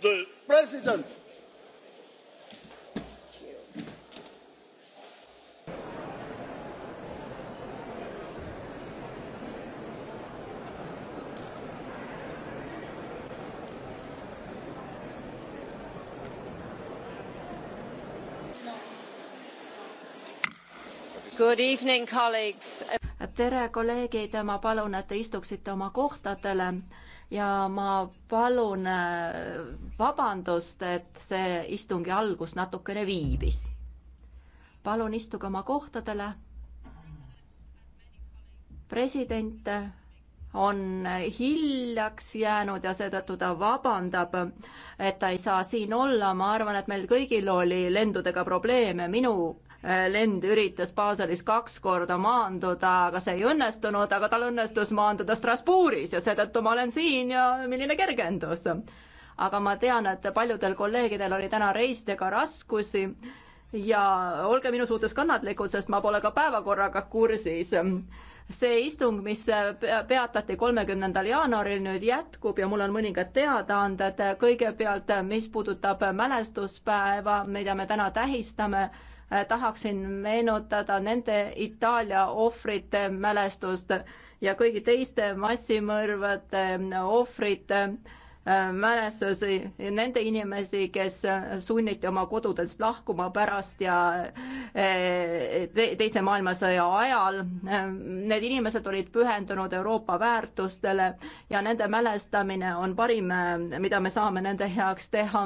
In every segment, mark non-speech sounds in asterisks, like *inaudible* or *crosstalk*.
the president. Good evening, colleagues. tere, kolleegid, ma palun, et te istuksite oma kohtadele ja ma palun äh, vabandust, et see istungi algus natukene viibis. palun istuge oma kohtadele. president on hiljaks jäänud ja seetõttu ta vabandab, et ta ei saa siin olla, ma arvan, et meil kõigil oli lendudega probleeme, minu lend üritas Baselis kaks korda maanduda, aga see ei õnnestunud, aga tal õnnestus maanduda Strasbourgis ja seetõttu ma olen siin ja milline kergendus. aga ma tean, et paljudel kolleegidel oli täna reisidega raskusi ja olge minu suhtes kannatlikud, sest ma pole ka päevakorraga kursis see istung, mis peatati kolmekümnendal jaanuaril, nüüd jätkub ja mul on mõningad teadaanded. kõigepealt, mis puudutab mälestuspäeva, mida me täna tähistame Äh, tahaksin meenutada nende Itaalia ohvrite mälestust ja kõigi teiste massimõrvade äh, ohvrite äh, mälestusi, nende inimesi, kes sunniti oma kodudest lahkuma pärast ja te teise maailmasõja ajal. Need inimesed olid pühendunud Euroopa väärtustele ja nende mälestamine on parim, mida me saame nende heaks teha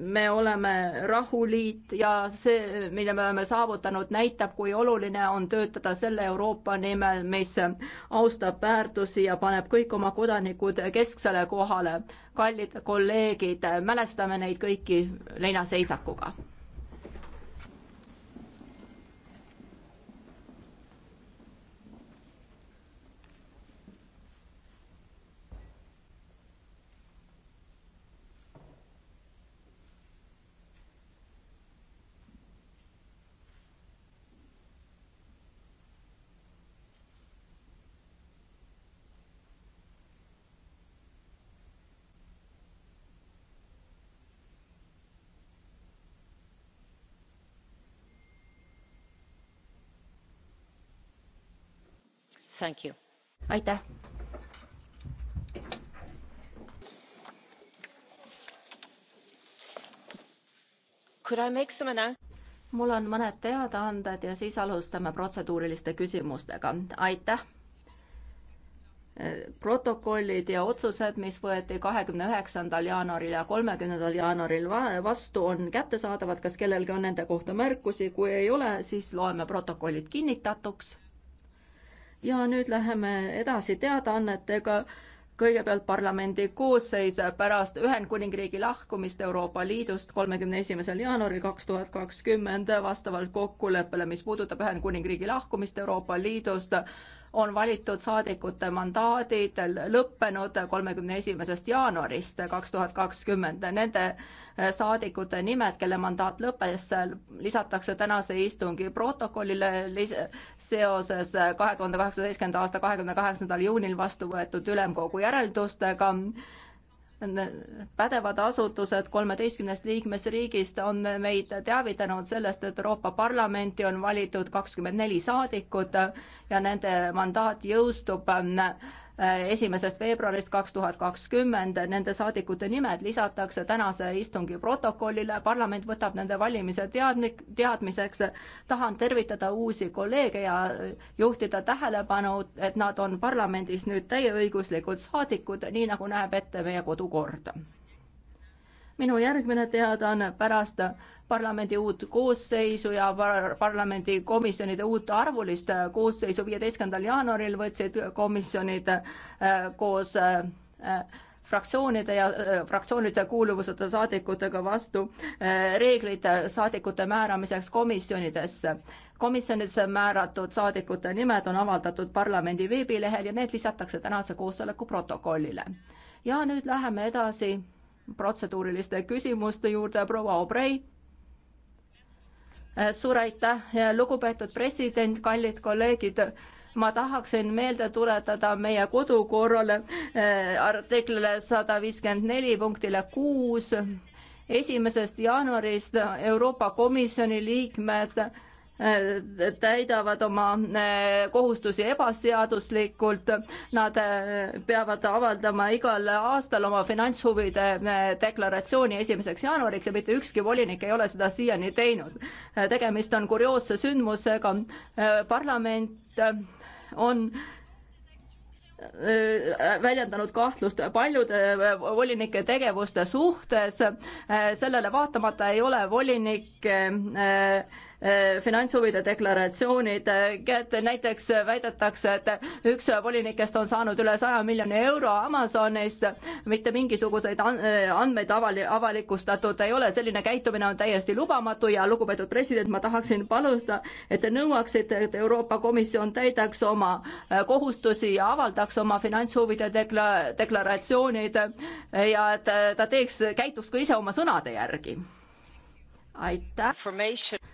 me oleme rahuliit ja see, mille me oleme saavutanud, näitab, kui oluline on töötada selle Euroopa nimel, mis austab väärtusi ja paneb kõik oma kodanikud kesksele kohale. kallid kolleegid, mälestame neid kõiki leinaseisakuga. aitäh! mul on mõned teadaanded ja siis alustame protseduuriliste küsimustega. aitäh! protokollid ja otsused, mis võeti kahekümne üheksandal jaanuaril ja kolmekümnendal jaanuaril vastu, on kättesaadavad, kas kellelgi on nende kohta märkusi, kui ei ole, siis loeme protokollid kinnitatuks ja nüüd läheme edasi teadaannetega. kõigepealt parlamendi koosseis pärast Ühendkuningriigi lahkumist Euroopa Liidust kolmekümne esimesel jaanuaril kaks tuhat kakskümmend vastavalt kokkuleppele, mis puudutab Ühendkuningriigi lahkumist Euroopa Liidust on valitud saadikute mandaadid lõppenud kolmekümne esimesest jaanuarist kaks tuhat kakskümmend. Nende eh, saadikute nimed, kelle mandaat lõppes, lisatakse tänase istungi protokollile seoses kahe tuhande kaheksateistkümnenda aasta kahekümne kaheksandal juunil vastu võetud ülemkogu järeldustega pädevad asutused kolmeteistkümnest liikmesriigist on meid teavitanud sellest, et Euroopa Parlamenti on valitud kakskümmend neli saadikut ja nende mandaat jõustub Äh, esimesest veebruarist kaks tuhat kakskümmend. Nende saadikute nimed lisatakse tänase istungi protokollile, parlament võtab nende valimise teadmik, teadmiseks. tahan tervitada uusi kolleege ja juhtida tähelepanu, et nad on parlamendis nüüd täieõiguslikud saadikud, nii nagu näeb ette meie kodukord. minu järgmine teadaanne pärast parlamendi uut koosseisu ja par parlamendi komisjonide uut arvulist äh, koosseisu. viieteistkümnendal jaanuaril võtsid komisjonid äh, koos äh, fraktsioonide ja fraktsioonide kuuluvuseta saadikutega vastu reeglid saadikute määramiseks komisjonidesse. komisjonidesse määratud saadikute nimed on avaldatud parlamendi veebilehel ja need lisatakse tänase koosoleku protokollile. ja nüüd läheme edasi protseduuriliste küsimuste juurde, proua Obrei Äh, suur aitäh, lugupeetud president, kallid kolleegid ma tahaksin meelde tuletada meie kodukorrale äh, artiklile sada viiskümmend neli punktile kuus esimesest jaanuarist Euroopa Komisjoni liikmed Äh, täidavad oma äh, kohustusi ebaseaduslikult, nad äh, peavad avaldama igal aastal oma finantshuvide deklaratsiooni esimeseks jaanuariks ja mitte ükski volinik ei ole seda siiani teinud. tegemist on kurioosse sündmusega, parlament on väljendanud kahtlust paljude volinike tegevuste suhtes, sellele vaatamata ei ole volinik äh, Eh, finantshuvide deklaratsioonid kätte, näiteks väidetakse, et üks volinikest on saanud üle saja miljoni euro Amazonist, mitte mingisuguseid eh, andmeid avali-, avalikustatud ei ole, selline käitumine on täiesti lubamatu ja lugupeetud president, ma tahaksin paluda, et te nõuaksite, et Euroopa Komisjon täidaks oma eh, kohustusi ja avaldaks oma finantshuvide dekla-, deklaratsioonid ja et ta teeks, käituks ka ise oma sõnade järgi aitäh,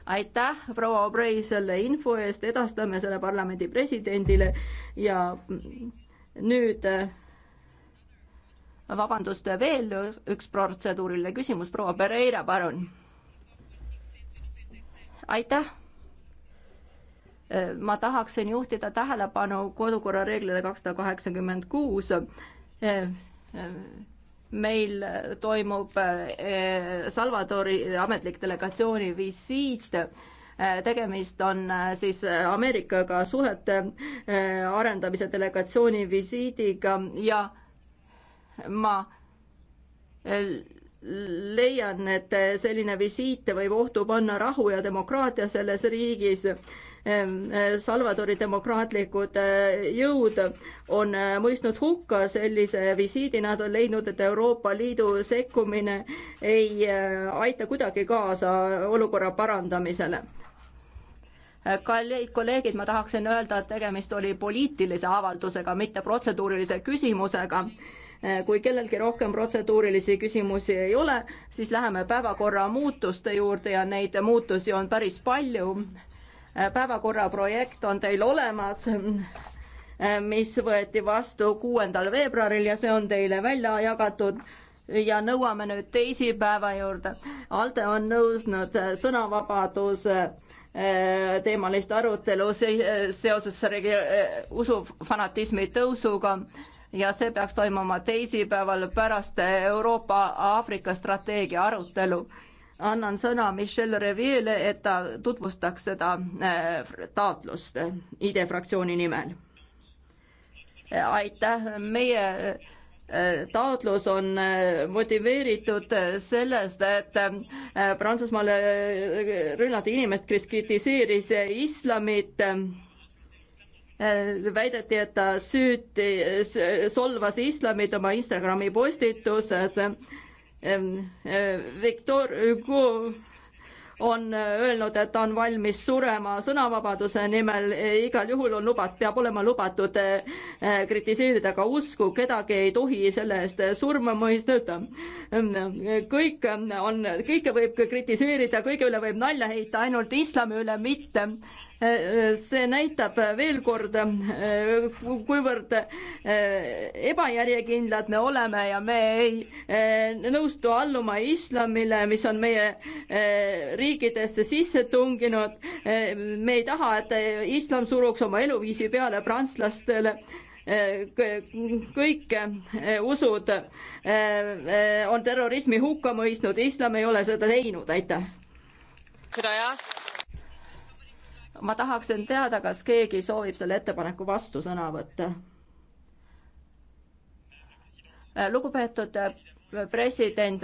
aitäh, proua Obrei selle info eest, edastame selle parlamendi presidendile ja nüüd äh, vabandust, veel üks protseduuriline küsimus, proua Pereira, palun. aitäh äh, ma tahaksin juhtida tähelepanu kodukorra reeglile kakssada kaheksakümmend kuus äh, meil toimub eh, Salvadori ametlik delegatsiooni visiit eh, tegemist on eh, siis Ameerikaga suhete arendamise delegatsiooni visiidiga ja ma leian, et selline visiit võib ohtu panna rahu ja demokraatia selles riigis Eh, Salvadori demokraatlikud eh, jõud on eh, mõistnud hukka sellise visiidi, nad on leidnud, et Euroopa Liidu sekkumine ei aita kuidagi kaasa olukorra parandamisele kallid kolleegid, ma tahaksin öelda, et tegemist oli poliitilise avaldusega, mitte protseduurilise küsimusega. kui kellelgi rohkem protseduurilisi küsimusi ei ole, siis läheme päevakorra muutuste juurde ja neid muutusi on päris palju Äh, päevakorra projekt on teil olemas, äh, mis võeti vastu kuuendal veebruaril ja see on teile välja jagatud ja nõuame nüüd teisipäeva juurde. Alde on nõusnud äh, sõnavabaduse teemalist arutelu seoses usufanatismi tõusuga ja see peaks toimuma teisipäeval pärast Euroopa-Aafrika strateegia arutelu annan sõna Michel Revieele, et ta tutvustaks seda äh, taotlust ID fraktsiooni nimel. Äh, aitäh, meie äh, taotlus on motiveeritud sellest, et Prantsusmaale rünnati inimest, kes kritiseeris islamit väideti, et ta süüti, solvas islamit oma Instagrami postituses Eh, Victor Hugo on eh, öelnud, et ta on valmis surema sõnavabaduse nimel, e, igal juhul on lubat-, peab olema lubatud eh, kritiseerida ka usku, kedagi ei tohi selle eest surma mõistuda. kõik on, kõike võib kritiseerida, kõige üle võib nalja heita, ainult islami üle mitte see näitab veel kord, kuivõrd eh, ebajärjekindlad me oleme ja me ei eh, nõustu alluma islamile, mis on meie eh, riikidesse sisse tunginud. me ei taha, et islam suruks oma eluviisi peale prantslastele kõik usud on terrorismi hukka mõistnud, islam ei ole seda teinud, aitäh ma tahaksin teada, kas keegi soovib selle ettepaneku vastusõna võtta. lugupeetud president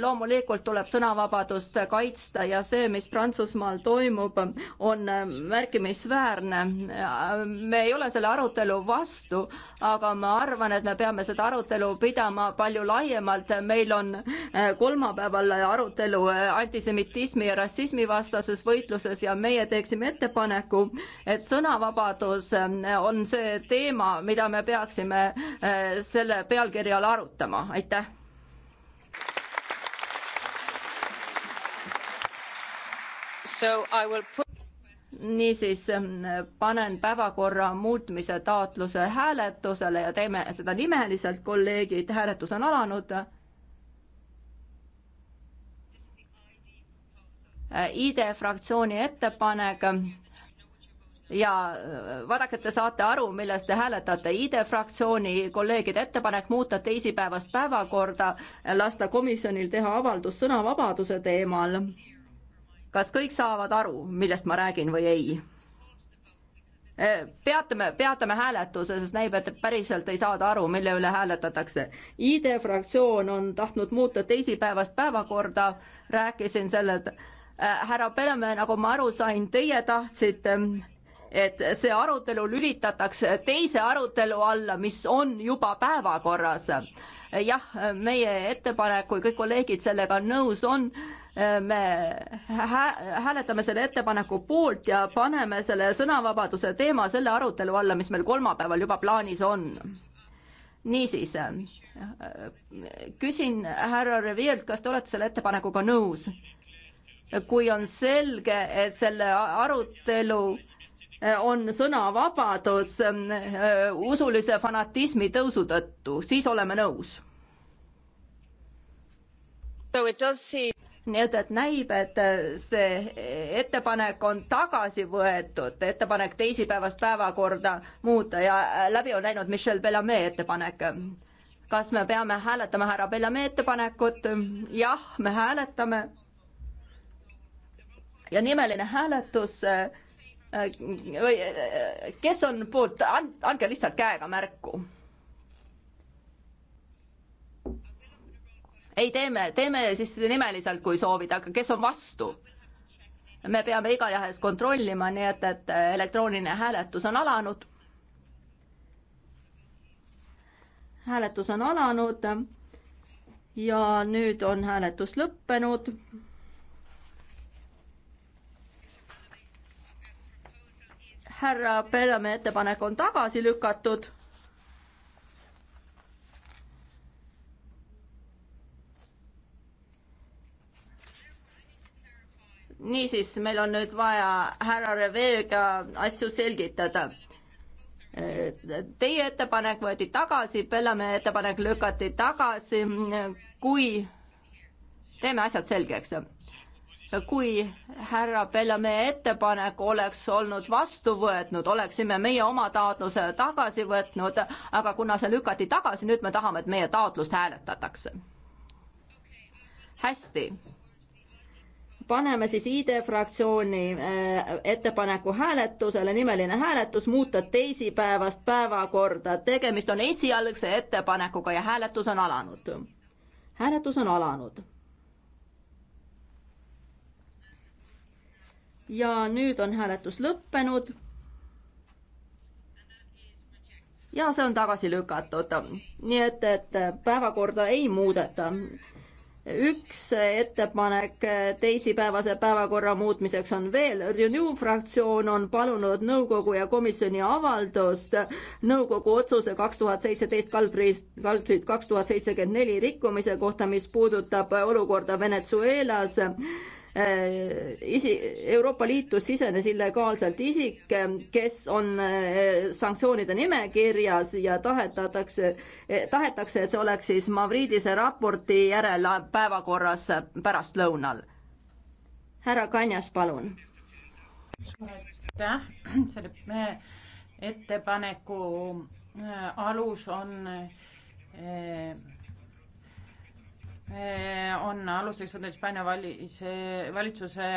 loomulikult tuleb sõnavabadust kaitsta ja see, mis Prantsusmaal toimub, on märkimisväärne. me ei ole selle arutelu vastu, aga ma arvan, et me peame seda arutelu pidama palju laiemalt. meil on eh, kolmapäeval arutelu eh, antisemitismi ja rassismi vastases võitluses ja meie teeksime ettepaneku, et sõnavabadus eh, on see teema, mida me peaksime selle pealkirja all arutama, aitäh Put... niisiis ähm, panen päevakorra muutmise taotluse hääletusele ja teeme seda nimeliselt, kolleegid, hääletus on alanud. Äh, ID fraktsiooni ettepanek ja äh, vaadake, et te saate aru, milles te hääletate. ID-fraktsiooni kolleegide ettepanek muuta teisipäevast päevakorda, lasta komisjonil teha avaldus sõnavabaduse teemal kas kõik saavad aru, millest ma räägin või ei? Äh, peatame, peatame hääletuse, sest näib, et päriselt ei saada aru, mille üle hääletatakse. ID fraktsioon on tahtnud muuta teisipäevast päevakorda, rääkisin selle, et äh, härra Pelemäe, nagu ma aru sain, teie tahtsite et see arutelu lülitatakse teise arutelu alla, mis on juba päevakorras. jah, meie ettepanek, kui kõik kolleegid sellega nõus on, me hääletame selle ettepaneku poolt ja paneme selle sõnavabaduse teema selle arutelu alla, mis meil kolmapäeval juba plaanis on. niisiis, küsin härra Reviilt, kas te olete selle ettepanekuga nõus? kui on selge, et selle arutelu on sõnavabadus äh, usulise fanatismi tõusu tõttu, siis oleme nõus. So it does seem nii et, et näib, et äh, see ettepanek on tagasi võetud, ettepanek teisipäevast päevakorda muuta ja äh, läbi on läinud Michel Bellamy ettepanek. kas me peame hääletama härra Bellamy ettepanekut? jah, me hääletame. ja nimeline hääletus äh, või kes on poolt, andke lihtsalt käega märku ei, teeme, teeme siis nimeliselt, kui soovida, aga kes on vastu? me peame igaühes kontrollima, nii et, et elektrooniline hääletus on alanud. hääletus on alanud ja nüüd on hääletus lõppenud. härra Pellame ettepanek on tagasi lükatud niisiis, meil on nüüd vaja härra Reveega asju selgitada. Teie ettepanek võeti tagasi, Pellamäe ettepanek lükati tagasi, kui, teeme asjad selgeks, kui härra Pellamäe ettepanek oleks olnud vastu võetud, oleksime meie oma taotluse tagasi võtnud, aga kuna see lükati tagasi, nüüd me tahame, et meie taotlust hääletatakse. hästi paneme siis ID fraktsiooni äh, ettepaneku hääletusele, nimeline hääletus, muuta teisipäevast päevakorda. tegemist on esialgse ettepanekuga ja hääletus on alanud. hääletus on alanud. ja nüüd on hääletus lõppenud. ja see on tagasi lükatud, nii et, et päevakorda ei muudeta üks ettepanek teisipäevase päevakorra muutmiseks on veel. Renew fraktsioon on palunud nõukogu ja komisjoni avaldust nõukogu otsuse kaks tuhat seitseteist kaldriist, kaldriid kaks tuhat seitsekümmend neli rikkumise kohta, mis puudutab olukorda Venezuelas Äh, isi, Euroopa Liitu sisenes illegaalselt isik, äh, kes on äh, sanktsioonide nimekirjas ja tahetatakse, tahetakse, et see oleks siis Mavridise raporti järel päevakorras pärastlõunal. härra Kanjas, palun. suur aitäh, selle ettepaneku alus on Eh, on aluseks olnud Hispaania valise, valitsuse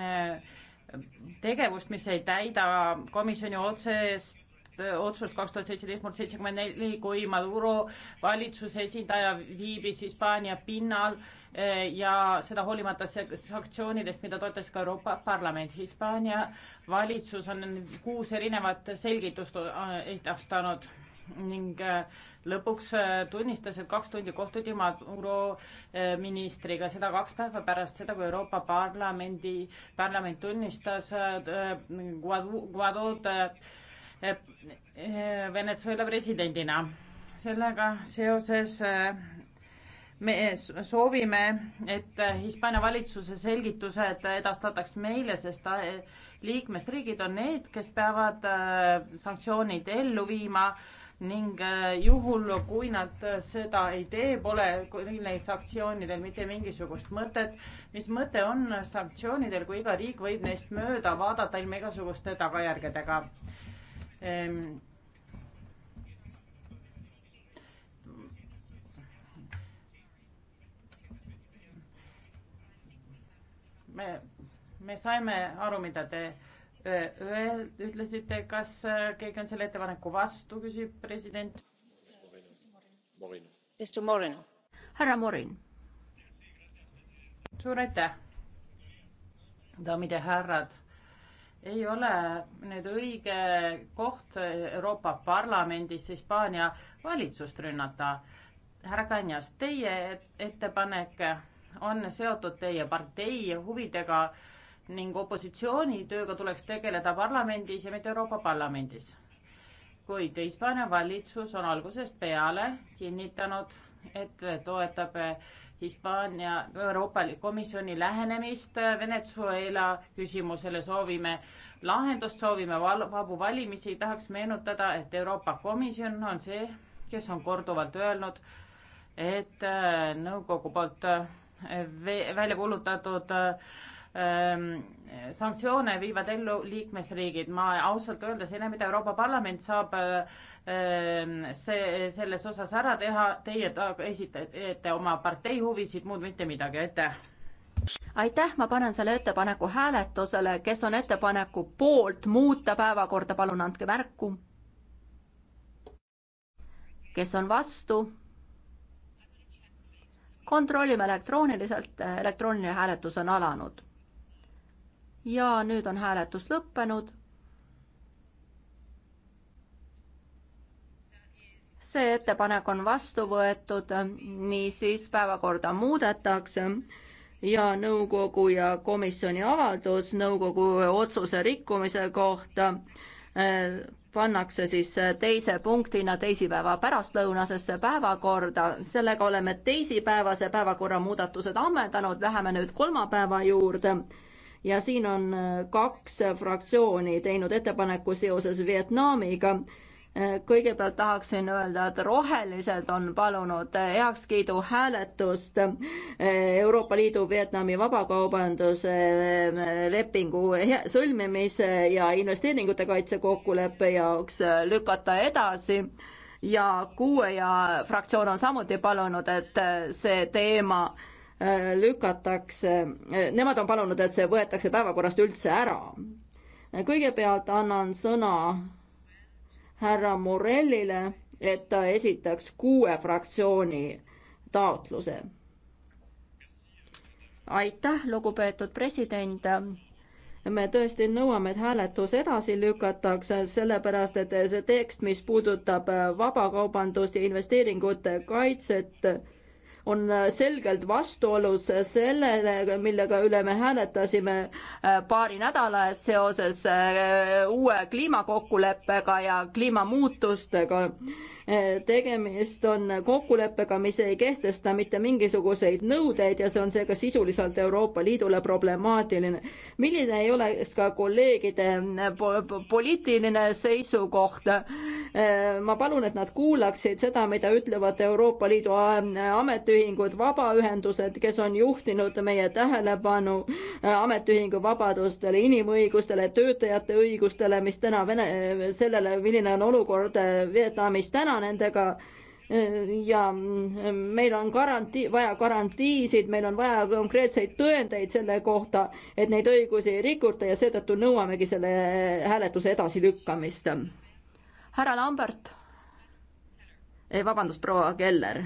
eh, tegevust, mis ei täida komisjoni otsest eh, otsust kaks tuhat seitseteist murd seitsekümmend neli, kui Maduro valitsuse esindaja viibis Hispaania pinnal ja seda hoolimata sanktsioonidest, mida toetas ka Euroopa Parlament. Hispaania valitsus on kuus erinevat selgitust edastanud äh, ning äh, lõpuks äh, tunnistas, et kaks tundi kohtuti Maduro äh, ministriga, seda kaks päeva pärast seda, kui Euroopa Parlamendi, parlament tunnistas Guadod Venezuela presidendina. sellega seoses me soovime, et Hispaania valitsuse selgitused edastataks meile, sest liikmesriigid on need, kes peavad sanktsioonid ellu viima ning äh, juhul, kui nad seda ei tee, pole neil sanktsioonidel mitte mingisugust mõtet. mis mõte on sanktsioonidel, kui iga riik võib neist mööda vaadata ilma igasuguste tagajärgedega? Ehm, me, me saime aru, mida te ütlesite, kas äh, keegi on selle ettepaneku vastu, küsib president. härra Morin. suur aitäh. daamid ja härrad, ei ole nüüd õige koht Euroopa Parlamendis Hispaania valitsust rünnata. härra Kanjas, teie ettepanek on seotud teie partei huvidega ning opositsiooni tööga tuleks tegeleda parlamendis ja mitte Euroopa Parlamendis. kuid Hispaania valitsus on algusest peale kinnitanud, et toetab Hispaania Euroopa Komisjoni lähenemist Venezuela küsimusele, soovime lahendust, soovime val-, vabu valimisi, tahaks meenutada, et Euroopa Komisjon on see, kes on korduvalt öelnud, et nõukogu poolt välja kuulutatud äh, Ehm, sanktsioone viivad ellu liikmesriigid. ma ausalt öeldes ei näe, mida Euroopa Parlament saab ehm, see, selles osas ära teha. Teie esitate oma partei huvisid, muud mitte midagi, aitäh. aitäh, ma panen selle ettepaneku hääletusele, kes on ettepaneku poolt muuta päevakorda, palun andke märku. kes on vastu? kontrollime elektrooniliselt, elektrooniline hääletus on alanud ja nüüd on hääletus lõppenud. see ettepanek on vastu võetud, niisiis päevakorda muudetakse ja nõukogu ja komisjoni avaldus nõukogu otsuse rikkumise kohta eh, pannakse siis teise punktina teisipäeva pärastlõunasesse päevakorda. sellega oleme teisipäevase päevakorra muudatused ammendanud, läheme nüüd kolmapäeva juurde ja siin on äh, kaks äh, fraktsiooni teinud ettepaneku seoses Vietnamiga. Äh, kõigepealt tahaksin öelda, et rohelised on palunud heakskiidu hääletust Euroopa Liidu Vietnami vabakaubanduse lepingu sõlmimise ja investeeringute kaitse kokkuleppe jaoks lükata edasi ja kuue ja fraktsioon on samuti palunud, et see teema äh, lükatakse, nemad on palunud, et see võetakse päevakorrast üldse ära. kõigepealt annan sõna härra Morellile, et ta esitaks kuue fraktsiooni taotluse. aitäh, lugupeetud president me tõesti nõuame, et hääletus edasi lükatakse, sellepärast et see tekst, mis puudutab vabakaubandust ja investeeringute kaitset, on selgelt vastuolus sellele, millega üle me hääletasime äh, paari nädala eest seoses äh, uue kliimakokkuleppega ja kliimamuutustega tegemist on kokkuleppega, mis ei kehtesta mitte mingisuguseid nõudeid ja see on seega sisuliselt Euroopa Liidule problemaatiline. milline ei oleks ka kolleegide eh, po poliitiline seisukoht? Eh, ma palun, et nad kuulaksid seda, mida ütlevad Euroopa Liidu eh, ametiühingud, vabaühendused, kes on juhtinud meie tähelepanu ametiühingu vabadustele, inimõigustele, töötajate õigustele, mis täna Vene, sellele, milline on olukord Vietnamis täna sõna nendega ja meil on garantii, vaja garantiisid, meil on vaja konkreetseid tõendeid selle kohta, et neid õigusi ei rikuta ja seetõttu nõuamegi selle hääletuse edasilükkamist. härra Lambert. ei, eh, vabandust, proua Keller,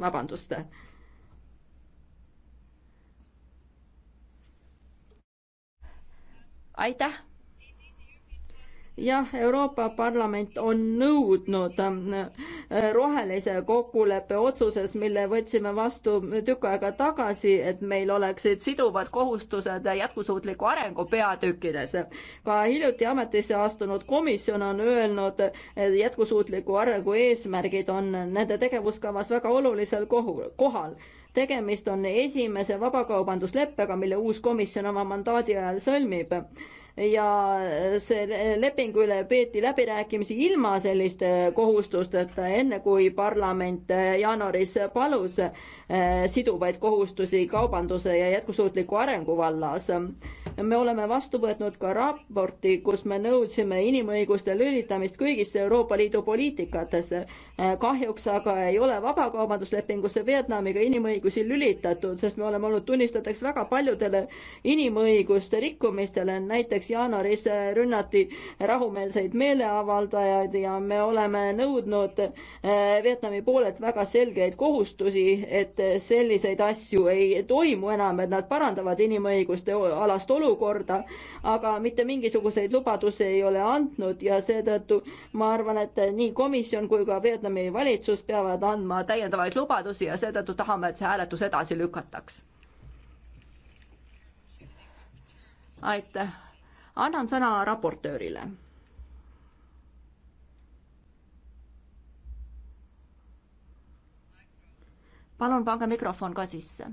vabandust. aitäh jah, Euroopa Parlament on nõudnud äh, rohelise kokkuleppe otsuses, mille võtsime vastu tükk aega tagasi, et meil oleksid siduvad kohustused jätkusuutliku arengu peatükkides. ka hiljuti ametisse astunud komisjon on öelnud, et jätkusuutliku arengu eesmärgid on nende tegevuskavas väga olulisel kohu, kohal tegemist on esimese vabakaubandusleppega, mille uus komisjon oma mandaadi ajal sõlmib ja see leping üle peeti läbirääkimisi ilma selliste kohustusteta, enne kui parlament äh, jaanuaris palus äh, siduvaid kohustusi kaubanduse ja jätkusuutliku arengu vallas. me oleme vastu võtnud ka raporti, kus me nõudsime inimõiguste lülitamist kõigisse Euroopa Liidu poliitikatesse. Äh, kahjuks aga ei ole vabakaubanduslepingusse Vietnamiga inimõigusi lülitatud, sest me oleme olnud tunnistajateks väga paljudele inimõiguste rikkumistele, näiteks näiteks jaanuaris äh, rünnati rahumeelseid meeleavaldajaid ja me oleme nõudnud äh, Vietnami poolelt väga selgeid kohustusi, et äh, selliseid asju ei toimu enam, et nad parandavad inimõiguste alast olukorda, aga mitte mingisuguseid lubadusi ei ole andnud ja seetõttu ma arvan, et nii komisjon kui ka Vietnami valitsus peavad andma täiendavaid lubadusi ja seetõttu tahame, et see hääletus edasi lükataks. aitäh annan sõna raportöörile. palun pange mikrofon ka sisse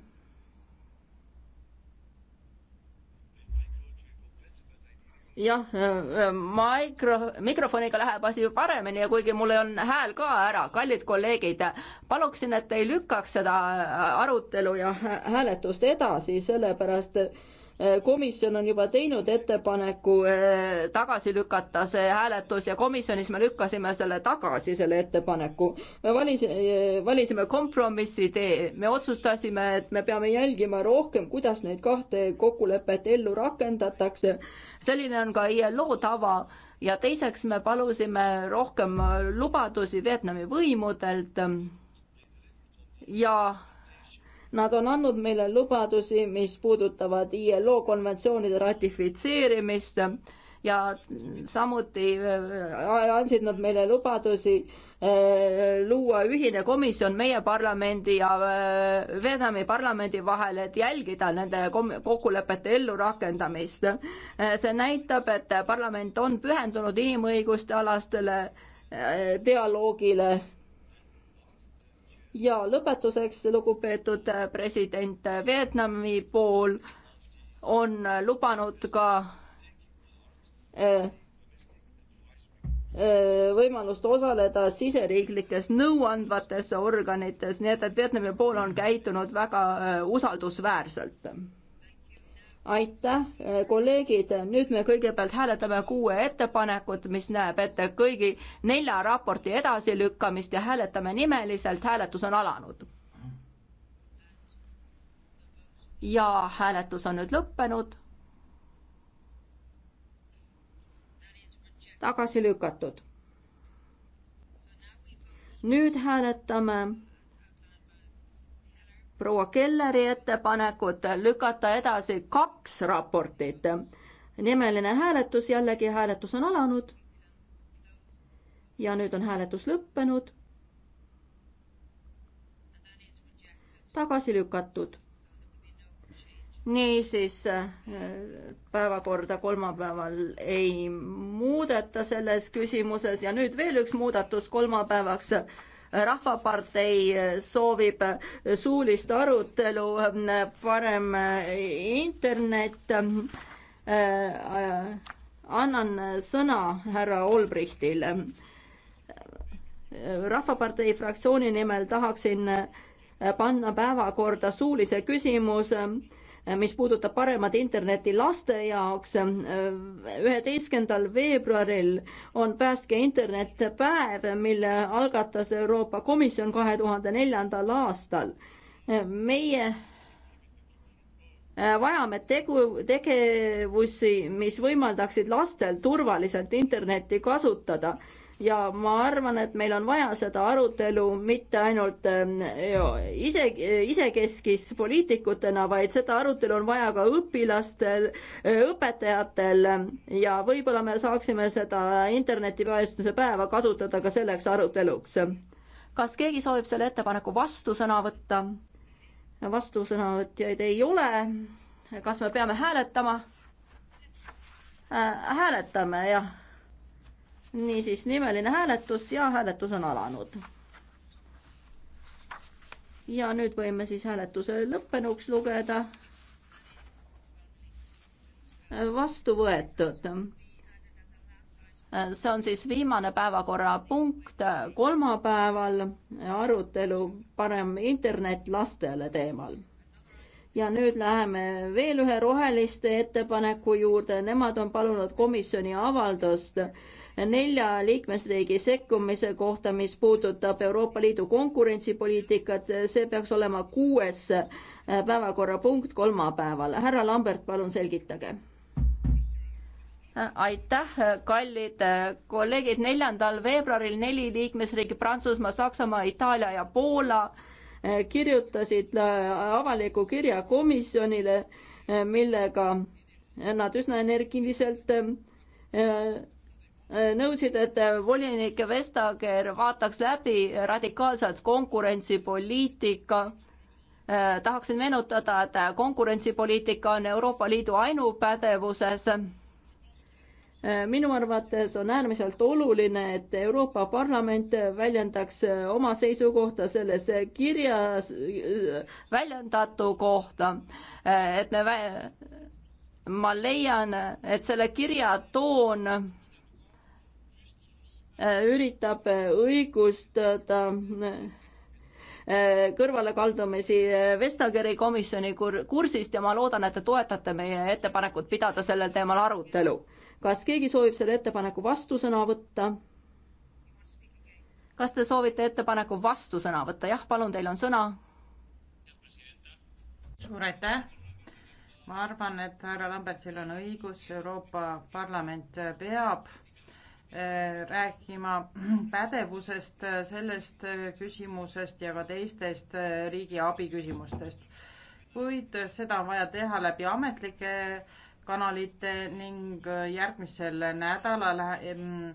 jah, äh, mikro, mikrofoniga läheb asi ju paremini ja kuigi mul on hääl ka ära, kallid kolleegid, paluksin, et ei lükkaks seda arutelu ja hääletust edasi, sellepärast et Äh, komisjon on juba teinud ettepaneku äh, tagasi lükata see hääletus ja komisjonis me lükkasime selle tagasi, selle ettepaneku. me valis, äh, valisime kompromissi tee, me otsustasime, et me peame jälgima rohkem, kuidas neid kahte kokkulepet ellu rakendatakse. selline on ka ILO tava ja teiseks me palusime rohkem lubadusi Vietnami võimudelt ja Nad on andnud meile lubadusi, mis puudutavad ILO konventsioonide ratifitseerimist ja samuti äh, andsid nad meile lubadusi äh, luua ühine komisjon meie parlamendi ja äh, Vietnami parlamendi vahel, et jälgida nende kokkulepete ellurakendamist. see näitab, et parlament on pühendunud inimõiguste alastele dialoogile ja lõpetuseks, lugupeetud äh, president, äh, Vietnami pool on äh, lubanud ka võimalust osaleda siseriiklikes nõuandvates organites, nii et, et Vietnami pool on käitunud väga usaldusväärselt aitäh, eh, kolleegid, nüüd me kõigepealt hääletame kuue ettepanekut, mis näeb ette kõigi nelja raporti edasilükkamist ja hääletame nimeliselt, hääletus on alanud. ja hääletus on nüüd lõppenud. tagasi lükatud. nüüd hääletame proua Kelleri ettepanekut lükata edasi kaks raportit. nimeline hääletus, jällegi hääletus on alanud. ja nüüd on hääletus lõppenud. tagasi lükatud. niisiis päevakorda kolmapäeval ei muudeta selles küsimuses ja nüüd veel üks muudatus kolmapäevaks rahvapartei soovib suulist arutelu, parem internet. annan sõna härra Olbrichtile. rahvapartei fraktsiooni nimel tahaksin panna päevakorda suulise küsimuse Äh, mis puudutab paremat interneti laste jaoks. Äh, üheteistkümnendal veebruaril on päästke internet päev, mille algatas Euroopa Komisjon kahe tuhande neljandal aastal. Äh, meie vajame tegu, tegevusi, mis võimaldaksid lastel turvaliselt internetti kasutada ja ma arvan, et meil on vaja seda arutelu mitte ainult ähm, ise, isekeskis poliitikutena, vaid seda arutelu on vaja ka õpilastel, äh, õpetajatel ja võib-olla me saaksime seda internetipäevastuse päeva kasutada ka selleks aruteluks. kas keegi soovib selle ettepaneku vastusõna võtta? vastusõnavõtjaid ei ole. kas me peame hääletama? Äh, hääletame, jah niisiis, nimeline hääletus ja hääletus on alanud. ja nüüd võime siis hääletuse lõppenuks lugeda. vastu võetud. see on siis viimane päevakorrapunkt kolmapäeval, arutelu parem internet lastele teemal ja nüüd läheme veel ühe roheliste ettepaneku juurde, nemad on palunud komisjoni avaldust nelja liikmesriigi sekkumise kohta, mis puudutab Euroopa Liidu konkurentsipoliitikat, see peaks olema kuues äh, päevakorrapunkt kolmapäeval. härra Lambert, palun selgitage äh, aitäh, kallid äh, kolleegid, neljandal veebruaril neli liikmesriiki, Prantsusmaa, Saksamaa, Itaalia ja Poola kirjutasid avaliku kirja komisjonile, millega nad üsna energiliselt nõudsid, et volinik Vestager vaataks läbi radikaalselt konkurentsipoliitika tahaksin meenutada, et konkurentsipoliitika on Euroopa Liidu ainupädevuses. minu arvates on äärmiselt oluline, et Euroopa Parlament väljendaks oma seisukohta selles kirjas väljendatu kohta, et me vä-, ma leian, et selle kirja toon üritab õigustada äh, kõrvalekaldumisi Vestageri komisjoni kursist ja ma loodan, et te toetate meie ettepanekut pidada sellel teemal arutelu. kas keegi soovib selle ettepaneku vastusõna võtta? kas te soovite ettepaneku vastusõna võtta? jah, palun, teil on sõna. suur aitäh. ma arvan, et härra Lambertsil on õigus, Euroopa Parlament peab Äh, rääkima *clears throat* pädevusest, äh, sellest äh, küsimusest ja ka teistest riigi abiküsimustest. kuid seda on vaja teha läbi ametlike kanalite ning järgmisel nädalal mm,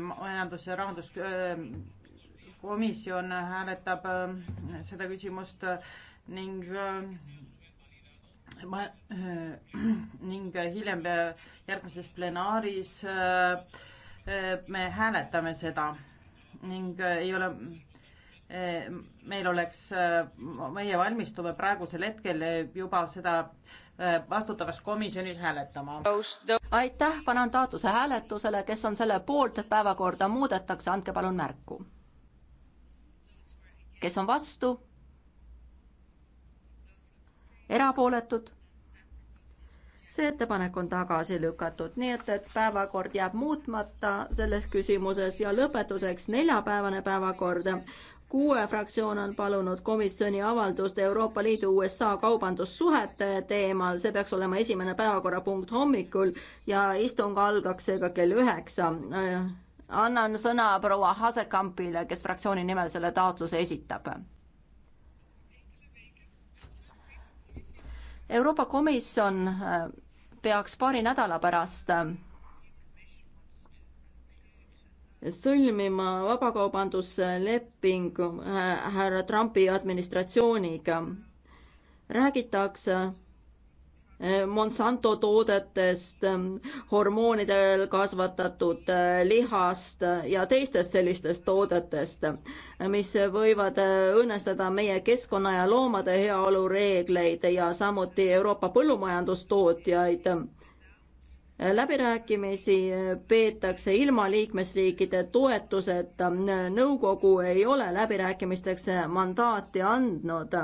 majandus- ja rahanduskomisjon hääletab seda küsimust ning ma, *clears throat* ning hiljem järgmises plenaaris äh, Äh, me hääletame seda ning äh, ei ole, äh, meil oleks, meie valmistume praegusel hetkel juba seda vastutavas komisjonis hääletama. aitäh, panen taotluse hääletusele, kes on selle poolt, et päevakorda muudetakse, andke palun märku. kes on vastu? erapooletud see ettepanek on tagasi lükatud, nii et, et päevakord jääb muutmata selles küsimuses ja lõpetuseks neljapäevane päevakord. kuue fraktsioon on palunud komisjoni avaldust Euroopa Liidu USA kaubandussuhete teemal, see peaks olema esimene päevakorrapunkt hommikul ja istung algaks seega kell üheksa. annan sõna proua Hasekampile, kes fraktsiooni nimel selle taotluse esitab Euroopa Komisjon peaks paari nädala pärast sõlmima vabakaubanduslepingu äh, härra Trumpi administratsiooniga. räägitakse Monsanto toodetest, ähm, hormoonidel kasvatatud äh, lihast äh, ja teistest sellistest toodetest, äh, mis võivad õõnestada meie keskkonna ja loomade heaolu reegleid ja samuti Euroopa põllumajandustootjaid. läbirääkimisi peetakse ilma liikmesriikide toetuseta, nõukogu ei ole läbirääkimisteks mandaati andnud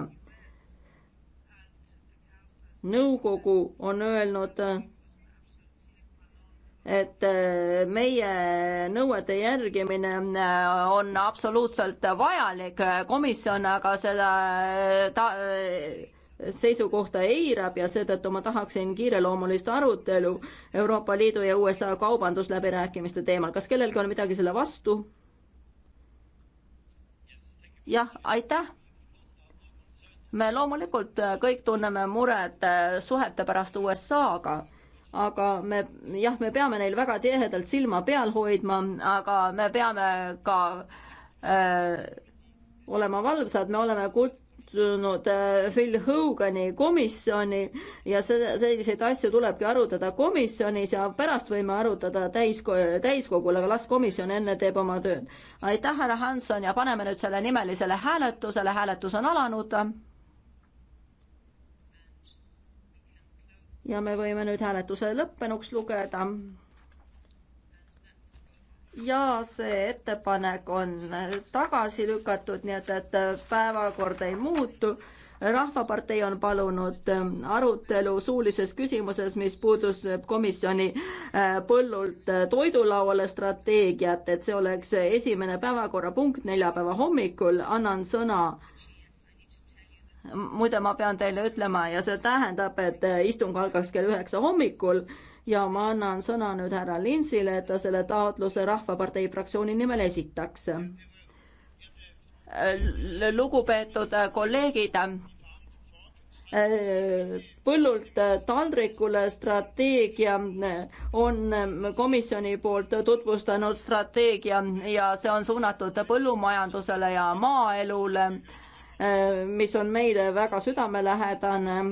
nõukogu on öelnud, et äh, meie nõuete järgimine äh, on absoluutselt vajalik, komisjon aga seda äh, ta-, seisukohta eirab ja seetõttu ma tahaksin kiireloomulist arutelu Euroopa Liidu ja USA kaubandusläbirääkimiste teemal. kas kellelgi on midagi selle vastu? jah, aitäh me loomulikult äh, kõik tunneme muret äh, suhete pärast USA-ga, aga me jah, me peame neil väga tihedalt silma peal hoidma, aga me peame ka äh, olema valvsad, me oleme kutsunud äh, Phil Hogani komisjoni ja see, selliseid asju tulebki arutada komisjonis ja pärast võime arutada täisko-, täiskogul, aga las komisjon enne teeb oma tööd. aitäh, härra Hanson ja paneme nüüd selle nimelisele hääletusele, hääletus on alanud ja me võime nüüd hääletuse lõppenuks lugeda. ja see ettepanek on tagasi lükatud, nii et, et päevakord ei muutu. rahvapartei on palunud arutelu suulises küsimuses, mis puudustab komisjoni põllult toidulauale strateegiat, et see oleks esimene päevakorrapunkt neljapäeva hommikul, annan sõna muide, ma pean teile ütlema ja see tähendab, et istung algas kell üheksa hommikul ja ma annan sõna nüüd härra Linsile, et ta selle taotluse Rahvapartei fraktsiooni nimel esitaks. lugupeetud kolleegid, põllult taldrikule strateegia on komisjoni poolt tutvustanud strateegia ja see on suunatud põllumajandusele ja maaelule mis on meile väga südamelähedane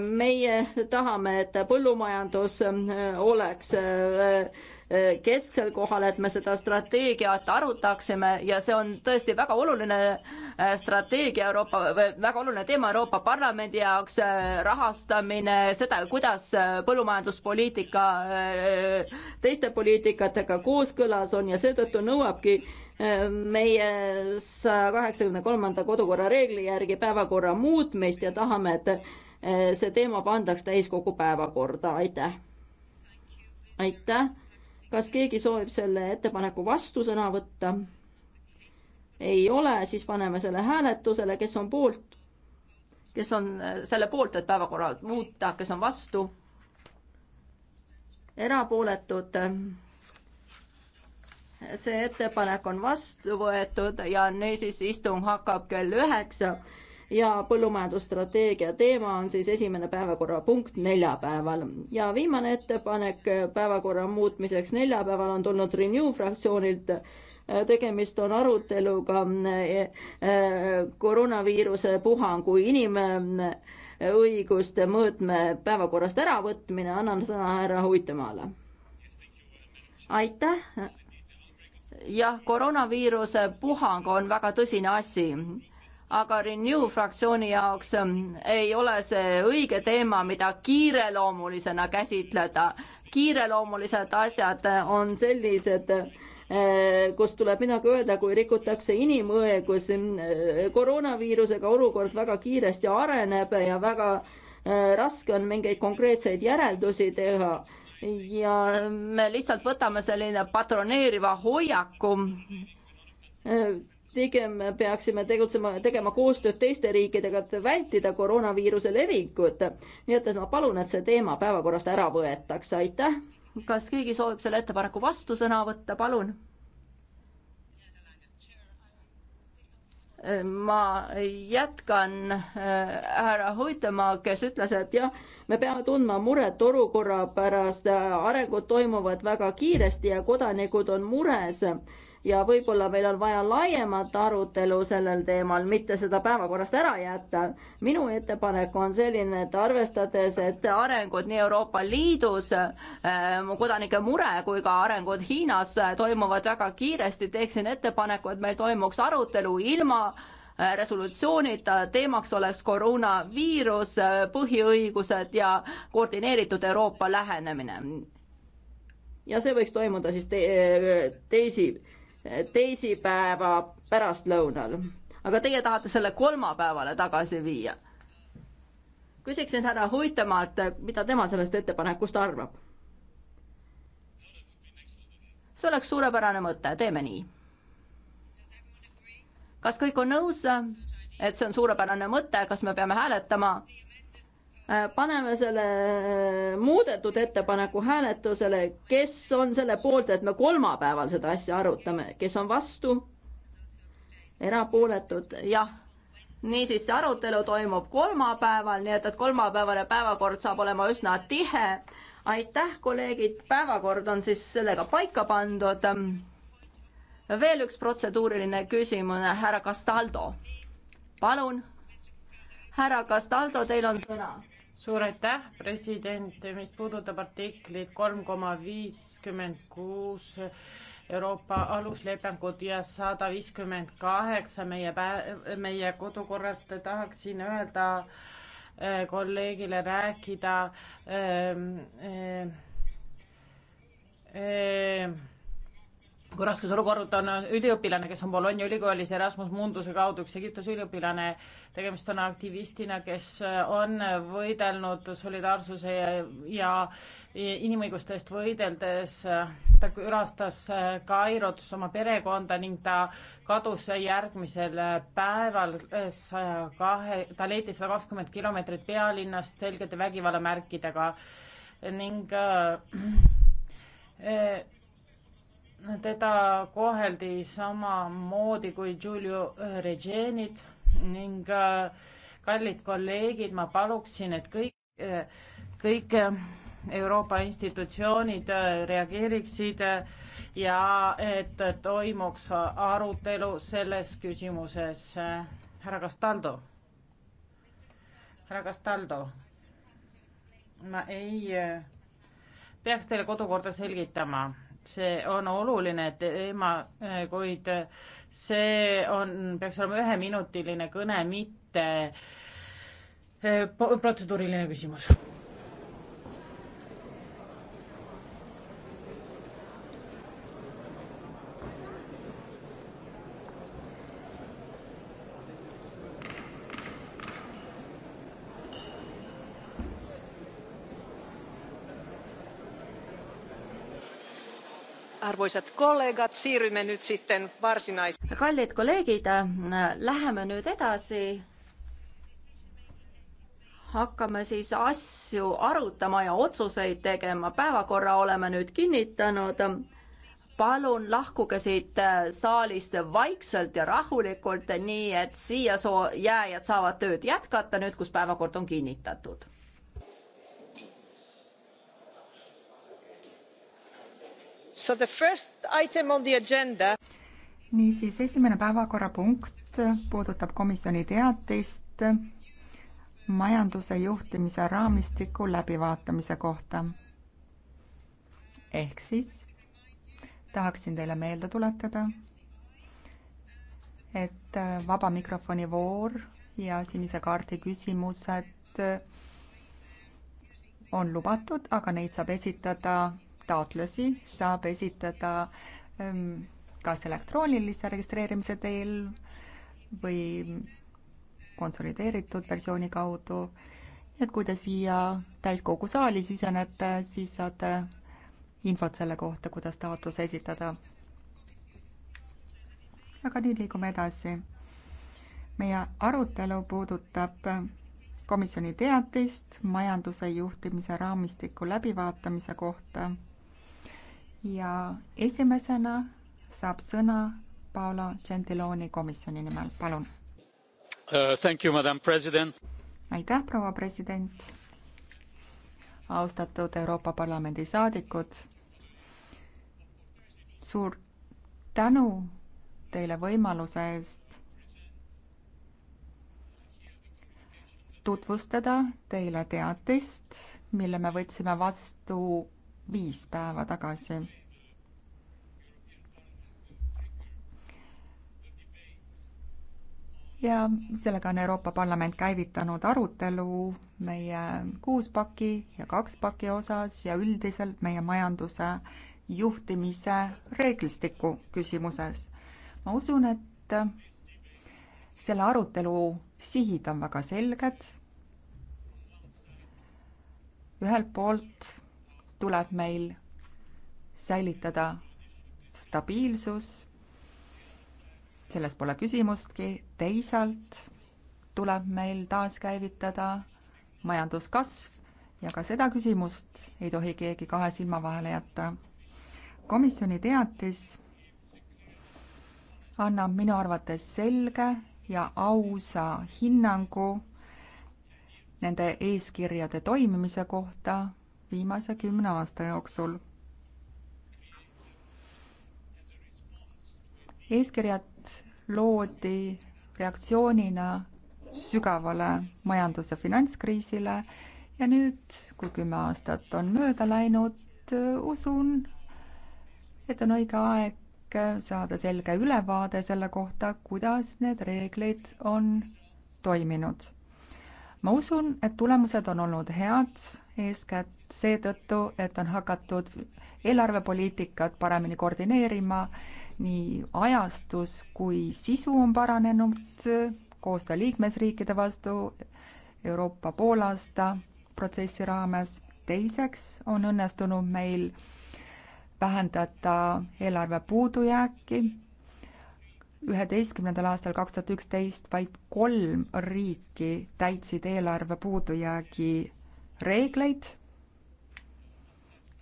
meie tahame, et põllumajandus oleks äh, kesksel kohal, et me seda strateegiat arutaksime ja see on tõesti väga oluline äh, strateegia Euroopa, väga oluline teema Euroopa Parlamendi jaoks, äh, rahastamine, seda, kuidas põllumajanduspoliitika teiste poliitikatega kooskõlas on ja seetõttu nõuabki meie saja kaheksakümne kolmanda kodukorra reegli järgi päevakorra muutmist ja tahame, et eh, see teema pandaks täiskogu päevakorda, aitäh. aitäh, kas keegi soovib selle ettepaneku vastusõna võtta? ei ole, siis paneme selle hääletusele, kes on poolt, kes on eh, selle poolt, et päevakorra muuta, kes on vastu, erapooletud see ettepanek on vastu võetud ja niisiis istung hakkab kell üheksa ja põllumajandusstrateegia teema on siis esimene päevakorrapunkt neljapäeval. ja viimane ettepanek päevakorra muutmiseks neljapäeval on tulnud Renew fraktsioonilt tegemist on aruteluga eh, eh, koroonaviiruse puhangu inimõiguste mõõtme päevakorrast äravõtmine. annan sõna härra Uitemaale. aitäh jah, koroonaviiruse puhang on väga tõsine asi, aga Renew fraktsiooni jaoks ähm, ei ole see õige teema, mida kiireloomulisena käsitleda. kiireloomulised asjad äh, on sellised, äh, kus tuleb midagi öelda, kui rikutakse inimõigusi. Äh, koroonaviirusega olukord väga kiiresti areneb ja väga raske on mingeid konkreetseid järeldusi teha ja me lihtsalt võtame selline patroneeriva hoiaku. pigem peaksime tegutsema, tegema koostööd teiste riikidega, et vältida koroonaviiruse levikut. nii et, et ma palun, et see teema päevakorrast ära võetakse, aitäh. kas keegi soovib selle ettepaneku vastusõna võtta, palun? ma jätkan äh, härra Hoitamaa, kes ütles, et jah, me peame tundma muret olukorra pärast, äh, arengud toimuvad väga kiiresti ja kodanikud on mures ja võib-olla meil on vaja laiemat arutelu sellel teemal, mitte seda päevakorrast ära jätta. minu ettepanek on selline, et arvestades, et arengud nii Euroopa Liidus äh,, kodanike mure kui ka arengud Hiinas eh, toimuvad väga kiiresti, teeksin ettepaneku, et meil toimuks arutelu ilma eh, resolutsioonid, teemaks oleks koroonaviirus, põhiõigused ja koordineeritud Euroopa lähenemine. ja see võiks toimuda siis te teisi teisipäeva pärastlõunal. aga teie tahate selle kolmapäevale tagasi viia. küsiksin härra Huitemaalt, mida tema sellest ettepanekust arvab? see oleks suurepärane mõte, teeme nii. kas kõik on nõus, et see on suurepärane mõte, kas me peame hääletama? Äh, paneme selle äh, muudetud ettepaneku hääletusele, kes on selle poolt, et me kolmapäeval seda asja arutame, kes on vastu? erapooletud, jah. niisiis, see arutelu toimub kolmapäeval, nii et, et kolmapäevane päevakord saab olema üsna tihe. aitäh, kolleegid, päevakord on siis sellega paika pandud. veel üks protseduuriline küsimus, härra Castaldo, palun. härra Castaldo, teil on sõna suur aitäh, president, mis puudutab artiklit kolm koma viiskümmend kuus Euroopa aluslepingut ja sada viiskümmend kaheksa meie pä-, meie kodukorrast tahaksin öelda äh, kolleegile rääkida ähm, äh, äh, kui raskes olukord on üliõpilane, kes on Bologna ülikoolis Erasmus Munduse kaudu üks Egiptuse üliõpilane, tegemist on aktivistina, kes on võidelnud solidaarsuse ja, ja inimõiguste eest võideldes, ta külastas Kairot oma perekonda ning ta kadus järgmisel päeval saja kahe, ta leiti sada kakskümmend kilomeetrit pealinnast selgete vägivallamärkidega ning äh, äh, teda koheldi samamoodi kui Giulio Regenit ning äh, kallid kolleegid, ma paluksin, et kõik, äh, kõik äh, Euroopa institutsioonid reageeriksid ja et toimuks arutelu selles küsimuses. härra Castaldo, härra Castaldo, ma ei peaks teile kodukorda selgitama see on oluline teema, eh, kuid eh, see on, peaks olema üheminutiline kõne, mitte eh, protseduuriline küsimus. Arvoisat kollegat, siirrymme nyt sitten varsinaiseen. Kallid kolleegid, läheme nüüd edasi. Hakkame siis asju arutama ja otsuseid tegema. Päevakorra oleme nüüd kinnitanud. Palun lahkuge siit saalist vaikselt ja rahulikult, nii et siia soo jääjad saavad tööd jätkata nüüd, kus päevakord on kinnitatud. niisiis, esimene päevakorrapunkt puudutab komisjoni teatist majanduse juhtimise raamistiku läbivaatamise kohta. ehk siis tahaksin teile meelde tuletada, et vaba mikrofoni voor ja sinise kaardi küsimused on lubatud, aga neid saab esitada taotlusi saab esitada ähm, kas elektroonilise registreerimise teel või konsolideeritud versiooni kaudu. et kui te siia täiskogu saali sisenete, siis saate infot selle kohta, kuidas taotlus esitada. aga nüüd liigume edasi. meie arutelu puudutab komisjoni teatist majanduse juhtimise raamistiku läbivaatamise kohta ja esimesena saab sõna Paolo Gentiloni komisjoni nimel, palun uh,. Thank you, madam president. aitäh, proua president. austatud Euroopa Parlamendi saadikud. suur tänu teile võimaluse eest tutvustada teile teatist, mille me võtsime vastu viis päeva tagasi. ja sellega on Euroopa Parlament käivitanud arutelu meie kuuspaki ja kakspaki osas ja üldiselt meie majanduse juhtimise reeglistiku küsimuses. ma usun, et selle arutelu sihid on väga selged. ühelt poolt tuleb meil säilitada stabiilsus, selles pole küsimustki, teisalt tuleb meil taaskäivitada majanduskasv ja ka seda küsimust ei tohi keegi kahe silma vahele jätta. komisjoni teatis annab minu arvates selge ja ausa hinnangu nende eeskirjade toimimise kohta viimase kümne aasta jooksul. eeskirjad loodi reaktsioonina sügavale majandus- ja finantskriisile ja nüüd, kui kümme aastat on mööda läinud, usun, et on õige aeg saada selge ülevaade selle kohta, kuidas need reeglid on toiminud. ma usun, et tulemused on olnud head, eeskätt seetõttu, et on hakatud eelarvepoliitikat paremini koordineerima, nii ajastus kui sisu on paranenud, koostöö liikmesriikide vastu Euroopa poolaasta protsessi raames. teiseks on õnnestunud meil vähendada eelarve puudujääki. üheteistkümnendal aastal kaks tuhat üksteist vaid kolm riiki täitsid eelarve puudujäägi reegleid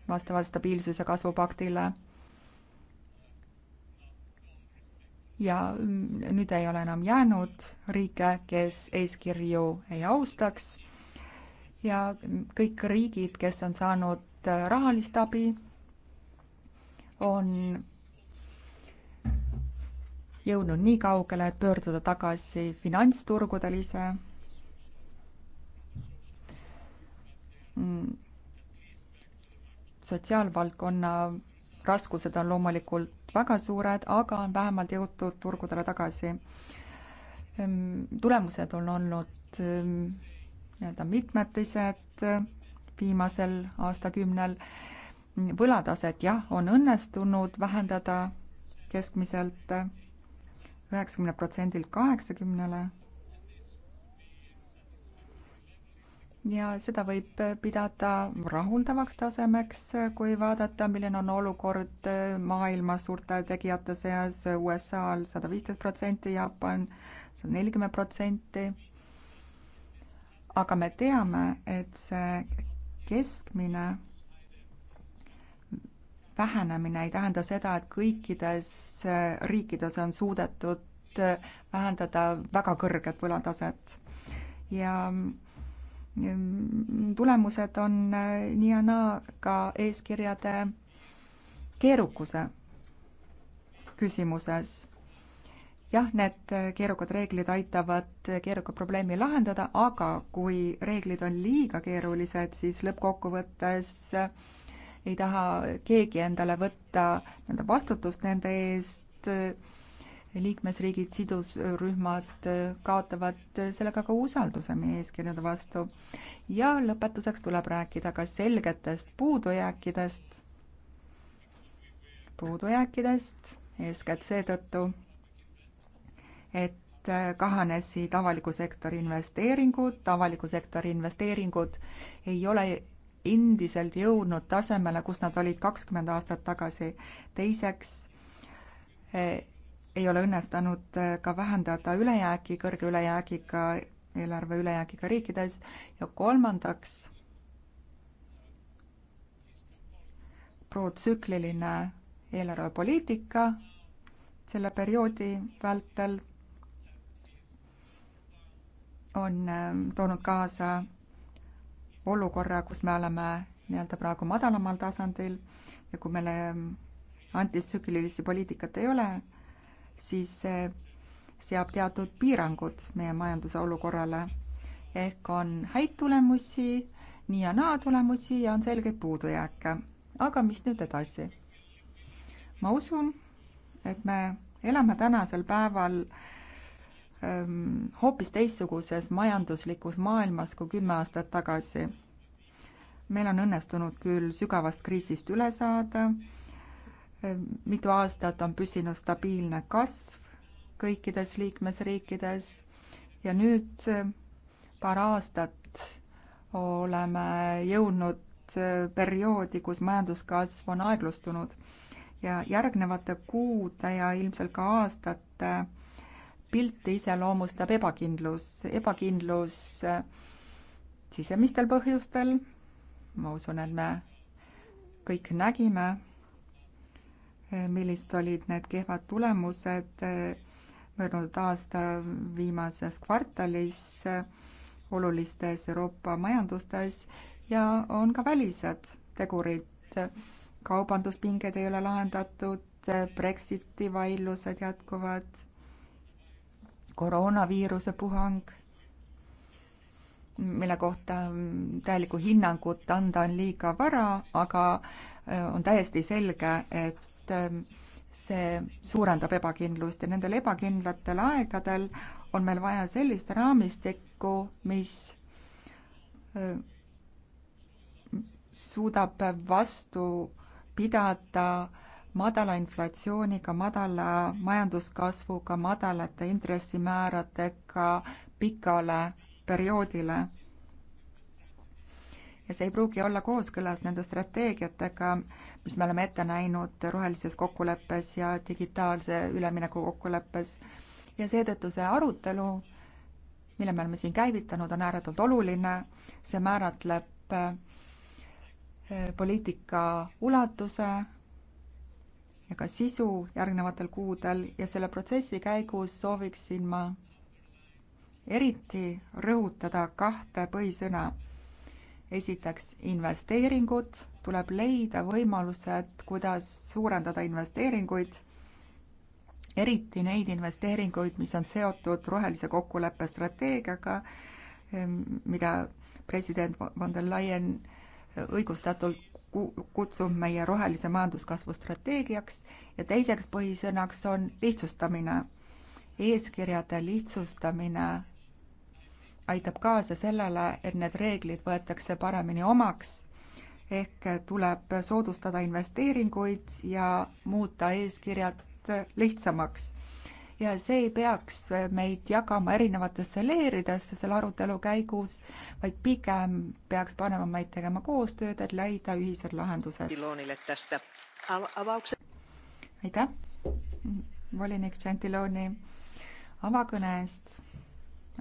vastavalt stabiilsuse kasvupaktile. ja nüüd ei ole enam jäänud riike, kes eeskirju ei austaks ja kõik riigid, kes on saanud rahalist abi, on jõudnud nii kaugele, et pöörduda tagasi finantsturgudel ise mm sotsiaalvaldkonna raskused on loomulikult väga suured, aga on vähemalt jõutud turgudele tagasi. Ehm, tulemused on olnud ehm, nii-öelda mitmetised viimasel aastakümnel. võlataset jah, on õnnestunud vähendada keskmiselt üheksakümne protsendilt kaheksakümnele ja seda võib pidada rahuldavaks tasemeks, kui vaadata, milline on olukord äh, maailmas suurte tegijate seas USA-l sada viisteist protsenti, Jaapan sada nelikümmend protsenti. aga me teame, et see keskmine vähenemine ei tähenda seda, et kõikides äh, riikides on suudetud äh, vähendada väga kõrget võlataset ja Ehm, tulemused on äh, nii ja naa ka eeskirjade keerukuse küsimuses. jah, need äh, keerukad reeglid aitavad äh, keeruka probleemi lahendada, aga kui reeglid on liiga keerulised, siis lõppkokkuvõttes ei taha keegi endale võtta nii-öelda vastutust nende eest liikmesriigid, sidusrühmad kaotavad sellega ka usalduse meie eeskirjade vastu. ja lõpetuseks tuleb rääkida ka selgetest puudujääkidest, puudujääkidest eeskätt seetõttu, et kahanesid avaliku sektori investeeringud, avaliku sektori investeeringud ei ole endiselt jõudnud tasemele, kus nad olid kakskümmend aastat tagasi. teiseks, ei ole õnnestunud äh, ka vähendada ülejääki, kõrge ülejäägiga, eelarve ülejäägiga riikides ja kolmandaks protsükliline eelarvepoliitika selle perioodi vältel on ähm, toonud kaasa olukorra, kus me oleme nii-öelda praegu madalamal tasandil ja kui meile ähm, antitsüklilisi poliitikat ei ole, siis see seab teatud piirangud meie majanduse olukorrale. ehk on häid tulemusi, nii ja naa tulemusi ja on selgeid puudujääke. aga mis nüüd edasi? ma usun, et me elame tänasel päeval ähm, hoopis teistsuguses majanduslikus maailmas kui kümme aastat tagasi. meil on õnnestunud küll sügavast kriisist üle saada mitu aastat on püsinud stabiilne kasv kõikides liikmesriikides ja nüüd paar aastat oleme jõudnud eh, perioodi, kus majanduskasv on aeglustunud ja järgnevate kuude ja ilmselt ka aastate pilti iseloomustab ebakindlus, ebakindlus eh, sisemistel põhjustel, ma usun, et me kõik nägime Eh, millised olid need kehvad tulemused eh, möödunud aasta viimases kvartalis eh, olulistes Euroopa majandustes ja on ka välised tegurid. kaubanduspinged ei ole lahendatud, Brexiti vaidlused jätkuvad, koroonaviiruse puhang, mille kohta mm, täielikku hinnangut anda on liiga vara, aga on täiesti selge, et et ähm, see suurendab ebakindlust ja nendel ebakindlatel aegadel on meil vaja sellist raamistikku, mis ähm, suudab vastu pidada madala inflatsiooniga, madala majanduskasvuga, madalate intressimääradega pikale perioodile ja see ei pruugi olla kooskõlas nende strateegiatega, mis me oleme ette näinud rohelises kokkuleppes ja digitaalse ülemineku kokkuleppes. ja seetõttu see arutelu, mille me oleme siin käivitanud, on ääretult oluline, see määratleb eh, poliitika ulatuse ja ka sisu järgnevatel kuudel ja selle protsessi käigus sooviksin ma eriti rõhutada kahte põhisõna esiteks investeeringud, tuleb leida võimalused, kuidas suurendada investeeringuid, eriti neid investeeringuid, mis on seotud rohelise kokkuleppe strateegiaga, ehm, mida president von der Leyen õigustatult kutsub meie rohelise majanduskasvu strateegiaks ja teiseks põhisõnaks on lihtsustamine, eeskirjade lihtsustamine aitab kaasa sellele, et need reeglid võetakse paremini omaks ehk tuleb soodustada investeeringuid ja muuta eeskirjad lihtsamaks. ja see ei peaks meid jagama erinevatesse leeridesse selle arutelu käigus, vaid pigem peaks panema meid tegema koostööd, et leida ühised lahendused. aitäh, volinik Gentiloni avakõne eest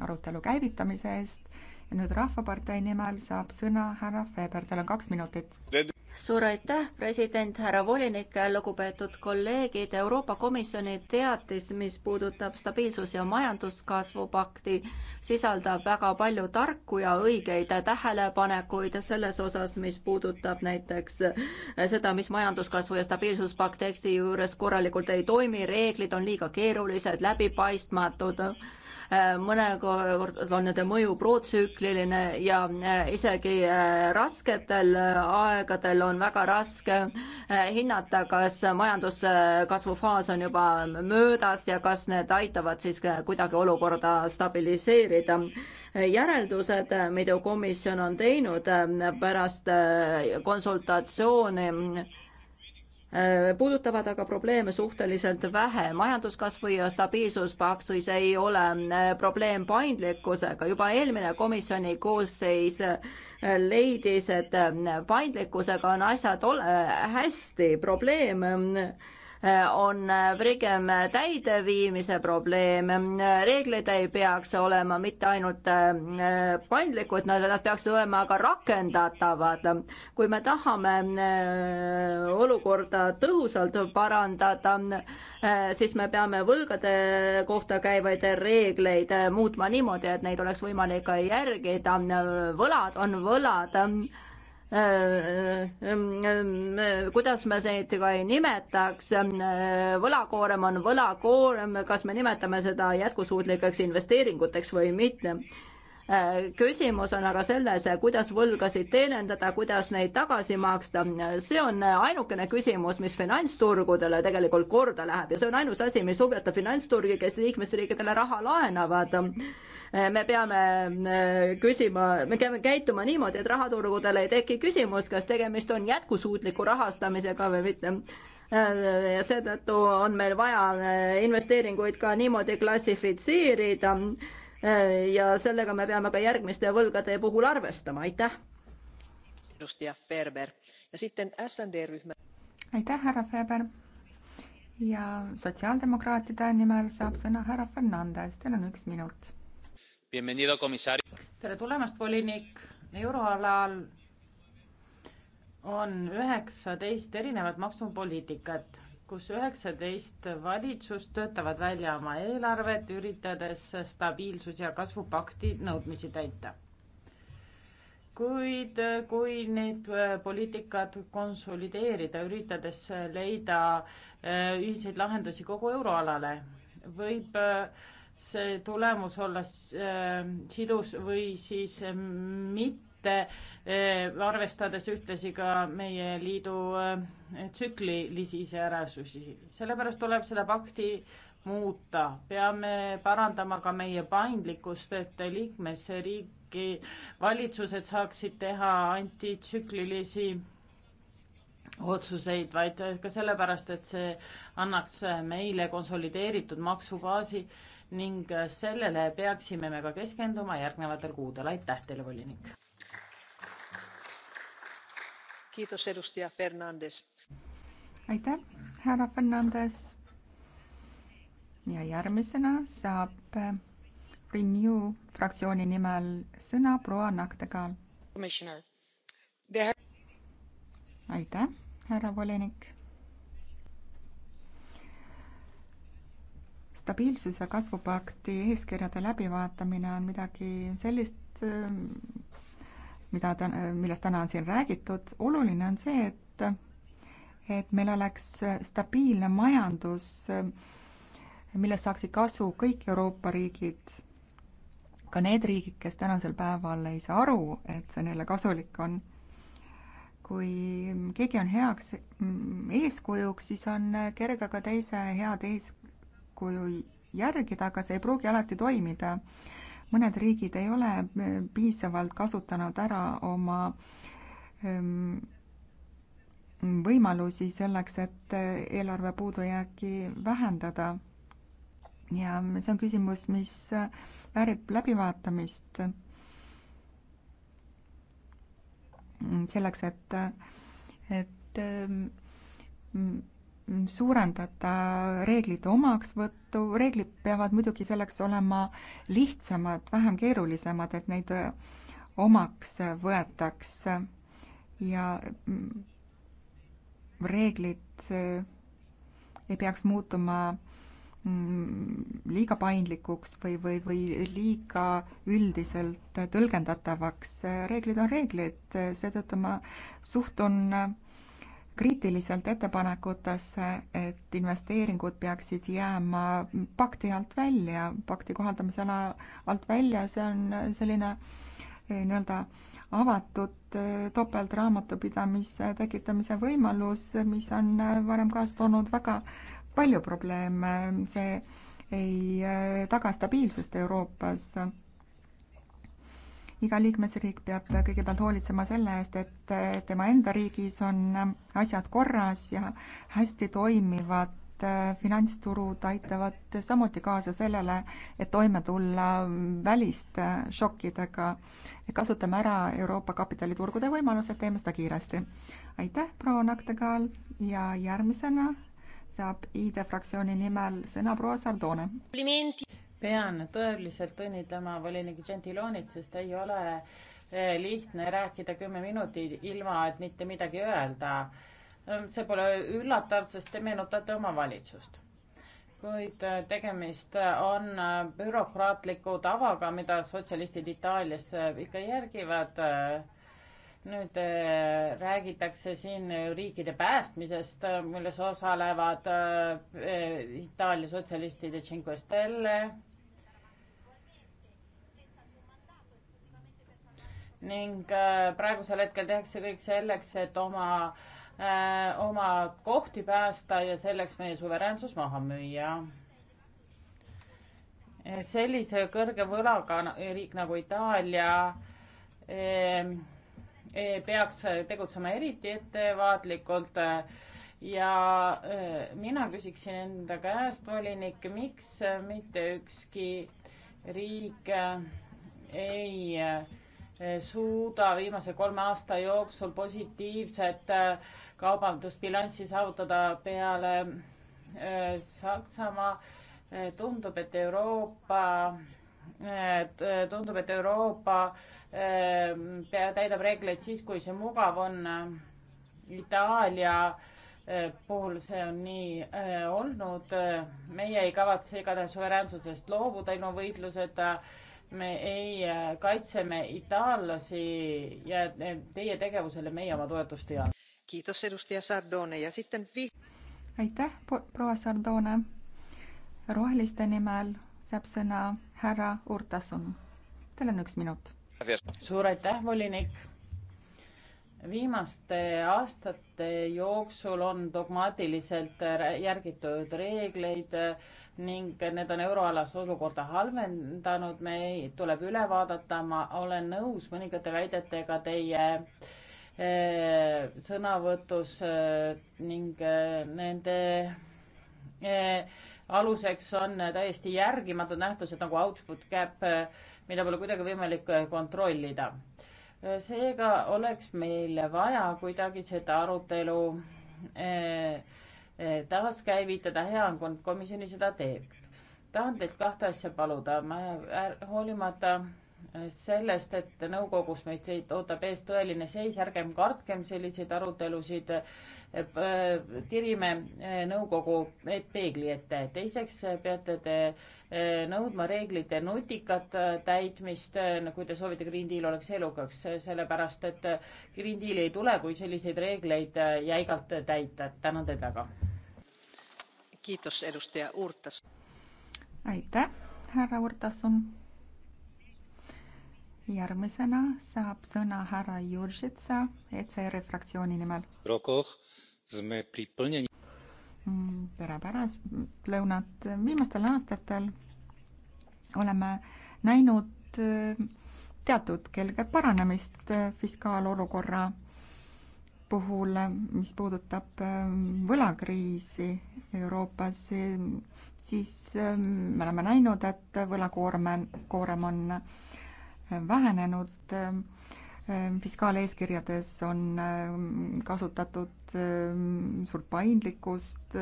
arutelu käivitamise eest ja nüüd Rahvapartei nimel saab sõna härra Feber, teil on kaks minutit. suur aitäh, president, härra volinik, lugupeetud kolleegid, Euroopa Komisjoni teatis, mis puudutab stabiilsus- ja majanduskasvu pakti, sisaldab väga palju tarku ja õigeid tähelepanekuid selles osas, mis puudutab näiteks seda, mis majanduskasvu ja stabiilsuspakti juures korralikult ei toimi, reeglid on liiga keerulised, läbipaistmatud Äh, mõnikord on nende mõju protsükliline ja äh, isegi äh, rasketel aegadel on väga raske hinnata, kas majanduskasvu faas on juba möödas ja kas need aitavad siis kuidagi olukorda stabiliseerida. järeldused, mida komisjon on teinud pärast konsultatsiooni Äh, puudutavad aga probleeme suhteliselt vähe. majanduskasvu ja stabiilsuspaktis ei ole äh, probleem paindlikkusega. juba eelmine komisjoni koosseis äh, leidis, et paindlikkusega on asjad hästi, probleem Äh, on äh, pigem täideviimise probleem. reeglid ei peaks olema mitte ainult äh, paindlikud, nad peaksid olema ka rakendatavad. kui me tahame olukorda tõhusalt parandada, siis me peame võlgade kohta käivaid reegleid muutma niimoodi, et neid oleks võimalik järgida. võlad on võlad kuidas me neid ka ei nimetaks, võlakoorem on võlakoorem, kas me nimetame seda jätkusuutlikeks investeeringuteks või mitte. küsimus on aga selles, kuidas võlgasid teenindada, kuidas neid tagasi maksta, see on ainukene küsimus, mis finantsturgudele tegelikult korda läheb ja see on ainus asi, mis huvitab finantsturgi, kes liikmesriikidele raha laenavad me peame äh, küsima, me peame käituma niimoodi, et rahaturgudel ei teki küsimust, kas tegemist on jätkusuutliku rahastamisega või mitte äh, ja seetõttu on meil vaja äh, investeeringuid ka niimoodi klassifitseerida ja sellega me peame ka järgmiste võlgade puhul arvestama, aitäh. aitäh, härra Ferber. ja sotsiaaldemokraatide nimel saab sõna härra Fernandes, teil on üks minut tere tulemast, volinik. euroalal on üheksateist erinevat maksupoliitikat, kus üheksateist valitsust töötavad välja oma eelarvet, üritades stabiilsus- ja kasvupakti nõudmisi täita kuid kui need poliitikad konsolideerida, üritades leida äh, ühiseid lahendusi kogu euroalale, võib äh, see tulemus olla äh, sidus või siis äh, mitte, äh, arvestades ühtlasi ka meie liidu tsüklilisi iseärasusi. sellepärast tuleb seda pakti muuta, peame parandama ka meie paindlikkust, et liikmesriigi valitsused saaksid teha antitsüklilisi otsuseid, vaid ka sellepärast, et see annaks meile konsolideeritud maksubaasi äh, ning äh, sellele peaksime me ka keskenduma järgnevatel kuudel. aitäh teile, volinik! aitäh, härra Fernandes! ja järgmisena saab äh, Renew fraktsiooni nimel sõna proua Naktegaal. aitäh, härra volinik stabiilsuse kasvupakti eeskirjade läbivaatamine on midagi sellist, mida ta, millest täna on siin räägitud, oluline on see, et et meil oleks stabiilne majandus, millest saaksid kasu kõik Euroopa riigid, ka need riigid, kes tänasel päeval ei saa aru, et see neile kasulik on kui keegi on heaks eeskujuks, siis on kerge ka teise head ees, eeskuju järgida, aga see ei pruugi alati toimida. mõned riigid ei ole e, piisavalt kasutanud ära oma ehm, võimalusi selleks, et e, eelarve puudujääki vähendada. ja see on küsimus, mis e, väärib läbivaatamist. selleks, et, et ehm, suurendada reeglite omaksvõttu, reeglid peavad muidugi selleks olema lihtsamad, vähem keerulisemad, et neid äh, omaks võetaks ja mm, reeglid äh, ei peaks muutuma mm, liiga paindlikuks või, või, või liiga üldiselt tõlgendatavaks. reeglid on reeglid, seetõttu ma suhtun äh, kriitiliselt ettepanekutesse, et investeeringud peaksid jääma pakti alt välja, pakti kohaldamisala alt välja, see on selline eh, nii-öelda avatud eh, topeltraamatupidamise tekitamise võimalus, mis on eh, varem kaasa toonud väga palju probleeme, see ei taga stabiilsust Euroopas iga liikmesriik peab kõigepealt hoolitsema selle eest, et tema enda riigis on asjad korras ja hästi toimivad finantsturud aitavad samuti kaasa sellele, et toime tulla väliste šokkidega. kasutame ära Euroopa kapitaliturgude võimalused, teeme seda kiiresti. aitäh, proua Naktekaal ja järgmisena saab ID e fraktsiooni nimel sõna proua Sardone pean tõeliselt õnnitlema volinik Gentilonit, sest ei ole eh, lihtne rääkida kümme minutit ilma, et mitte midagi öelda. Ehm, see pole üllatav, sest te meenutate oma valitsust. kuid eh, tegemist eh, on bürokraatliku tavaga, mida sotsialistid Itaalias ikka järgivad. nüüd räägitakse siin riikide päästmisest, milles osalevad Itaalia sotsialistid ja Cinque Stelle ning äh, praegusel hetkel tehakse kõik selleks, et oma, äh, oma kohti päästa ja selleks meie suveräänsus maha müüa. sellise kõrge võlaga riik nagu Itaalia ehm, e, peaks tegutsema eriti ettevaatlikult äh, ja mina küsiksin enda käest, volinik, miks mitte ükski riik ei suuda viimase kolme aasta jooksul positiivset äh, kaubandusbilanssi saavutada peale äh, Saksamaa. Äh, tundub, et Euroopa, tundub, et Euroopa täidab reegleid siis, kui see mugav on. Itaalia puhul see on nii olnud. meie ei kavatse igatahes suveräänsusest loobuda ilma võitluseta me ei äh, kaitse me itaallasi ja äh, teie tegevusele meie oma toetust ei anna. Kiitos edustaja Sardone ja sitten vi-. aitäh, proua Sardone. roheliste nimel saab sõna härra Urtasun. Teil on üks minut. suur aitäh, volinik viimaste aastate jooksul on dogmaatiliselt järgitud reegleid ning need on euroalas olukorda halvendanud, me ei, tuleb üle vaadata, ma olen nõus mõningate väidetega teie eh, sõnavõtus eh, ning eh, nende eh, aluseks on täiesti järgimatud nähtused nagu output gap, eh, mida pole kuidagi võimalik kontrollida seega oleks meil vaja kuidagi seda arutelu eh, eh, taaskäivitada, hea on, kui komisjoni seda teeb. tahan teilt kahte asja paluda, ma äh, hoolimata sellest, et nõukogus meid ootab ees tõeline seis, ärgem kartkem selliseid arutelusid, äh, tirime äh, nõukogu peegli ette. teiseks äh, peate te nõudma reeglite nutikat täitmist, kui te soovite, Green Deal oleks elukaks, sellepärast et Green Deal ei tule, kui selliseid reegleid jäigalt täita. tänan teid väga. aitäh, härra Urtasun järgmisena saab sõna härra Juršitsa ECR-i fraktsiooni nimel. Mm, tere pärastlõunat, viimastel aastatel oleme näinud eh, teatud kelget paranemist eh, fiskaalolukorra puhul, eh, mis puudutab võlakriisi Euroopas, siis me oleme näinud, et võlakoorme, koorem on vähenenud, ähm, ähm, fiskaaleeskirjades on ähm, kasutatud suurt paindlikkust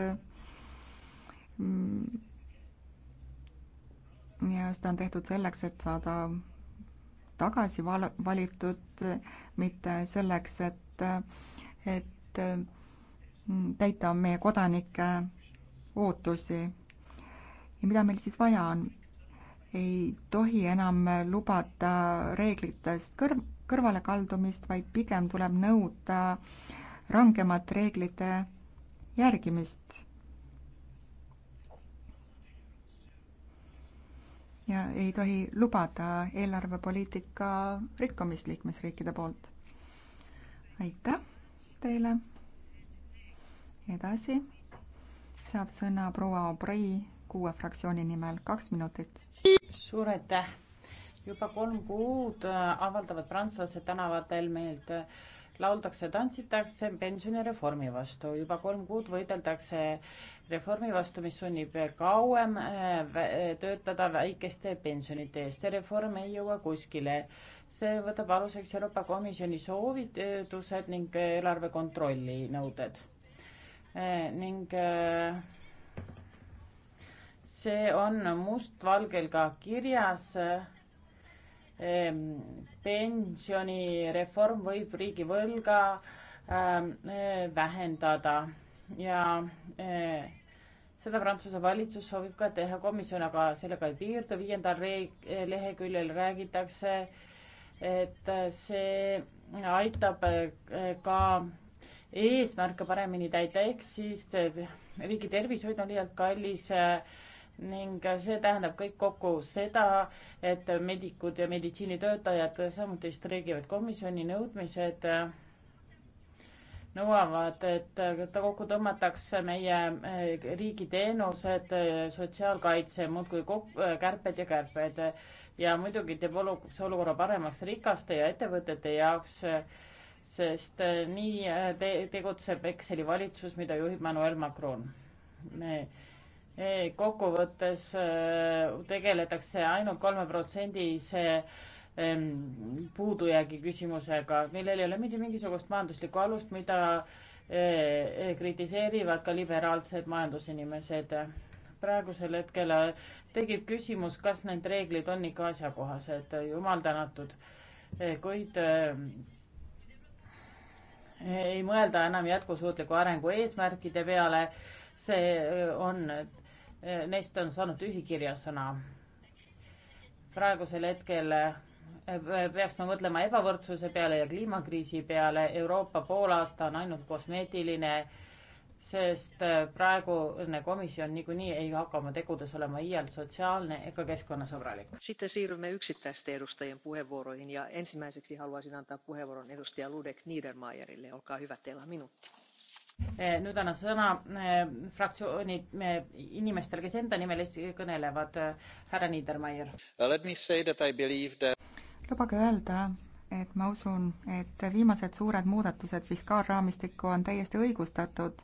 ja seda on tehtud selleks, et saada tagasi val-, valitud, mitte selleks, et, et täita meie kodanike ootusi. ja mida meil siis vaja on? ei tohi enam lubada reeglitest kõr-, kõrvalekaldumist, vaid pigem tuleb nõuda rangemat reeglite järgimist. ja ei tohi lubada eelarvepoliitika rikkumist liikmesriikide poolt. aitäh teile. edasi saab sõna proua Obrei kuue fraktsiooni nimel, kaks minutit suur aitäh! juba kolm kuud äh, avaldavad prantslased tänavatel meelt, lauldakse, tantsitakse pensionireformi vastu. juba kolm kuud võideldakse reformi vastu, mis sunnib kauem äh, töötada väikeste pensionite eest. see reform ei jõua kuskile. see võtab aluseks Euroopa Komisjoni soovitused ning eelarve kontrolli nõuded äh, ning see on mustvalgel ka kirjas. Ehm, pensionireform võib riigivõlga ehm, vähendada ja eh, seda Prantsuse valitsus soovib ka teha, komisjon aga sellega ei piirdu, viiendal leheküljel räägitakse, et see aitab eh, ka eesmärke paremini täita, ehk siis eh, riigi tervishoid on liialt kallis ning see tähendab kõik kokku seda, et medikud ja meditsiinitöötajad samuti streigivad. komisjoni nõudmised nõuavad, et ta kokku tõmmatakse meie eh, riigi teenused, sotsiaalkaitse, muudkui eh, kärped ja kärped. ja muidugi teeb olukord, see olukorra paremaks rikaste ja ettevõtete jaoks, sest nii eh, te tegutseb Exceli valitsus, mida juhib Manuel Macron me kokkuvõttes äh, tegeletakse ainult kolme protsendise ähm, puudujäägi küsimusega, millel ei ole mitte mingisugust majanduslikku alust, mida äh, kritiseerivad ka liberaalsed majandusinimesed. praegusel hetkel äh, tekib küsimus, kas need reeglid on ikka asjakohased, jumal tänatud, kuid ei mõelda enam jätkusuutliku arengu eesmärkide peale see on Eh, neist on saanud ühikirjasõna. praegusel hetkel eh, peaksime mõtlema ebavõrdsuse peale ja kliimakriisi peale. Euroopa poolaasta on ainult kosmeetiline, sest eh, praegune komisjon niikuinii ei hakka oma tegudes olema iial sotsiaalne ega keskkonnasõbralik. Sitten siirrymme yksittäisten edustajien puheenvuoroihin ja ensimmäiseksi haluaisin antaa puheenvuoron edustaja Ludek Niedermayerille. Olkaa hyvä, teillä on minuutti Eh, nüüd annan sõna eh, fraktsiooni eh, inimestele, kes enda nimel kõnelevad. härra Niedermayer. lubage öelda, et ma usun, et viimased suured muudatused fiskaalraamistikku on täiesti õigustatud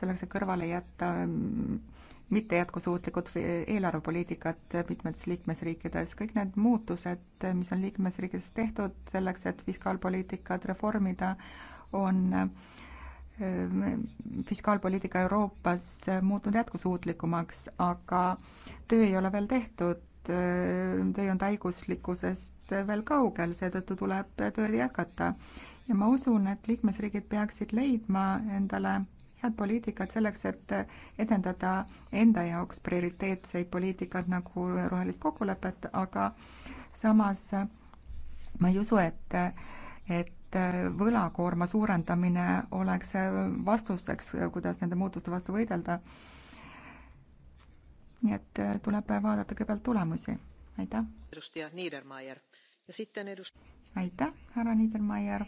selleks, et kõrvale jätta mm, mitte jätkusuutlikud eelarvepoliitikat mitmetes liikmesriikides, kõik need muutused, mis on liikmesriikides tehtud selleks, et fiskaalpoliitikat reformida, on äh, Ehm, fiskaalpoliitika Euroopas muutnud jätkusuutlikumaks, aga töö ei ole veel tehtud, ehm, töö on täiguslikkusest veel kaugel, seetõttu tuleb tööd jätkata. ja ma usun, et liikmesriigid peaksid leidma endale head poliitikat selleks, et edendada enda jaoks prioriteetseid poliitikaid nagu rohelist kokkulepet, aga samas ma ei usu, et, et et äh, võlakoorma suurendamine oleks äh, vastuseks, äh, kuidas nende muutuste vastu võidelda. nii et tuleb vaadata kõigepealt tulemusi, aitäh. aitäh, härra Niedermeier.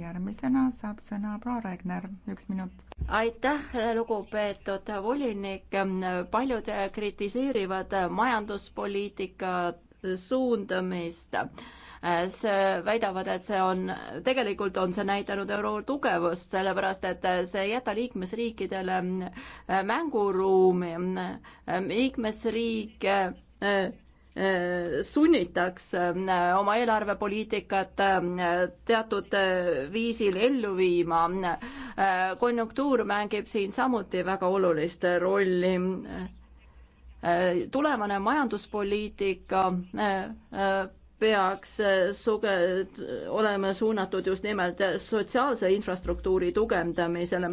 järgmisena saab sõna proua Regner, üks minut. aitäh, lugupeetud volinik, paljud kritiseerivad majanduspoliitika suundamist see, väidavad, et see on, tegelikult on see näidanud euro tugevust, sellepärast et see ei jäta liikmesriikidele äh, mänguruumi, äh, liikmesriik äh, sunnitakse oma eelarvepoliitikat teatud viisil ellu viima. konjunktuur mängib siin samuti väga olulist rolli tulevane majanduspoliitika peaks eh, suge-, olema suunatud just nimelt sotsiaalse infrastruktuuri tugevdamisele.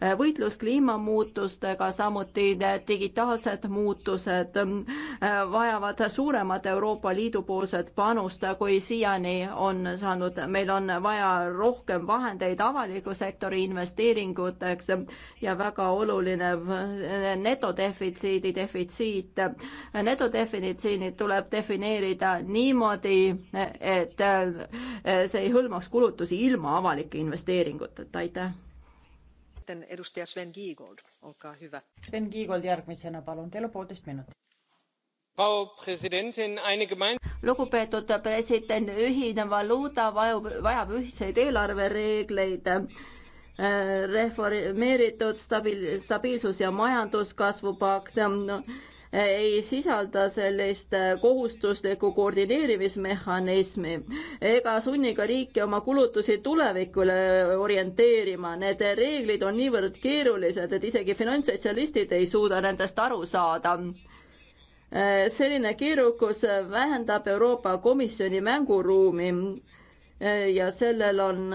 Eh, võitlus kliimamuutustega, samuti digitaalsed muutused eh, vajavad suuremat Euroopa Liidu poolset panust, kui siiani on saanud. meil on vaja rohkem vahendeid avaliku sektori investeeringuteks ja väga oluline netodefitsiidi defitsiit. netodefinitsiini tuleb defineerida niimoodi, niimoodi, et see ei hõlmaks kulutusi ilma avalike investeeringuteta, aitäh. edustaja Sven Kiigold, olkaa hyvä. Sven Kiigold järgmisena, palun, teil on poolteist minutit lugupeetud president, ühine valuuta vajub, vajab ühiseid eelarvereegleid reformeeritud stabiil-, stabiilsus- ja majanduskasvupakt ei sisalda sellist äh, kohustuslikku koordineerimismehhanismi ega sunni ka riike oma kulutusi tulevikule äh, orienteerima. Need reeglid on niivõrd keerulised, et isegi finantssotsialistid ei suuda nendest aru saada äh, selline keerukus vähendab Euroopa Komisjoni mänguruumi ja sellel on,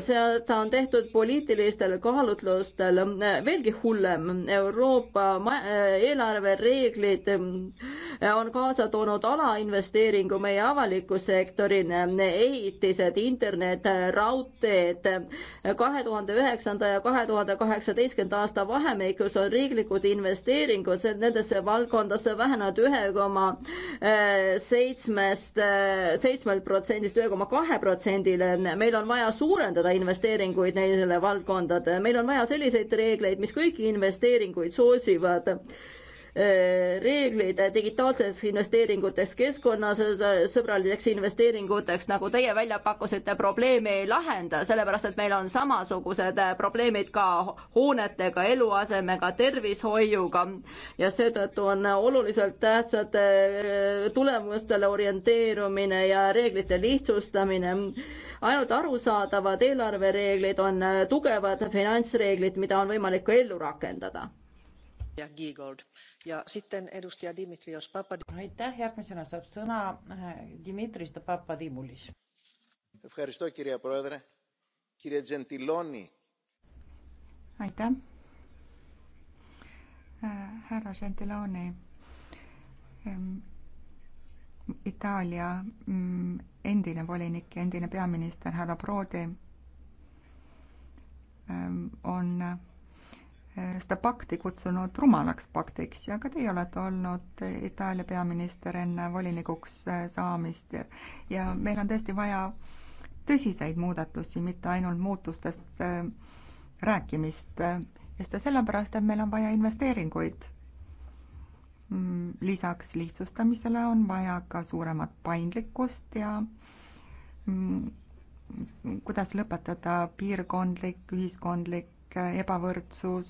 seda on tehtud poliitilistel kaalutlustel. Eh, veelgi hullem, Euroopa eh, eelarvereeglid eh, on kaasa toonud alainvesteeringu meie avalikku sektorile, ehitised, internet, raudteed. kahe tuhande üheksanda ja kahe tuhande kaheksateistkümnenda aasta vahemikus on riiklikud investeeringud nendesse valdkondadesse vähenenud ühe koma seitsmest, seitsmelt protsendist ühe koma kahe protsendile. meil on vaja suurendada investeeringuid neile valdkondadele, meil on vaja selliseid reegleid, mis kõiki investeeringuid soosivad Eh, reegleid digitaalseteks investeeringuteks, keskkonnasõbralikeks investeeringuteks, nagu teie välja pakkusite, probleemi ei lahenda, sellepärast et meil on samasugused eh, probleemid ka hoonetega, eluasemega, tervishoiuga ja seetõttu on oluliselt tähtsad eh, tulemustele orienteerumine ja reeglite lihtsustamine. ainult arusaadavad eelarvereeglid on tugevad finantsreeglid, mida on võimalik ka ellu rakendada aitäh, järgmisena saab sõna äh, Dimitris Papadimulis. aitäh. Äh, härra Gentiloni ähm, Itaalia mm, endine volinik ja endine peaminister härra Prodi ähm, on Äh, seda pakti kutsunud rumalaks paktiks ja ka teie olete olnud Itaalia peaminister enne volinikuks äh, saamist ja meil on tõesti vaja tõsiseid muudatusi, mitte ainult muutustest äh, rääkimist ja seda sellepärast, et meil on vaja investeeringuid. Mm, lisaks lihtsustamisele on vaja ka suuremat paindlikkust ja mm, kuidas lõpetada piirkondlik, ühiskondlik ebavõrdsus.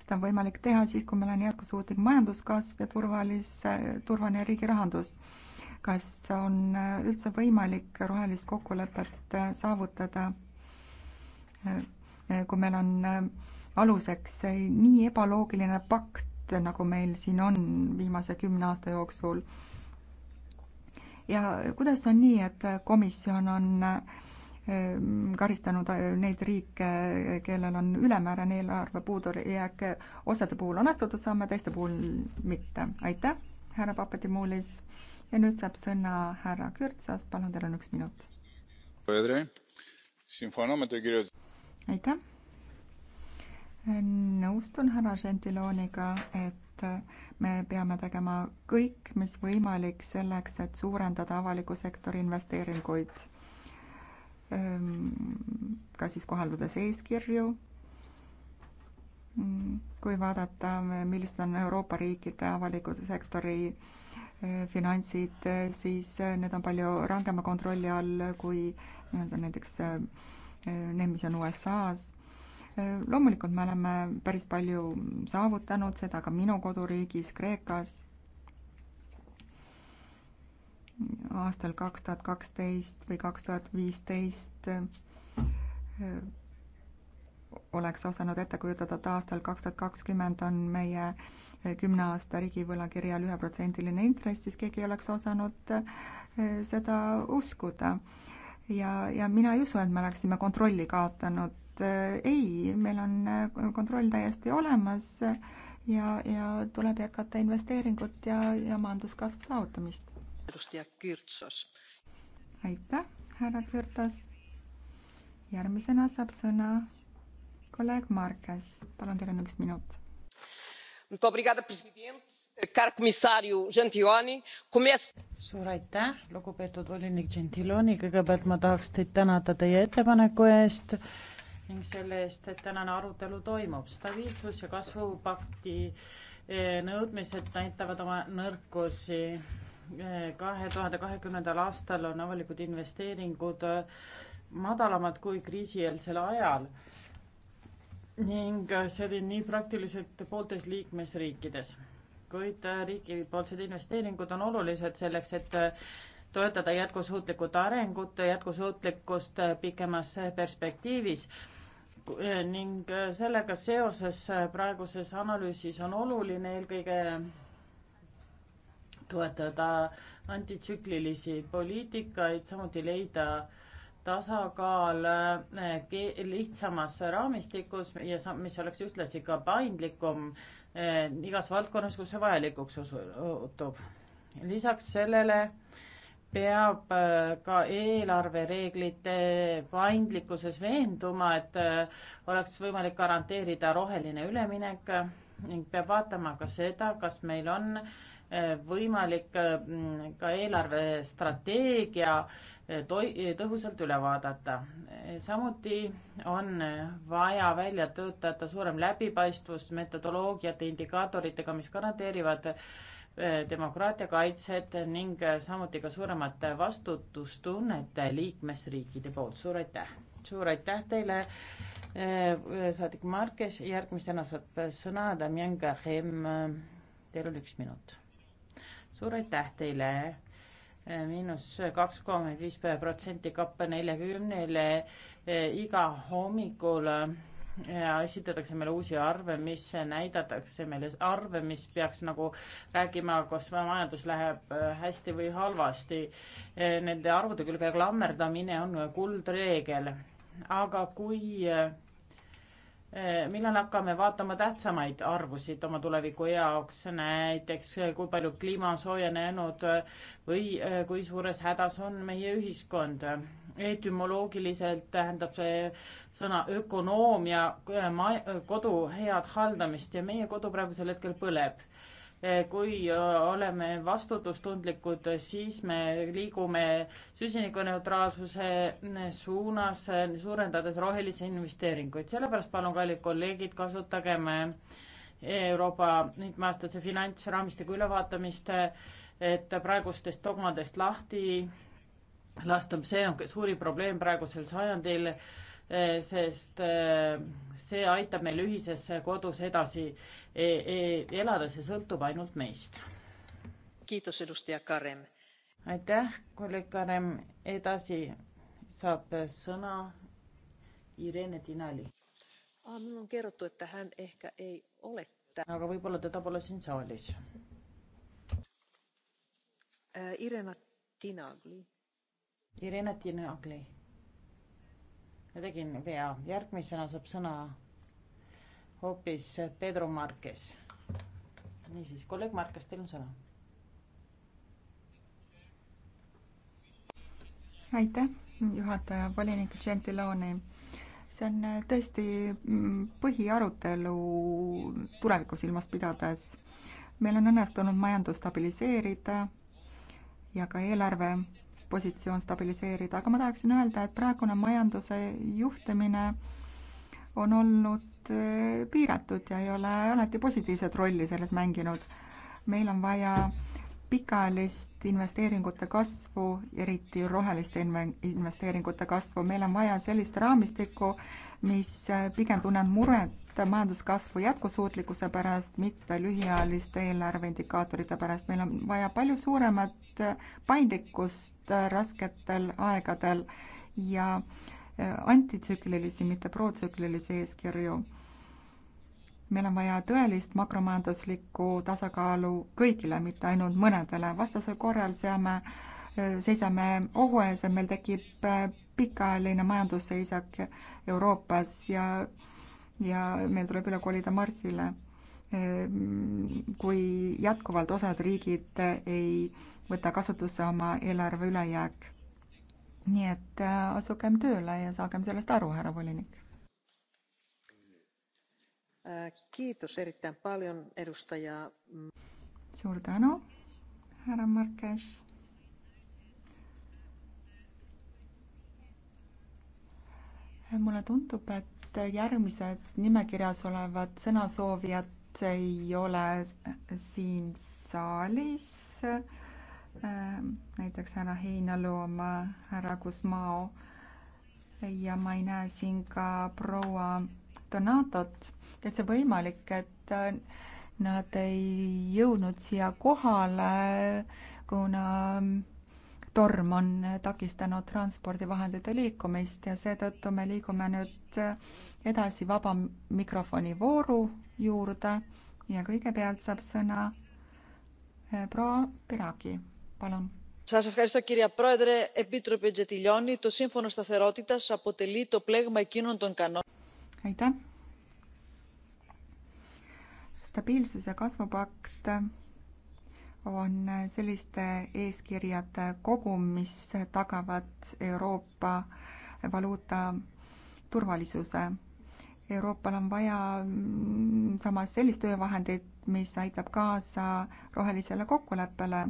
seda on võimalik teha siis, kui meil on jätkusuutlik majanduskasv ja turvalise, turvaline riigi rahandus. kas on üldse võimalik rohelist kokkulepet saavutada, kui meil on aluseks nii ebaloogiline pakt, nagu meil siin on viimase kümne aasta jooksul? ja kuidas on nii, et komisjon on äh, Ehm, karistanud äh, neid riike, kellel on ülemäärane eelarve puudujääk, osade puhul on astutud samme, teiste puhul mitte. aitäh, härra Papadimulis. ja nüüd saab sõna härra Kürtsas, palun, teil on üks minut. aitäh. nõustun härra Gentiloniga, et me peame tegema kõik, mis võimalik selleks, et suurendada avaliku sektori investeeringuid ka siis kohaldades eeskirju. Mm, kui vaadata, millised on Euroopa riikide avaliku sektori äh, finantsid, siis äh, need on palju rangema kontrolli all kui nii-öelda näiteks äh, need, mis on USA-s. loomulikult me oleme päris palju saavutanud, seda ka minu koduriigis Kreekas aastal kaks tuhat kaksteist või kaks tuhat viisteist eh, oleks osanud ette kujutada, et aastal kaks tuhat kakskümmend on meie eh, kümne aasta riigivõlakirjal üheprotsendiline intress, siis keegi ei oleks osanud eh, seda uskuda. ja, ja mina ei usu, et me oleksime kontrolli kaotanud. ei, meil on kontroll täiesti olemas ja, ja tuleb jätkata investeeringut ja, ja majanduskasvu saavutamist aitäh, härra Kürtas. järgmisena saab sõna kolleeg Markes, palun, teil on üks minut. suur aitäh, lugupeetud volinik Gentiloni, kõigepealt ma tahaks teid tänada teie ettepaneku eest ning selle eest, et tänane arutelu toimub. stabiilsus ja kasvupakti eh, nõudmised näitavad oma nõrkusi kahe tuhande kahekümnendal aastal on avalikud investeeringud äh, madalamad kui kriisieelsel ajal ning äh, see oli nii praktiliselt pooltes liikmesriikides. kuid äh, riigipoolsed investeeringud on olulised selleks, et toetada jätkusuutlikut arengut, jätkusuutlikkust pikemas perspektiivis ning sellega seoses praeguses analüüsis on oluline eelkõige toetada antitsüklilisi poliitikaid, samuti leida tasakaal eh, lihtsamas raamistikus ja mis oleks ühtlasi ka paindlikum eh, igas valdkonnas, kus see vajalikuks osutub. lisaks sellele peab eh, ka eelarvereeglite paindlikkuses veenduma, et oleks võimalik garanteerida roheline üleminek ning peab vaatama ka seda, kas meil on võimalik mm, ka eelarvestrateegia eh, eh, tõhusalt üle vaadata. Eh, samuti on vaja välja töötada suurem läbipaistvus metodoloogiate, indikaatoritega, mis garanteerivad demokraatia kaitset ning samuti ka suuremat vastutustunnet liikmesriikide poolt. suur aitäh! suur aitäh teile, saadik Markes, järgmisena saab sõna Damien Kahem. Teil on üks minut suur aitäh teile e, miinus kaks kolmkümmend viis protsenti kappa neljakümnele e, iga hommikul e, esitatakse meile uusi arve, mis näidatakse meile arve, mis peaks nagu rääkima, kas majandus läheb hästi või halvasti. Nende arvude külge klammerdamine on kuldreegel, aga kui Eh, millal hakkame vaatama tähtsamaid arvusid oma tuleviku jaoks, näiteks eh, kui palju kliima on soojenenud eh, või kui suures hädas on meie ühiskond. etümoloogiliselt tähendab see sõna ökonoomia kodu head haldamist ja meie kodu praegusel hetkel põleb Eh, kui äh, oleme vastutustundlikud, äh, siis me liigume süsinikuneutraalsuse äh, suunas, suurendades rohelisi investeeringuid. sellepärast palun, kallid kolleegid, kasutagem Euroopa mitmeaastase finantsraamistiku ülevaatamist, et praegustest dogmadest lahti lasta, see on suurim probleem praegusel sajandil Eh, sest eh, see aitab meil ühises kodus edasi e, e, elada, see sõltub ainult meist. aitäh, kolleeg Karem, edasi saab sõna Irene Tinali. on kerrotud, et hän ehk ei ole. aga võib-olla teda pole siin saalis. Irene Tinagli. Irene Tinagli ma tegin vea, järgmisena saab sõna hoopis Pedro Marques. niisiis, kolleeg Marques, teil on sõna. aitäh, juhataja, volinik Gentiloni see on äh, tõesti mm, põhiarutelu tulevikku silmas pidades. meil on õnnestunud majandust stabiliseerida ja ka eelarve positsioon stabiliseerida, aga ma tahaksin öelda, et praegune majanduse juhtimine on olnud eh, piiratud ja ei ole alati positiivset rolli selles mänginud. meil on vaja pikaajalist investeeringute kasvu, eriti roheliste investeeringute kasvu, meil on vaja sellist raamistikku, mis pigem tunneb muret majanduskasvu jätkusuutlikkuse pärast, mitte lühiajaliste eelarveindikaatorite pärast, meil on vaja palju suuremat paindlikkust rasketel aegadel ja antitsüklilisi, mitte protsüklilisi eeskirju meil on vaja tõelist makromajanduslikku tasakaalu kõigile, mitte ainult mõnedele, vastasel korral seame, seisame ohu ees ja meil tekib äh, pikaajaline majandusseisak Euroopas ja, ja meil tuleb üle kolida Marsile. Ehm, kui jätkuvalt osad riigid ei võta kasutusse oma eelarve ülejääk. nii et äh, asugem tööle ja saagem sellest aru, härra volinik. Kiitos erittäin paljon, edustaja. suur tänu, härra Markes. mulle tundub, et järgmised nimekirjas olevad sõnasoovijad ei ole siin saalis. näiteks härra Heinaluoma, härra Kusmao ja ma ei näe siin ka proua Donatot, täitsa võimalik, et äh, nad ei jõudnud siia kohale, kuna mm, torm on takistanud transpordivahendite liikumist ja seetõttu me liigume nüüd äh, edasi vaba mikrofoni vooru juurde ja kõigepealt saab sõna äh, proua Piragi, palun. Σας ευχαριστώ κυρία Πρόεδρε. Επίτροπε Τζετιλιώνη, το Σύμφωνο Σταθερότητας αποτελεί το πλέγμα εκείνων των κανόνων aitäh. stabiilsus ja kasvupakt on selliste eeskirjade kogum, mis tagavad Euroopa valuuta turvalisuse. Euroopal on vaja samas sellist töövahendit, mis aitab kaasa rohelisele kokkuleppele.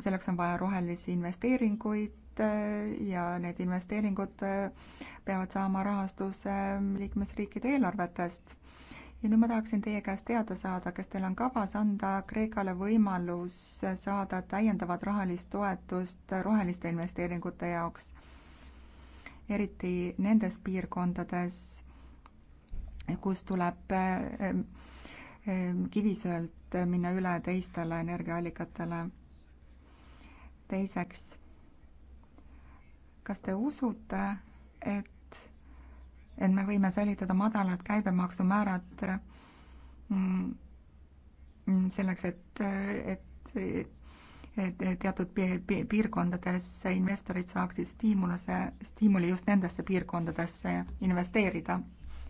selleks on vaja rohelisi investeeringuid, Äh, ja need investeeringud äh, peavad saama rahastuse ähm, liikmesriikide eelarvetest. ja nüüd ma tahaksin teie käest teada saada, kas teil on kavas anda Kreekale võimalus saada täiendavat rahalist toetust äh, roheliste investeeringute jaoks, eriti nendes piirkondades, kus tuleb ähm, ähm, kivisöölt minna üle teistele energiaallikatele. teiseks kas te usute, et, et me võime säilitada madalad käibemaksumäärad mm, mm, selleks, et, et, et teatud piirkondades investorid saaksid stiimuluse, stiimuli just nendesse piirkondadesse investeerida.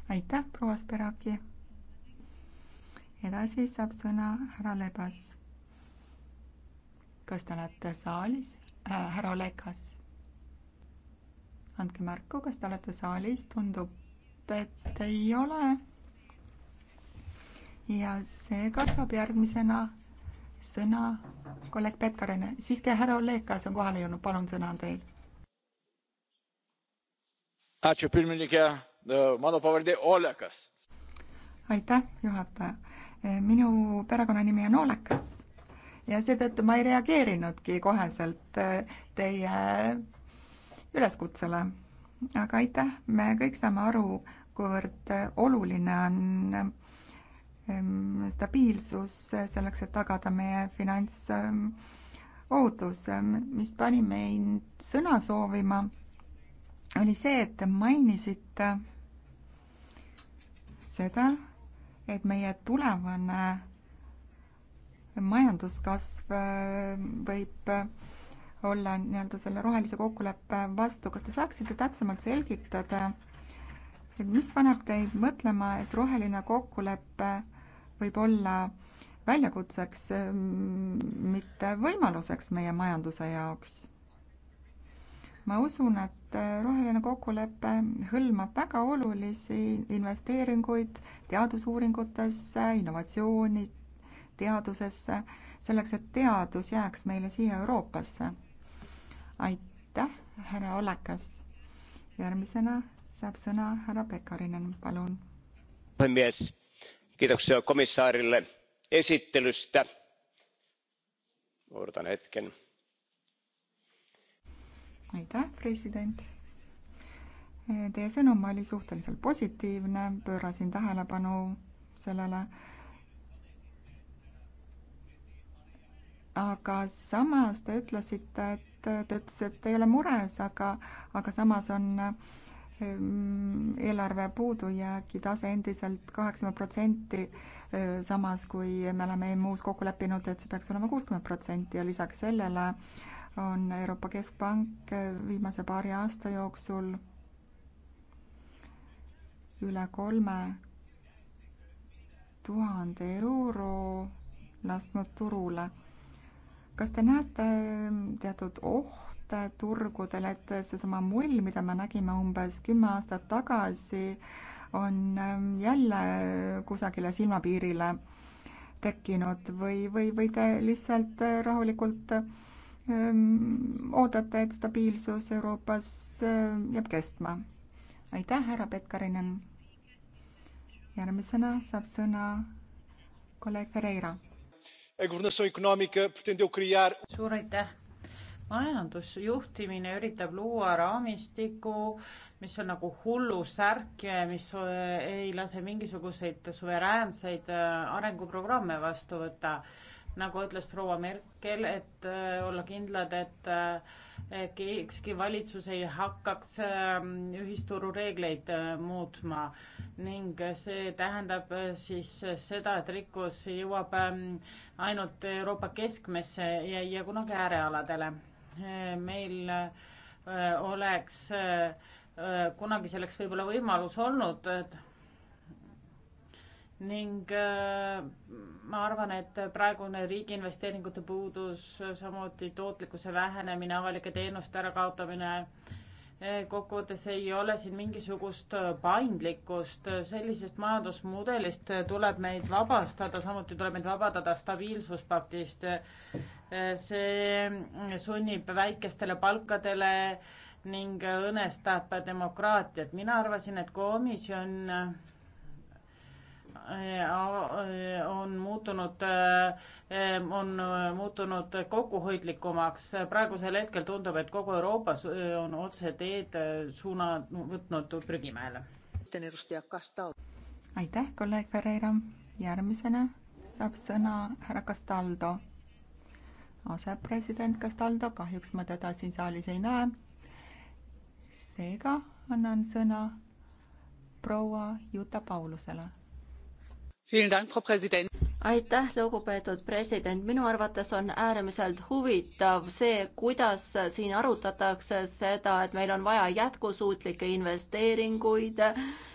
aitäh, proua Speraki. edasi saab sõna härra Lebas. kas te olete saalis äh,? härra Olekas andke märku, kas te olete saalis, tundub, et ei ole. ja seega saab järgmisena sõna kolleeg Pekkarine, siiski härra Oleg, kas on kohale jõudnud, palun, sõna on teil. E, aitäh, juhataja. E, minu perekonnanimi on Olekas ja seetõttu ma ei reageerinudki koheselt e, teie üleskutsele. aga aitäh, me kõik saame aru, kuivõrd oluline on ehm, stabiilsus selleks, et tagada meie finantsohutus, mis pani mind sõna soovima, oli see, et te mainisite seda, et meie tulevane majanduskasv võib olla nii-öelda selle rohelise kokkuleppe vastu. kas te saaksite täpsemalt selgitada, et mis paneb teid mõtlema, et roheline kokkulepe võib olla väljakutseks, mitte võimaluseks meie majanduse jaoks? ma usun, et roheline kokkulepe hõlmab väga olulisi investeeringuid teadusuuringutesse, innovatsiooni, teadusesse, selleks et teadus jääks meile siia Euroopasse aitäh, härra Ollakas. järgmisena saab sõna härra Pekarinen, palun. puhemies, kiitoksia komissarille esittelystä. odotan hetken. aitäh, president. Teie sõnum oli suhteliselt positiivne, pöörasin tähelepanu sellele aga samas te ütlesite, et ta ütles, et ei ole mures, aga, aga samas on ehm, eelarve puudujäägi tase endiselt kaheksakümmend protsenti, ehm, samas kui me oleme EMU-s kokku leppinud, et see peaks olema kuuskümmend protsenti ja lisaks sellele on Euroopa Keskpank ehm, viimase paari aasta jooksul üle kolme tuhande euro lasknud turule kas te näete ähm, teatud ohte turgudel, et seesama mull, mida me nägime umbes kümme aastat tagasi, on ähm, jälle kusagile silmapiirile tekkinud või, või, või te lihtsalt äh, rahulikult ähm, ootate, et stabiilsus Euroopas jääb kestma? aitäh, härra Petkarinen. järgmisena saab sõna kolleeg Pereira suur aitäh! majandusjuhtimine üritab luua raamistiku, mis on nagu hullusärk, mis eh, ei lase mingisuguseid suveräänseid eh, arenguprogramme vastu võtta nagu ütles proua Merkel, et äh, olla kindlad, äh, et ükski valitsus ei hakkaks ähm, ühisturu reegleid äh, muutma ning see tähendab siis seda, et rikkus jõuab ähm, ainult Euroopa keskmesse ja, ja kunagi äärealadele. meil oleks kunagi selleks võib-olla võimalus olnud, et ning äh, ma arvan, et praegune riigi investeeringute puudus, samuti tootlikkuse vähenemine, avalike teenuste ärakaotamine, äh, kokkuvõttes ei ole siin mingisugust äh, paindlikkust, sellisest majandusmudelist tuleb meid vabastada, samuti tuleb meid vabadada stabiilsuspaktist. see sunnib väikestele palkadele ning õõnestab demokraatiat. mina arvasin, et komisjon Äh, on muutunud, äh, on äh, muutunud kokkuhoidlikumaks. praegusel hetkel tundub, et kogu Euroopas on otseteed suuna võtnud prügimäele. aitäh, kolleeg Ferreira. järgmisena saab sõna härra Castaldo. asepresident Castaldo, kahjuks ma teda siin saalis ei näe. seega annan sõna proua Juta Paulusele aitäh, lugupeetud president, minu arvates on äärmiselt huvitav see, kuidas siin arutatakse seda, et meil on vaja jätkusuutlikke investeeringuid,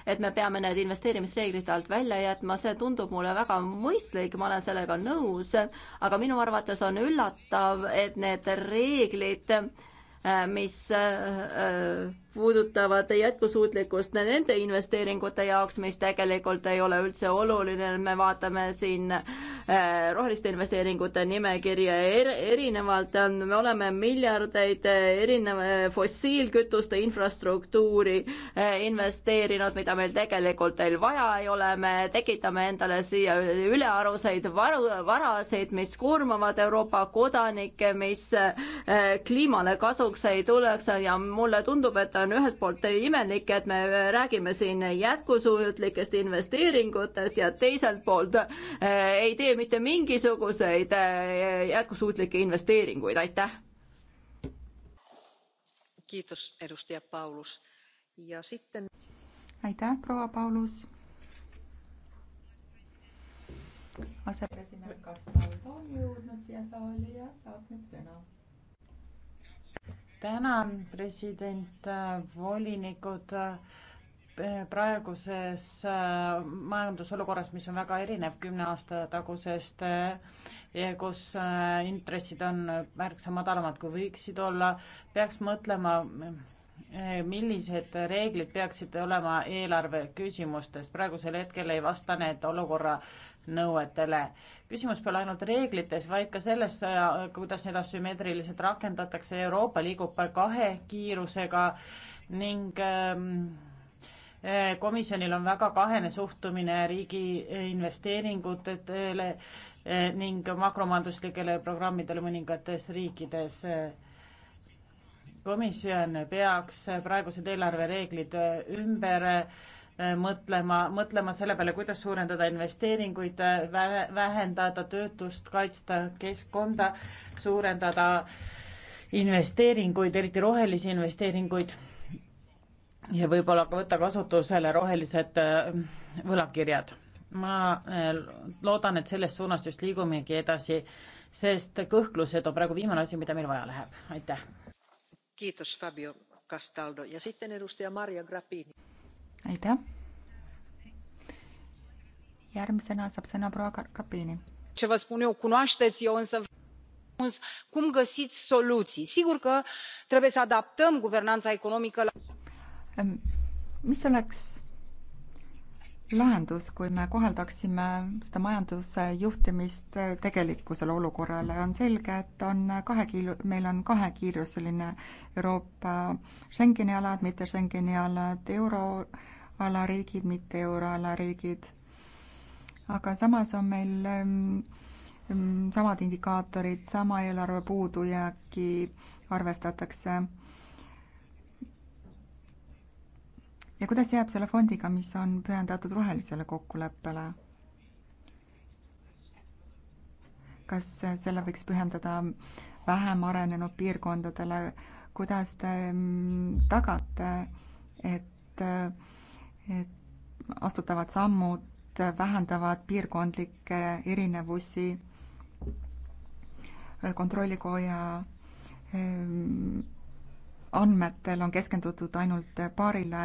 et me peame need investeerimisreeglite alt välja jätma, see tundub mulle väga mõistlik, ma olen sellega nõus, aga minu arvates on üllatav, et need reeglid, mis äh, äh puudutavad jätkusuutlikkust nende investeeringute jaoks, mis tegelikult ei ole üldse oluline, me vaatame siin äh, roheliste investeeringute nimekirja er erinevalt, me oleme miljardeid äh, erineva äh, fossiilkütuste infrastruktuuri investeerinud, mida meil tegelikult veel vaja ei ole, me tekitame endale siia ülearuseid varu, varasid, mis koormavad Euroopa kodanikke, mis kliimale kasuks ei tuleks ja mulle tundub, et on on ühelt poolt imelik, et me räägime siin jätkusuutlikest investeeringutest ja teiselt poolt eh, ei tee mitte mingisuguseid eh, jätkusuutlikke investeeringuid, aitäh. kiitos, edustaja Paulus ja sitten. aitäh, proua Paulus. asepresident Kastal on jõudnud siia saali ja saab nüüd sõna tänan, president, äh, volinikud äh, praeguses äh, majandusolukorras, mis on väga erinev kümne aasta tagusest, kus intressid on märksa madalamad, kui võiksid olla, peaks mõtlema Eh, millised reeglid peaksid olema eelarve küsimustes, praegusel hetkel ei vasta need olukorra nõuetele. küsimus pole ainult reeglites, vaid ka selles, äh, kuidas neid asümmeetriliselt rakendatakse, Euroopa liigub kahe kiirusega ning ähm, äh, komisjonil on väga kahene suhtumine riigi investeeringutele äh, ning makromajanduslikele programmidele mõningates riikides komisjon peaks praegused eelarvereeglid ümber äh, mõtlema, mõtlema selle peale, kuidas suurendada investeeringuid, vähendada töötust, kaitsta keskkonda, suurendada investeeringuid, eriti rohelisi investeeringuid ja võib-olla ka võtta kasutusele rohelised äh, võlakirjad. ma äh, loodan, et selles suunas just liigumegi edasi, sest kõhklused on praegu viimane asi, mida meil vaja läheb, aitäh aitäh. järgmisena saab sõna proua Grapini. ce vă spun eu cunoașteți eu însă răspuns cum găsiți soluții. sigur că trebuie să adaptăm guvernanța economică la. mis oleks lahendus, kui me kohaldaksime seda majanduse juhtimist tegelikkusele olukorrale, on selge, et on kahekiilu, meil on kahekiiruseline Euroopa Schengeni alad, mitte Schengeni alad, euroala riigid, mitte euroala riigid. aga samas on meil ähm, ähm, samad indikaatorid, sama eelarve puudujääki arvestatakse ja kuidas jääb selle fondiga, mis on pühendatud rohelisele kokkuleppele? kas selle võiks pühendada vähem arenenud piirkondadele, kuidas te mm, tagate, et, et astutavad sammud vähendavad piirkondlikke erinevusi, kontrollikoja mm, andmetel on keskendutud ainult paarile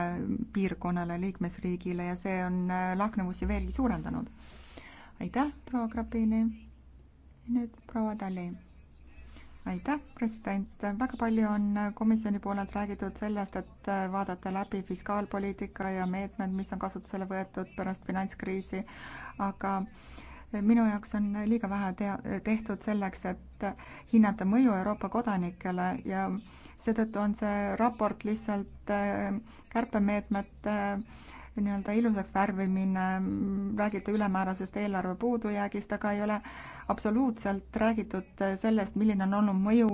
piirkonnale, liikmesriigile ja see on äh, lahknevusi veelgi suurendanud. aitäh, proua Grapini. nüüd proua Tali. aitäh, president. väga palju on äh, komisjoni poolelt räägitud sellest, et äh, vaadata läbi fiskaalpoliitika ja meetmed, mis on kasutusele võetud pärast finantskriisi, aga minu jaoks on liiga vähe tea-, tehtud selleks, et hinnata mõju Euroopa kodanikele ja äh, seetõttu on see raport lihtsalt äh, kärpemeetmete äh, nii-öelda ilusaks värvimine, räägite ülemäärasest eelarve puudujäägist, aga ei ole absoluutselt räägitud äh, sellest, milline on olnud mõju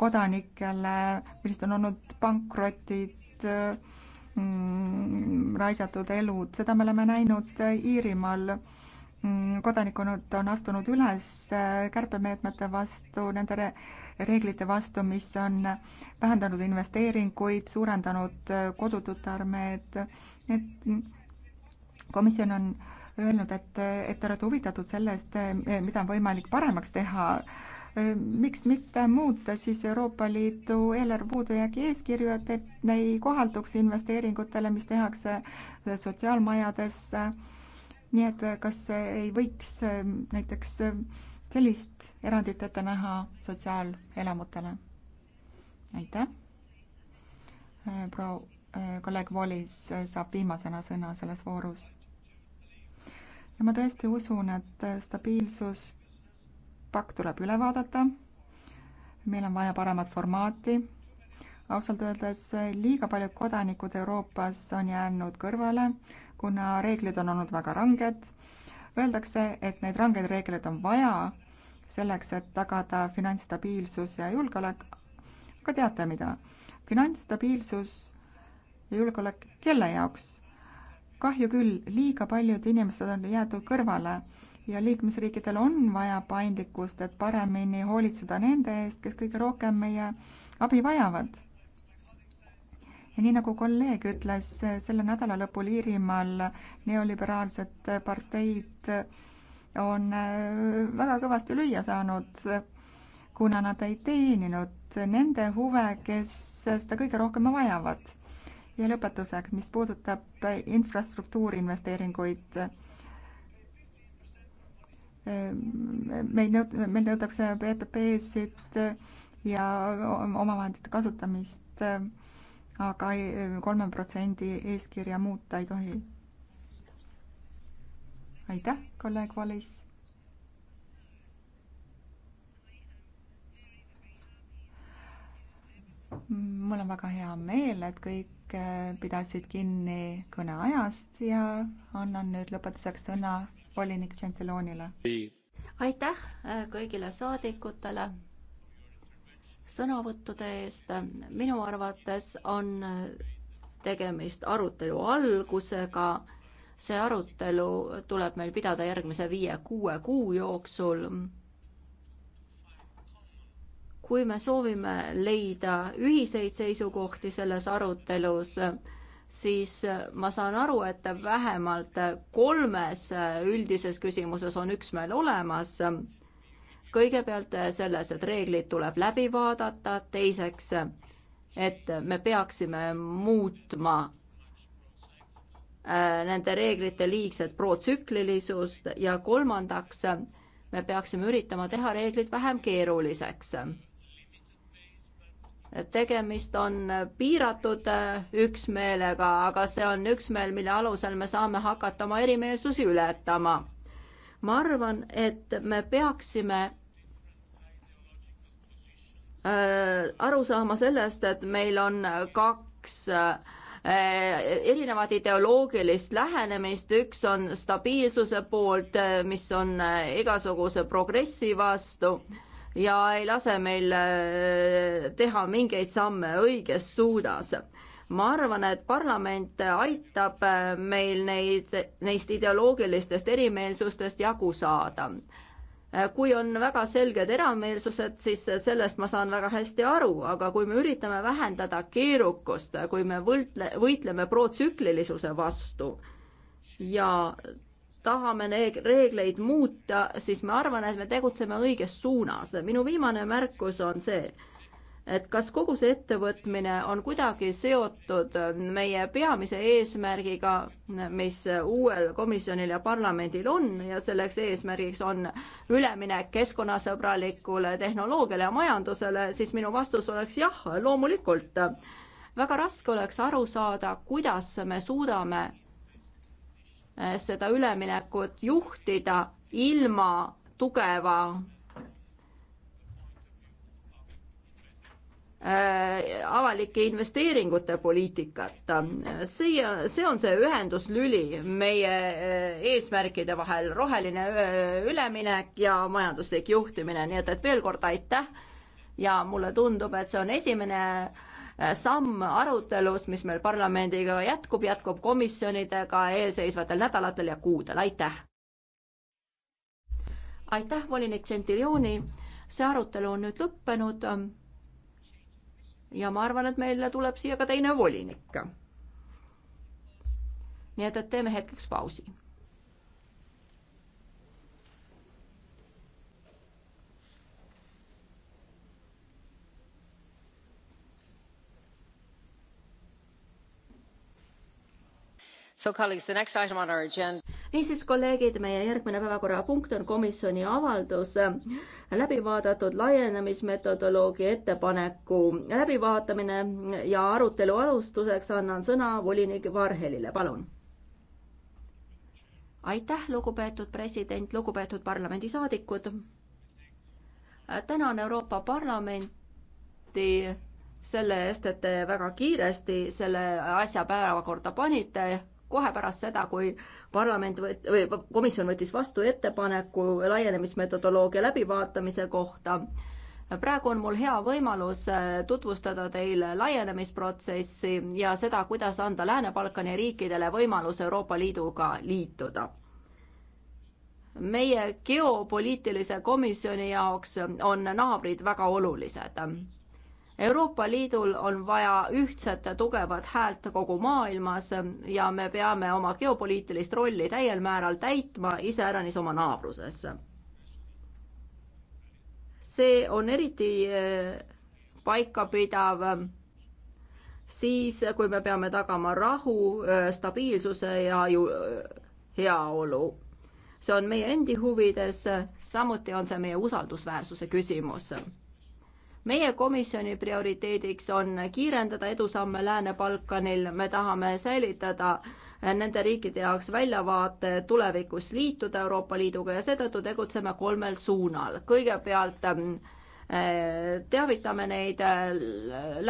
kodanikele, millised on olnud pankrotid, mm, raisatud elud, seda me oleme näinud Iirimaal Mm, kodanikud on astunud üles äh, kärpemeetmete vastu, nende reeglite vastu, mis on vähendanud investeeringuid, suurendanud äh, kodutütarmeed, et komisjon on öelnud, et, et te olete huvitatud sellest, äh, mida on võimalik paremaks teha. miks mitte muuta siis Euroopa Liidu eelarve puudujäägi eeskirju, et, et ei kohalduks investeeringutele, mis tehakse sotsiaalmajadesse nii et äh, kas äh, ei võiks äh, näiteks sellist erandit ette näha sotsiaalelamutele? aitäh. proua kolleeg Wallis saab viimasena sõna selles voorus. ja ma tõesti usun, et stabiilsuspakt tuleb üle vaadata. meil on vaja paremat formaati ausalt öeldes liiga paljud kodanikud Euroopas on jäänud kõrvale kuna reeglid on olnud väga ranged. Öeldakse, et neid rangeid reegleid on vaja selleks, et tagada finantsstabiilsus ja julgeolek. aga teate mida? finantsstabiilsus ja julgeolek kelle jaoks? kahju küll, liiga paljud inimesed on jäetud kõrvale ja liikmesriikidel on vaja paindlikkust, et paremini hoolitseda nende eest, kes kõige rohkem meie abi vajavad ja nii nagu kolleeg ütles, selle nädala lõpul Iirimaal neoliberaalsed parteid on äh, väga kõvasti lüüa saanud, kuna nad ei teeninud nende huve, kes seda kõige rohkem vajavad. ja lõpetuseks, mis puudutab infrastruktuuri investeeringuid äh, meil nõut-, meil nõutakse PPP-sid ja omavahendite kasutamist äh, aga äh, kolme protsendi eeskirja muuta ei tohi. aitäh, kolleeg Wallis. mul on väga hea meel, et kõik äh, pidasid kinni kõneajast ja annan nüüd lõpetuseks sõna volinik Gentilonile. aitäh äh, kõigile saadikutele sõnavõttude eest. minu arvates on tegemist arutelu algusega. see arutelu tuleb meil pidada järgmise viie-kuue kuu jooksul. kui me soovime leida ühiseid seisukohti selles arutelus, siis ma saan aru, et vähemalt kolmes üldises küsimuses on üksmeel olemas kõigepealt eh, selles, et reeglid tuleb läbi vaadata, teiseks, et me peaksime muutma eh, nende reeglite liigset protsüklilisust ja kolmandaks, me peaksime üritama teha reeglid vähem keeruliseks. tegemist on piiratud eh, üksmeelega, aga see on üksmeel, mille alusel me saame hakata oma erimeelsusi ületama. ma arvan, et me peaksime Äh, aru saama sellest, et meil on kaks äh, erinevat ideoloogilist lähenemist, üks on stabiilsuse poolt, äh, mis on igasuguse progressi vastu ja ei lase meil teha mingeid samme õiges suunas. ma arvan, et parlament aitab meil neid, neist ideoloogilistest erimeelsustest jagu saada Äh, kui on väga selged erameelsused, siis sellest ma saan väga hästi aru, aga kui me üritame vähendada keerukust, kui me võltle, võitleme protsüklilisuse vastu ja tahame neid reegleid muuta, siis ma arvan, et me tegutseme õiges suunas. minu viimane märkus on see, et kas kogu see ettevõtmine on kuidagi seotud meie peamise eesmärgiga, mis uuel komisjonil ja parlamendil on ja selleks eesmärgiks on üleminek keskkonnasõbralikule tehnoloogiale ja majandusele, siis minu vastus oleks jah, loomulikult. väga raske oleks aru saada, kuidas me suudame eh, seda üleminekut juhtida ilma tugeva Äh, avalike investeeringute poliitikat. see, see on see ühenduslüli meie äh, eesmärkide vahel, roheline äh, üleminek ja majanduslik juhtimine, nii et, et veel kord aitäh ja mulle tundub, et see on esimene samm arutelus, mis meil parlamendiga jätkub, jätkub komisjonidega eelseisvatel nädalatel ja kuudel, aitäh! aitäh, volinik Gentilioni, see arutelu on nüüd lõppenud ja ma arvan, et meile tuleb siia ka teine volinik. nii et, et teeme hetkeks pausi niisiis, kolleegid, meie järgmine päevakorrapunkt on komisjoni avaldus äh, läbivaadatud laienemismetodoloogia ettepaneku läbivaatamine ja arutelu alustuseks annan sõna volinik Varhelile, palun. aitäh, lugupeetud president, lugupeetud parlamendisaadikud. Äh, tänan Euroopa Parlamenti selle eest, et te väga kiiresti selle asja päevakorda panite kohe pärast seda, kui parlament võt-, või komisjon võttis vastu ettepaneku laienemismetodoloogia läbivaatamise kohta. praegu on mul hea võimalus äh, tutvustada teile laienemisprotsessi ja seda, kuidas anda Lääne-Balkani riikidele võimalus Euroopa Liiduga liituda meie geopoliitilise komisjoni jaoks on naabrid väga olulised Euroopa Liidul on vaja ühtset tugevat häält kogu maailmas ja me peame oma geopoliitilist rolli täiel määral täitma, iseäranis oma naabruses. see on eriti eh, paikapidav eh, siis, kui me peame tagama rahu, eh, stabiilsuse ja ju heaolu. see on meie endi huvides, samuti on see meie usaldusväärsuse küsimus meie komisjoni prioriteediks on kiirendada edusamme Lääne-Balkanil, me tahame säilitada nende riikide jaoks väljavaate tulevikus liituda Euroopa Liiduga ja seetõttu tegutseme kolmel suunal. kõigepealt ähm, teavitame neid äh,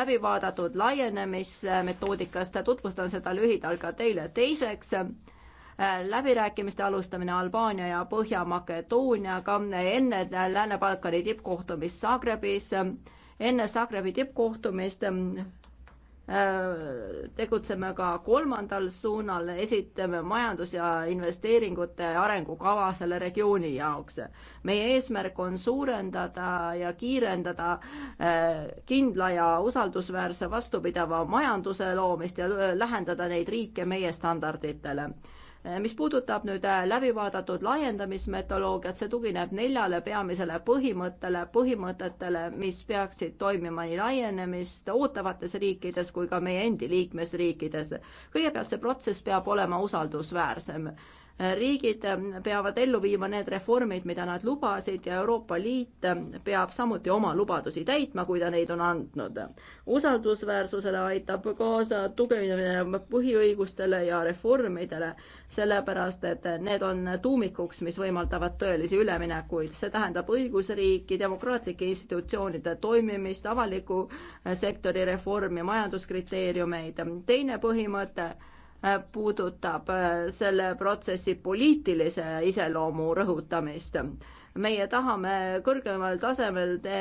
läbivaadatud laienemismetoodikast, tutvustan seda lühidalt ka teile. teiseks läbirääkimiste alustamine Albaania ja Põhja-Makedooniaga enne Lääne-Balkani tippkohtumist Zagrebis, enne Zagrebi tippkohtumist äh, tegutseme ka kolmandal suunal, esitame majandus- ja investeeringute arengukava selle regiooni jaoks. meie eesmärk on suurendada ja kiirendada äh, kindla ja usaldusväärse vastupidava majanduse loomist ja äh, lähendada neid riike meie standarditele mis puudutab nüüd äh, läbivaadatud laiendamismetoloogiat, see tugineb neljale peamisele põhimõttele, põhimõtetele, mis peaksid toimima nii laienemist ootavates riikides kui ka meie endi liikmesriikides. kõigepealt see protsess peab olema usaldusväärsem riigid äh, peavad ellu viima need reformid, mida nad lubasid ja Euroopa Liit äh, peab samuti oma lubadusi täitma, kui ta neid on andnud. usaldusväärsusele aitab kaasa tugevnemine põhiõigustele ja reformidele, sellepärast et need on tuumikuks, mis võimaldavad tõelisi üleminekuid, see tähendab õigusriiki, demokraatlike institutsioonide toimimist, avaliku äh, sektori reformi, majanduskriteeriumeid. teine põhimõte puudutab äh, selle protsessi poliitilise iseloomu rõhutamist. meie tahame kõrgemal tasemel te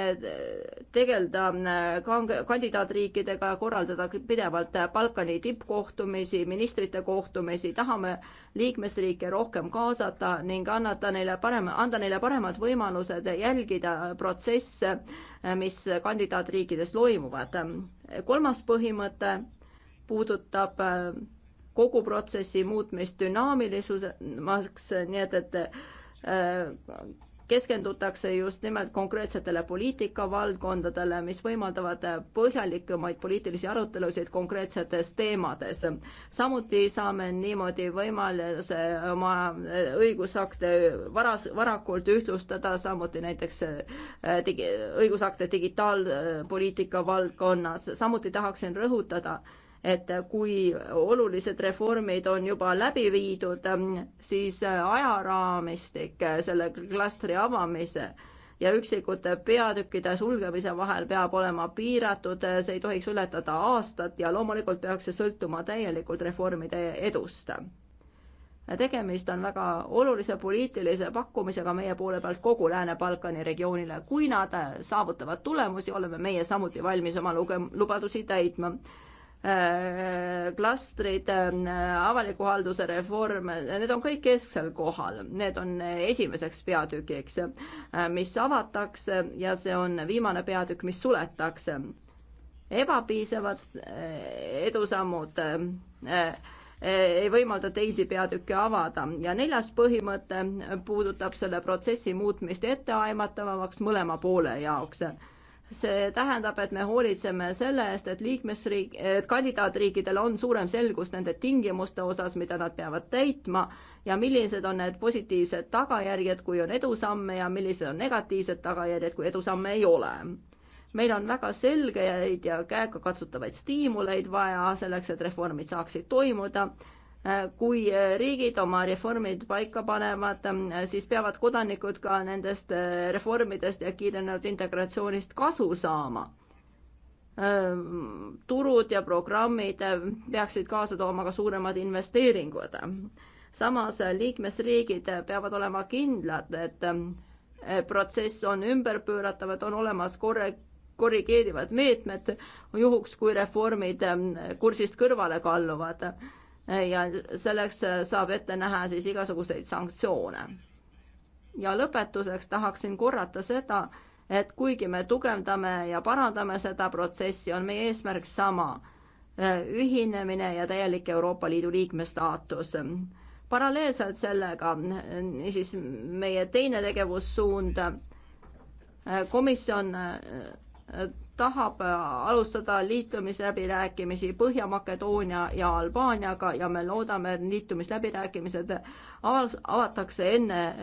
tegeleda äh, kandidaatriikidega, korraldada pidevalt Balkani tippkohtumisi, ministrite kohtumisi, tahame liikmesriike rohkem kaasata ning annata neile parem, anda neile paremad võimalused jälgida protsesse, äh, mis kandidaatriikides toimuvad. kolmas põhimõte puudutab kogu protsessi muutmist dünaamilisemaks, nii et, et äh, keskendutakse just nimelt konkreetsetele poliitikavaldkondadele, mis võimaldavad põhjalikumaid poliitilisi arutelusid konkreetsetes teemades. samuti saame niimoodi võimaluse oma õigusakte varas, varakult ühtlustada, samuti näiteks äh, digi, õigusakte digitaalpoliitika valdkonnas, samuti tahaksin rõhutada, et kui olulised reformid on juba läbi viidud, siis ajaraamistik selle klastri avamise ja üksikute peatükkide sulgemise vahel peab olema piiratud, see ei tohiks ületada aastat ja loomulikult peaks see sõltuma täielikult reformide edust. tegemist on väga olulise poliitilise pakkumisega meie poole pealt kogu Lääne-Balkani regioonile. kui nad saavutavad tulemusi, oleme meie samuti valmis oma luge-, lubadusi täitma Äh, klastrid, äh, avaliku halduse reform, need on kõik kesksel kohal, need on esimeseks peatükiks, äh, mis avatakse ja see on viimane peatükk, mis suletakse. ebapiisavad edusammud ei võimalda teisi peatükke avada ja neljas põhimõte puudutab selle protsessi muutmist etteaimatavamaks mõlema poole jaoks see tähendab, et me hoolitseme selle eest, et liikmesriik, et kandidaatriikidel on suurem selgus nende tingimuste osas, mida nad peavad täitma ja millised on need positiivsed tagajärjed, kui on edusamme ja millised on negatiivsed tagajärjed, kui edusamme ei ole. meil on väga selgeid ja käegakatsutavaid stiimuleid vaja selleks, et reformid saaksid toimuda Äh, kui äh, riigid oma reformid paika panevad, äh, siis peavad kodanikud ka nendest reformidest ja kiirenenud integratsioonist kasu saama. turud ja programmid peaksid kaasa tooma ka suuremad investeeringud. samas liikmesriigid peavad olema kindlad, et protsess on ümberpööratav, et on olemas korrekt-, korrigeerivad meetmed juhuks, kui reformid kursist kõrvale kalluvad ja selleks äh, saab ette näha siis igasuguseid sanktsioone. ja lõpetuseks tahaksin korrata seda, et kuigi me tugevdame ja parandame seda protsessi, on meie eesmärk sama, äh, ühinemine ja täielik Euroopa Liidu liikme staatus. paralleelselt sellega, niisiis äh, meie teine tegevussuund, komisjon tahab äh, alustada liitumisläbirääkimisi Põhja-Makedoonia ja Albaaniaga ja me loodame, et liitumisläbirääkimised avatakse enne äh,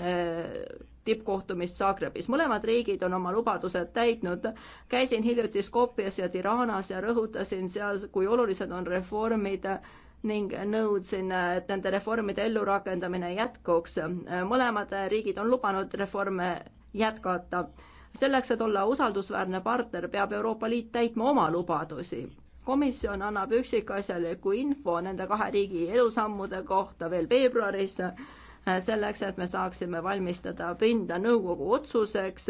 tippkohtumist Zagrebis. mõlemad riigid on oma lubadused täitnud. käisin hiljuti Skopjas ja Tiranas ja rõhutasin seal, kui olulised on reformid ning nõudsin, et nende reformide ellurakendamine jätkuks. mõlemad riigid on lubanud reforme jätkata selleks, et olla usaldusväärne partner, peab Euroopa Liit täitma oma lubadusi. komisjon annab üksikasjalikku info nende kahe riigi edusammude kohta veel veebruaris, selleks, et me saaksime valmistada pinda nõukogu otsuseks.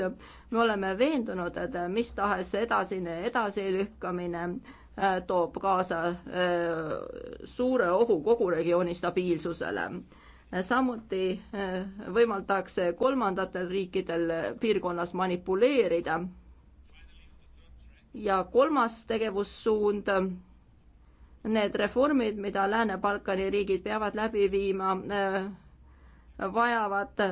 me oleme veendunud, et mis tahes edasine edasilükkamine äh, toob kaasa äh, suure ohu kogu regiooni stabiilsusele samuti äh, võimaldatakse kolmandatel riikidel äh, piirkonnas manipuleerida. ja kolmas tegevussuund, need reformid, mida Lääne-Balkani riigid peavad läbi viima, äh, vajavad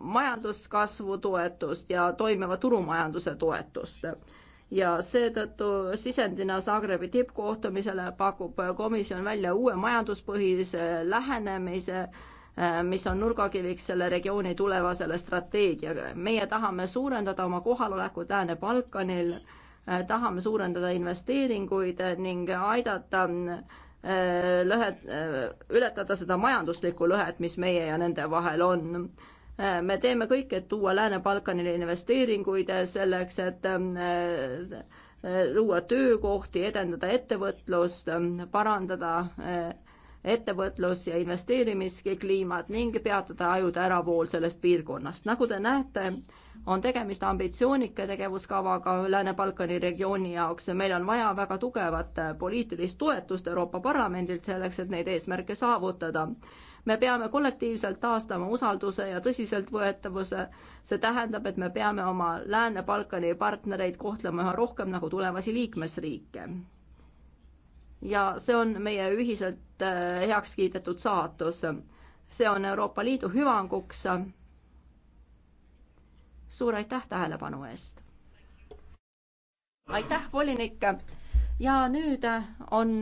majanduskasvu toetust ja toimiva turumajanduse toetust ja seetõttu sisendina Zagrebi tippkohtumisele pakub komisjon välja uue majanduspõhise lähenemise, äh, mis on nurgakiviks selle regiooni tulevasele strateegiale. meie tahame suurendada oma kohalolekut Lääne-Balkanil, äh, tahame suurendada investeeringuid ning aidata äh, lõhet, ületada seda majanduslikku lõhet, mis meie ja nende vahel on Äh, me teeme kõik, et tuua Lääne-Balkanile investeeringuid äh, selleks, et ähm, äh, luua töökohti, edendada ettevõtlust, ähm, parandada ettevõtlus- ja investeerimiskliimat ning peatada ajude äravool sellest piirkonnast. nagu te näete, on tegemist ambitsioonika tegevuskavaga Lääne-Balkani regiooni jaoks ja meil on vaja väga tugevat poliitilist toetust Euroopa Parlamendilt selleks, et neid eesmärke saavutada me peame kollektiivselt taastama usalduse ja tõsiseltvõetavuse. see tähendab, et me peame oma Lääne-Balkani partnereid kohtlema üha rohkem nagu tulevasi liikmesriike. ja see on meie ühiselt äh, heaks kiidetud saatus. see on Euroopa Liidu hüvanguks. suur aitäh tähelepanu eest! aitäh, volinik! ja nüüd on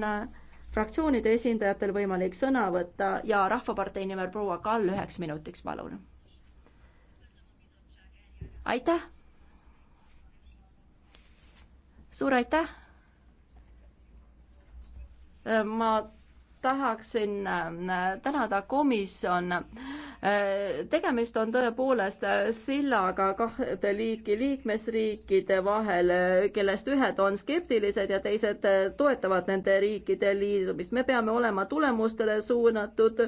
fraktsioonide esindajatel võimalik sõna võtta ja Rahvapartei nimel proua Kall üheks minutiks, palun. aitäh. suur aitäh. ma tahaksin äh, tänada komisjon. Äh, tegemist on tõepoolest äh, sillaga kahte liiki liikmesriikide vahel, kellest ühed on skeptilised ja teised toetavad nende riikide liidumist. me peame olema tulemustele suunatud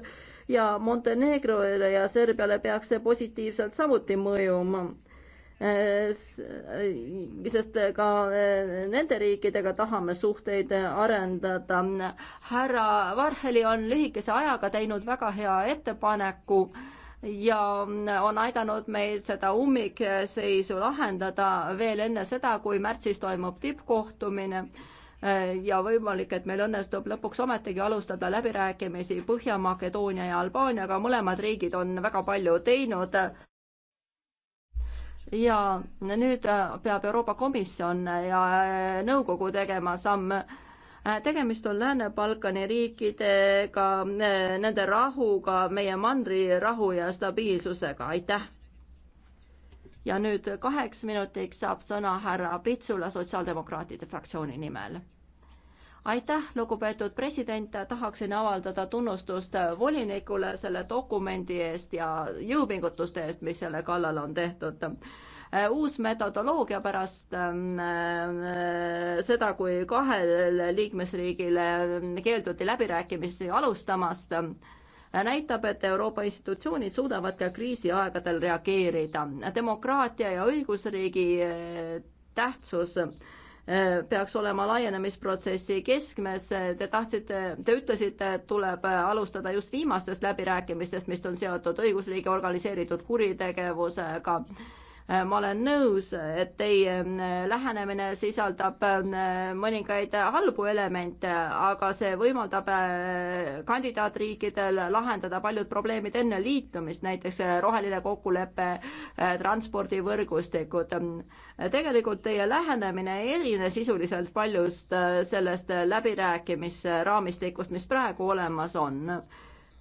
ja Montenegrole ja Serbiale peaks see positiivselt samuti mõjuma Äh, äh, sest ka äh, nende riikidega tahame suhteid arendada. härra Varheli on lühikese ajaga teinud väga hea ettepaneku ja on aidanud meil seda ummikseisu lahendada veel enne seda, kui märtsis toimub tippkohtumine ja võimalik, et meil õnnestub lõpuks ometigi alustada läbirääkimisi Põhja-Makedoonia ja Albaaniaga, mõlemad riigid on väga palju teinud ja nüüd äh, peab Euroopa Komisjon äh, ja äh, nõukogu tegema samme tegemist on Lääne-Balkani riikidega, nende rahuga, meie mandri rahu ja stabiilsusega, aitäh! ja nüüd kaheks minutiks saab sõna härra Pitsula sotsiaaldemokraatide fraktsiooni nimel aitäh, lugupeetud president, tahaksin avaldada tunnustust volinikule selle dokumendi eest ja jõupingutuste eest, mis selle kallal on tehtud uus metodoloogia pärast äh, seda, kui kahele liikmesriigile keelduti läbirääkimisi alustamast äh,, näitab, et Euroopa institutsioonid suudavad ka kriisiaegadel reageerida. demokraatia ja õigusriigi äh, tähtsus äh, Äh, peaks olema laienemisprotsessi keskmes. Te tahtsite, te ütlesite, et tuleb äh, alustada just viimastest läbirääkimistest, mis on seotud õigusriigi organiseeritud kuritegevusega Äh, ma olen nõus, et teie äh, lähenemine sisaldab äh, mõningaid halbu elemente, aga see võimaldab kandidaatriikidel lahendada paljud probleemid enne liitumist, näiteks roheline kokkulepe, transpordivõrgustikud. tegelikult teie lähenemine ei erine sisuliselt paljust sellest läbirääkimisraamistikust, mis praegu olemas on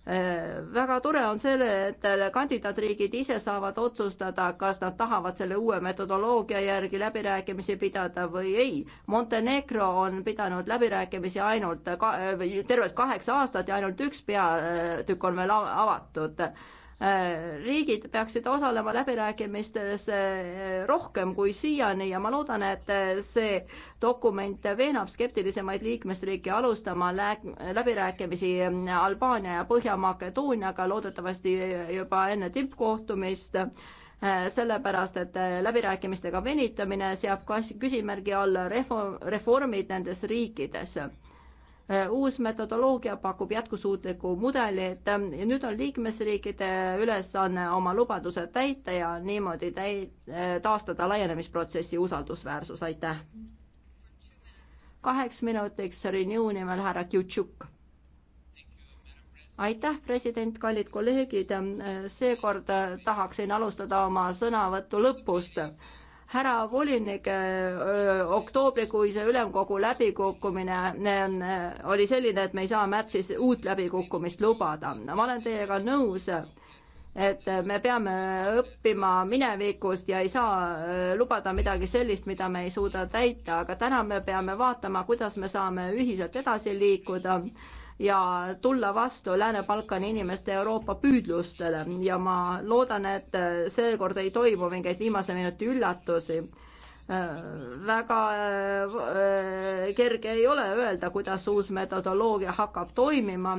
väga tore on selle, et kandidaatriigid ise saavad otsustada, kas nad tahavad selle uue metodoloogia järgi läbirääkimisi pidada või ei. Montenegro on pidanud läbirääkimisi ainult ka, tervelt kaheksa aastat ja ainult üks peatükk on veel avatud Äh, riigid peaksid osalema läbirääkimistes äh, rohkem kui siiani ja ma loodan, et äh, see dokument veenab skeptilisemaid liikmesriike alustama läbirääkimisi ähm, Albaania ja Põhja-Makedooniaga loodetavasti juba enne tippkohtumist sellepärast, et läbirääkimistega venitamine seab kas-, küsimärgi alla reform, reformid nendes riikides Äh, uus metodoloogia pakub jätkusuutlikku mudelit ähm, ja nüüd on liikmesriikide ülesanne oma lubadused täita ja niimoodi täi-, äh, taastada laienemisprotsessi usaldusväärsus, aitäh! kaheks minutiks Renew nimel härra Kjutšuk aitäh, president, kallid kolleegid, äh, seekord tahaksin alustada oma sõnavõttu lõpust härra volinik, oktoobrikuise ülemkogu läbikukkumine oli selline, et me ei saa märtsis uut läbikukkumist lubada. ma olen teiega nõus, et me peame õppima minevikust ja ei saa lubada midagi sellist, mida me ei suuda täita, aga täna me peame vaatama, kuidas me saame ühiselt edasi liikuda ja tulla vastu Lääne-Balkani inimeste Euroopa püüdlustele ja ma loodan, et seekord ei toimu mingeid viimase minuti üllatusi äh, väga äh, kerge ei ole öelda, kuidas uus metodoloogia hakkab toimima,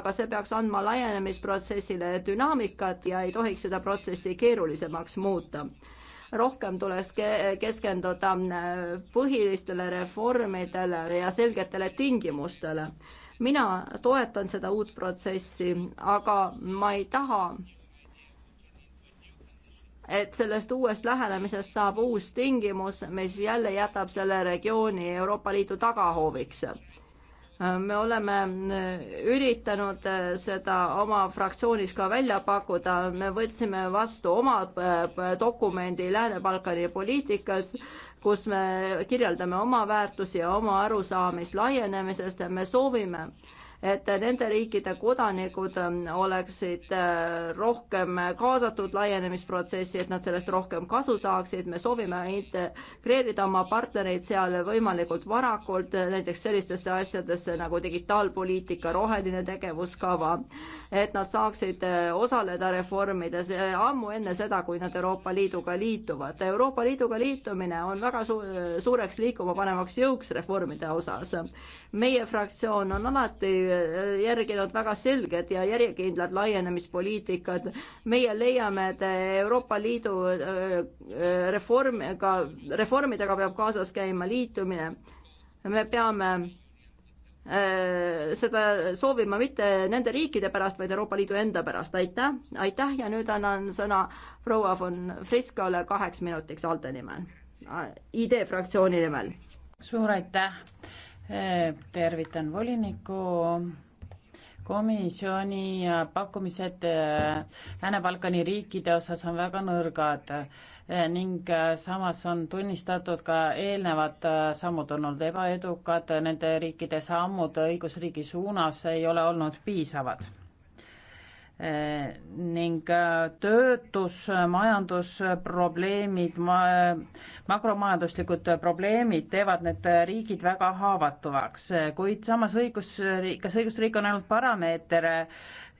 aga see peaks andma laienemisprotsessile dünaamikat ja ei tohiks seda protsessi keerulisemaks muuta rohkem tuleks keskenduda äh, põhilistele reformidele ja selgetele tingimustele mina toetan seda uut protsessi, aga ma ei taha, et sellest uuest lähenemisest saab uus tingimus, mis jälle jätab selle regiooni Euroopa Liidu tagahooviks me oleme üritanud seda oma fraktsioonis ka välja pakkuda, me võtsime vastu oma eh, dokumendi Lääne-Balkani poliitikas, kus me kirjeldame oma väärtusi ja oma arusaamist laienemisest, me soovime, et nende riikide kodanikud ähm, oleksid äh, rohkem kaasatud laienemisprotsessi, et nad sellest rohkem kasu saaksid, me soovime integreerida oma partnereid seal võimalikult varakult, äh, näiteks sellistesse asjadesse nagu digitaalpoliitika, roheline tegevuskava, et nad saaksid äh, osaleda reformides ammu enne seda, kui nad Euroopa Liiduga liituvad. Euroopa Liiduga liitumine on väga su suureks liikuma panevaks jõuks reformide osas. meie fraktsioon on alati järginud väga selged ja järjekindlad laienemispoliitikad. meie leiame, et Euroopa Liidu äh, reformiga, reformidega peab kaasas käima liitumine. me peame äh, seda soovima mitte nende riikide pärast, vaid Euroopa Liidu enda pärast, aitäh, aitäh ja nüüd annan sõna proua von Friskale kaheks minutiks ALDE nimel, äh, ID fraktsiooni nimel. suur aitäh Eh, tervitan voliniku komisjoni pakkumised eh, Lääne-Balkani riikide osas on väga nõrgad eh, ning samas on tunnistatud ka eelnevad sammud olnud ebaedukad, nende riikide sammud õigusriigi suunas ei ole olnud piisavad ning äh, töötus, majandusprobleemid ma,, makromajanduslikud probleemid teevad need riigid väga haavatavaks, kuid samas õigus, kas õigusriik on ainult parameeter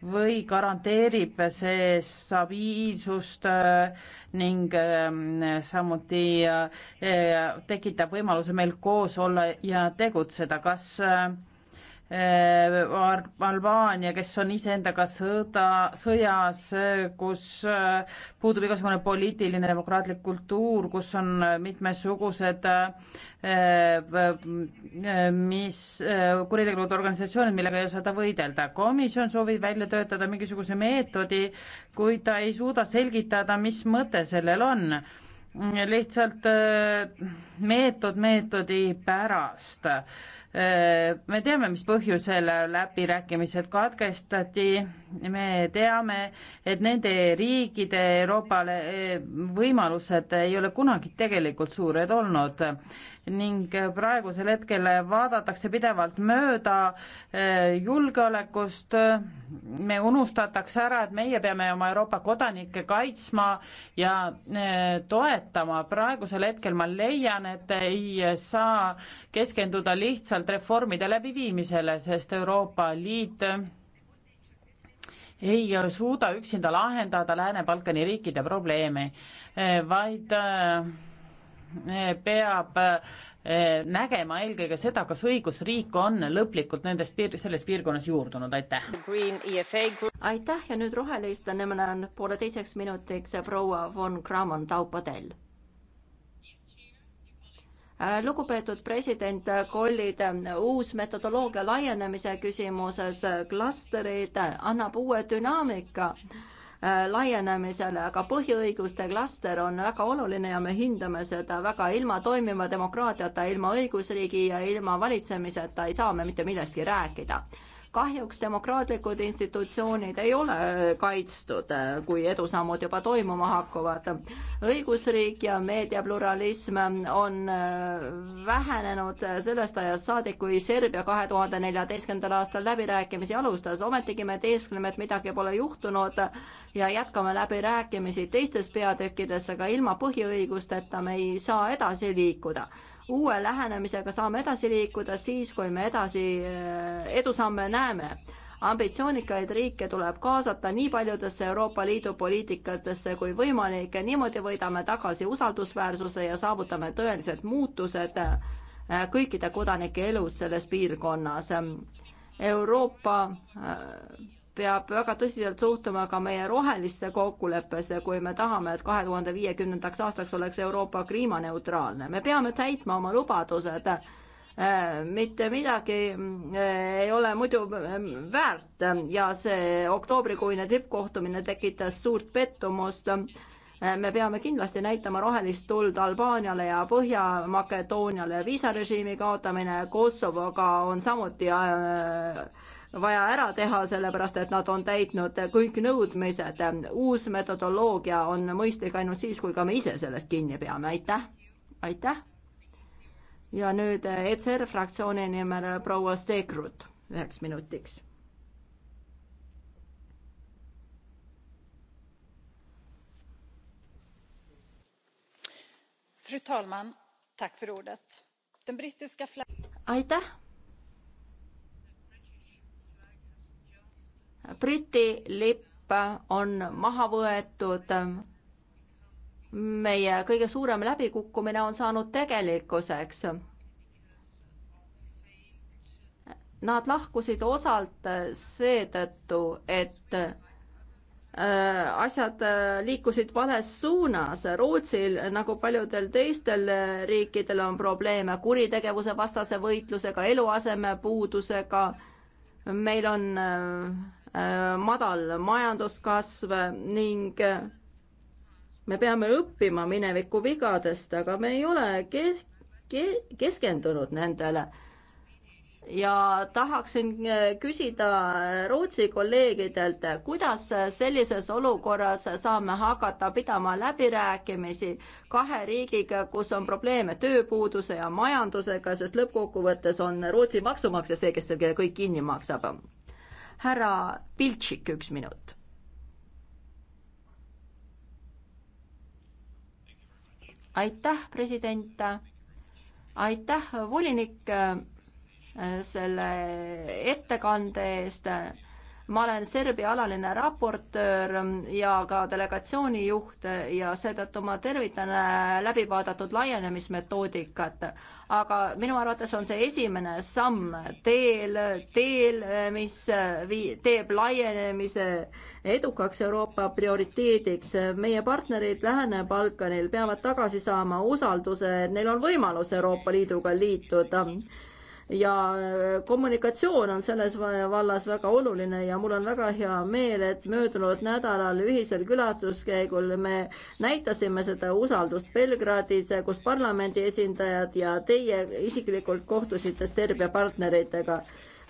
või garanteerib see stabiilsust äh, ning äh, samuti tekitab võimaluse meil koos olla ja tegutseda, kas Äh, Albaania, kes on iseendaga sõda, sõjas, kus äh, puudub igasugune poliitiline demokraatlik kultuur, kus on mitmesugused äh, mis, kuritegelikud organisatsioonid, millega ei saada võidelda. komisjon soovib välja töötada mingisuguse meetodi, kuid ta ei suuda selgitada, mis mõte sellel on. lihtsalt meetod meetodi pärast Äh, me teame, mis põhjusel läbirääkimised katkestati, me teame, et nende riikide Euroopale äh, võimalused ei ole kunagi tegelikult suured olnud ning äh, praegusel hetkel vaadatakse pidevalt mööda äh, julgeolekust, me unustatakse ära, et meie peame oma Euroopa kodanikke kaitsma ja äh, toetama, praegusel hetkel ma leian, et ei saa keskenduda lihtsalt reformide läbiviimisele, sest Euroopa Liit ei suuda üksinda lahendada Lääne-Balkani riikide probleeme, vaid peab eh, nägema eelkõige seda, kas õigusriik on lõplikult nendes piir-, selles piirkonnas juurdunud, aitäh. E aitäh ja nüüd roheliste nimel on pooleteiseks minutiks proua von Kramon Taupadel. Äh, lugupeetud president, kollid, uus metodoloogia laienemise küsimuses, äh, klastrid äh, annab uue dünaamika Äh, laienemisele, aga põhiõiguste klaster on väga oluline ja me hindame seda väga. ilma toimiva demokraatiata, ilma õigusriigi ja ilma valitsemiseta ei saa me mitte millestki rääkida kahjuks demokraatlikud institutsioonid ei ole kaitstud, kui edusammud juba toimuma hakkavad. õigusriik ja meediapluralism on äh, vähenenud sellest ajast saadik, kui Serbia kahe tuhande neljateistkümnendal aastal läbirääkimisi alustas, ometigi me teeskleme, et midagi pole juhtunud ja jätkame läbirääkimisi teistes peatükkides, aga ilma põhiõigusteta me ei saa edasi liikuda uue lähenemisega saame edasi liikuda siis, kui me edasi eh, edusamme näeme ambitsioonikaid riike tuleb kaasata nii paljudesse Euroopa Liidu poliitikatesse kui võimalik, niimoodi võidame tagasi usaldusväärsuse ja saavutame tõelised muutused eh, kõikide kodanike elus selles piirkonnas. Euroopa eh, peab väga tõsiselt suhtuma ka meie rohelisse kokkuleppesse, kui me tahame, et kahe tuhande viiekümnendaks aastaks oleks Euroopa kliimaneutraalne. me peame täitma oma lubadused. Äh, mitte midagi äh, ei ole muidu äh, väärt ja see oktoobrikuine tippkohtumine tekitas suurt pettumust me peame kindlasti näitama rohelist tuld Albaaniale ja Põhja-Makedooniale, viisarežiimi kaotamine Kosovoga on samuti vaja ära teha, sellepärast et nad on täitnud kõik nõudmised. uus metodoloogia on mõistlik ainult siis, kui ka me ise sellest kinni peame, aitäh, aitäh. ja nüüd ECR fraktsiooni nimel proua Stegrut üheks minutiks. aitäh Briti lipp on maha võetud. meie kõige suurem läbikukkumine on saanud tegelikkuseks. Nad lahkusid osalt seetõttu, et äh, asjad äh, liikusid vales suunas. Rootsil nagu paljudel teistel riikidel on probleeme kuritegevuse vastase võitlusega, eluasemepuudusega. meil on äh, Äh, madal majanduskasv ning äh, me peame õppima mineviku vigadest, aga me ei ole ke-, ke-, keskendunud nendele. ja tahaksin äh, küsida Rootsi kolleegidelt, kuidas sellises olukorras saame hakata pidama läbirääkimisi kahe riigiga, kus on probleeme tööpuuduse ja majandusega, sest lõppkokkuvõttes on Rootsi maksumaksja see, kes selle kõik kinni maksab härra Piltšik, üks minut. aitäh, president. aitäh, volinik, äh, selle ettekande eest ma olen Serbia alaline raportöör ja ka delegatsiooni juht ja seetõttu ma tervitan äh, läbi vaadatud laienemismetoodikat. aga minu arvates on see esimene samm teel, teel, mis äh, vii-, teeb laienemise edukaks Euroopa prioriteediks. meie partnerid Lääne-Balkanil peavad tagasi saama usalduse, et neil on võimalus Euroopa Liiduga liituda ja äh, kommunikatsioon on selles vallas väga oluline ja mul on väga hea meel, et möödunud nädalal ühisel külastuskäigul me näitasime seda usaldust Belgradis, kus parlamendi esindajad ja teie isiklikult kohtusite Serbia partneritega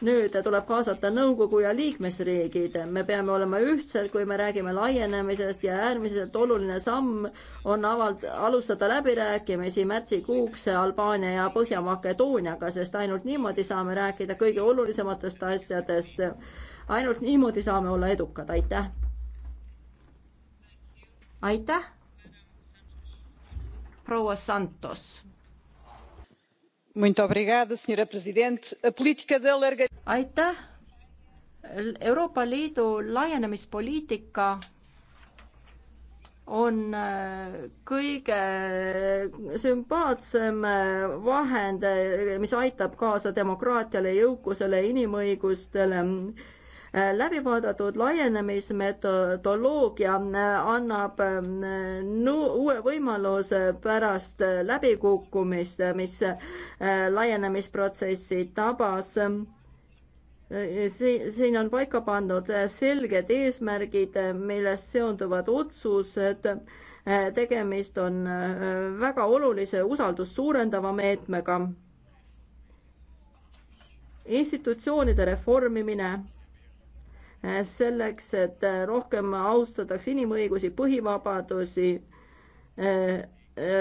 nüüd tuleb kaasata nõukogu ja liikmesriigid. me peame olema ühtsed, kui me räägime laienemisest ja äärmiselt oluline samm on avald-, alustada läbirääkimisi märtsikuuks Albaania ja Põhja-Makedooniaga, sest ainult niimoodi saame rääkida kõige olulisematest asjadest. ainult niimoodi saame olla edukad, aitäh. aitäh. proua Santos aitäh. Euroopa Liidu laienemispoliitika on äh, kõige äh, sümpaatsem äh, vahend, mis aitab kaasa demokraatiale, jõukusele, inimõigustele läbi vaadatud laienemismetodoloogia äh, annab äh, uue võimaluse pärast äh, läbikukkumist, mis laienemisprotsessi tabas siin on paika pandud selged eesmärgid, millest seonduvad otsused. tegemist on väga olulise usaldust suurendava meetmega. institutsioonide reformimine selleks, et rohkem austataks inimõigusi, põhivabadusi.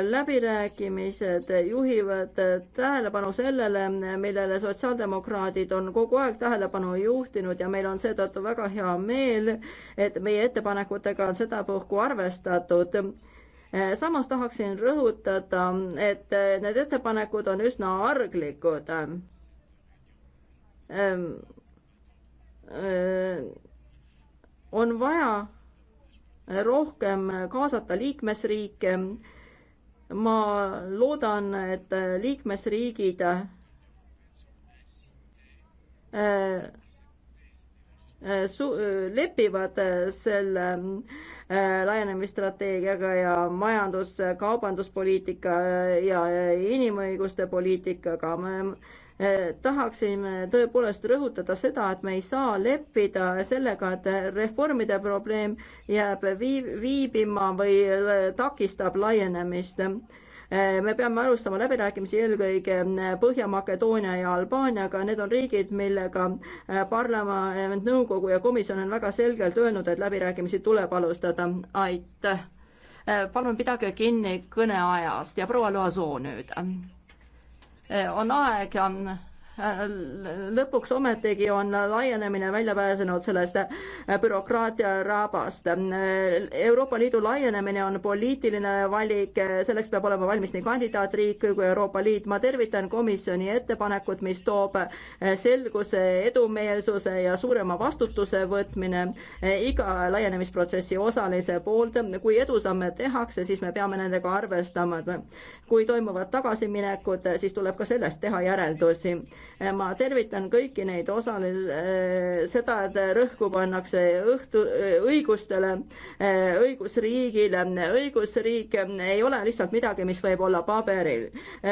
läbirääkimised juhivad tähelepanu sellele, millele sotsiaaldemokraadid on kogu aeg tähelepanu juhtinud ja meil on seetõttu väga hea meel, et meie ettepanekutega on sedapuhku arvestatud samas tahaksin rõhutada, et need ettepanekud on üsna arglikud Äh, on vaja äh, rohkem kaasata liikmesriike. ma loodan, et äh, liikmesriigid su-, lepivad selle laienemisstrateegiaga ja majandus-, kaubanduspoliitika ja inimõiguste poliitikaga. Eh, tahaksime tõepoolest rõhutada seda, et me ei saa leppida sellega, et reformide probleem jääb viib, viibima või eh, takistab laienemist eh, me peame alustama läbirääkimisi eelkõige Põhja-Makedoonia ja Albaaniaga, need on riigid, millega parlament, nõukogu ja komisjon on väga selgelt öelnud, et läbirääkimisi tuleb alustada. aitäh! palun pidage kinni kõneajast ja proua Loasoo nüüd Eh, on aeg lõpuks ometigi on laienemine välja pääsenud sellest bürokraatia rabast. Euroopa Liidu laienemine on poliitiline valik, selleks peab olema valmis nii kandidaatriik kui Euroopa Liit. ma tervitan komisjoni ettepanekut, mis toob selguse, edumeelsuse ja suurema vastutuse võtmine iga laienemisprotsessi osalise poolt. kui edusamme tehakse, siis me peame nendega arvestama. kui toimuvad tagasiminekud, siis tuleb ka sellest teha järeldusi ma tervitan kõiki neid osalis-, äh, seda, et rõhku pannakse õhtu, äh, õigustele, äh, õigusriigile, õigusriik ei ole lihtsalt midagi, mis võib olla paberil.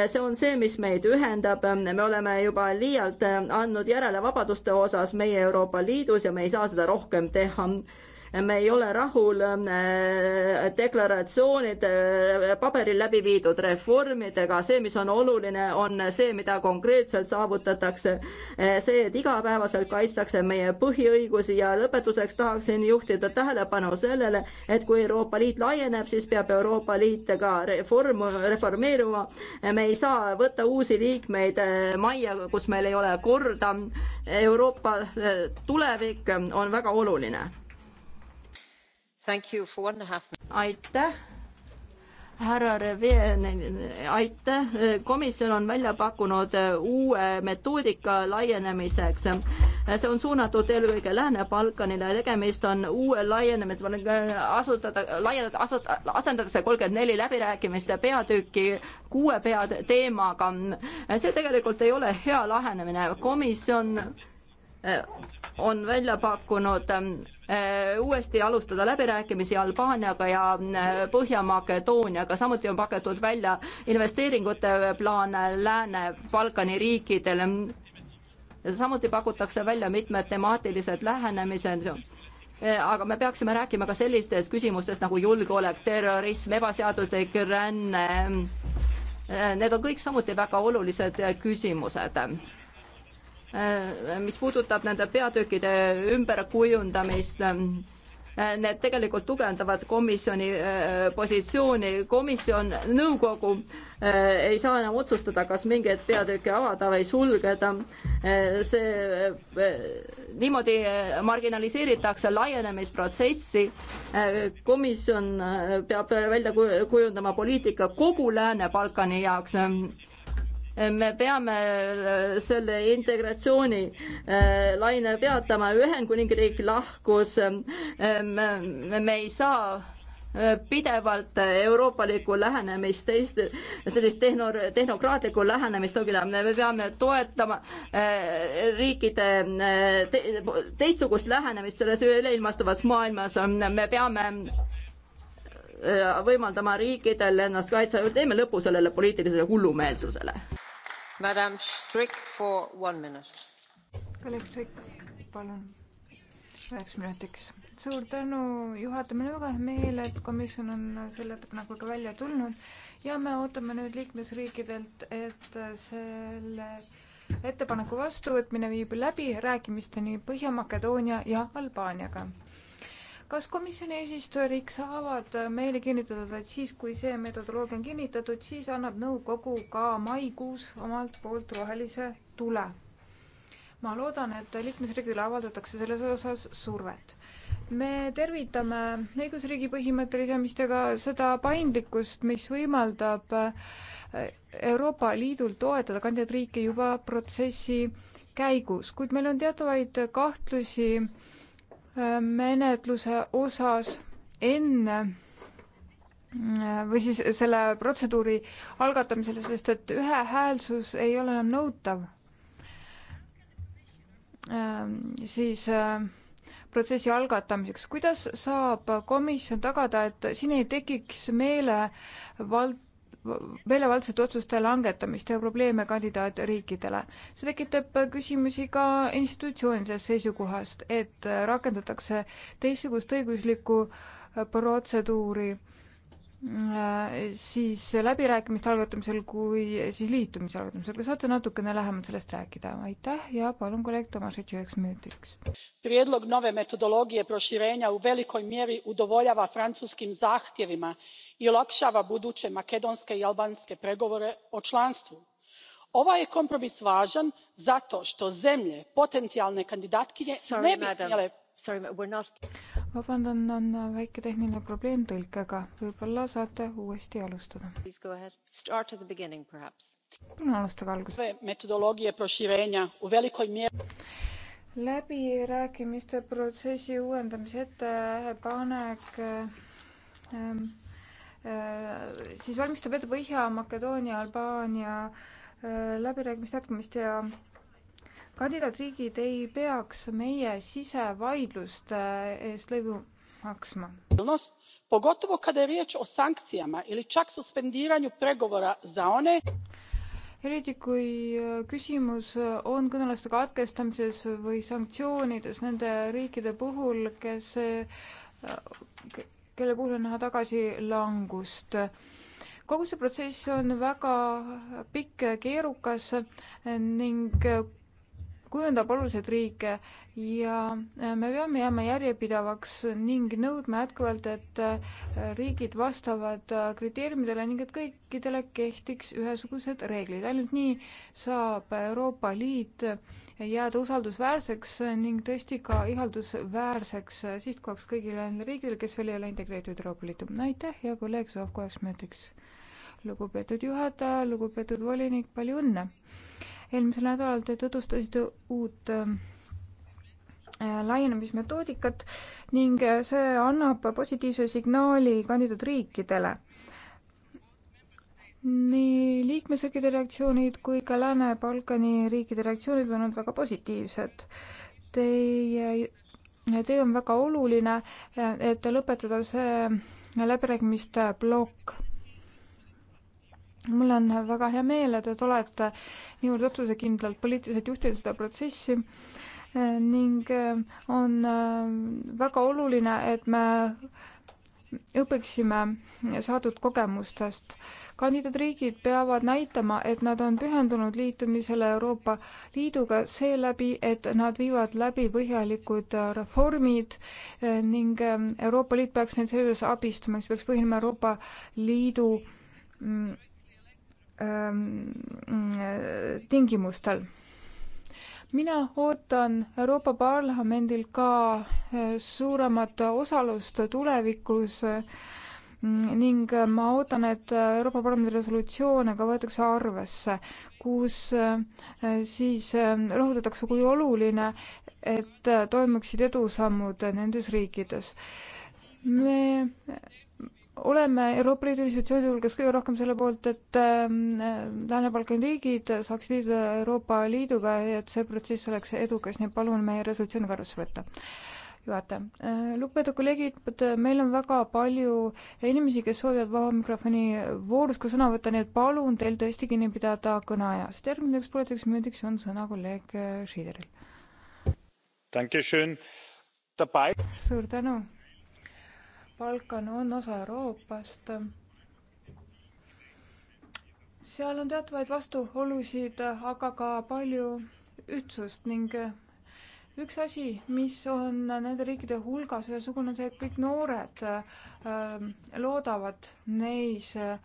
see on see, mis meid ühendab, me oleme juba liialt andnud järele vabaduste osas meie Euroopa Liidus ja me ei saa seda rohkem teha me ei ole rahul äh, deklaratsioonide äh, paberil läbi viidud reformidega, see, mis on oluline, on see, mida konkreetselt saavutatakse, äh, see, et igapäevaselt kaitstakse meie põhiõigusi ja lõpetuseks tahaksin juhtida tähelepanu sellele, et kui Euroopa Liit laieneb, siis peab Euroopa Liit ka reform, reformeeruma, me ei saa võtta uusi liikmeid majja, kus meil ei ole korda, Euroopa tulevik on väga oluline aitäh, härra Revee, aitäh, komisjon on välja pakkunud uue metoodika laienemiseks. see on suunatud eelkõige Lääne-Balkanile, tegemist on uue laienemise, äh, asutada, laiendada, asutada, asendatakse kolmkümmend neli läbirääkimiste peatüki kuue peateemaga. see tegelikult ei ole hea lahenemine, komisjon Äh, on välja pakkunud äh, uuesti alustada läbirääkimisi Albaaniaga ja äh, Põhja-Makedooniaga, samuti on pakutud välja investeeringute plaan Lääne-Balkani riikidele. samuti pakutakse välja mitmed temaatilised lähenemised aga me peaksime rääkima ka sellistest küsimustest nagu julgeolek, terrorism, ebaseaduslik ränne. Need on kõik samuti väga olulised küsimused Äh, mis puudutab nende peatükkide ümberkujundamist, äh, need tegelikult tugevdavad komisjoni äh, positsiooni, komisjon, nõukogu ei saa enam otsustada, kas mingeid peatükke avada või sulgeda. see, niimoodi marginaliseeritakse laienemisprotsessi. komisjon peab välja kujundama poliitika kogu Lääne-Balkani jaoks me peame äh, selle integratsiooni äh, laine peatama, Ühendkuningriik lahkus, äh, me ei saa pidevalt euroopalikku lähenemist, teist, sellist tehno, tehnokraatlikku lähenemist, me peame toetama riikide te, teistsugust lähenemist selles üleilmastuvas maailmas, me peame Äh, võimaldama riikidel ennast kaitsta, teeme lõpu sellele poliitilisele hullumeelsusele. Madam Strik for one minute. kolleeg Strik, palun, üheks minutiks. suur tänu juhataja, meil on väga hea meel, et komisjon on selle ettepanekuga nagu välja tulnud ja me ootame nüüd liikmesriikidelt, et selle ettepaneku vastuvõtmine viib läbi rääkimisteni Põhja-Makedoonia ja Albaaniaga kas komisjoni eesistujariik saavad meile kinnitada, et siis, kui see metodoloogia on kinnitatud, siis annab nõukogu ka maikuus omalt poolt rohelise tule? ma loodan, et liikmesriigile avaldatakse selles osas survet. me tervitame õigusriigi põhimõtte lisamistega seda paindlikkust, mis võimaldab Euroopa Liidul toetada kandidaatriike juba protsessi käigus, kuid meil on teatavaid kahtlusi äh, menetluse osas enne või siis selle protseduuri algatamisele, sest et ühehäälsus ei ole enam nõutav, ähm, siis äh, protsessi algatamiseks. kuidas saab komisjon tagada, et siin ei tekiks meelevald-, meelevaldsete otsuste langetamist ja probleeme kandidaatriikidele. see tekitab küsimusi ka institutsioonilisest seisukohast, et rakendatakse teistsugust õiguslikku protseduuri Äh, siis läbirääkimiste algatamisel kui siis liitumise algatamisel. kas saate natukene lähemalt sellest rääkida? aitäh ja palun kolleeg Tomašitš üheks minutiks. Prijedlog nove metodologije proširenja u velikoj mjeri udovoljava francuskim zahtjevima i olakšava buduće makedonske i albanske pregovore o članstvu. Ovaj je kompromis važan zato što zemlje potencijalne kandidatkinje ne bi smjele... Sorry, vabandan, on väike tehniline probleem tõlkega, võib-olla saate uuesti alustada. palun alustage algusest läbirääkimiste protsessi uuendamise ettepanek ähm, äh, siis valmistab ette Põhja-Makedoonia, Albaania äh, läbirääkimiste jätkamist ja kandidaatriigid ei peaks meie sisevaidluste eest lõivu maksma. pogotovo kada je riječ o sankcijama ili čak suspendiranju pregovora za one eriti kui äh, küsimus on kõneluste katkestamises või sanktsioonides nende riikide puhul, kes, äh, kelle puhul on näha tagasilangust. kogu see protsess on väga pikk ja keerukas ning kujundab oluliselt riike ja äh, me peame jääma järjepidevaks ning nõudma jätkuvalt, et äh, riigid vastavad äh, kriteeriumidele ning et kõikidele kehtiks ühesugused reeglid. ainult nii saab Euroopa Liit jääda usaldusväärseks ning tõesti ka ihaldusväärseks sihtkohaks kõigile nendele riikidele, kes veel ei ole integreeritud Euroopa Liitu. aitäh, hea kolleeg, saab kaheks minutiks. lugupeetud juhataja, lugupeetud volinik, palju õnne! eelmisel nädalal te tutvustasite uut ähm, äh, laienemismetoodikat ning äh, see annab positiivse signaali kandidaatriikidele. nii liikmesriikide reaktsioonid kui ka Lääne-Balkani riikide reaktsioonid on olnud väga positiivsed. Teie töö on väga oluline, äh, et lõpetada see läbirääkimiste plokk mul on väga hea meel, et te olete niivõrd otsusekindlalt poliitiliselt juhtinud seda protsessi eh, ning eh, on eh, väga oluline, et me õpiksime saadud kogemustest. kandidaatriigid peavad näitama, et nad on pühendunud liitumisele Euroopa Liiduga seeläbi, et nad viivad läbi põhjalikud reformid ning Euroopa Liit peaks neid selles abistama, siis peaks põhinema Euroopa Liidu mm, Ähm, tingimustel. mina ootan Euroopa Parlamendil ka äh, suuremat osalust tulevikus äh, ning ma ootan, et Euroopa Parlamendi resolutsioone ka võetakse arvesse, kus äh, siis rõhutatakse, kui oluline, et toimuksid edusammud nendes riikides. me oleme Euroopa Liidu institutsioonide hulgas kõige rohkem selle poolt, et ähm, Lääne-Balkani riigid saaksid liituda Euroopa Liiduga ja et see protsess oleks edukas, nii et palun meie resolutsiooni ka arvesse võtta juhataja. Äh, lugupeetud kolleegid, äh, meil on väga palju inimesi, kes soovivad vaba mikrofoni voorus ka sõna võtta, nii et palun teil tõesti kinni pidada kõneajast. järgmiseks pooleteiseks minutiks on sõna kolleeg äh, Schiederil. suur tänu Balkan on osa Euroopast. seal on teatavaid vastuolusid, aga ka palju ühtsust ning üks asi, mis on nende riikide hulgas ühesugune, on see, et kõik noored äh, loodavad neis äh,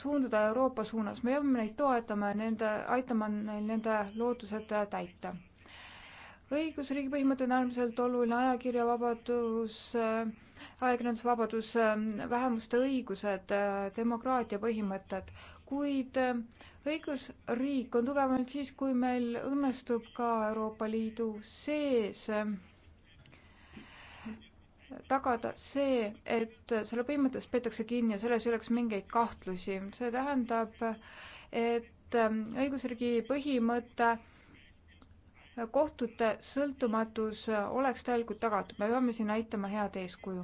suunduda Euroopa suunas, me peame neid toetama ja nende, aitama neil nende lootused täita õigusriigi põhimõte on äärmiselt oluline, ajakirjavabadus, ajakirjandusvabadus, vähemuste õigused, demokraatia põhimõtted, kuid õigusriik on tugev ainult siis, kui meil õnnestub ka Euroopa Liidu sees tagada see, et selle põhimõttest peetakse kinni ja selles ei oleks mingeid kahtlusi. see tähendab, et õigusriigi põhimõte äh, kohtute sõltumatus oleks täielikult tagatud, me peame siin näitama head eeskuju.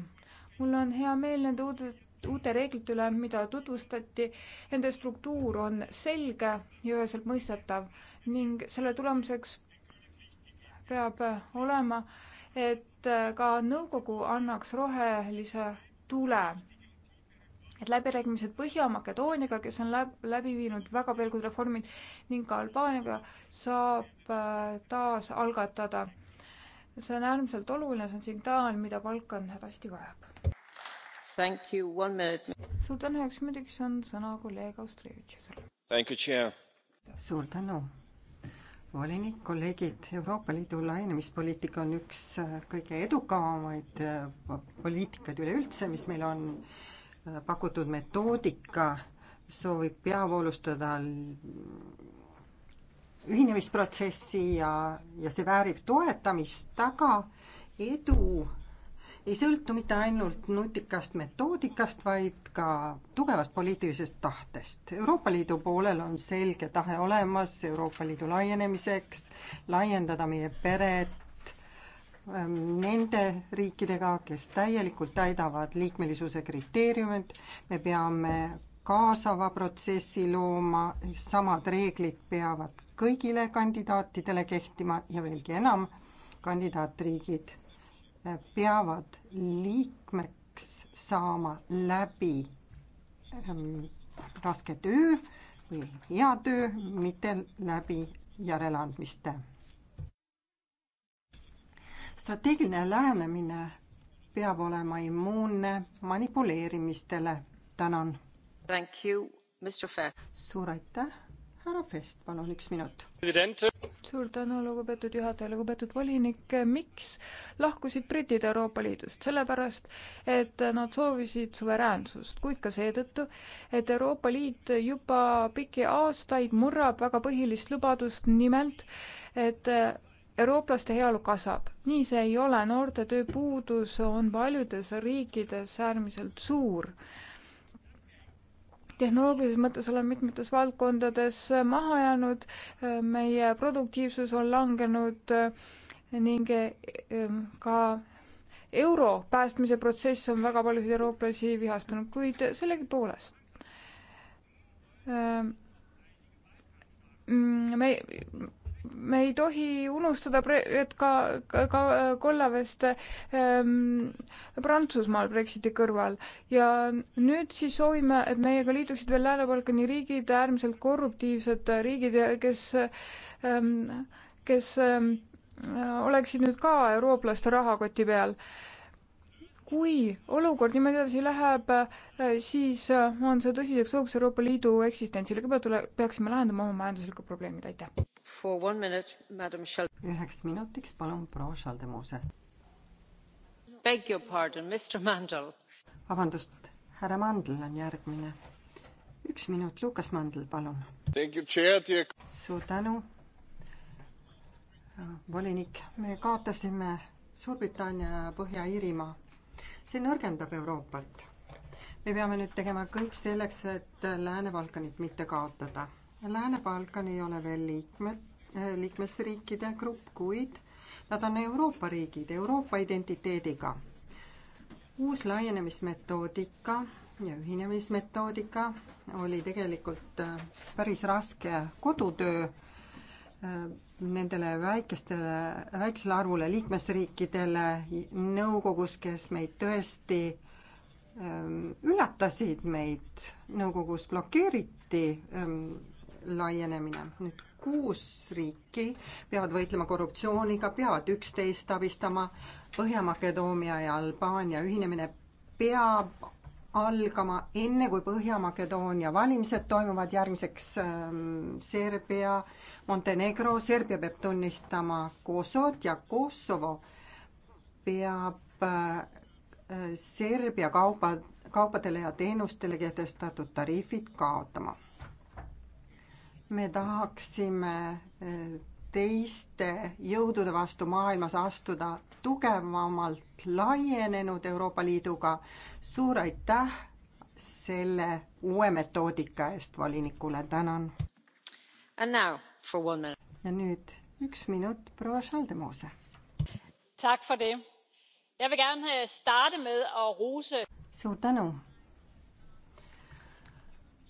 mul on hea meel nende uute, uute reeglite üle, mida tutvustati, nende struktuur on selge ja üheselt mõistetav ning selle tulemuseks peab olema, et ka nõukogu annaks rohelise tule et läbirääkimised Põhja-Makedooniaga, kes on läb, läbi viinud väga pelgud reformid, ning ka Albaaniaga saab äh, taas algatada. see on äärmiselt oluline, see on signaal, mida Balkan hädasti vajab. suur tänu, eks muidugi on sõna kolleeg Austrevitšusele. suur tänu volinik, kolleegid, Euroopa Liidu laienemispoliitika on üks äh, kõige edukamaid äh, poliitikaid üleüldse, mis meil on pakutud metoodika soovib peavoolustada ühinemisprotsessi ja, ja see väärib toetamist, aga edu ei sõltu mitte ainult nutikast metoodikast, vaid ka tugevast poliitilisest tahtest. Euroopa Liidu poolel on selge tahe olemas Euroopa Liidu laienemiseks, laiendada meie peret, Ähm, nende riikidega, kes täielikult täidavad liikmelisuse kriteeriumid, me peame kaasava protsessi looma, samad reeglid peavad kõigile kandidaatidele kehtima ja veelgi enam, kandidaatriigid äh, peavad liikmeks saama läbi ähm, raske töö või hea töö, mitte läbi järeleandmiste strateegiline lähenemine peab olema immuunne manipuleerimistele. tänan. suur aitäh, härra Fest, palun üks minut. suur tänu, lugupeetud juhataja, lugupeetud volinik, miks lahkusid britid Euroopa Liidust? sellepärast, et nad soovisid suveräänsust, kuid ka seetõttu, et Euroopa Liit juba pikki aastaid murrab väga põhilist lubadust, nimelt et eurooplaste heaolu kasvab. nii see ei ole, noorte tööpuudus on paljudes riikides äärmiselt suur. tehnoloogilises mõttes oleme mitmetes valdkondades maha jäänud, meie produktiivsus on langenud ning ehm, ka euro päästmise protsess on väga paljusid eurooplasi vihastanud, kuid sellegipoolest ehm, me me ei tohi unustada, et ka, ka, ka kollaveste ähm, Prantsusmaal Brexiti kõrval ja nüüd siis soovime, et meiega liituksid veel Lääne-Balkani riigid, äärmiselt korruptiivsed riigid, kes ähm,, kes ähm, oleksid nüüd ka eurooplaste rahakoti peal äh, kui olukord niimoodi edasi läheb, äh, siis äh, on see tõsiseks hoogs Euroopa Liidu eksistentsile. kõigepealt tule, peaksime lahendama oma majanduslikud probleemid, aitäh. üheks minutiks palun proua Schaldemuse. vabandust, härra Mandl on järgmine. üks minut, Lukas Mandl, palun. suur tänu. volinik, me kaotasime Suurbritannia ja Põhja-Iirimaa see nõrgendab Euroopat. me peame nüüd tegema kõik selleks, et Lääne-Balkanit mitte kaotada. Lääne-Balkan ei ole veel liikmed, eh, liikmesriikide grupp, kuid nad on Euroopa riigid, Euroopa identiteediga. uus laienemismetoodika ja ühinemismetoodika oli tegelikult eh, päris raske kodutöö eh, nendele väikestele, väiksele arvule liikmesriikidele nõukogus, kes meid tõesti ähm, üllatasid meid, nõukogus blokeeriti ähm, laienemine. nüüd kuus riiki peavad võitlema korruptsiooniga, peavad üksteist abistama, Põhja-Makedoonia ja Albaania ühinemine peab algama enne, kui Põhja-Makedoonia valimised toimuvad järgmiseks ähm, Serbia, Montenegro, Serbia peab tunnistama Kosovot ja Kosovo peab äh, Serbia kaubad, kaupadele ja teenustele kehtestatud tariifid kaotama. me tahaksime äh, teiste jõudude vastu maailmas astuda tugevamalt laienenud Euroopa Liiduga. suur aitäh selle uue metoodika eest volinikule, tänan. ja nüüd üks minut proua Schaldemose. Øh, suur tänu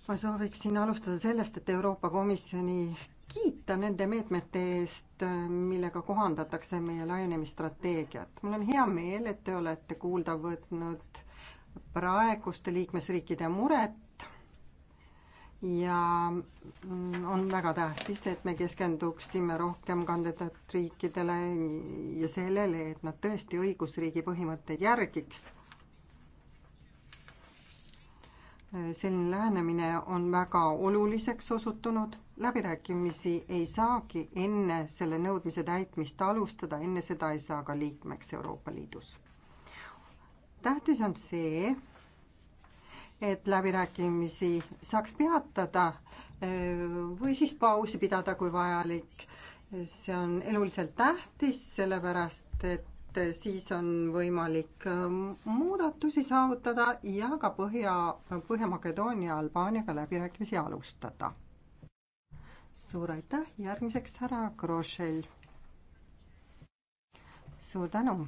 ma sooviksin alustada sellest, et Euroopa Komisjoni kiita nende meetmete eest, millega kohandatakse meie laienemisstrateegiat. mul on hea meel, et te olete kuulda võtnud praeguste liikmesriikide muret ja on väga tähtis, et me keskenduksime rohkem kandidaatriikidele ja sellele, et nad tõesti õigusriigi põhimõtteid järgiks. selline lähenemine on väga oluliseks osutunud läbirääkimisi ei saagi enne selle nõudmise täitmist alustada, enne seda ei saa ka liikmeks Euroopa Liidus. tähtis on see, et läbirääkimisi saaks peatada või siis pausi pidada, kui vajalik. see on eluliselt tähtis, sellepärast et siis on võimalik ähm, muudatusi saavutada ja ka Põhja, Põhja-Makedoonia ja Albaaniaga läbirääkimisi alustada suur aitäh, järgmiseks härra Groschel. suur tänu.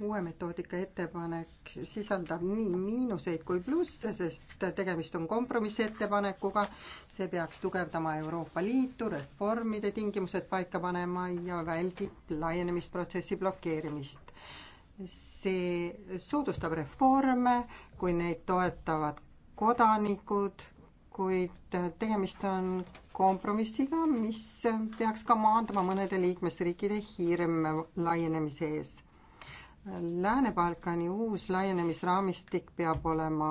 uue metoodika ettepanek sisaldab nii miinuseid kui plusse, sest tegemist on kompromissettepanekuga. see peaks tugevdama Euroopa Liitu, reformide tingimused paika panema ja väldib laienemisprotsessi blokeerimist see soodustab reforme, kui neid toetavad kodanikud kuid tegemist on kompromissiga, mis peaks ka maandama mõnede liikmesriikide hirme laienemise ees. Lääne-Balkani uus laienemisraamistik peab olema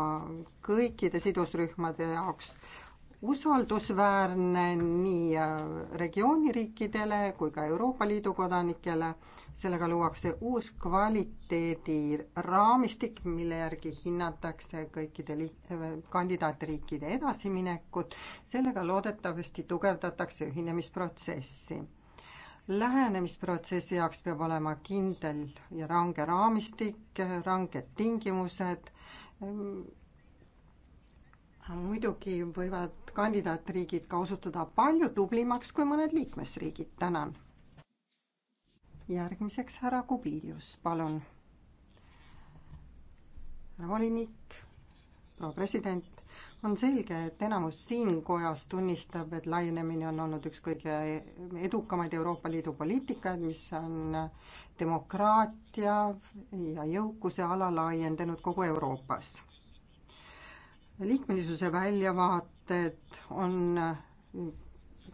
kõikide sidusrühmade jaoks usaldusväärne nii äh, regiooni riikidele kui ka Euroopa Liidu kodanikele. sellega luuakse uus kvaliteediraamistik, mille järgi hinnatakse kõikide äh, kandidaatriikide edasiminekut. sellega loodetavasti tugevdatakse ühinemisprotsessi. lähenemisprotsessi jaoks peab olema kindel ja range raamistik, ranged tingimused muidugi võivad kandidaatriigid ka osutuda palju tublimaks kui mõned liikmesriigid, tänan. järgmiseks härra Kubilius, palun. härra volinik, proua president, on selge, et enamus siin kojas tunnistab, et laienemine on olnud üks kõige edukamaid Euroopa Liidu poliitikaid, mis on demokraatia ja jõukuse ala laiendanud kogu Euroopas liikmelisuse väljavaated on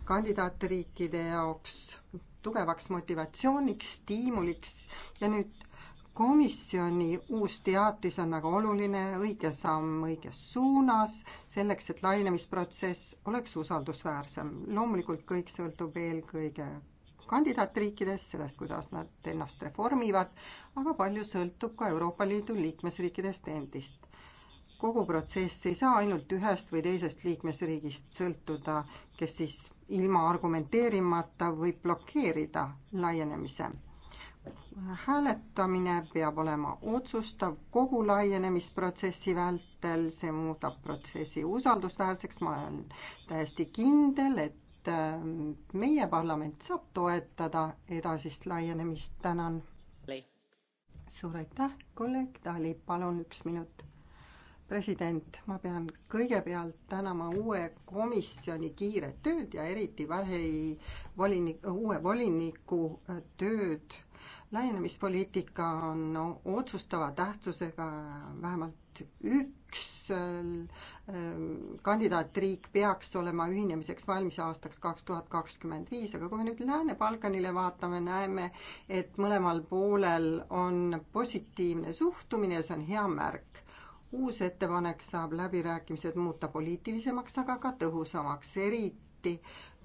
kandidaatriikide jaoks tugevaks motivatsiooniks, stiimuliks ja nüüd komisjoni uus teatis on väga oluline, õige samm õiges suunas, selleks et laienemisprotsess oleks usaldusväärsem. loomulikult kõik sõltub eelkõige kandidaatriikidest, sellest, kuidas nad ennast reformivad, aga palju sõltub ka Euroopa Liidu liikmesriikidest endist kogu protsess ei saa ainult ühest või teisest liikmesriigist sõltuda, kes siis ilma argumenteerimata võib blokeerida laienemise. hääletamine peab olema otsustav kogu laienemisprotsessi vältel, see muudab protsessi usaldusväärseks, ma olen täiesti kindel, et äh, meie parlament saab toetada edasist laienemist, tänan. suur aitäh, kolleeg Tali, palun üks minut president, ma pean kõigepealt tänama uue komisjoni kiiret tööd ja eriti Värheli volinik, uue voliniku äh, tööd. laienemispoliitika on otsustava tähtsusega, vähemalt üks äh, äh, kandidaatriik peaks olema ühinemiseks valmis aastaks kaks tuhat kakskümmend viis, aga kui me nüüd Lääne-Balkanile vaatame, näeme, et mõlemal poolel on positiivne suhtumine ja see on hea märk uus ettepanek saab läbirääkimised muuta poliitilisemaks, aga ka tõhusamaks, eriti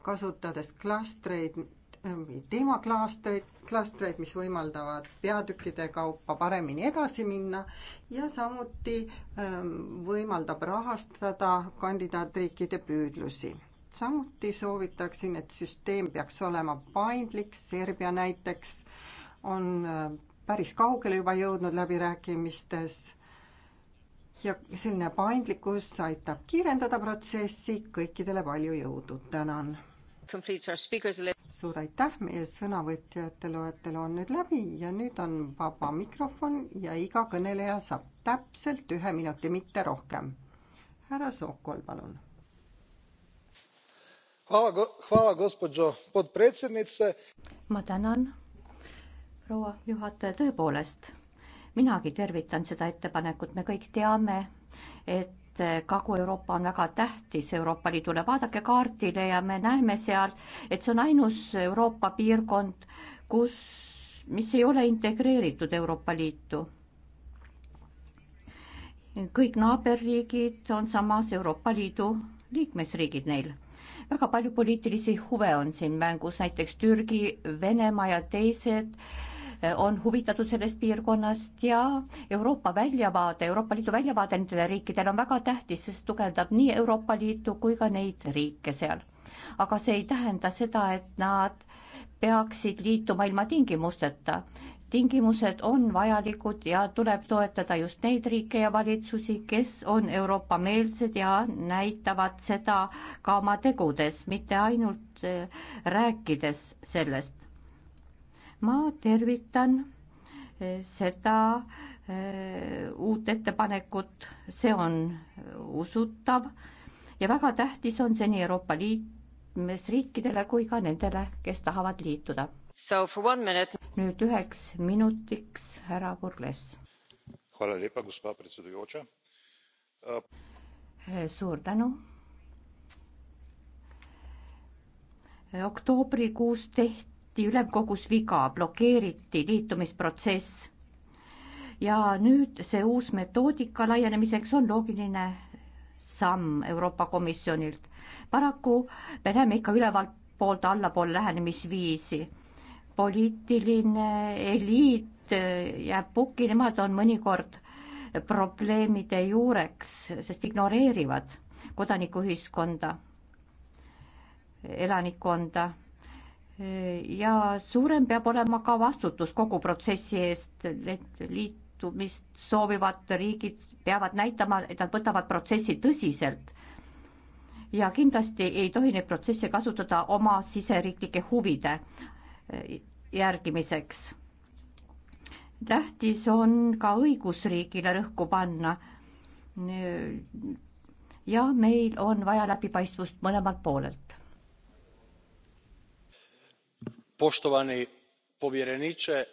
kasutades klastreid, teemaklastreid, klastreid, mis võimaldavad peatükkide kaupa paremini edasi minna ja samuti ähm, võimaldab rahastada kandidaatriikide püüdlusi samuti soovitaksin, et süsteem peaks olema paindlik, Serbia näiteks on äh, päris kaugele juba jõudnud läbirääkimistes ja selline paindlikkus aitab kiirendada protsessi, kõikidele palju jõudu, tänan! suur aitäh, meie sõnavõtjate loetelu on nüüd läbi ja nüüd on vaba mikrofon ja iga kõneleja saab täpselt ühe minuti, mitte rohkem. härra Sokol, palun. ma tänan, proua juhataja, tõepoolest minagi tervitan seda ettepanekut, me kõik teame, et Kagu-Euroopa on väga tähtis Euroopa Liidule, vaadake kaardile ja me näeme seal, et see on ainus Euroopa piirkond, kus, mis ei ole integreeritud Euroopa Liitu. kõik naaberriigid on samas Euroopa Liidu liikmesriigid neil. väga palju poliitilisi huve on siin mängus, näiteks Türgi, Venemaa ja teised äh, Eh, on huvitatud sellest piirkonnast ja Euroopa väljavaade, Euroopa Liidu väljavaade nendele riikidele on väga tähtis, sest tugevdab nii Euroopa Liitu kui ka neid riike seal. aga see ei tähenda seda, et nad peaksid liituma ilma tingimusteta. tingimused on vajalikud ja tuleb toetada just neid riike ja valitsusi, kes on Euroopa-meelsed ja näitavad seda ka oma tegudes, mitte ainult eh, rääkides sellest ma tervitan eh, seda eh, uut ettepanekut, see on eh, usutav ja väga tähtis on see nii Euroopa liikmesriikidele kui ka nendele, kes tahavad liituda. nüüd üheks minutiks härra Burles. suur tänu. oktoobrikuus tehti tehti ülemkogus viga, blokeeriti liitumisprotsess. ja nüüd see uus metoodika laienemiseks on loogiline samm Euroopa Komisjonilt. paraku me näeme ikka ülevalt poolt allapoole lähenemisviisi. poliitiline eliit äh, jääb pukki, nemad on mõnikord probleemide juureks, sest ignoreerivad kodanikuühiskonda, elanikkonda ja suurem peab olema ka vastutus kogu protsessi eest, et liitumist soovivad riigid peavad näitama, et nad võtavad protsessi tõsiselt. ja kindlasti ei tohi neid protsesse kasutada oma siseriiklike huvide eh, järgimiseks. tähtis on ka õigusriigile rõhku panna. ja meil on vaja läbipaistvust mõlemalt poolelt. poštovani povjereniče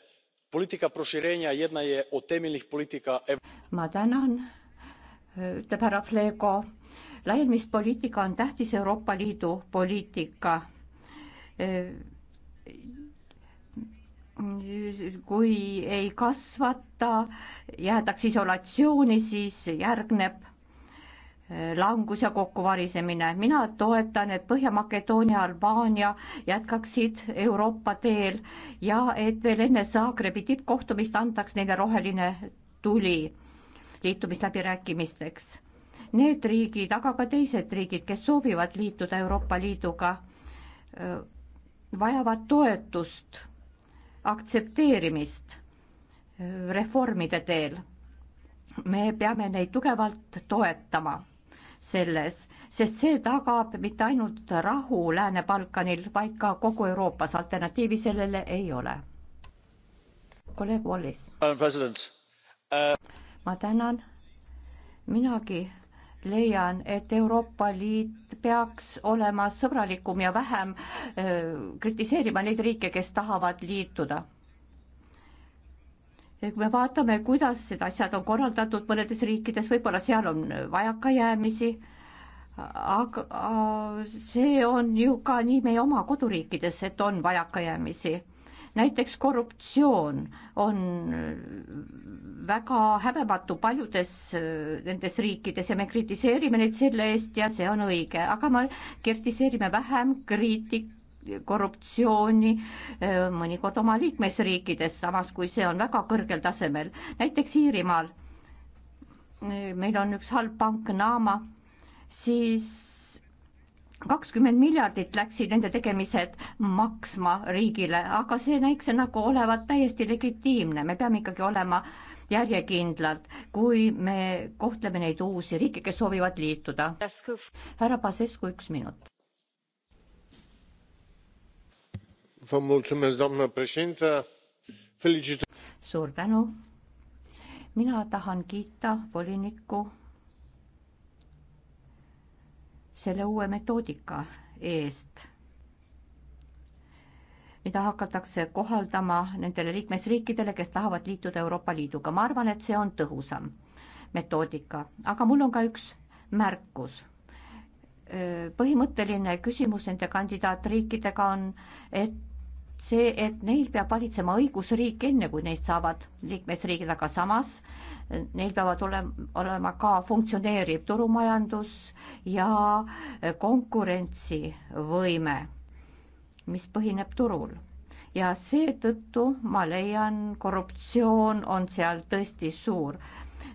politika proširenja jedna je od temeljnih politika. ma tänan ütleb eh, härra Flego. laienemispoliitika on tähtis Euroopa Liidu poliitika. Eh, kui ei kasvata, jäädakse isolatsiooni, siis järgneb langus ja kokkuvarisemine. mina toetan, et Põhja-Makedoonia, Albaania jätkaksid Euroopa teel ja et veel enne Zagrebi tippkohtumist antaks neile roheline tuli liitumisläbirääkimisteks. Need riigid, aga ka teised riigid, kes soovivad liituda Euroopa Liiduga, vajavad toetust, aktsepteerimist reformide teel. me peame neid tugevalt toetama selles, sest see tagab mitte ainult rahu Lääne-Balkanil, vaid ka kogu Euroopas, alternatiivi sellele ei ole. kolleeg Wallis. Äh, ma tänan, minagi leian, et Euroopa Liit peaks olema sõbralikum ja vähem öö, äh, kritiseerima neid riike, kes tahavad liituda kui me vaatame, kuidas need asjad on korraldatud mõnedes riikides, võib-olla seal on vajakajäämisi, aga äh, see on ju ka nii meie oma koduriikides, et on vajakajäämisi. näiteks korruptsioon on väga häbematu paljudes äh, nendes riikides ja me kritiseerime neid selle eest ja see on õige, aga me kritiseerime vähem kriitik-, korruptsiooni eh, mõnikord oma liikmesriikides, samas kui see on väga kõrgel tasemel. näiteks Iirimaal, eh, meil on üks halb pank, Naama, siis kakskümmend miljardit läksid nende tegemised maksma riigile, aga see näikse nagu olevat täiesti legitiimne, me peame ikkagi olema järjekindlad, kui me kohtleme neid uusi riike, kes soovivad liituda. härra Pasescu, üks minut doamnă președintă felicitări. suur tänu. mina tahan kiita volinikku selle uue metoodika eest, mida hakatakse kohaldama nendele liikmesriikidele, kes tahavad liituda Euroopa Liiduga. ma arvan, et see on tõhusam metoodika, aga mul on ka üks märkus põhimõtteline küsimus nende kandidaatriikidega on, et see, et neil peab valitsema õigusriik, enne kui neist saavad liikmesriigid, aga samas neil peavad olema, olema ka funktsioneeriv turumajandus ja konkurentsivõime, mis põhineb turul. ja seetõttu ma leian, korruptsioon on seal tõesti suur.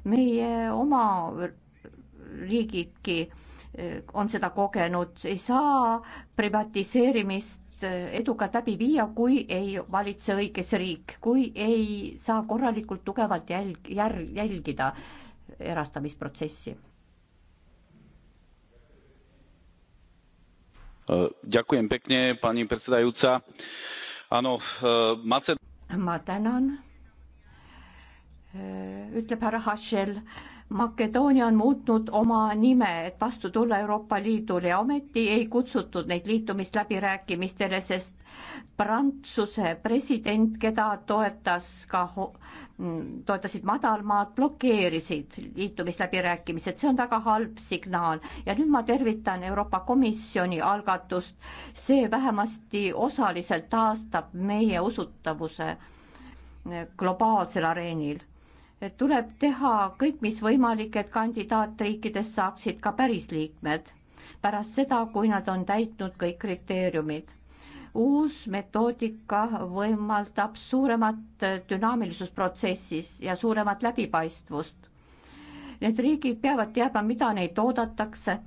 meie oma riigidki eh, on seda kogenud, ei saa privatiseerimist tegevust äh, edukalt läbi viia, kui ei valitse õiges riik, kui ei saa korralikult tugevalt jälg, järg, jälgida erastamisprotsessi. E, ma tänan, e, ütleb härra Hašel Makedoonia on muutnud oma nime, et vastu tulla Euroopa Liidule ja ometi ei kutsutud neid liitumisläbirääkimistele, sest Prantsuse president, keda toetas ka, mm, toetasid madalmaad, blokeerisid liitumisläbirääkimised, see on väga halb signaal ja nüüd ma tervitan Euroopa Komisjoni algatust. see vähemasti osaliselt taastab meie usutavuse mm, globaalsel areenil et tuleb teha kõik, mis võimalik, et kandidaatriikidest saaksid ka päris liikmed pärast seda, kui nad on täitnud kõik kriteeriumid. uus metoodika võimaldab suuremat äh, dünaamilisust protsessis ja suuremat läbipaistvust. Need riigid peavad teadma, mida neilt oodatakse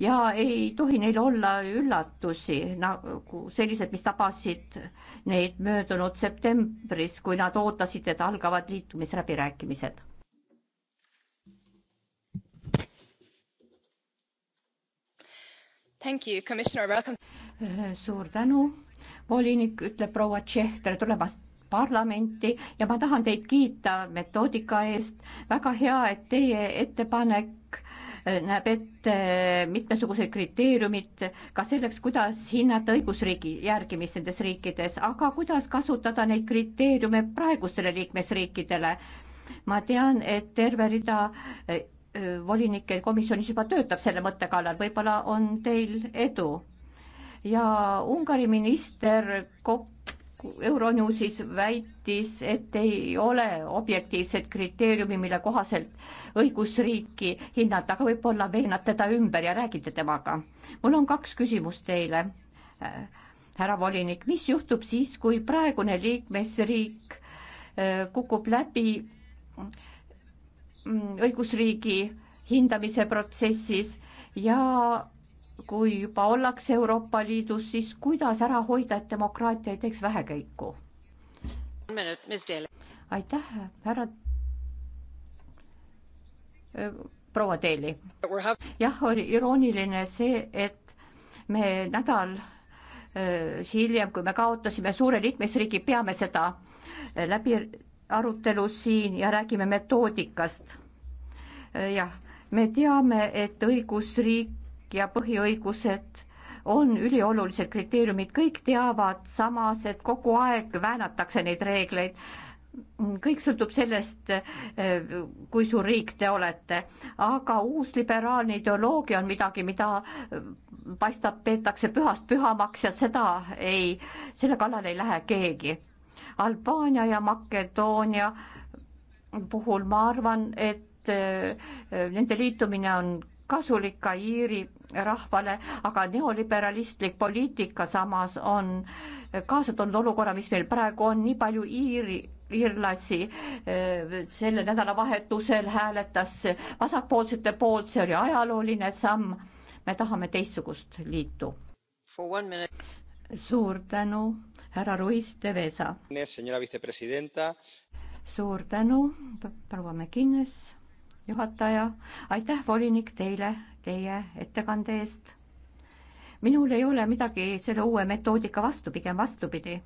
ja ei tohi neil olla üllatusi nagu sellised, mis tabasid neid möödunud septembris, kui nad ootasid, et algavad liitumisläbirääkimised. suur tänu, volinik, ütleb proua Tšehh, tere tulemast parlamenti ja ma tahan teid kiita metoodika eest. väga hea, et teie ettepanek näeb ette mitmesugused kriteeriumid ka selleks, kuidas hinnata õigusriigi järgimist nendes riikides, aga kuidas kasutada neid kriteeriume praegustele liikmesriikidele. ma tean, et terve rida eh, volinike komisjonis juba töötab selle mõtte kallal, võib-olla on teil edu. ja Ungari minister Kopp Euronewsis väitis, et ei ole objektiivset kriteeriumi, mille kohaselt õigusriiki hinnata, aga võib-olla veenad teda ümber ja räägite temaga. mul on kaks küsimust teile, äh, härra volinik, mis juhtub siis, kui praegune liikmesriik äh, kukub läbi mm, õigusriigi hindamise protsessis ja kui juba ollakse Euroopa Liidus, siis kuidas ära hoida, et demokraatia ei teeks vähekäiku? aitäh, härra proua Teeli. jah, oli irooniline see, et me nädal äh, hiljem, kui me kaotasime suure liikmesriigi, peame seda äh, läbi arutelu siin ja räägime metoodikast. Äh, jah, me teame, et õigusriik ja põhiõigused on üliolulised kriteeriumid, kõik teavad samas, et kogu aeg väänatakse neid reegleid. kõik sõltub sellest, eh, kui suur riik te olete, aga uus liberaalne ideoloogia on midagi, mida paistab, peetakse pühast pühamaks ja seda ei, selle kallale ei lähe keegi. Albaania ja Makedoonia puhul ma arvan, et eh, nende liitumine on kasulik ka Iiri rahvale, aga neoliberalistlik poliitika samas on kaasa toonud olukorra, mis meil praegu on, nii palju iiri, iirlasi eh, sellel nädalavahetusel hääletas vasakpoolsete poolt, see oli ajalooline samm. me tahame teistsugust liitu. suur tänu, härra Ruiz de Vesa. suur tänu, proua McGuinness, juhataja, aitäh, volinik teile teie ettekande eest. minul ei ole midagi selle uue metoodika vastu, pigem vastupidi.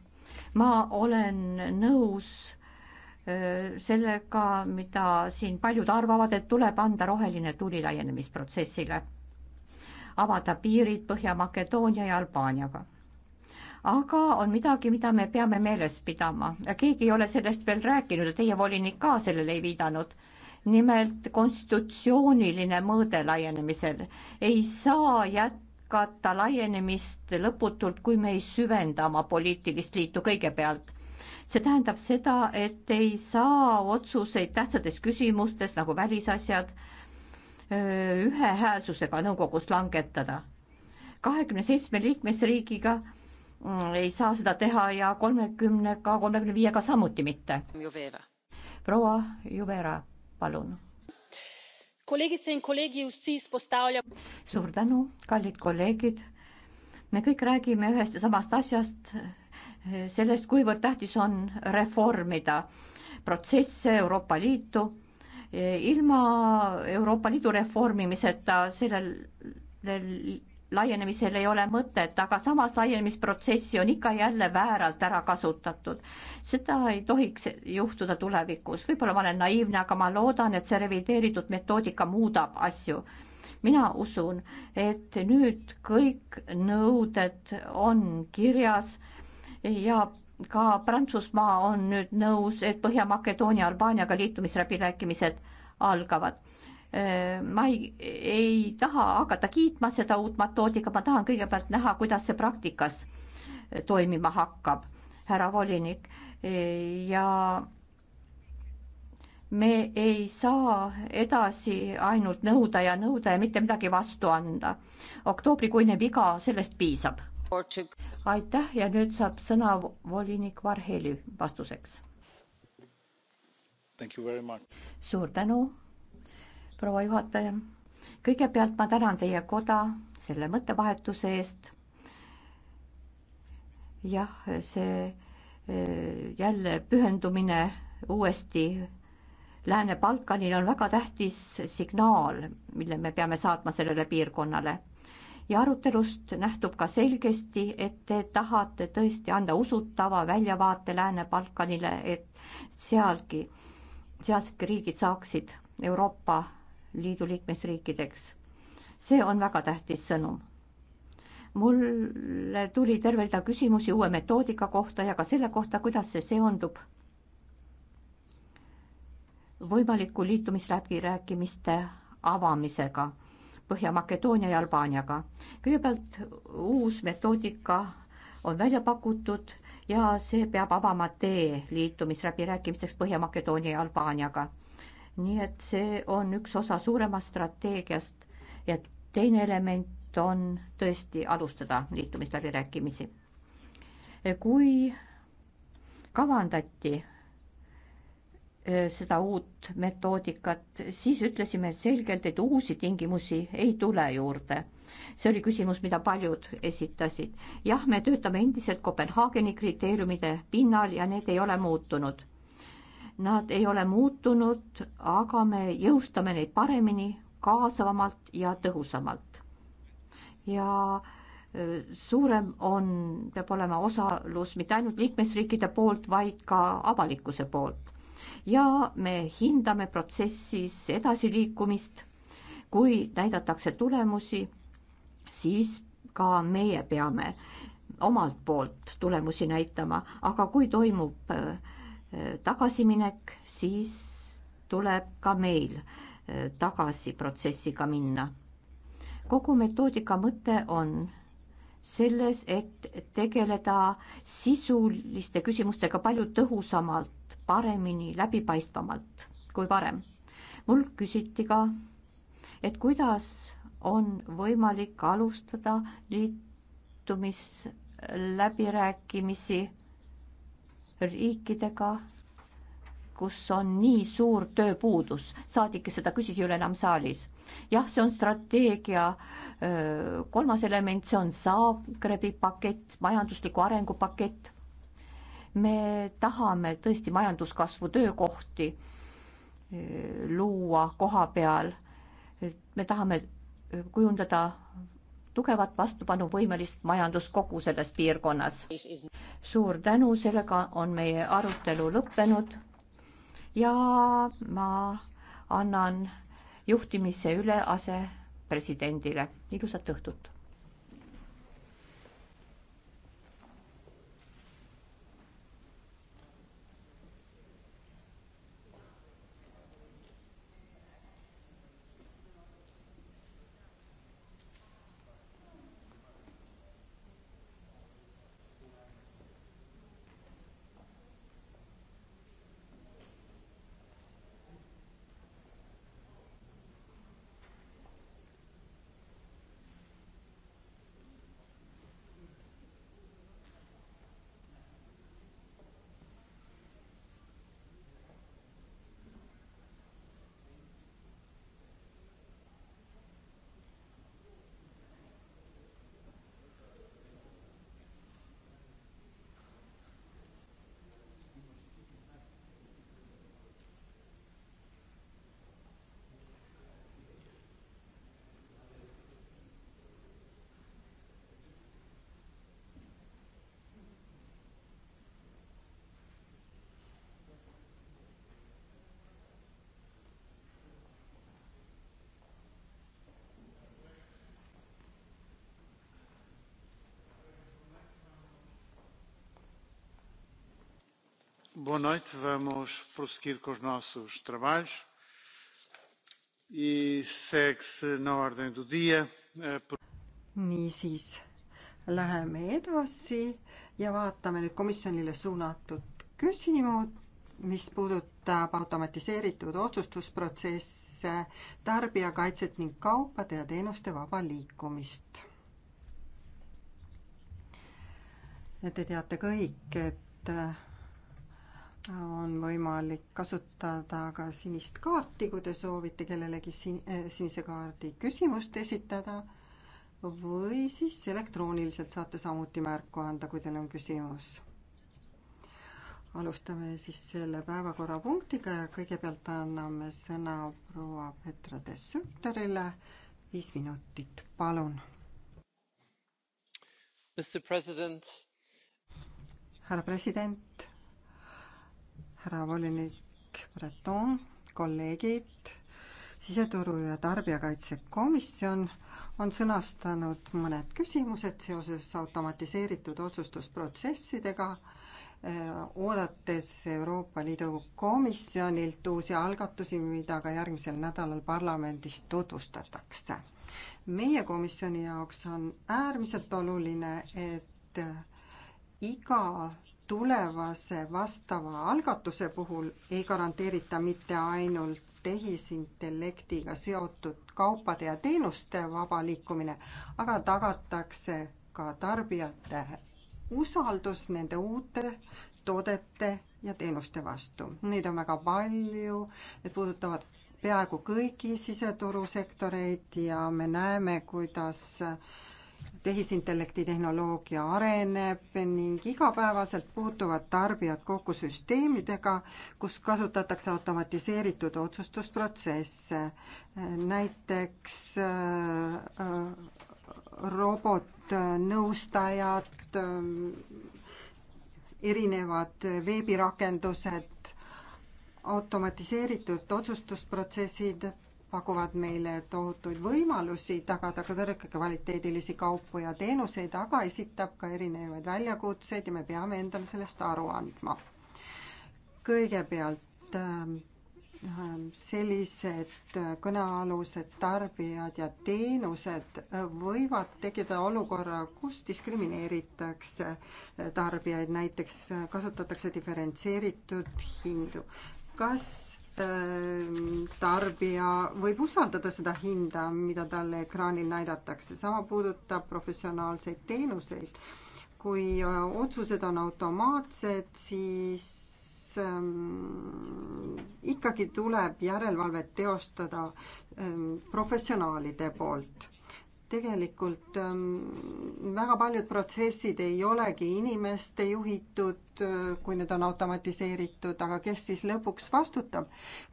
ma olen nõus sellega, mida siin paljud arvavad, et tuleb anda roheline tuli laienemisprotsessile, avada piirid Põhja-Makedoonia ja Albaaniaga aga on midagi, mida me peame meeles pidama ja keegi ei ole sellest veel rääkinud ja teie volinik ka sellele ei viidanud nimelt konstitutsiooniline mõõde laienemisel. ei saa jätkata laienemist lõputult, kui me ei süvenda oma poliitilist liitu kõigepealt see tähendab seda, et ei saa otsuseid tähtsates küsimustes nagu välisasjad ühehäälsusega nõukogus langetada. kahekümne seitsme liikmesriigiga mm, ei saa seda teha ja kolmekümnega, kolmekümne viiega samuti mitte. proua Juvera palun. suur tänu, kallid kolleegid. me kõik räägime ühest ja samast asjast, sellest, kuivõrd tähtis on reformida protsesse Euroopa Liitu. ilma Euroopa Liidu reformimiseta sellel laienemisel ei ole mõtet, aga samas laienemisprotsessi on ikka jälle vääralt ära kasutatud. seda ei tohiks juhtuda tulevikus, võib-olla ma olen naiivne, aga ma loodan, et see revideeritud metoodika muudab asju. mina usun, et nüüd kõik nõuded on kirjas ja ka Prantsusmaa on nüüd nõus, et Põhja-Makedoonia Albaaniaga liitumisläbirääkimised algavad Äh, ma ei, ei taha hakata kiitma seda uut metoodika, ma tahan kõigepealt näha, kuidas see praktikas äh, toimima hakkab, härra volinik. Äh, ja me ei saa edasi ainult nõuda ja nõuda ja mitte midagi vastu anda. oktoobrikuine viga, sellest piisab. aitäh ja nüüd saab sõna volinik Varheli vastuseks. suur tänu proua juhataja. kõigepealt ma tänan teie koda selle mõttevahetuse eest. jah, see eh, jälle pühendumine uuesti Lääne-Balkanil on väga tähtis signaal, mille me peame saatma sellele piirkonnale. ja arutelust nähtub ka selgesti, et te tahate tõesti anda usutava väljavaate Lääne-Balkanile, et sealgi, sealsedki riigid saaksid Euroopa Liidu liikmesriikideks. see on väga tähtis sõnum. mulle tuli terve rida küsimusi uue metoodika kohta ja ka selle kohta, kuidas see seondub võimaliku liitumisläbirääkimiste avamisega Põhja-Makedoonia ja Albaaniaga. kõigepealt uus metoodika on välja pakutud ja see peab avama tee liitumisläbirääkimisteks Põhja-Makedoonia ja Albaaniaga nii et see on üks osa suuremast strateegiast ja teine element on tõesti alustada liitumisläbirääkimisi. kui kavandati eh, seda uut metoodikat, siis ütlesime selgelt, et uusi tingimusi ei tule juurde. see oli küsimus, mida paljud esitasid. jah, me töötame endiselt Kopenhaageni kriteeriumide pinnal ja need ei ole muutunud. Nad ei ole muutunud, aga me jõustame neid paremini, kaasavamalt ja tõhusamalt. ja suurem on, peab olema osalus mitte ainult liikmesriikide poolt, vaid ka avalikkuse poolt. ja me hindame protsessis edasiliikumist. kui näidatakse tulemusi, siis ka meie peame omalt poolt tulemusi näitama, aga kui toimub äh, tagasiminek, siis tuleb ka meil e, tagasi protsessiga minna. kogu metoodika mõte on selles, et tegeleda sisuliste küsimustega palju tõhusamalt, paremini, läbipaistvamalt kui varem. mul küsiti ka, et kuidas on võimalik alustada liitumisläbirääkimisi riikidega, kus on nii suur tööpuudus, saadik, kes seda küsis, ei ole enam saalis. jah, see on strateegia kolmas element, see on Saagrebi pakett, majandusliku arengu pakett. me tahame tõesti majanduskasvu töökohti luua koha peal. me tahame kujundada tugevat vastupanuvõimelist majandust kogu selles piirkonnas. suur tänu, sellega on meie arutelu lõppenud ja ma annan juhtimise üle asepresidendile. ilusat õhtut! Boa noite, vamos prosseguir com os nossos trabalhos ja e seega na ordem do dia. Eh, niisiis, läheme edasi ja vaatame nüüd komisjonile suunatud küsimud, mis puudutab automatiseeritud otsustusprotsesse, tarbijakaitset ning kaupade ja teenuste vaba liikumist. Te teate kõik, et on võimalik kasutada ka sinist kaarti, kui te soovite kellelegi sin-, eh, sinise kaardi küsimust esitada või siis elektrooniliselt saate samuti märku anda, kui teil on küsimus. alustame siis selle päevakorrapunktiga ja kõigepealt anname sõna proua Petra de Sütterile. viis minutit, palun. härra president härra volinik Breton, kolleegid, siseturu ja tarbijakaitsekomisjon on sõnastanud mõned küsimused seoses automatiseeritud otsustusprotsessidega, eh, oodates Euroopa Liidu Komisjonilt uusi algatusi, mida ka järgmisel nädalal parlamendis tutvustatakse. meie komisjoni jaoks on äärmiselt oluline, et iga tulevase vastava algatuse puhul ei garanteerita mitte ainult tehisintellektiga seotud kaupade ja teenuste vaba liikumine, aga tagatakse ka tarbijate usaldus nende uute toodete ja teenuste vastu. Neid on väga palju, need puudutavad peaaegu kõiki siseturusektoreid ja me näeme, kuidas äh, tehisintellekti tehnoloogia areneb ning igapäevaselt puutuvad tarbijad kokku süsteemidega, kus kasutatakse automatiseeritud otsustusprotsesse, näiteks äh, äh, robotnõustajad, äh, erinevad veebirakendused, automatiseeritud otsustusprotsessid pakuvad meile tohutuid võimalusi tagada ka kõrgekvaliteedilisi kaupu ja teenuseid, aga esitab ka erinevaid väljakutseid ja me peame endale sellest aru andma. kõigepealt ähm, ähm, sellised kõnealused tarbijad ja teenused võivad tekkida olukorra, kus diskrimineeritakse tarbijaid, näiteks kasutatakse diferentseeritud hindu. kas tarbija võib usaldada seda hinda, mida talle ekraanil näidatakse, sama puudutab professionaalseid teenuseid. kui äh, otsused on automaatsed, siis ähm, ikkagi tuleb järelevalvet teostada ähm, professionaalide poolt tegelikult ähm, väga paljud protsessid ei olegi inimeste juhitud, äh, kui need on automatiseeritud, aga kes siis lõpuks vastutab,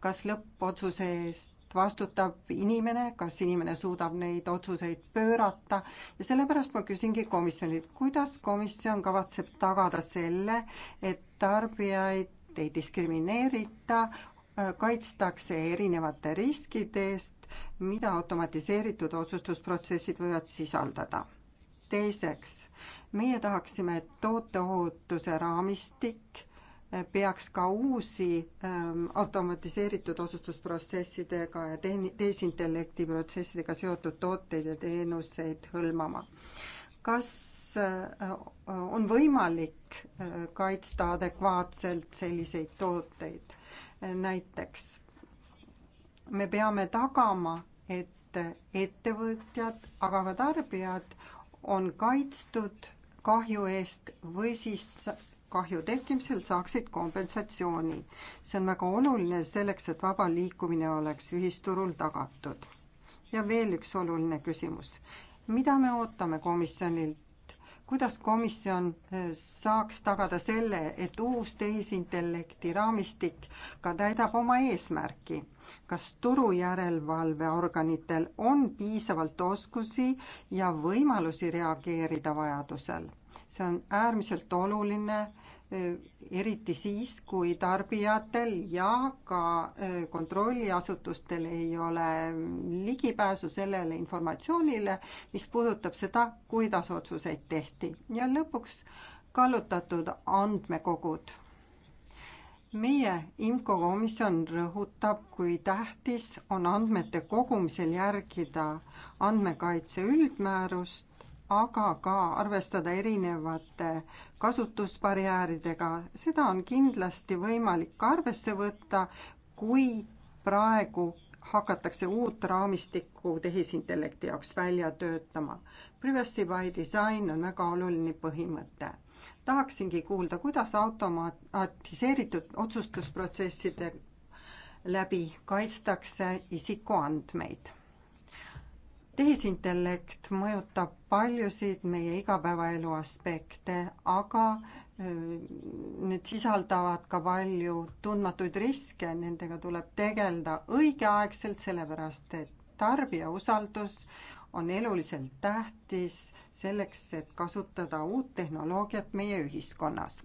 kas lõppotsuse eest vastutab inimene, kas inimene suudab neid otsuseid pöörata ja sellepärast ma küsingi komisjonilt, kuidas komisjon kavatseb tagada selle, et tarbijaid ei diskrimineerita, äh, kaitstakse erinevate riskide eest mida automatiseeritud otsustusprotsessid võivad sisaldada. teiseks, meie tahaksime, et tooteohutuse raamistik eh, peaks ka uusi ähm, automatiseeritud otsustusprotsessidega ja tehn-, tehisintellekti protsessidega seotud tooteid ja teenuseid hõlmama. kas äh, on võimalik äh, kaitsta adekvaatselt selliseid tooteid äh,? näiteks me peame tagama, et ettevõtjad, aga ka tarbijad on kaitstud kahju eest või siis kahju tekkimisel saaksid kompensatsiooni. see on väga oluline selleks, et vaba liikumine oleks ühisturul tagatud. ja veel üks oluline küsimus. mida me ootame komisjonilt? kuidas komisjon eh, saaks tagada selle, et uus tehisintellekti raamistik ka täidab oma eesmärki? kas turujärelevalveorganitel on piisavalt oskusi ja võimalusi reageerida vajadusel. see on äärmiselt oluline, e, eriti siis, kui tarbijatel ja ka e, kontrolliasutustel ei ole ligipääsu sellele informatsioonile, mis puudutab seda, kuidas otsuseid tehti. ja lõpuks kallutatud andmekogud meie IMCO komisjon rõhutab, kui tähtis on andmete kogumisel järgida andmekaitse üldmäärust, aga ka arvestada erinevate kasutusbarjääridega, seda on kindlasti võimalik arvesse võtta, kui praegu hakatakse uut raamistikku tehisintellekti jaoks välja töötama. Privacy by design on väga oluline põhimõte tahaksingi kuulda, kuidas automatiseeritud otsustusprotsesside läbi kaitstakse isikuandmeid. tehisintellekt mõjutab paljusid meie igapäevaelu aspekte, aga need sisaldavad ka palju tundmatuid riske, nendega tuleb tegeleda õigeaegselt, sellepärast et tarbija usaldus on eluliselt tähtis selleks, et kasutada uut tehnoloogiat meie ühiskonnas.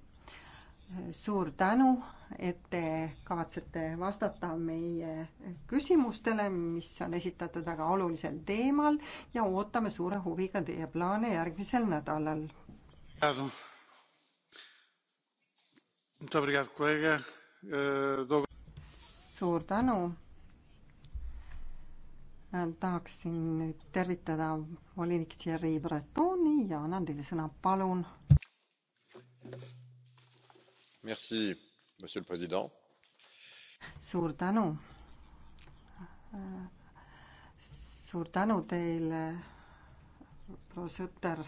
suur tänu, et te kavatsete vastata meie küsimustele, mis on esitatud väga olulisel teemal ja ootame suure huviga teie plaane järgmisel nädalal. Eh, suur tänu Äh, tahaksin nüüd tervitada volinik Thierry Bretoni ja annan teile sõna, palun. Merci, monsieur le president. suur tänu. suur tänu teile, proua Sõtter,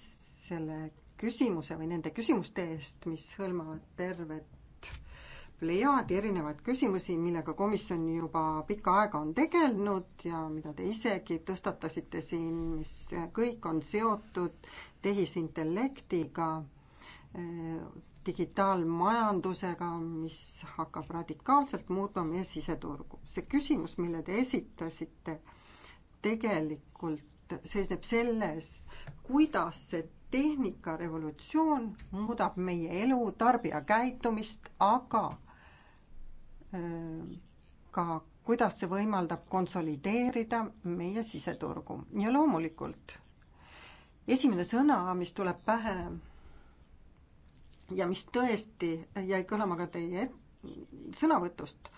selle küsimuse või nende küsimuste eest, mis hõlmavad tervet plejaadi erinevaid küsimusi, millega komisjon juba pikka aega on tegelenud ja mida te isegi tõstatasite siin, mis kõik on seotud tehisintellektiga, eh, digitaalmajandusega, mis hakkab radikaalselt muutma meie siseturgu. see küsimus, mille te esitasite, tegelikult seisneb selles, kuidas see tehnikarevolutsioon muudab meie elu, tarbijakäitumist, aga Äh, ka kuidas see võimaldab konsolideerida meie siseturgu ja loomulikult esimene sõna, mis tuleb pähe ja mis tõesti jäi kõlama ka teie sõnavõtust,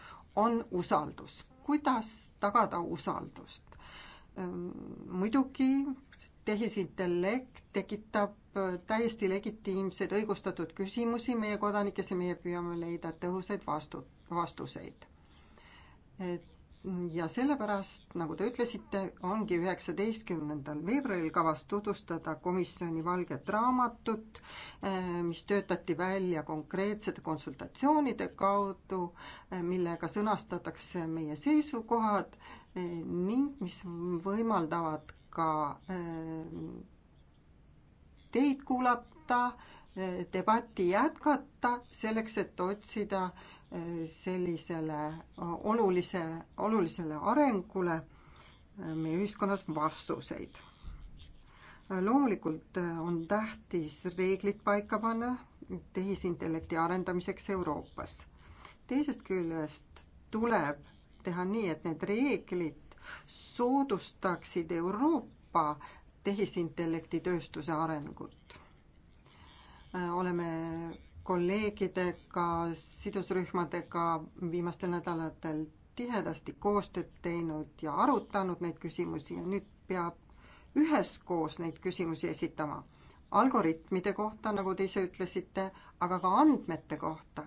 on usaldus. kuidas tagada usaldust? Äh, muidugi tehisintellekt tekitab äh, täiesti legitiimseid õigustatud küsimusi meie kodanikes ja meie püüame leida tõhusaid vastu-, vastuseid. ja sellepärast, nagu te ütlesite, ongi üheksateistkümnendal veebruaril kavas tutvustada komisjoni valget raamatut, eh, mis töötati välja konkreetsete konsultatsioonide kaudu, eh, millega sõnastatakse meie seisukohad eh, ning mis võimaldavad ka teid kuulata, debatti jätkata selleks, et otsida äh, sellisele äh, olulise, olulisele arengule äh, meie ühiskonnas vastuseid. Äh, loomulikult on tähtis reeglid paika panna tehisintellekti arendamiseks Euroopas. teisest küljest tuleb teha nii, et need reeglid soodustaksid Euroopa tehisintellekti tööstuse arengut. oleme kolleegidega, sidusrühmadega viimastel nädalatel tihedasti koostööd teinud ja arutanud neid küsimusi ja nüüd peab üheskoos neid küsimusi esitama. Algoritmide kohta, nagu te ise ütlesite, aga ka andmete kohta.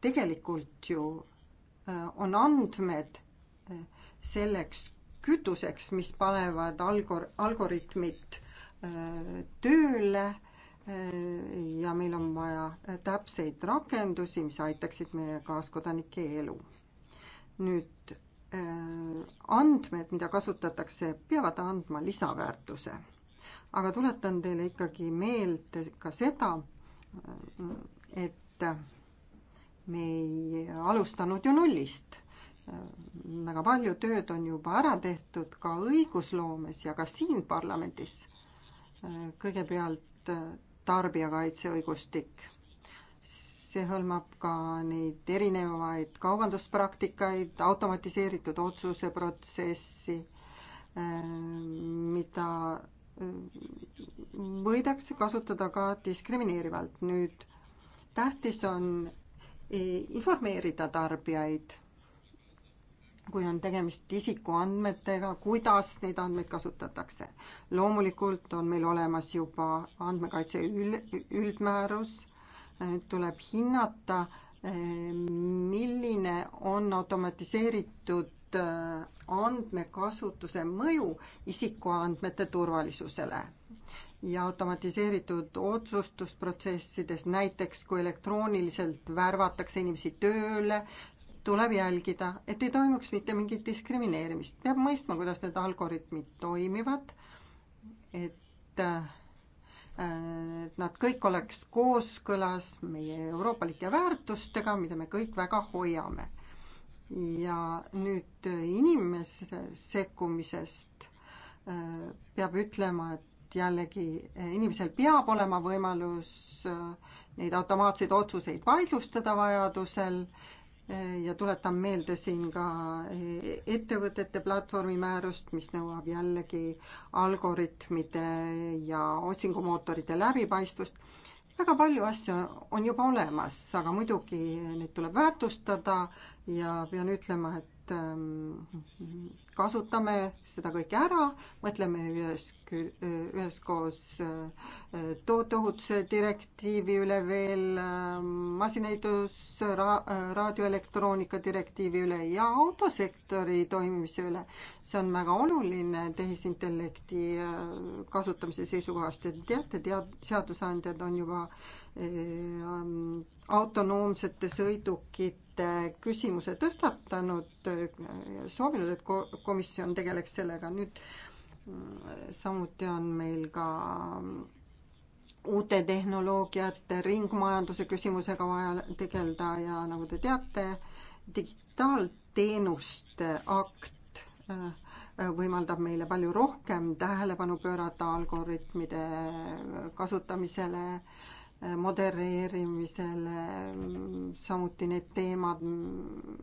tegelikult ju äh, on andmed äh, selleks kütuseks, mis panevad algor-, algoritmid äh, tööle ja meil on vaja täpseid rakendusi, mis aitaksid meie kaaskodanike elu. nüüd äh, andmed, mida kasutatakse, peavad andma lisaväärtuse. aga tuletan teile ikkagi meelde ka seda, äh, et me ei alustanud ju nullist. Äh, väga palju tööd on juba ära tehtud ka õigusloomes ja ka siin parlamendis. kõigepealt tarbijakaitseõigustik. see hõlmab ka neid erinevaid kaubanduspraktikaid, automatiseeritud otsuseprotsessi, äh, mida äh, võidakse kasutada ka diskrimineerivalt. nüüd tähtis on informeerida tarbijaid kui on tegemist isikuandmetega, kuidas neid andmeid kasutatakse. loomulikult on meil olemas juba andmekaitse üld, üldmäärus, nüüd tuleb hinnata, eh, milline on automatiseeritud eh, andmekasutuse mõju isikuandmete turvalisusele ja automatiseeritud otsustusprotsessides, näiteks kui elektrooniliselt värvatakse inimesi tööle, tuleb jälgida, et ei toimuks mitte mingit diskrimineerimist, peab mõistma, kuidas need algoritmid toimivad, et äh, et nad kõik oleks kooskõlas meie euroopalike väärtustega, mida me kõik väga hoiame. ja nüüd inimese sekkumisest äh, peab ütlema, et jällegi äh, inimesel peab olema võimalus neid automaatseid otsuseid vaidlustada vajadusel ja tuletan meelde siin ka ettevõtete platvormi määrust, mis nõuab jällegi algoritmide ja otsingumootorite läbipaistvust. väga palju asju on juba olemas, aga muidugi neid tuleb väärtustada ja pean ütlema, et Ähm, kasutame seda kõike ära, mõtleme ühes, äh, üheskoos äh, tooteohutuse direktiivi üle veel, ähm, masinaehitus ra-, äh, raadioelektroonika direktiivi üle ja autosektori toimimise üle. see on väga oluline tehisintellekti kasutamise seisukohast ja te teate, tead-, seadusandjad on juba ähm, autonoomsete sõidukite Äh, küsimuse tõstatanud, äh, soovinud, et komisjon tegeleks sellega, nüüd mm, samuti on meil ka mm, uute tehnoloogiate, ringmajanduse küsimusega vaja tegeleda ja nagu te teate, digitaalteenuste akt äh, võimaldab meile palju rohkem tähelepanu pöörata algoritmide kasutamisele äh, modereerimisele, samuti need teemad,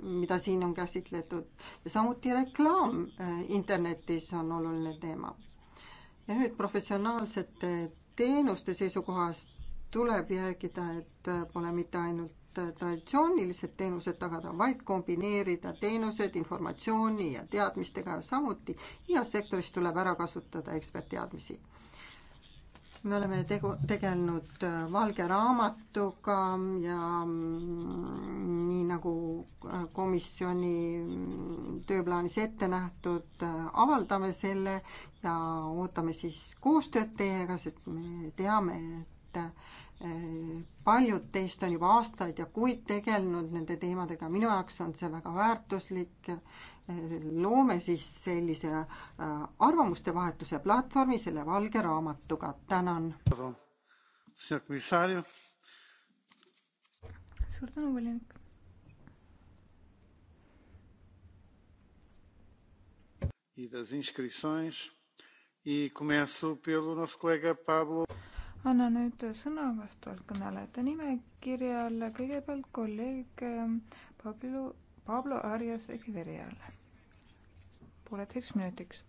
mida siin on käsitletud ja samuti reklaam äh, internetis on oluline teema. ja nüüd professionaalsete teenuste seisukohast tuleb jälgida, et äh, pole mitte ainult äh, traditsioonilised teenused tagada, vaid kombineerida teenused informatsiooni ja teadmistega, samuti igas sektoris tuleb ära kasutada ekspertteadmisi me oleme tegu, tegelenud äh, valge raamatuga ja mm, nii nagu äh, komisjoni mm, tööplaanis ette nähtud, äh, avaldame selle ja ootame siis koostööd teiega, sest me teame, et paljud teist on juba aastaid ja kuid tegelenud nende teemadega, minu jaoks on see väga väärtuslik loome siis sellise äh, arvamuste vahetuse platvormi selle valge raamatuga. tänan. suur tänu, volinik. e das inscrições e começo pelo nosso colega Pablo. annan nüüd sõna vastavalt kõnelejate nimekirjale, kõigepealt kolleeg äh, Pablo, Pablo Arias Echeverriale pooleteiseks minutiks.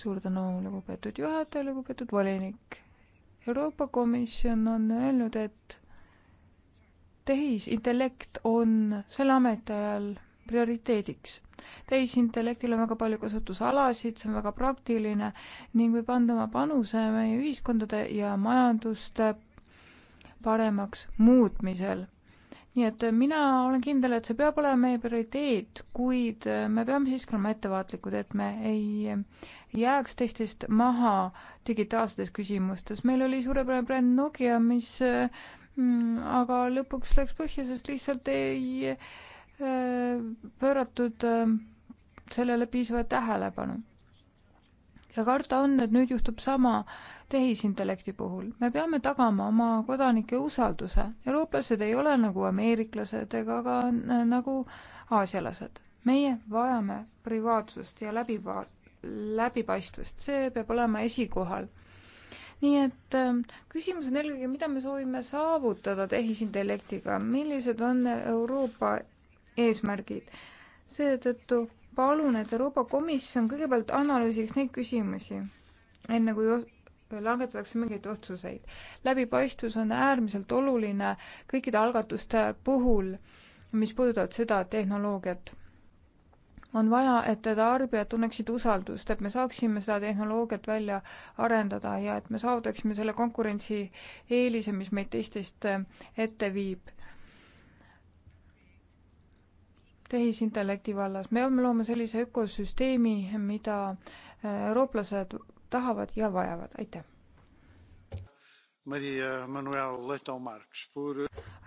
suur tänu, lugupeetud juhataja, lugupeetud volinik. Euroopa Komisjon on öelnud, et tehisintellekt on selle ametiajal prioriteediks. tehisintellektil on väga palju kasutusalasid, see on väga praktiline ning võib anda oma panuse meie ühiskondade ja majanduste paremaks muutmisel nii et äh, mina olen kindel, et see peab olema meie prioriteet, kuid äh, me peame siiski olema ettevaatlikud, et me ei äh, jääks teistest maha digitaalsetes küsimustes. meil oli suurepärane bränd Nokia, mis mm, aga lõpuks läks põhja, sest lihtsalt ei pööratud sellele piisavat tähelepanu. ja karta on, et nüüd juhtub sama tehisintellekti puhul. me peame tagama oma kodanike usalduse. eurooplased ei ole nagu ameeriklased ega ka nagu aasialased. meie vajame privaatsust ja läbipa-, läbipaistvust, see peab olema esikohal nii et äh, küsimus on eelkõige, mida me soovime saavutada tehisintellektiga, millised on Euroopa eesmärgid. seetõttu palun, et Euroopa Komisjon kõigepealt analüüsiks neid küsimusi, enne kui langetatakse mingeid otsuseid. läbipaistvus on äärmiselt oluline kõikide algatuste puhul, mis puudutavad seda tehnoloogiat. on vaja, et tarbijad tunneksid usaldust, et me saaksime seda tehnoloogiat välja arendada ja et me saavutaksime selle konkurentsieelise, mis meid teistest äh, ette viib tehisintellekti vallas. me peame looma sellise ökosüsteemi, mida äh, eurooplased tahavad ja vajavad, aitäh. Maria Manuel Leto Marx pur....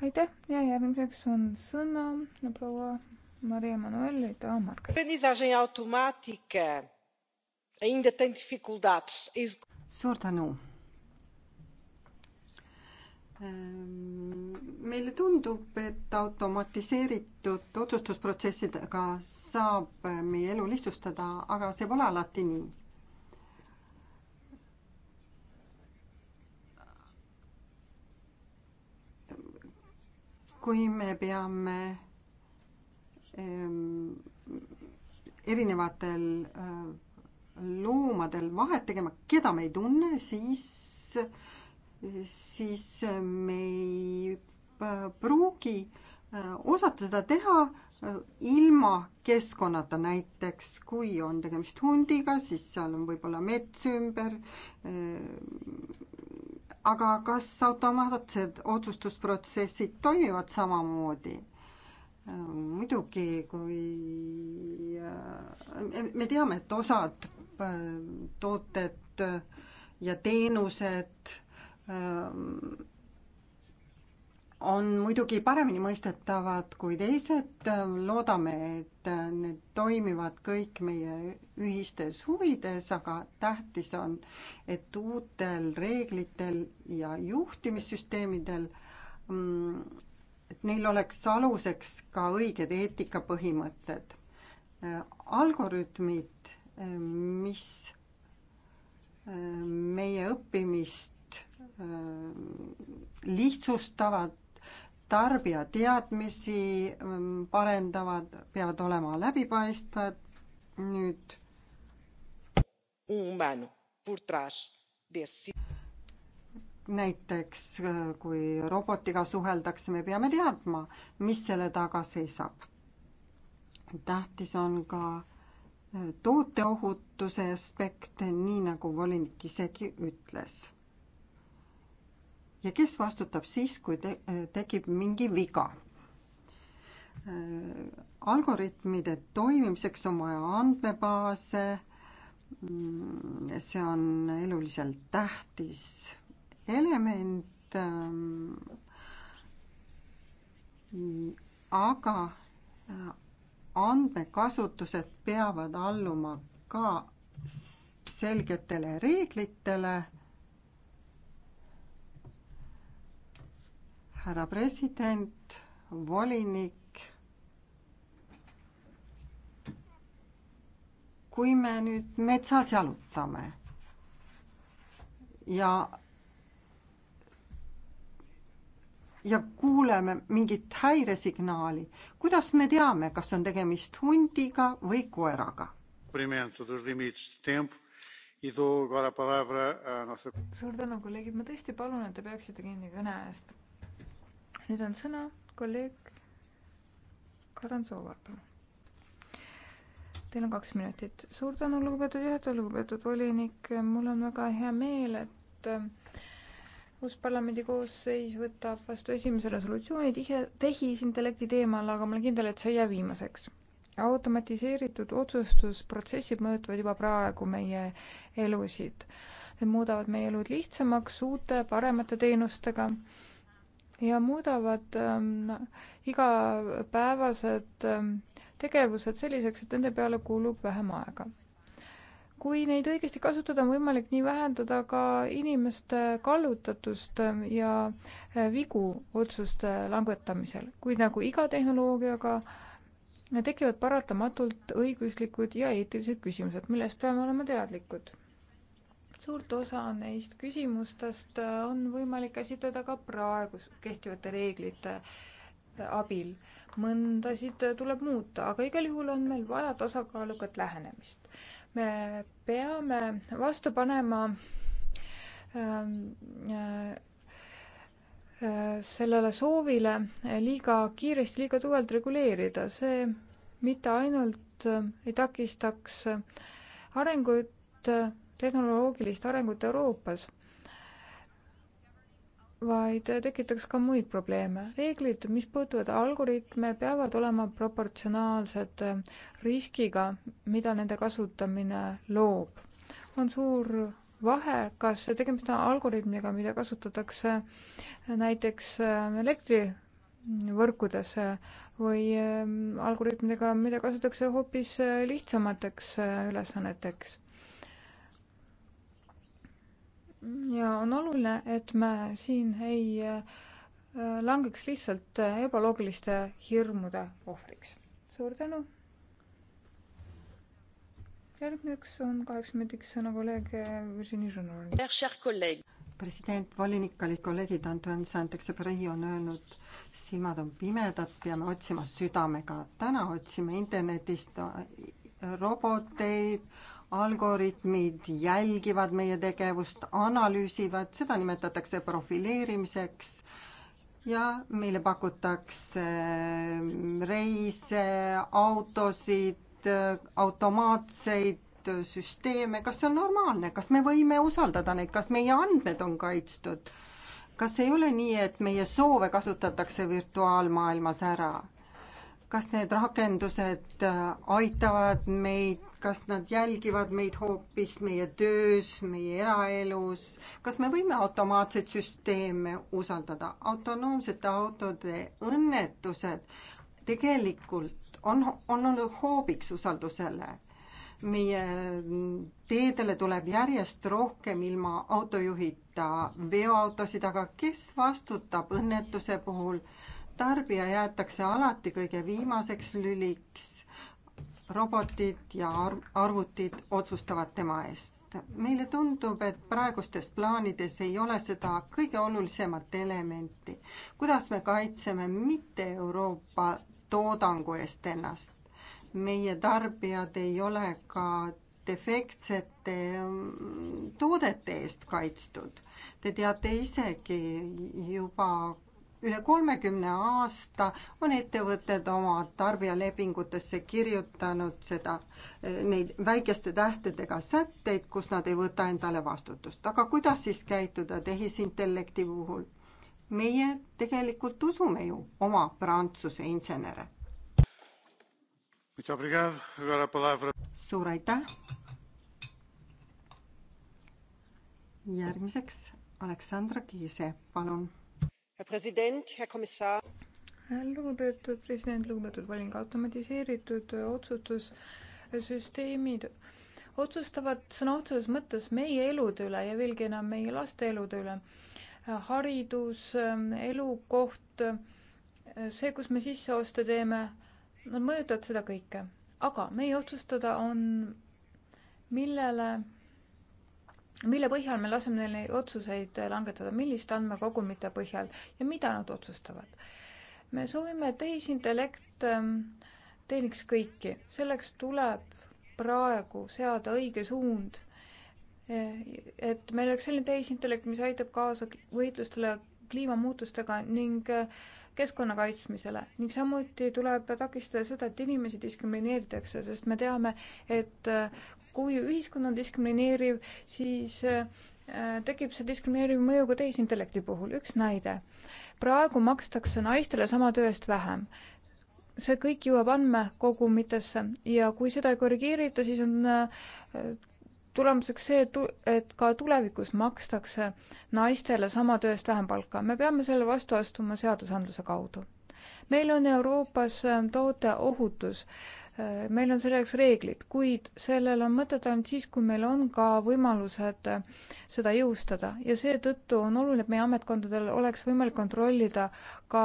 aitäh ja järgmiseks on sõna proua Maria Manuel Leto Marx. suur tänu meile tundub, et automatiseeritud otsustusprotsessidega saab meie elu lihtsustada, aga see pole alati nii. kui me peame ehm, erinevatel äh, loomadel vahet tegema, keda me ei tunne, siis, siis me ei äh, pruugi äh, osata seda teha ilma keskkonnata, näiteks kui on tegemist hundiga, siis seal on võib-olla mets ümber, aga kas automaatsed otsustusprotsessid toimivad samamoodi? muidugi, kui äh, me teame, et osad äh, tooted ja teenused äh, on muidugi paremini mõistetavad kui teised, loodame, et need toimivad kõik meie ühistes huvides, aga tähtis on, et uutel reeglitel ja juhtimissüsteemidel, mm, et neil oleks aluseks ka õiged eetikapõhimõtted. Algorütmid, mis mm, meie õppimist mm, lihtsustavad, tarbija teadmisi ähm, parendavad, peavad olema läbipaistvad, nüüd näiteks äh, kui robotiga suheldakse, me peame teadma, mis selle taga seisab. tähtis on ka äh, tooteohutuse aspekt, nii nagu volinik isegi ütles ja kes vastutab siis, kui te-, tekib mingi viga? Äh, algoritmide toimimiseks on vaja andmebaase, mm, see on eluliselt tähtis element, ähm, aga äh, andmekasutused peavad alluma ka selgetele reeglitele härra president, volinik. kui me nüüd metsas jalutame ja ja kuuleme mingit häiresignaali, kuidas me teame, kas on tegemist hundiga või koeraga? E suur tänu, kolleegid, ma tõesti palun, et te peaksite kinni kõne eest nüüd on sõna kolleeg Karantsov, palun. Teil on kaks minutit. suur tänu, lugupeetud juhataja, lugupeetud volinik. mul on väga hea meel, et äh, uus parlamendi koosseis võtab vastu esimese resolutsiooni tihe, tehisintellekti teemal, aga ma olen kindel, et see ei jää viimaseks. automatiseeritud otsustusprotsessid mõjutavad juba praegu meie elusid. Need muudavad meie elud lihtsamaks, uute, paremate teenustega ja muudavad ähm, igapäevased ähm, tegevused selliseks, et nende peale kulub vähem aega. kui neid õigesti kasutada, on võimalik nii vähendada ka inimeste kallutatust ähm, ja äh, vigu otsuste langetamisel, kuid nagu iga tehnoloogiaga tekivad paratamatult õiguslikud ja eetilised küsimused, millest peame olema teadlikud suurt osa neist küsimustest äh, on võimalik käsitleda ka praegu kehtivate reeglite äh, abil. mõndasid äh, tuleb muuta, aga igal juhul on meil vaja tasakaalukat lähenemist. me peame vastu panema ähm, äh, sellele soovile liiga kiiresti, liiga tugevalt reguleerida, see mitte ainult ei takistaks arengut, tehnoloogilist arengut Euroopas, vaid tekitaks ka muid probleeme. reeglid, mis puutuvad algoritme, peavad olema proportsionaalsed riskiga, mida nende kasutamine loob. on suur vahe, kas tegemist on algoritmiga, mida kasutatakse näiteks elektrivõrkudes või ähm, algoritmidega, mida kasutatakse hoopis lihtsamateks äh, ülesanneteks ja on oluline, et me siin ei äh, langeks lihtsalt äh, ebaloogiliste hirmude ohvriks. suur tänu! järgmiseks on kaheks minutiks sõna kolleeg äh, Virginie Žunovi. president, volinik, kallid kolleegid, Antoine Saint-Exupéry on öelnud, silmad on pimedad, peame otsima südamega. täna otsime internetist roboteid, algoritmid jälgivad meie tegevust, analüüsivad, seda nimetatakse profileerimiseks ja meile pakutakse mm, reise, autosid, automaatseid süsteeme, kas see on normaalne, kas me võime usaldada neid, kas meie andmed on kaitstud? kas ei ole nii, et meie soove kasutatakse virtuaalmaailmas ära? kas need rakendused äh, aitavad meid kas nad jälgivad meid hoopis meie töös, meie eraelus, kas me võime automaatseid süsteeme usaldada, autonoomsete autode õnnetused tegelikult on, on olnud hoobiks usaldusele. meie teedele tuleb järjest rohkem ilma autojuhita veoautosid, aga kes vastutab õnnetuse puhul? tarbija jäetakse alati kõige viimaseks lüliks robotid ja arv, arvutid otsustavad tema eest. meile tundub, et praegustes plaanides ei ole seda kõige olulisemat elementi, kuidas me kaitseme mitte Euroopa toodangu eest ennast. meie tarbijad ei ole ka defektsete mm, toodete eest kaitstud. Te teate isegi juba üle kolmekümne aasta on ettevõtted oma tarbijalepingutesse kirjutanud seda, eh, neid väikeste tähtedega sätteid, kus nad ei võta endale vastutust. aga kuidas siis käituda tehisintellekti puhul? meie tegelikult usume ju oma prantsuse insenere. suur aitäh. järgmiseks Aleksandra Kiise, palun lugupeetud president, lugupeetud volinik, automatiseeritud otsustussüsteemid otsustavad sõna otseses mõttes meie elude üle ja veelgi enam meie laste elude üle. haridus, elukoht, see, kus me sisseoste teeme, nad mõjutavad seda kõike. aga meie otsustada on, millele mille põhjal me laseme neil neid otsuseid langetada, milliste andmekogumite põhjal ja mida nad otsustavad. me soovime, et tehisintellekt ähm, teeniks kõiki, selleks tuleb praegu seada õige suund. E, et meil oleks selline tehisintellekt, mis aitab kaasa võitlustele kliimamuutustega ning äh, keskkonna kaitsmisele ning samuti tuleb takistada seda, et inimesi diskrimineeritakse, sest me teame, et äh, kui ühiskond on diskrimineeriv, siis äh, tekib see diskrimineeriv mõju ka tehisintellekti puhul. üks näide. praegu makstakse naistele sama töö eest vähem. see kõik jõuab andmekogumitesse ja kui seda ei korrigeerita, siis on äh, tulemuseks see, et, et ka tulevikus makstakse naistele sama töö eest vähem palka. me peame selle vastu astuma seadusandluse kaudu. meil on Euroopas tooteohutus äh, meil on selleks reeglid, kuid sellel on mõtet ainult siis, kui meil on ka võimalused seda jõustada ja seetõttu on oluline, et meie ametkondadel oleks võimalik kontrollida ka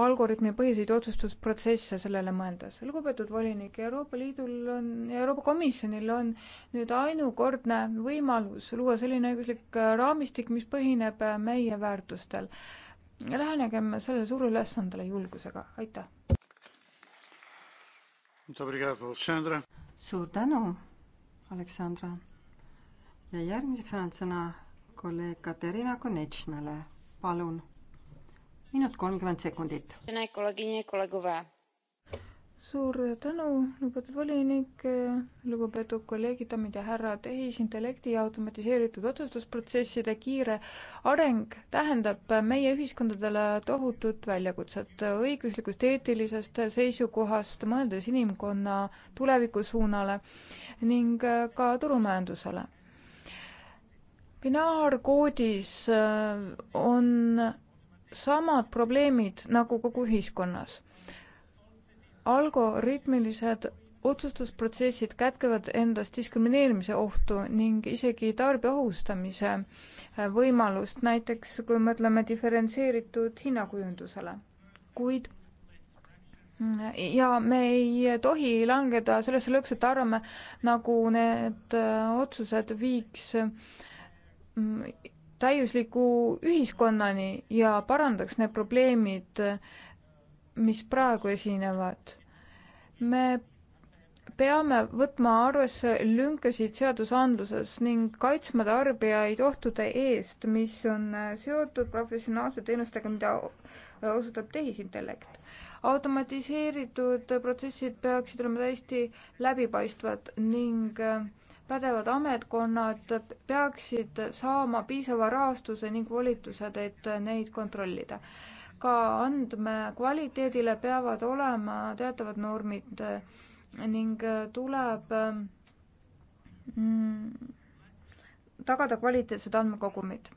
algoritmipõhiseid otsustusprotsesse sellele mõeldes. lugupeetud volinik, Euroopa Liidul on, Euroopa Komisjonil on nüüd ainukordne võimalus luua selline õiguslik raamistik, mis põhineb meie väärtustel. lähenegem sellele suurele ülesandele julgusega, aitäh! suur tänu, Aleksandra. ja järgmiseks annan sõna kolleeg Katerina Konechnale, palun. minut kolmkümmend sekundit suur tänu, lugupeetud volinik, lugupeetud kolleegid, daamid ja härrad, tehisintellekti ja automatiseeritud otsustusprotsesside kiire areng tähendab meie ühiskondadele tohutut väljakutset õiguslikust, eetilisest seisukohast, mõeldes inimkonna tulevikusuunale ning ka turumajandusele. binaarkoodis äh, on samad probleemid nagu kogu ühiskonnas algoritmilised otsustusprotsessid kätkevad endas diskrimineerimise ohtu ning isegi tarbija ohustamise äh, võimalust, näiteks kui mõtleme diferentseeritud hinnakujundusele. kuid mm, ja me ei tohi langeda sellesse lõksu, et arvame, nagu need äh, otsused viiks mm, täiusliku ühiskonnani ja parandaks need probleemid, mis praegu esinevad. me peame võtma arvesse lünkasid seadusandluses ning kaitsma tarbijaid ohtude eest, mis on seotud professionaalse teenustega, mida osutab tehisintellekt. automatiseeritud protsessid peaksid olema täiesti läbipaistvad ning pädevad ametkonnad peaksid saama piisava rahastuse ning volitused, et neid kontrollida ka andmekvaliteedile peavad olema teatavad normid ning tuleb mm, tagada kvaliteetsed andmekogumid.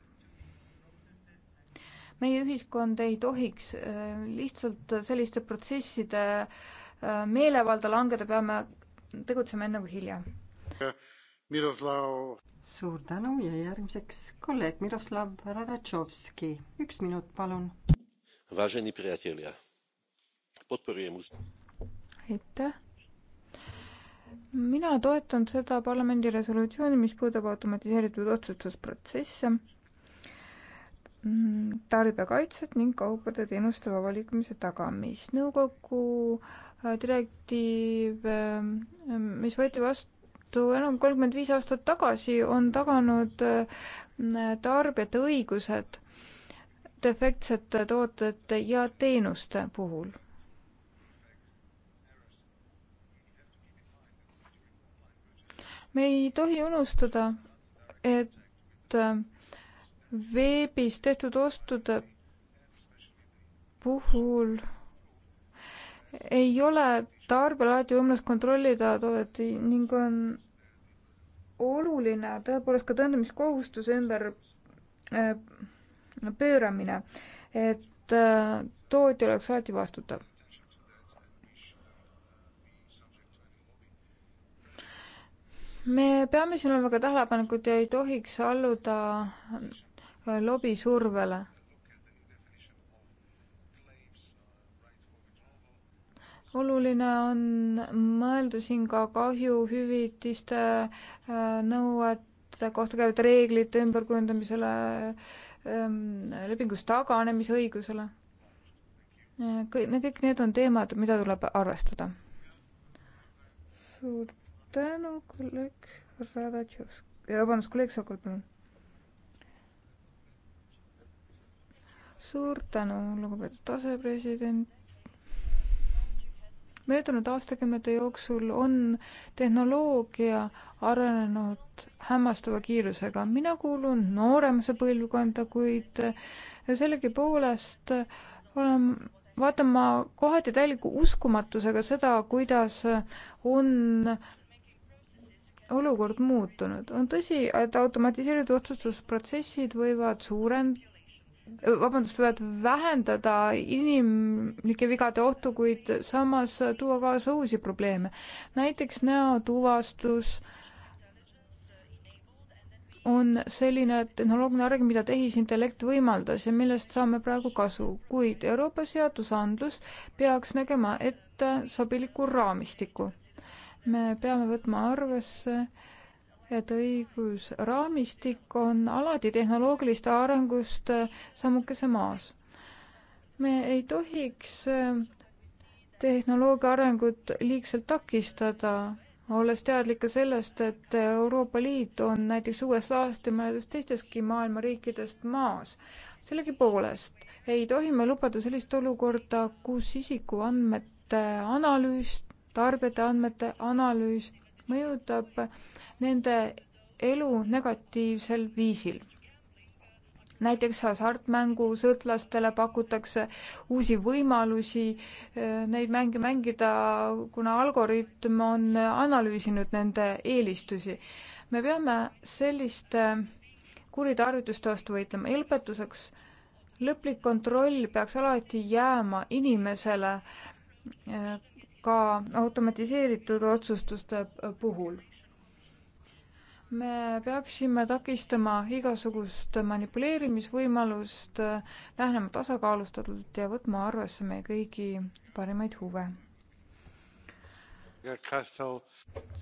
meie ühiskond ei tohiks äh, lihtsalt selliste protsesside äh, meelevalda langeda, peame tegutsema enne kui hilja. Miroslav. suur tänu ja järgmiseks kolleeg Miroslav Radatšovski, üks minut, palun vážení priatelia podporujem aitäh! mina toetan seda parlamendi resolutsiooni, mis puudutab automatiseeritud otsustusprotsesse, mm, tarbijakaitset ning kaupade teenuste vaba liikumise tagamist. nõukogu äh, direktiiv, äh, mis võeti vastu enam kolmkümmend viis aastat tagasi, on taganud äh, tarbijate õigused äh, defektsete toodete ja teenuste puhul. me ei tohi unustada, et veebis tehtud ostude puhul ei ole tarbijal alati võimalus kontrollida toodet ning on oluline tõepoolest ka tõendamiskohustuse ümber äh, pööramine, et äh, tootja oleks alati vastutav. me peame siin olema väga tähelepanelikud ja ei tohiks alluda äh, lobisurvele. oluline on mõelda siin ka kahjuhüvitiste äh, nõuete kohta käivate reeglite ümberkujundamisele äh, lepingust taganemisõigusele. Äh, kõik, need kõik need on teemad, mida tuleb arvestada. suur tänu, kolleeg Radatšovsk, vabandust, kolleeg Sokol, palun. suur tänu, lugupeetud asepresident möödunud aastakümnete jooksul on tehnoloogia arenenud hämmastava kiirusega. mina kuulun nooremasse põlvkonda, kuid sellegipoolest olen, vaatan ma kohati täieliku uskumatusega seda, kuidas on olukord muutunud. on tõsi, et automatiseeritud otsustusprotsessid võivad suurend-, vabandust, võivad vähendada inimlike vigade ohtu, kuid samas tuua kaasa uusi probleeme. näiteks näotuvastus äh,, on selline tehnoloogiline areng, mida tehisintellekt võimaldas ja millest saame praegu kasu, kuid Euroopa seadusandlus peaks nägema ette sobiliku raamistiku. me peame võtma arvesse, et õigusraamistik on alati tehnoloogilist arengust sammukese maas. me ei tohiks tehnoloogia arengut liigselt takistada olles teadlik ka sellest, et Euroopa Liit on näiteks USA-st ja mõnedest teistestki maailma riikidest maas. sellegipoolest ei tohi me lubada sellist olukorda, kus isikuandmete analüüs, tarbijate andmete analüüs mõjutab nende elu negatiivsel viisil näiteks hasartmängusõltlastele pakutakse uusi võimalusi eh, neid mänge mängida, kuna algoritm on analüüsinud nende eelistusi. me peame selliste kuritarvituste vastu võitlema ja lõpetuseks lõplik kontroll peaks alati jääma inimesele eh, ka automatiseeritud otsustuste puhul me peaksime takistama igasugust manipuleerimisvõimalust, lähenema tasakaalustatult ja võtma arvesse meie kõigi parimaid huve.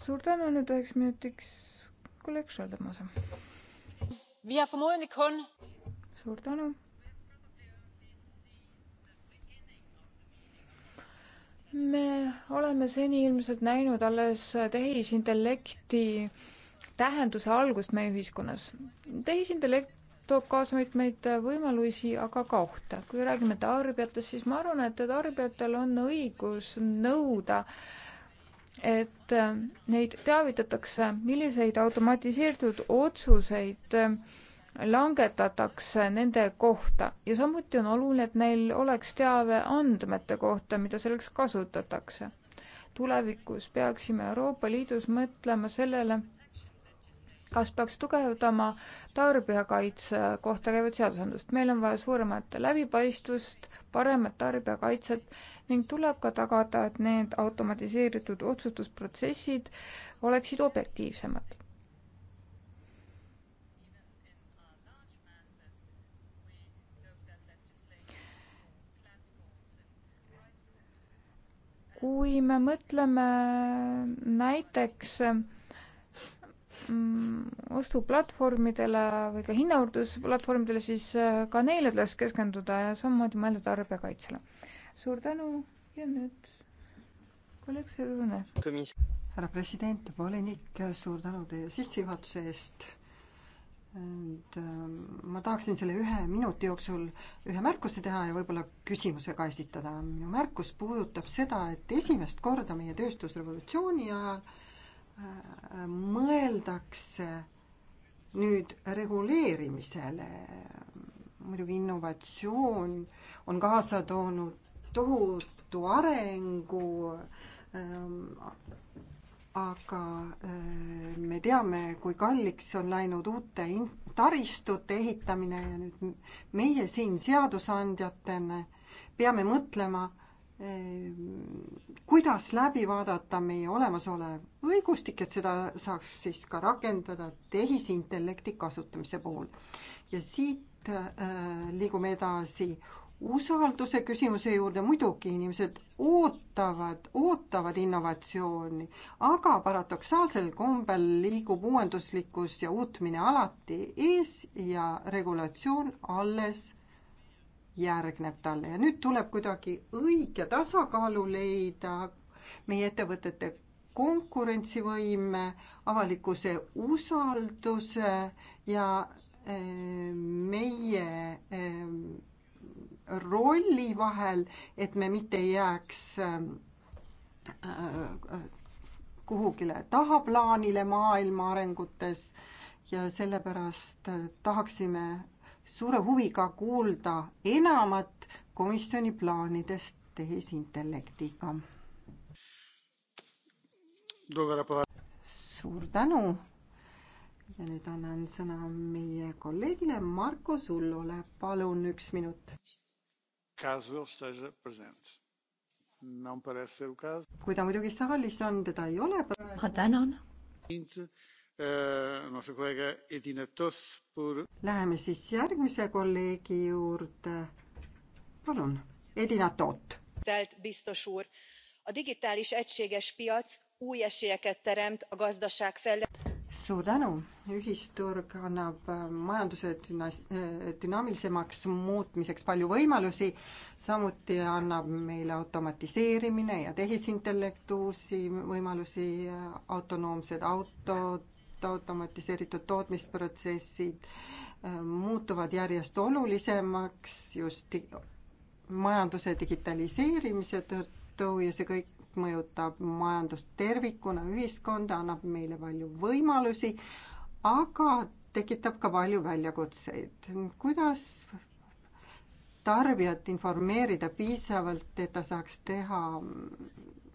suur tänu, nüüd üheks minutiks kolleeg Šaldemose. suur tänu. me oleme seni ilmselt näinud alles tehisintellekti tähenduse algust meie ühiskonnas. tehisintellekt toob kaasa mitmeid võimalusi, aga ka ohte. kui räägime tarbijatest, siis ma arvan, et tarbijatel on õigus nõuda, et äh, neid teavitatakse, milliseid automatiseeritud otsuseid äh, langetatakse nende kohta ja samuti on oluline, et neil oleks teave andmete kohta, mida selleks kasutatakse. tulevikus peaksime Euroopa Liidus mõtlema sellele, kas peaks tugevdama tarbijakaitse kohta käivat seadusandlust. meil on vaja suuremat läbipaistvust, paremat tarbijakaitset ning tuleb ka tagada, et need automatiseeritud otsustusprotsessid oleksid objektiivsemad. kui me mõtleme näiteks Mm, ostuplatvormidele või ka hinnavõrdlusplatvormidele, siis äh, ka neile tuleks keskenduda ja samamoodi mõelda tarbijakaitsele. suur tänu ja nüüd kolleeg Sõrune. härra president, volinik, suur tänu teie sissejuhatuse eest. et ähm, ma tahaksin selle ühe minuti jooksul ühe märkuse teha ja võib-olla küsimuse ka esitada. minu märkus puudutab seda, et esimest korda meie tööstusrevolutsiooni ajal mõeldakse nüüd reguleerimisele. muidugi innovatsioon on kaasa toonud tohutu arengu, aga äh, me teame, kui kalliks on läinud uute taristute ehitamine ja nüüd meie siin seadusandjatena peame mõtlema Ehm, kuidas läbi vaadata meie olemasolev õigustik, et seda saaks siis ka rakendada tehisintellekti kasutamise puhul. ja siit äh, liigume edasi usalduse küsimuse juurde, muidugi inimesed ootavad, ootavad innovatsiooni, aga paradoksaalsel kombel liigub uuenduslikkus ja uutmine alati ees ja regulatsioon alles järgneb talle ja nüüd tuleb kuidagi õige tasakaalu leida meie ettevõtete konkurentsivõime, avalikkuse usalduse ja eh, meie eh, rolli vahel, et me mitte ei jääks eh, kuhugile tahaplaanile maailma arengutes ja sellepärast tahaksime suure huviga kuulda enamat komisjoni plaanidest tehisintellektiga. suur tänu ja nüüd annan sõna meie kolleegile Marko Sullole, palun üks minut. kui ta muidugi saalis on, teda ei ole. ma tänan. Äh, Läheme siis järgmise kolleegi juurde. palun, Edina Toot. suur tänu, ühisturg annab majanduse dünaamilisemaks muutmiseks palju võimalusi, samuti annab meile automatiseerimine ja tehisintellekt uusi võimalusi, autonoomsed autod, automatiseeritud tootmisprotsessid äh, muutuvad järjest olulisemaks just majanduse digitaliseerimise tõttu ja see kõik mõjutab majandust tervikuna, ühiskonda, annab meile palju võimalusi, aga tekitab ka palju väljakutseid. kuidas tarbijat informeerida piisavalt, et ta saaks teha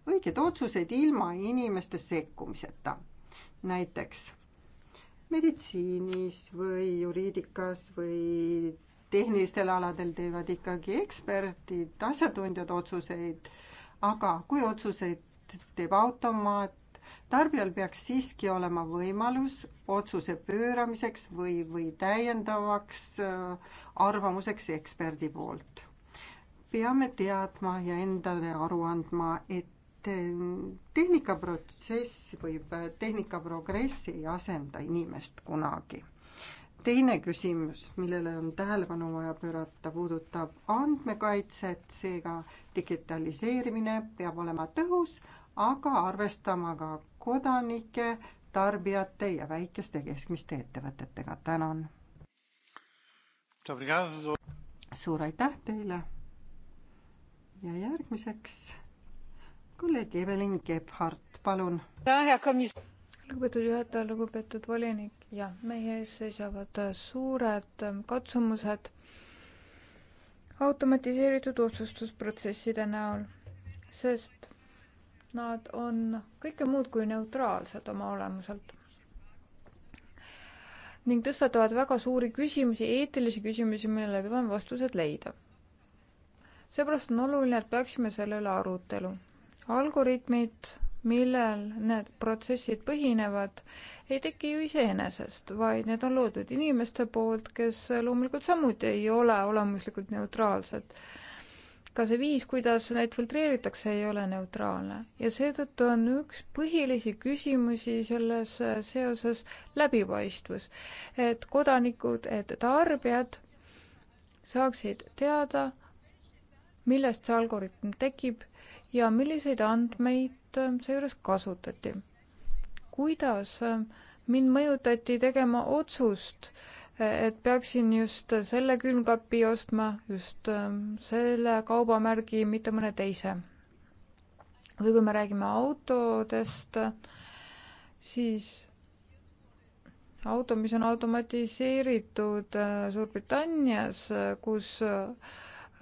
õigeid otsuseid ilma inimeste sekkumiseta. näiteks meditsiinis või juriidikas või tehnilistel aladel teevad ikkagi eksperdid, asjatundjad otsuseid, aga kui otsuseid teeb automaat, tarbijal peaks siiski olema võimalus otsuse pööramiseks või, või täiendavaks äh, arvamuseks eksperdi poolt. peame teadma ja endale aru andma, et Eh, tehnikaprotsess või eh, tehnika progress ei asenda inimest kunagi. teine küsimus, millele on tähelepanu vaja pöörata, puudutab andmekaitset, seega digitaliseerimine peab olema tõhus, aga arvestama ka kodanike, tarbijate ja väikeste keskmiste ettevõtetega. tänan. suur aitäh teile. ja järgmiseks kolleeg Evelyn Gebhardt, palun. lugupeetud juhataja, lugupeetud volinik, jah, meie ees seisavad äh, suured ähm, katsumused automatiseeritud otsustusprotsesside näol, sest nad on kõike muud kui neutraalsed oma olemuselt ning tõstatavad väga suuri küsimusi, eetilisi küsimusi, millele peame vastused leida. seepärast on oluline, et peaksime selle üle arutelu algoritmid, millel need protsessid põhinevad, ei teki ju iseenesest, vaid need on loodud inimeste poolt, kes loomulikult samuti ei ole olemuslikult neutraalsed. ka see viis, kuidas neid filtreeritakse, ei ole neutraalne ja seetõttu on üks põhilisi küsimusi selles seoses läbipaistvus, et kodanikud, et tarbijad saaksid teada, millest see algoritm tekib ja milliseid andmeid äh, seejuures kasutati. kuidas äh, mind mõjutati tegema otsust, äh, et peaksin just selle külmkapi ostma, just selle kaubamärgi, mitte mõne teise. või kui me räägime autodest, siis auto, mis on automatiseeritud Suurbritannias, kus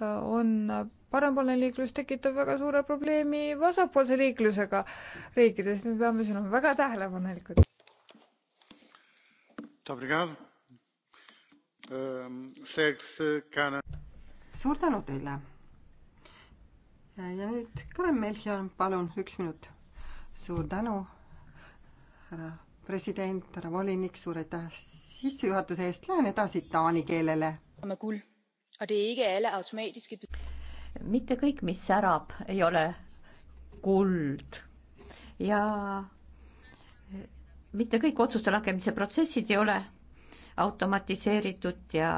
on parempoolne liiklus tekitab väga suure probleemi vasakpoolse liiklusega riikides, me peame siin olema väga tähelepanelikud. Ehm, suur tänu teile. ja nüüd Karen Melchior, palun, üks minut. suur tänu, härra president, härra volinik, suur aitäh sissejuhatuse eest, lähen edasi taani keelele. oleme kuul- Er mitte kõik, mis särab, ei ole kuld ja eh, mitte kõik otsuste langemise protsessid ei ole automatiseeritud ja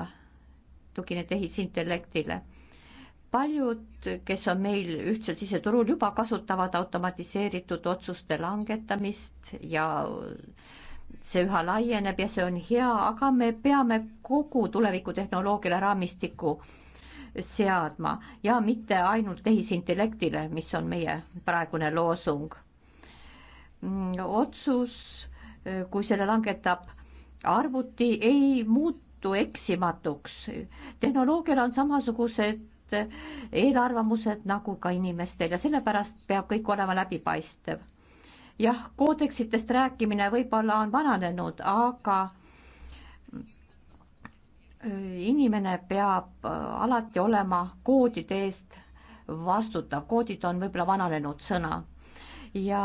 tugine tehisintellektile. paljud, kes on meil ühtsel siseturul, juba kasutavad automatiseeritud otsuste langetamist ja see üha laieneb ja see on hea, aga me peame kogu tulevikutehnoloogiale raamistiku seadma ja mitte ainult tehisintellektile, mis on meie praegune loosung. Mm, otsus, kui selle langetab arvuti, ei muutu eksimatuks. tehnoloogial on samasugused eelarvamused nagu ka inimestel ja sellepärast peab kõik olema läbipaistev jah, koodeksitest rääkimine võib-olla on vananenud, aga äh, inimene peab äh, alati olema koodide eest vastutav, koodid on võib-olla vananenud sõna ja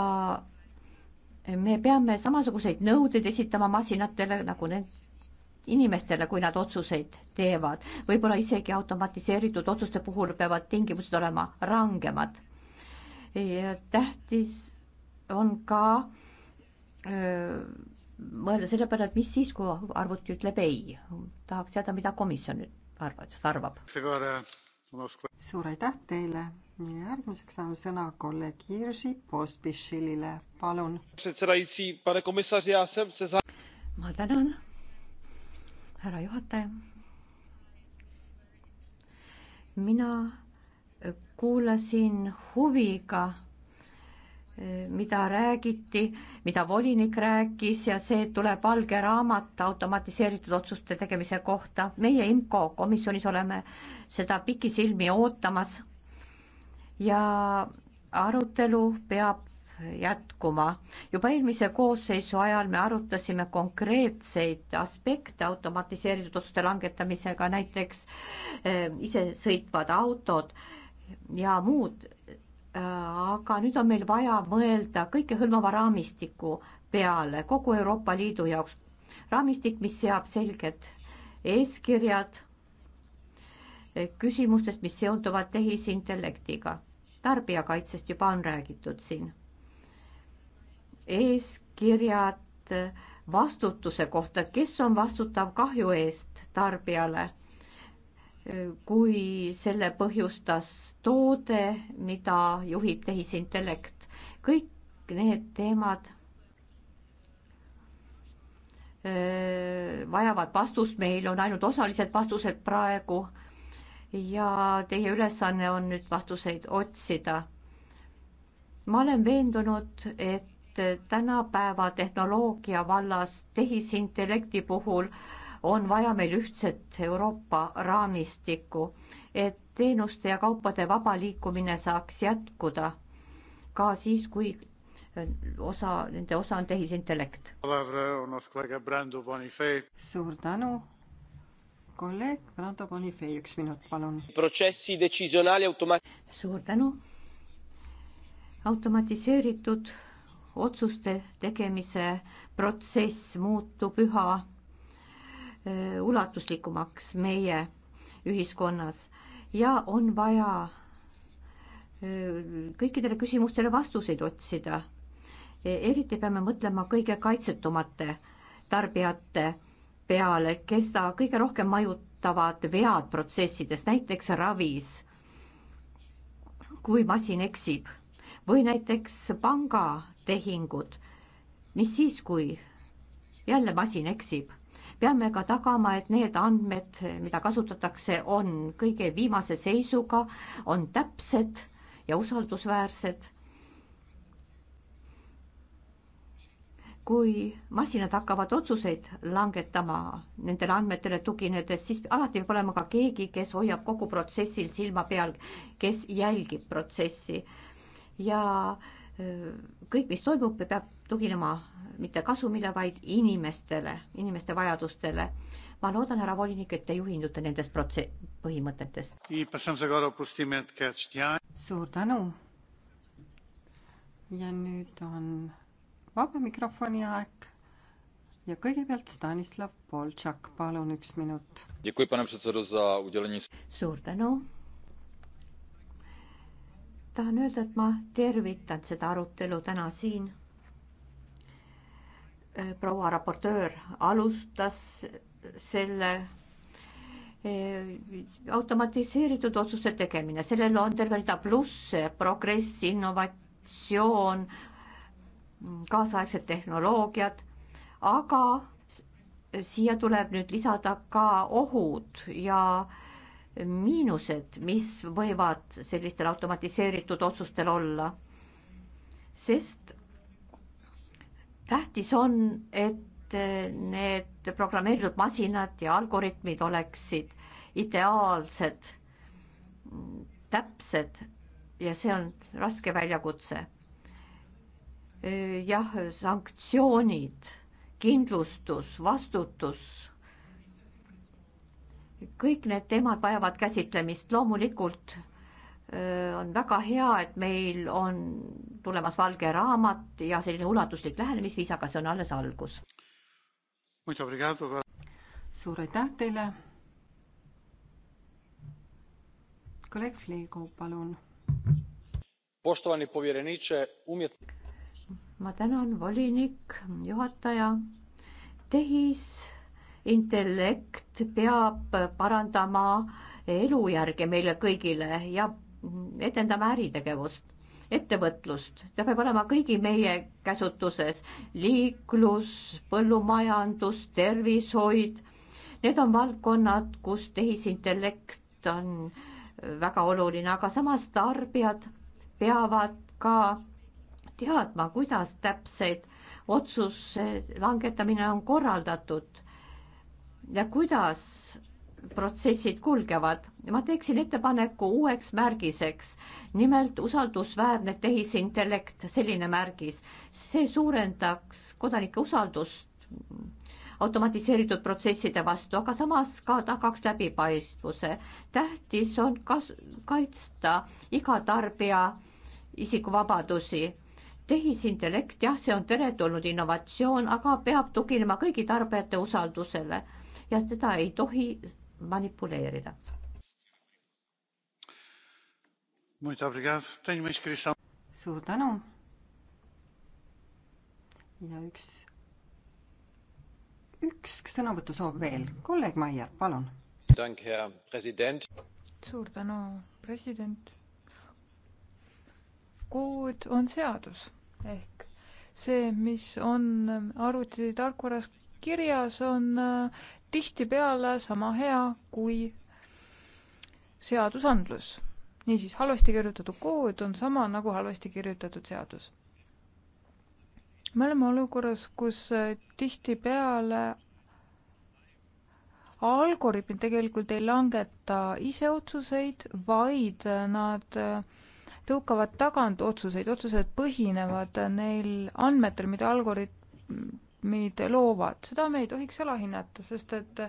me peame samasuguseid nõudeid esitama masinatele nagu need inimestele, kui nad otsuseid teevad, võib-olla isegi automatiseeritud otsuste puhul peavad tingimused olema rangemad. tähtis on ka öö, mõelda selle peale, et mis siis, kui arvuti ütleb ei. tahaks teada, mida komisjon nüüd arvab, arvab. suur aitäh teile. järgmiseks on sõna kolleeg Jirži Pospišilile, palun. ma tänan, härra juhataja. mina kuulasin huviga mida räägiti, mida volinik rääkis ja see tuleb valge raamat automatiseeritud otsuste tegemise kohta. meie IMCO komisjonis oleme seda pikisilmi ootamas. ja arutelu peab jätkuma. juba eelmise koosseisu ajal me arutasime konkreetseid aspekte automatiseeritud otsuste langetamisega, näiteks eh, isesõitvad autod ja muud aga nüüd on meil vaja mõelda kõikehõlmava raamistiku peale kogu Euroopa Liidu jaoks. raamistik, mis seab selged eeskirjad küsimustest, mis seonduvad tehisintellektiga. tarbijakaitsest juba on räägitud siin. eeskirjad vastutuse kohta, kes on vastutav kahju eest tarbijale kui selle põhjustas toode, mida juhib tehisintellekt. kõik need teemad vajavad vastust, meil on ainult osalised vastused praegu ja teie ülesanne on nüüd vastuseid otsida. ma olen veendunud, et tänapäeva tehnoloogia vallas tehisintellekti puhul äh, on vaja meil ühtset Euroopa raamistikku, et teenuste ja kaupade vaba liikumine saaks jätkuda ka siis, kui äh, osa, nende osa on tehisintellekt. suur tänu. kolleeg Brando Bonifei, üks minut, palun. protsessi decisionaali automa-. suur tänu. automatiseeritud otsuste tegemise protsess muutub üha Äh, ulatuslikumaks meie ühiskonnas ja on vaja äh, kõikidele küsimustele vastuseid otsida. E, eriti peame mõtlema kõige kaitsetumate tarbijate peale, keda kõige rohkem majutavad vead protsessides, näiteks ravis, kui masin eksib või näiteks pangatehingud, mis siis, kui jälle masin eksib peame ka tagama, et need andmed, mida kasutatakse, on kõige viimase seisuga, on täpsed ja usaldusväärsed. kui masinad hakkavad otsuseid langetama nendele andmetele tuginedes, siis alati peab olema ka keegi, kes hoiab kogu protsessil silma peal, kes jälgib protsessi ja äh, kõik, mis toimub, peab tuginema mitte kasumile, vaid inimestele, inimeste vajadustele. ma loodan, härra volinik, et te juhindute nendest protse-, põhimõtetest. suur tänu. ja nüüd on vaba mikrofoni aeg ja kõigepealt Stanislav Poltšak, palun üks minut. suur tänu. tahan öelda, et ma tervitan seda arutelu täna siin Äh, proua raportöör alustas selle äh, automatiseeritud otsuste tegemine, sellel on terve rida plusse, progress, innovatsioon, mm, kaasaegsed tehnoloogiad, aga siia tuleb nüüd lisada ka ohud ja miinused, mis võivad sellistel automatiseeritud otsustel olla. sest tähtis on, et eh, need programmeeritud masinad ja algoritmid oleksid ideaalsed, täpsed ja see on raske väljakutse. Eh, jah, sanktsioonid, kindlustus, vastutus, kõik need teemad vajavad käsitlemist, loomulikult on väga hea, et meil on tulemas valge raamat ja selline ulatuslik lähenemisviis, aga see on alles algus. suur aitäh teile. kolleeg Fliigu, palun. ma tänan, volinik, juhataja. tehisintellekt peab parandama elujärge meile kõigile ja edendama äritegevust, ettevõtlust, ta peab olema kõigi meie käsutuses, liiklus, põllumajandus, tervishoid, need on valdkonnad, kus tehisintellekt on väga oluline, aga samas tarbijad peavad ka teadma, kuidas täpseid otsuse langetamine on korraldatud ja kuidas protsessid kulgevad. ma teeksin ettepaneku uueks märgiseks, nimelt usaldusväärne tehisintellekt, selline märgis. see suurendaks kodanike usaldust automatiseeritud protsesside vastu, aga samas ka tagaks läbipaistvuse. tähtis on kas-, kaitsta iga tarbija isikuvabadusi. tehisintellekt, jah, see on teretulnud innovatsioon, aga peab tuginema kõigi tarbijate usaldusele ja teda ei tohi manipuleerida. suur tänu. ja üks, üks sõnavõtusoov veel, kolleeg Maier, palun. suur tänu, president. kood on seadus ehk see, mis on arvutitarkvaras kirjas, on tihtipeale sama hea kui seadusandlus. niisiis, halvasti kirjutatud kood on sama nagu halvasti kirjutatud seadus. me oleme olukorras, kus äh, tihtipeale algoritmid tegelikult ei langeta ise otsuseid, vaid äh, nad äh, tõukavad tagant otsuseid, otsused põhinevad neil andmetel, mida algoritm meid loovad. seda me ei tohiks alahinnata, sest et,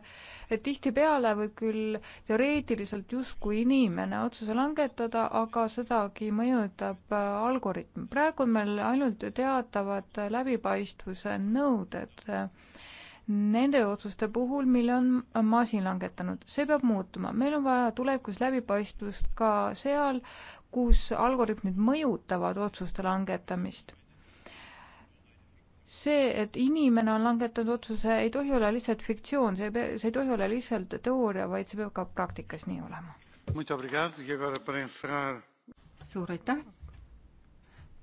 et tihtipeale võib küll teoreetiliselt justkui inimene otsuse langetada, aga sedagi mõjutab äh, algoritm. praegu on meil ainult teatavad läbipaistvuse nõuded äh, nende otsuste puhul, mille on masin langetanud. see peab muutuma. meil on vaja tulevikus läbipaistvust ka seal, kus algoritmid mõjutavad otsuste langetamist see, et inimene on langetanud otsuse, ei tohi olla lihtsalt fiktsioon, see ei pea, see ei tohi olla lihtsalt teooria, vaid see peab ka praktikas nii olema. E suur aitäh.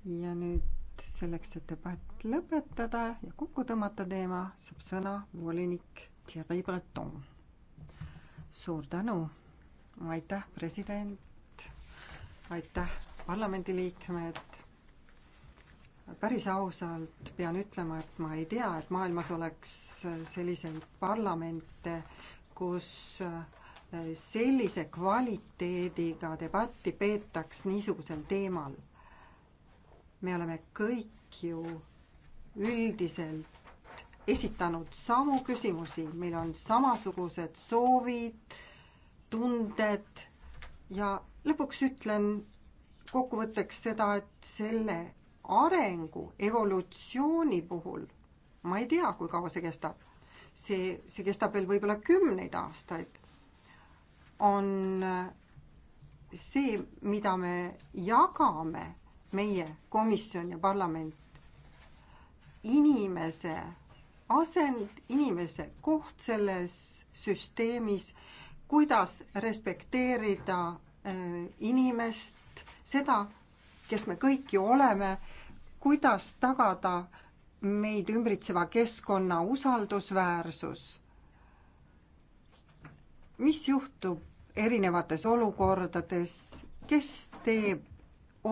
ja nüüd selleks, et debatt lõpetada ja kokku tõmmata teema, saab sõna volinik Thierry Breton. suur tänu. aitäh, president. aitäh, parlamendiliikmed päris ausalt pean ütlema, et ma ei tea, et maailmas oleks selliseid parlamente, kus sellise kvaliteediga debatti peetaks niisugusel teemal. me oleme kõik ju üldiselt esitanud samu küsimusi, meil on samasugused soovid, tunded ja lõpuks ütlen kokkuvõtteks seda, et selle arengu, evolutsiooni puhul ma ei tea, kui kaua see kestab. see, see kestab veel võib-olla kümneid aastaid. on see, mida me jagame, meie komisjon ja parlament, inimese asend, inimese koht selles süsteemis, kuidas respekteerida äh, inimest, seda, kes me kõik ju oleme, kuidas tagada meid ümbritseva keskkonna usaldusväärsus? mis juhtub erinevates olukordades, kes teeb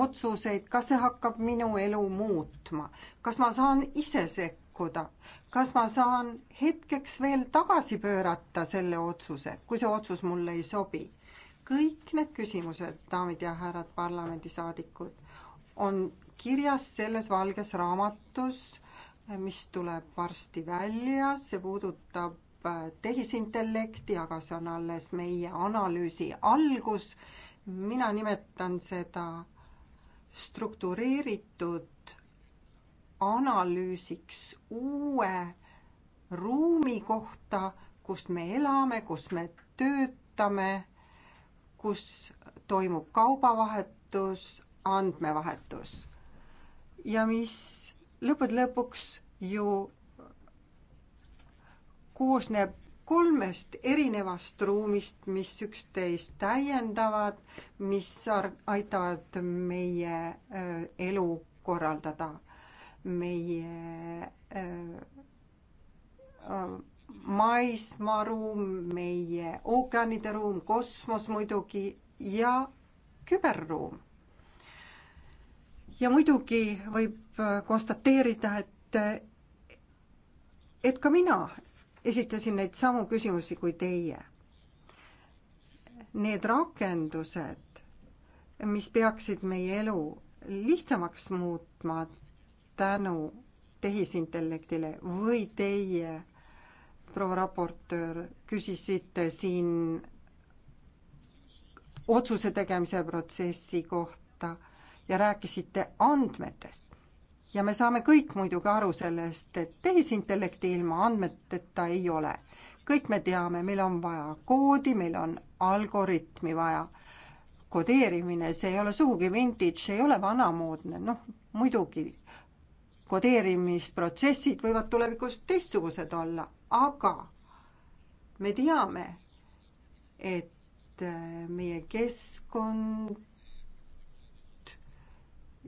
otsuseid, kas see hakkab minu elu muutma, kas ma saan ise sekkuda, kas ma saan hetkeks veel tagasi pöörata selle otsuse, kui see otsus mulle ei sobi? kõik need küsimused, daamid ja härrad parlamendisaadikud, on kirjas selles valges raamatus, mis tuleb varsti välja, see puudutab äh, tehisintellekti, aga see on alles meie analüüsi algus. mina nimetan seda struktureeritud analüüsiks uue ruumi kohta, kus me elame, kus me töötame, kus toimub kaubavahetus, andmevahetus. ja mis lõppude lõpuks ju koosneb kolmest erinevast ruumist, mis üksteist täiendavad, mis aitavad meie äh, elu korraldada, meie äh, äh, maismaaruum, meie ookeanide ruum, kosmos muidugi ja küberruum ja muidugi võib äh, konstateerida, et, äh, et ka mina esitasin neid samu küsimusi kui teie. Need rakendused, mis peaksid meie elu lihtsamaks muutma tänu tehisintellektile või teie, proua raportöör, küsisite siin otsuse tegemise protsessi kohta ja rääkisite andmetest. ja me saame kõik muidugi aru sellest, et tehisintellekti ilma andmeteta ei ole. kõik me teame, meil on vaja koodi, meil on algoritmi vaja. kodeerimine, see ei ole sugugi vintage, ei ole vanamoodne, noh muidugi kodeerimisprotsessid võivad tulevikus teistsugused olla, aga me teame, et äh, meie keskkond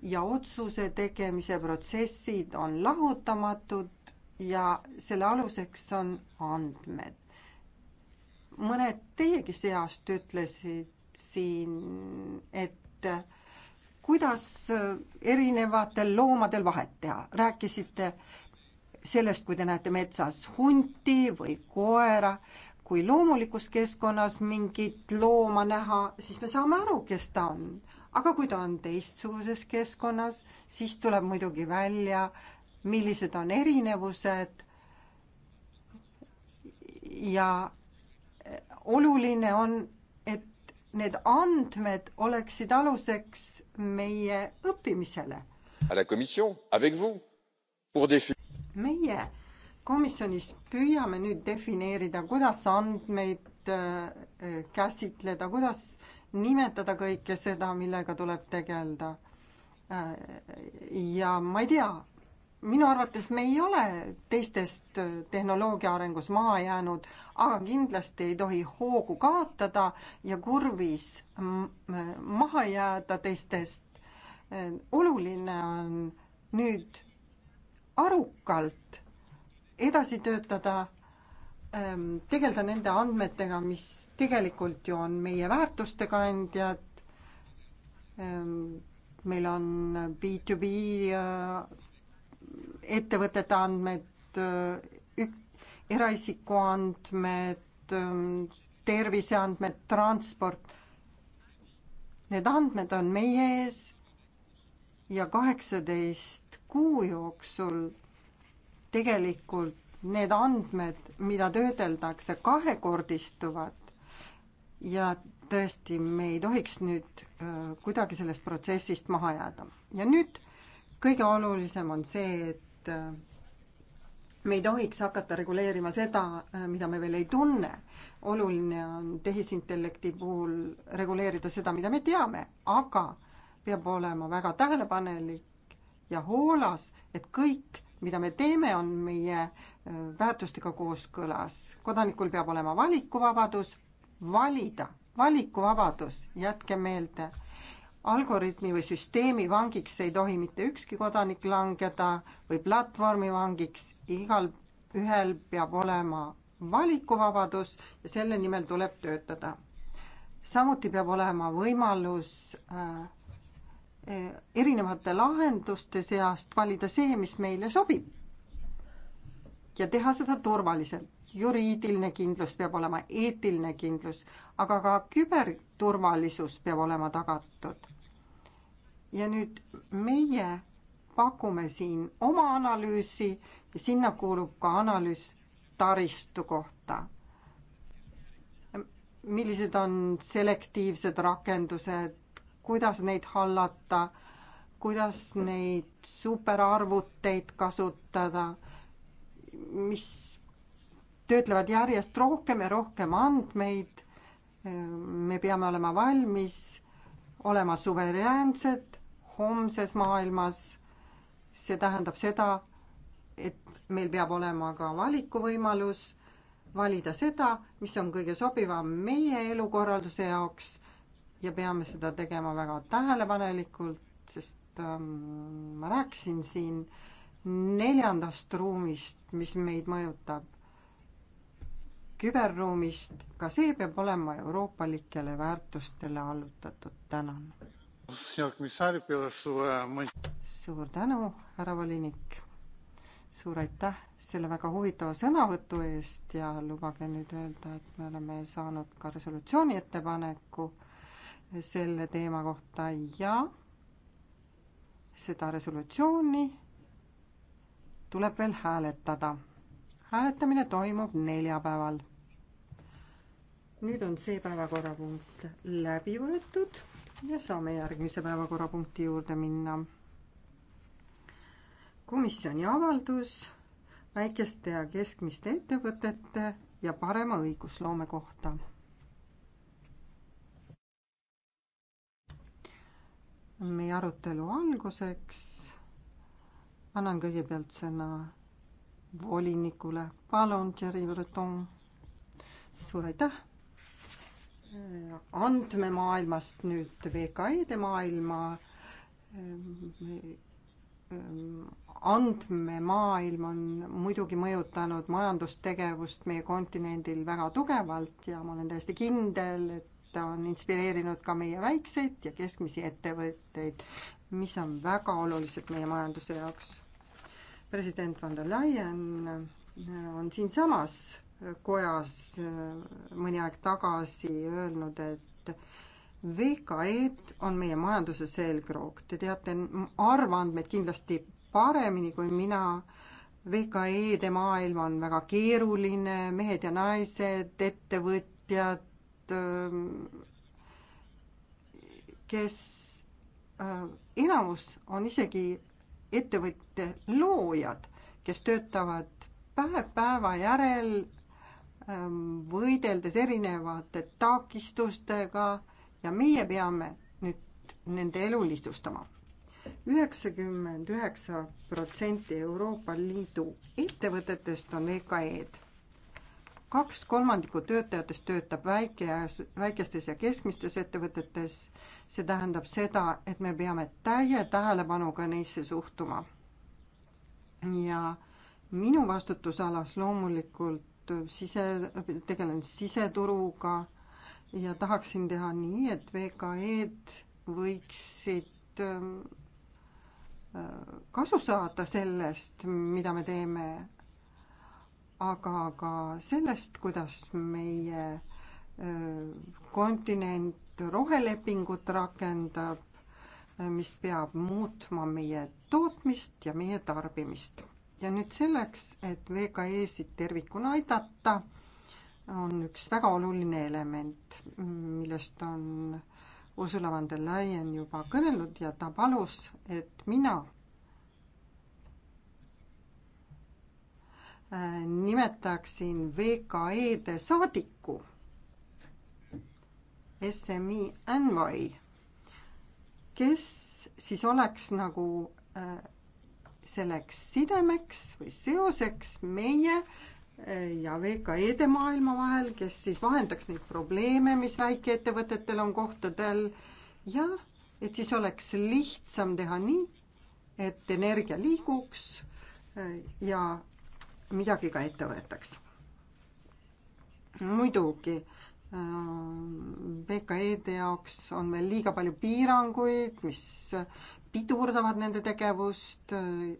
ja otsuse tegemise protsessid on lahutamatud ja selle aluseks on andmed. mõned teiegi seast ütlesid siin, et kuidas erinevatel loomadel vahet teha, rääkisite sellest, kui te näete metsas hunti või koera, kui loomulikus keskkonnas mingit looma näha, siis me saame aru, kes ta on aga kui ta on teistsuguses keskkonnas, siis tuleb muidugi välja, millised on erinevused ja oluline on, et need andmed oleksid aluseks meie õppimisele. meie komisjonis püüame nüüd defineerida, kuidas andmeid äh, käsitleda, kuidas nimetada kõike seda, millega tuleb tegeleda. ja ma ei tea, minu arvates me ei ole teistest tehnoloogia arengus maha jäänud, aga kindlasti ei tohi hoogu kaotada ja kurvis maha jääda teistest. oluline on nüüd arukalt edasi töötada Ähm, tegeleda nende andmetega, mis tegelikult ju on meie väärtuste kandjad. Ähm, meil on B2B äh, ettevõtete andmed, äh, eraisiku andmed, ähm, terviseandmed, transport. Need andmed on meie ees ja kaheksateist kuu jooksul tegelikult need andmed, mida töödeldakse, kahekordistuvad ja tõesti, me ei tohiks nüüd äh, kuidagi sellest protsessist maha jääda. ja nüüd kõige olulisem on see, et äh, me ei tohiks hakata reguleerima seda, äh, mida me veel ei tunne. oluline on tehisintellekti puhul reguleerida seda, mida me teame, aga peab olema väga tähelepanelik ja hoolas, et kõik, mida me teeme, on meie äh, väärtustega kooskõlas. kodanikul peab olema valikuvabadus valida, valikuvabadus, jätke meelde, algoritmi või süsteemi vangiks ei tohi mitte ükski kodanik langeda või platvormi vangiks, igal ühel peab olema valikuvabadus ja selle nimel tuleb töötada. samuti peab olema võimalus äh, e, erinevate lahenduste seast valida see, mis meile sobib ja teha seda turvaliselt. juriidiline kindlus peab olema, eetiline kindlus, aga ka küberturvalisus peab olema tagatud. ja nüüd meie pakume siin oma analüüsi ja sinna kuulub ka analüüs taristu kohta millised on selektiivsed rakendused, kuidas neid hallata, kuidas neid superarvuteid kasutada mis töötlevad järjest rohkem ja rohkem andmeid. me peame olema valmis olema suveräänsed homses maailmas. see tähendab seda, et meil peab olema ka valikuvõimalus valida seda, mis on kõige sobivam meie elukorralduse jaoks ja peame seda tegema väga tähelepanelikult, sest ähm, ma rääkisin siin äh, neljandast ruumist, mis meid mõjutab, küberruumist, ka see peab olema euroopalikele väärtustele allutatud. tänan. suur tänu, härra volinik. suur aitäh selle väga huvitava sõnavõtu eest ja lubage nüüd öelda, et me oleme saanud ka resolutsiooni ettepaneku selle teema kohta ja seda resolutsiooni tuleb veel hääletada. hääletamine toimub neljapäeval. nüüd on see päevakorrapunkt läbi võetud ja saame järgmise päevakorrapunkti juurde minna. komisjoni avaldus väikeste ja keskmiste ettevõtete ja parema õigusloome kohta. meie arutelu alguseks annan kõigepealt sõna volinikule. palun, Thierry Breton. suur aitäh. andmemaailmast nüüd VKE-de maailma. andmemaailm on muidugi mõjutanud majandustegevust meie kontinendil väga tugevalt ja ma olen täiesti kindel, et ta on inspireerinud ka meie väikseid ja keskmisi ettevõtteid, mis on väga olulised meie majanduse jaoks president von der Leyen äh, on siinsamas kojas äh, mõni aeg tagasi öelnud, et VKE-d on meie majanduse selgroog. Te teate arvandmeid kindlasti paremini kui mina. VKE-de maailm on väga keeruline, mehed ja naised, ettevõtjad, ähm, kes äh, enamus on isegi ettevõtte loojad, kes töötavad päev päeva järel ähm, võideldes erinevate takistustega ja meie peame nüüd nende elu lihtsustama. üheksakümmend üheksa protsenti Euroopa Liidu ettevõtetest on EKE-d kaks kolmandikku töötajatest töötab väike, väikestes ja keskmistes ettevõtetes. see tähendab seda, et me peame täie tähelepanuga neisse suhtuma. ja minu vastutusalas loomulikult sise, tegelen siseturuga ja tahaksin teha nii, et VKE-d võiksid ähm, äh, kasu saada sellest, mida me teeme aga ka sellest, kuidas meie kontinent rohelepingut rakendab, mis peab muutma meie tootmist ja meie tarbimist. ja nüüd selleks, et VKE-sid tervikuna aidata, on üks väga oluline element, millest on Ursula von der Leyen juba kõnelnud ja ta palus, et mina Äh, nimetaksin VKE-de saadiku, SMI envoy, kes siis oleks nagu äh, selleks sidemeks või seoseks meie äh, ja VKE-de maailma vahel, kes siis vahendaks neid probleeme, mis väikeettevõtetel on kohtadel ja et siis oleks lihtsam teha nii, et energia liiguks ja midagi ka ette võetaks. muidugi VKE-de äh, jaoks on meil liiga palju piiranguid, mis pidurdavad nende tegevust,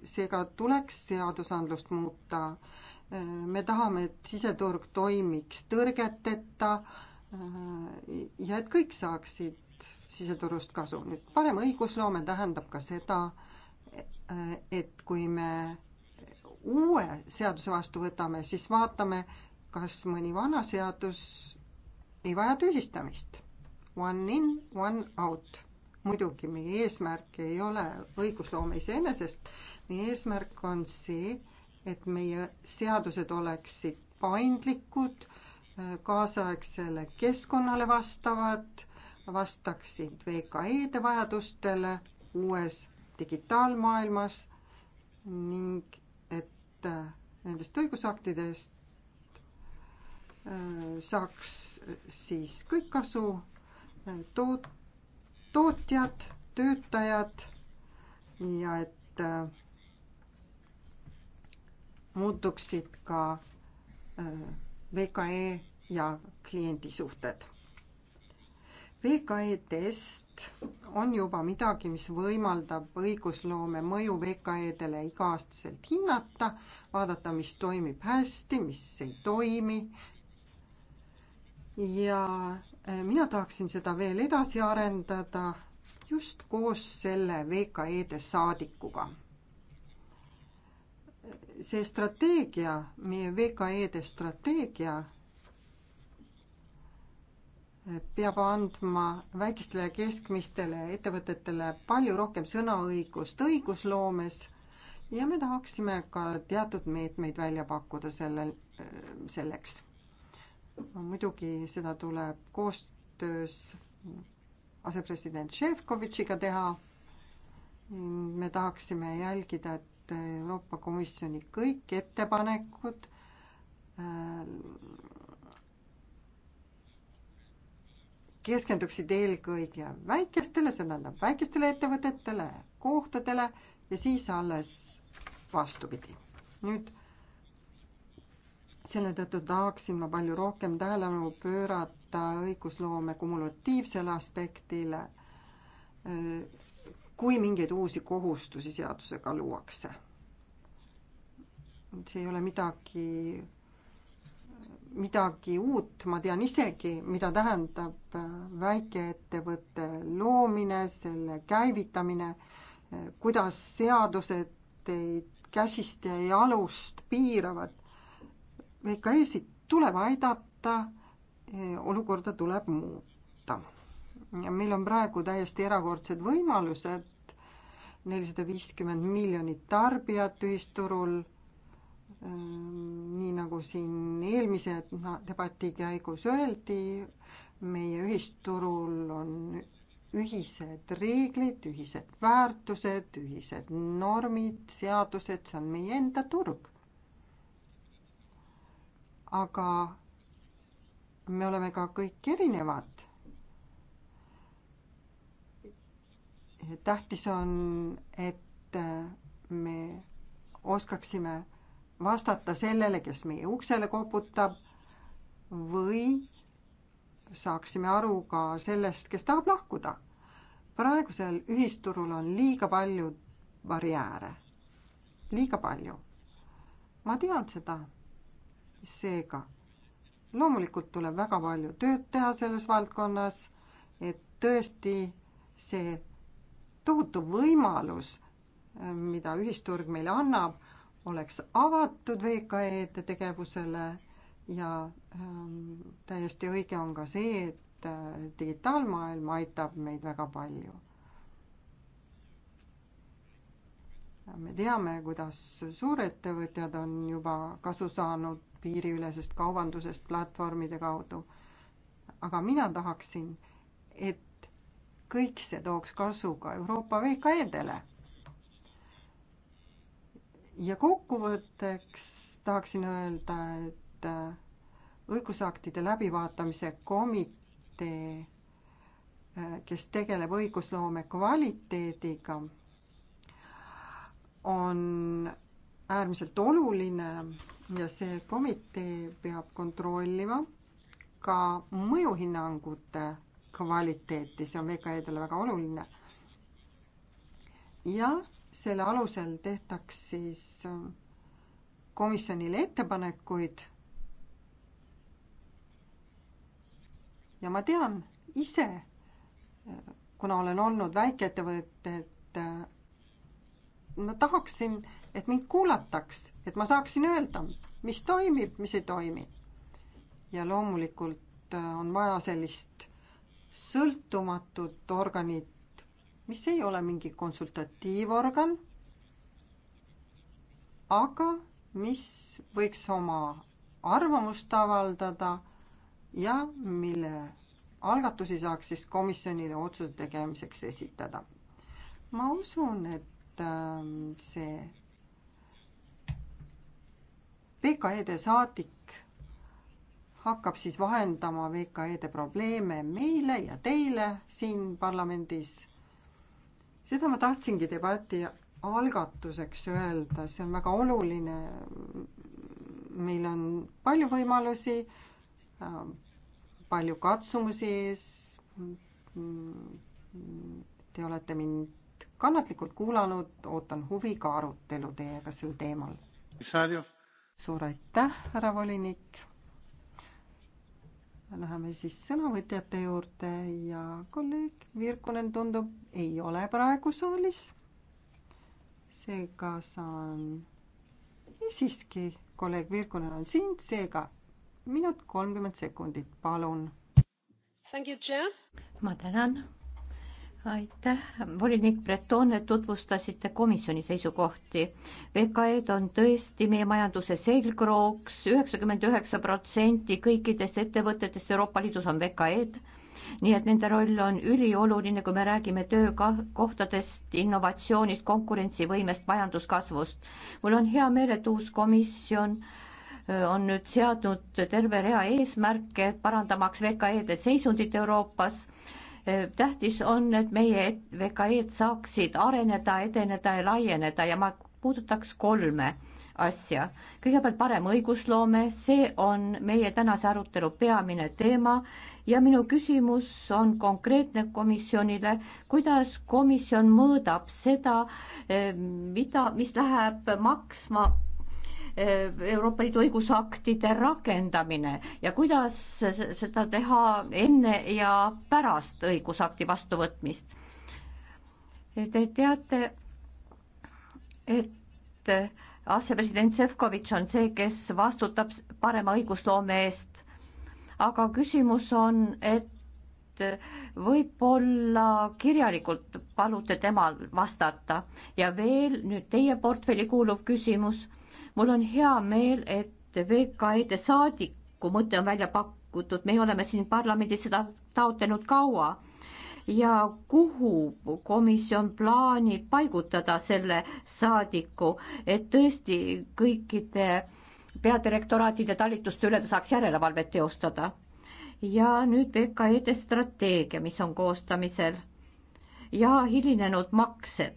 seega tuleks seadusandlust muuta. Äh, me tahame, et siseturg toimiks tõrgeteta äh, ja et kõik saaksid siseturust kasu. nüüd parem õigusloome tähendab ka seda, et kui me uue seaduse vastu võtame, siis vaatame, kas mõni vana seadus ei vaja tühistamist. One in, one out. muidugi meie eesmärk ei ole õigusloome iseenesest, meie eesmärk on see, et meie seadused oleksid paindlikud, kaasaegsele keskkonnale vastavad, vastaksid VKE-de vajadustele uues digitaalmaailmas ning Äh, nendest õigusaktidest äh, saaks äh, siis kõik kasu, toot-, tootjad, töötajad ja et muutuksid ka VKE ja kliendi suhted VKE-dest on juba midagi, mis võimaldab õigusloome mõju VKE-dele iga-aastaselt hinnata, vaadata, mis toimib hästi, mis ei toimi. ja eh, mina tahaksin seda veel edasi arendada just koos selle VKE-de saadikuga. see strateegia, meie VKE-de strateegia peab andma väikestele ja keskmistele ettevõtetele palju rohkem sõnaõigust õigusloomes ja me tahaksime ka teatud meetmeid välja pakkuda sellel, selleks. muidugi seda tuleb koostöös asepresident Šefkovitšiga teha. me tahaksime jälgida, et Euroopa Komisjoni kõik ettepanekud äh, keskenduksid eelkõige väikestele, see tähendab väikestele ettevõtetele, kohtadele ja siis alles vastupidi. nüüd selle tõttu tahaksin ma palju rohkem tähelepanu pöörata õigusloome kumulatiivsele aspektile, kui mingeid uusi kohustusi seadusega luuakse. see ei ole midagi midagi uut, ma tean isegi, mida tähendab äh, väikeettevõtte loomine, selle käivitamine, äh, kuidas seadused teid käsist ja jalust piiravad. VKE-sid tuleb aidata, äh, olukorda tuleb muuta. meil on praegu täiesti erakordsed võimalused, nelisada viiskümmend miljonit tarbijat ühisturul Ehm, nii nagu siin eelmise debati käigus öeldi, meie ühisturul on ühised reeglid, ühised väärtused, ühised normid, seadused, see on meie enda turg. aga me oleme ka kõik erinevad. tähtis on, et me oskaksime vastata sellele, kes meie uksele koputab või saaksime aru ka sellest, kes tahab lahkuda. praegusel ühisturul on liiga palju barjääre, liiga palju. ma tean seda. seega loomulikult tuleb väga palju tööd teha selles valdkonnas, et tõesti see tohutu võimalus, mida ühisturg meile annab, oleks avatud VKE-de tegevusele ja ähm, täiesti õige on ka see, et äh, digitaalmaailm aitab meid väga palju. me teame, kuidas suurettevõtjad on juba kasu saanud piiriülesest kaubandusest platvormide kaudu. aga mina tahaksin, et kõik see tooks kasu ka Euroopa VKE-dele ja kokkuvõtteks tahaksin öelda, et äh, õigusaktide läbivaatamise komitee, äh, kes tegeleb õigusloome kvaliteediga, on äärmiselt oluline ja see komitee peab kontrollima ka mõjuhinnangute kvaliteeti, see on VKE-dele väga oluline. jah selle alusel tehtaks siis äh, komisjonile ettepanekuid. ja ma tean ise, äh, kuna olen olnud väikeettevõtte, et äh, ma tahaksin, et mind kuulataks, et ma saaksin öelda, mis toimib, mis ei toimi. ja loomulikult on vaja sellist sõltumatut organit, mis ei ole mingi konsultatiivorgan, aga mis võiks oma arvamust avaldada ja mille algatusi saaks siis komisjonile otsuse tegemiseks esitada. ma usun, et ähm, see VKE-de saadik hakkab siis vahendama VKE-de probleeme meile ja teile siin parlamendis seda ma tahtsingi debati algatuseks öelda, see on väga oluline. meil on palju võimalusi, palju katsumusi ees. Te olete mind kannatlikult kuulanud, ootan huviga arutelu teiega sel teemal. suur aitäh, härra volinik läheme siis sõnavõtjate juurde ja kolleeg Virkonen tundub, ei ole praegu saalis. seega saan, siiski kolleeg Virkonen on siin, seega minut kolmkümmend sekundit, palun. ma tänan aitäh, volinik Breton, et tutvustasite komisjoni seisukohti. VKE-d on tõesti meie majanduse selgrooks, üheksakümmend üheksa protsenti kõikidest ettevõtetest Euroopa Liidus on VKE-d, nii et nende roll on ülioluline, kui me räägime töökohtadest, innovatsioonist, konkurentsivõimest, majanduskasvust. mul on hea meel, et uus komisjon äh, on nüüd seadnud terve rea eesmärke, parandamaks VKE-de seisundit Euroopas Äh, tähtis on, et meie VKE-d saaksid areneda, edeneda ja laieneda ja ma puudutaks kolme asja. kõigepealt parem õigusloome, see on meie tänase arutelu peamine teema ja minu küsimus on konkreetne komisjonile, kuidas komisjon mõõdab seda, äh, mida, mis läheb maksma Eh, Euroopa Liidu õigusaktide rakendamine ja kuidas seda teha enne ja pärast õigusakti vastuvõtmist. Te teate, et asepresident Sefkovitš on see, kes vastutab parema õigusloome eest. aga küsimus on, et võib-olla kirjalikult palute temal vastata ja veel nüüd teie portfelli kuuluv küsimus mul on hea meel, et VKE-de saadiku mõte on välja pakutud, meie oleme siin parlamendis seda taotlenud kaua ja kuhu komisjon plaanib paigutada selle saadiku, et tõesti kõikide peadirektoraatide talituste üle ta saaks järelevalvet teostada. ja nüüd VKE-de strateegia, mis on koostamisel ja hilinenud maksed.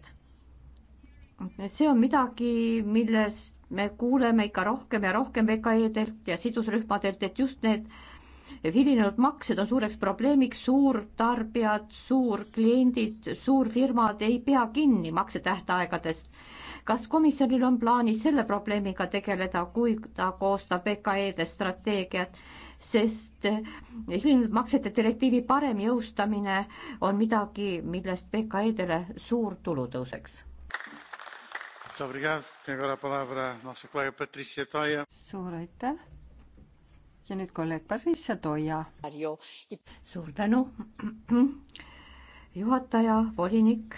see on midagi, millest me kuuleme ikka rohkem ja rohkem VKE-delt ja sidusrühmadelt, et just need hilinenud maksed on suureks probleemiks, suurtarbijad, suurkliendid, suurfirmad ei pea kinni maksetähtaegadest. kas komisjonil on plaanis selle probleemiga tegeleda, kui ta koostab VKE-de strateegiat, sest hilinenud maksete direktiivi parem jõustamine on midagi, millest VKE-dele suur tulu tõuseks? suur aitäh. ja nüüd kolleeg Patricia Toia. suur tänu, juhataja, volinik.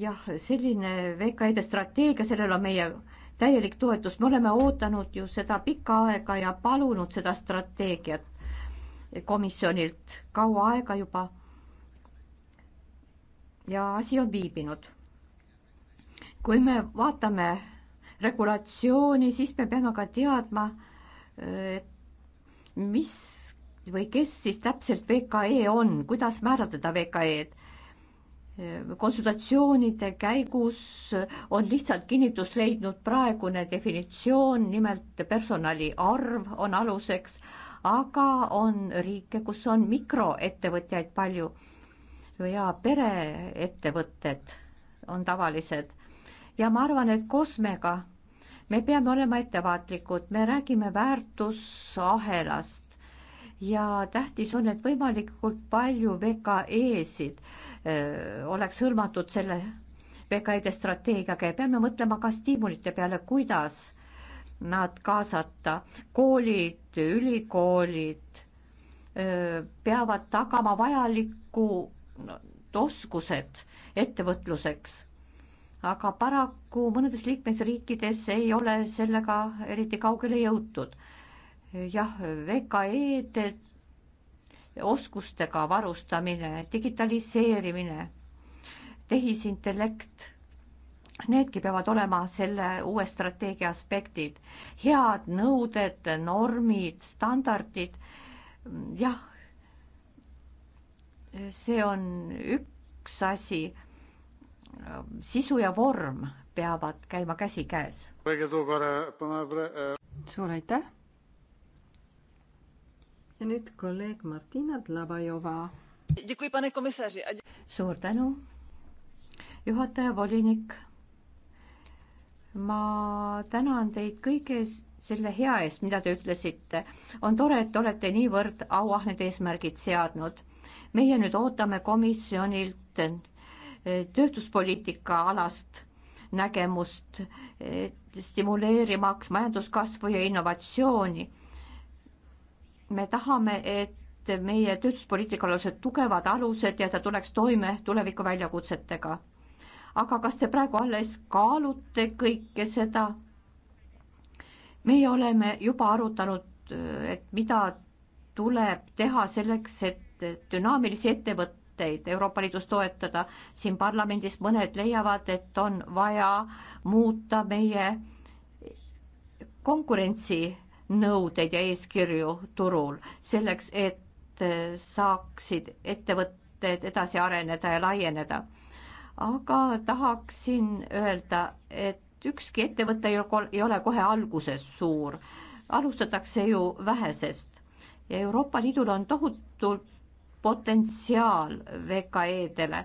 jah, selline VKE-de strateegia, sellel on meie täielik toetus, me oleme oodanud ju seda pikka aega ja palunud seda strateegiat komisjonilt kaua aega juba ja asi on viibinud. kui me vaatame regulatsiooni, siis me peame ka teadma, mis või kes siis täpselt VKE on, kuidas määratleda VKE-d. konsultatsioonide käigus on lihtsalt kinnitust leidnud praegune definitsioon, nimelt personali arv on aluseks, aga on riike, kus on mikroettevõtjaid palju ja pereettevõtted on tavalised. ja ma arvan, et Kosmega me peame olema ettevaatlikud, me räägime väärtusahelast ja tähtis on, et võimalikult palju VKE-sid oleks hõlmatud selle VKE-de strateegiaga ja peame mõtlema ka stiimulite peale, kuidas nad kaasata. koolid, ülikoolid öö, peavad tagama vajaliku oskused ettevõtluseks, aga paraku mõnedes liikmesriikides ei ole sellega eriti kaugele jõutud. jah, VKE-de oskustega varustamine, digitaliseerimine, tehisintellekt needki peavad olema selle uue strateegia aspektid. head nõuded, normid, standardid. jah, see on üks asi. sisu ja vorm peavad käima käsikäes. suur aitäh. ja nüüd kolleeg Martina Dlabajova. suur tänu, juhataja, volinik. ma tänan teid kõige eest selle hea eest, mida te ütlesite. on tore, et olete niivõrd auahned eesmärgid seadnud meie nüüd ootame komisjonilt eh, tööstuspoliitika alast nägemust, stimuleerimaks majanduskasvu ja innovatsiooni. me tahame, et meie tööstuspoliitikal oleksid tugevad alused ja ta tuleks toime tuleviku väljakutsetega. aga kas te praegu alles kaalute kõike seda? meie oleme juba arutanud, eh, et mida tuleb teha selleks, et dünaamilisi ettevõtteid Euroopa Liidus toetada. siin parlamendis mõned leiavad, et on vaja muuta meie konkurentsinõudeid ja eeskirju turul selleks, et eh, saaksid ettevõtted edasi areneda ja laieneda. aga tahaksin öelda, et ükski ettevõte ei ole kohe alguses suur, alustatakse ju vähesest ja Euroopa Liidul on tohutult potentsiaal VKE-dele.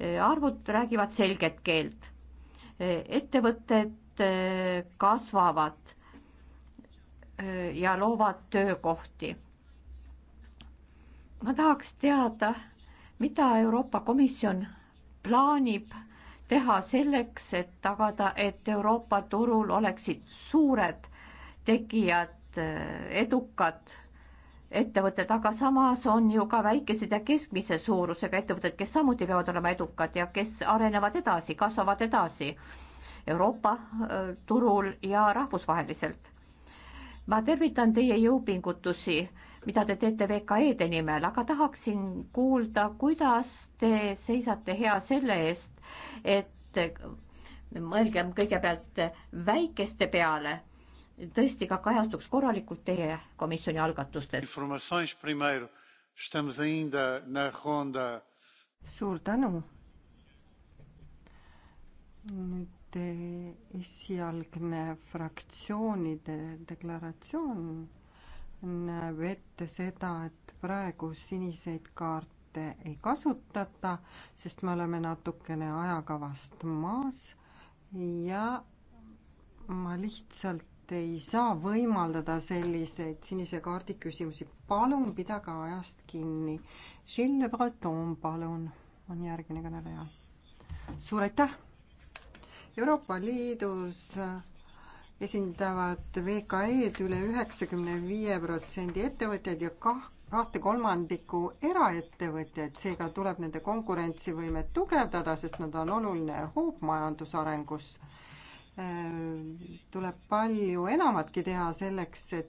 E, arvud räägivad selget keelt. E, ettevõtted e, kasvavad ja loovad töökohti. ma tahaks teada, mida Euroopa Komisjon plaanib teha selleks, et tagada, et Euroopa turul oleksid suured tegijad, edukad ettevõtted, aga samas on ju ka väikesed ja keskmise suurusega ettevõtted, kes samuti peavad olema edukad ja kes arenevad edasi, kasvavad edasi Euroopa turul ja rahvusvaheliselt. ma tervitan teie jõupingutusi, mida te teete VKE-de nimel, aga tahaksin kuulda, kuidas te seisate hea selle eest, et mõelgem kõigepealt väikeste peale tõesti ka kajastuks korralikult teie komisjoni algatustes. suur tänu. nüüd eh, esialgne fraktsioonide deklaratsioon näeb ette seda, et praegu siniseid kaarte ei kasutata, sest me oleme natukene ajakavast maas ja ma lihtsalt ei saa võimaldada selliseid sinise kaardi küsimusi. palun pidage ajast kinni. Gilles Le Breton, palun, on järgmine kõneleja. suur aitäh! Euroopa Liidus esindavad VKE-d üle üheksakümne viie protsendi ettevõtjaid ja kah-, kahte kolmandikku eraettevõtjaid, seega tuleb nende konkurentsivõimet tugevdada, sest nad on oluline hoob majandusarengus Äh, tuleb palju enamatki teha selleks, et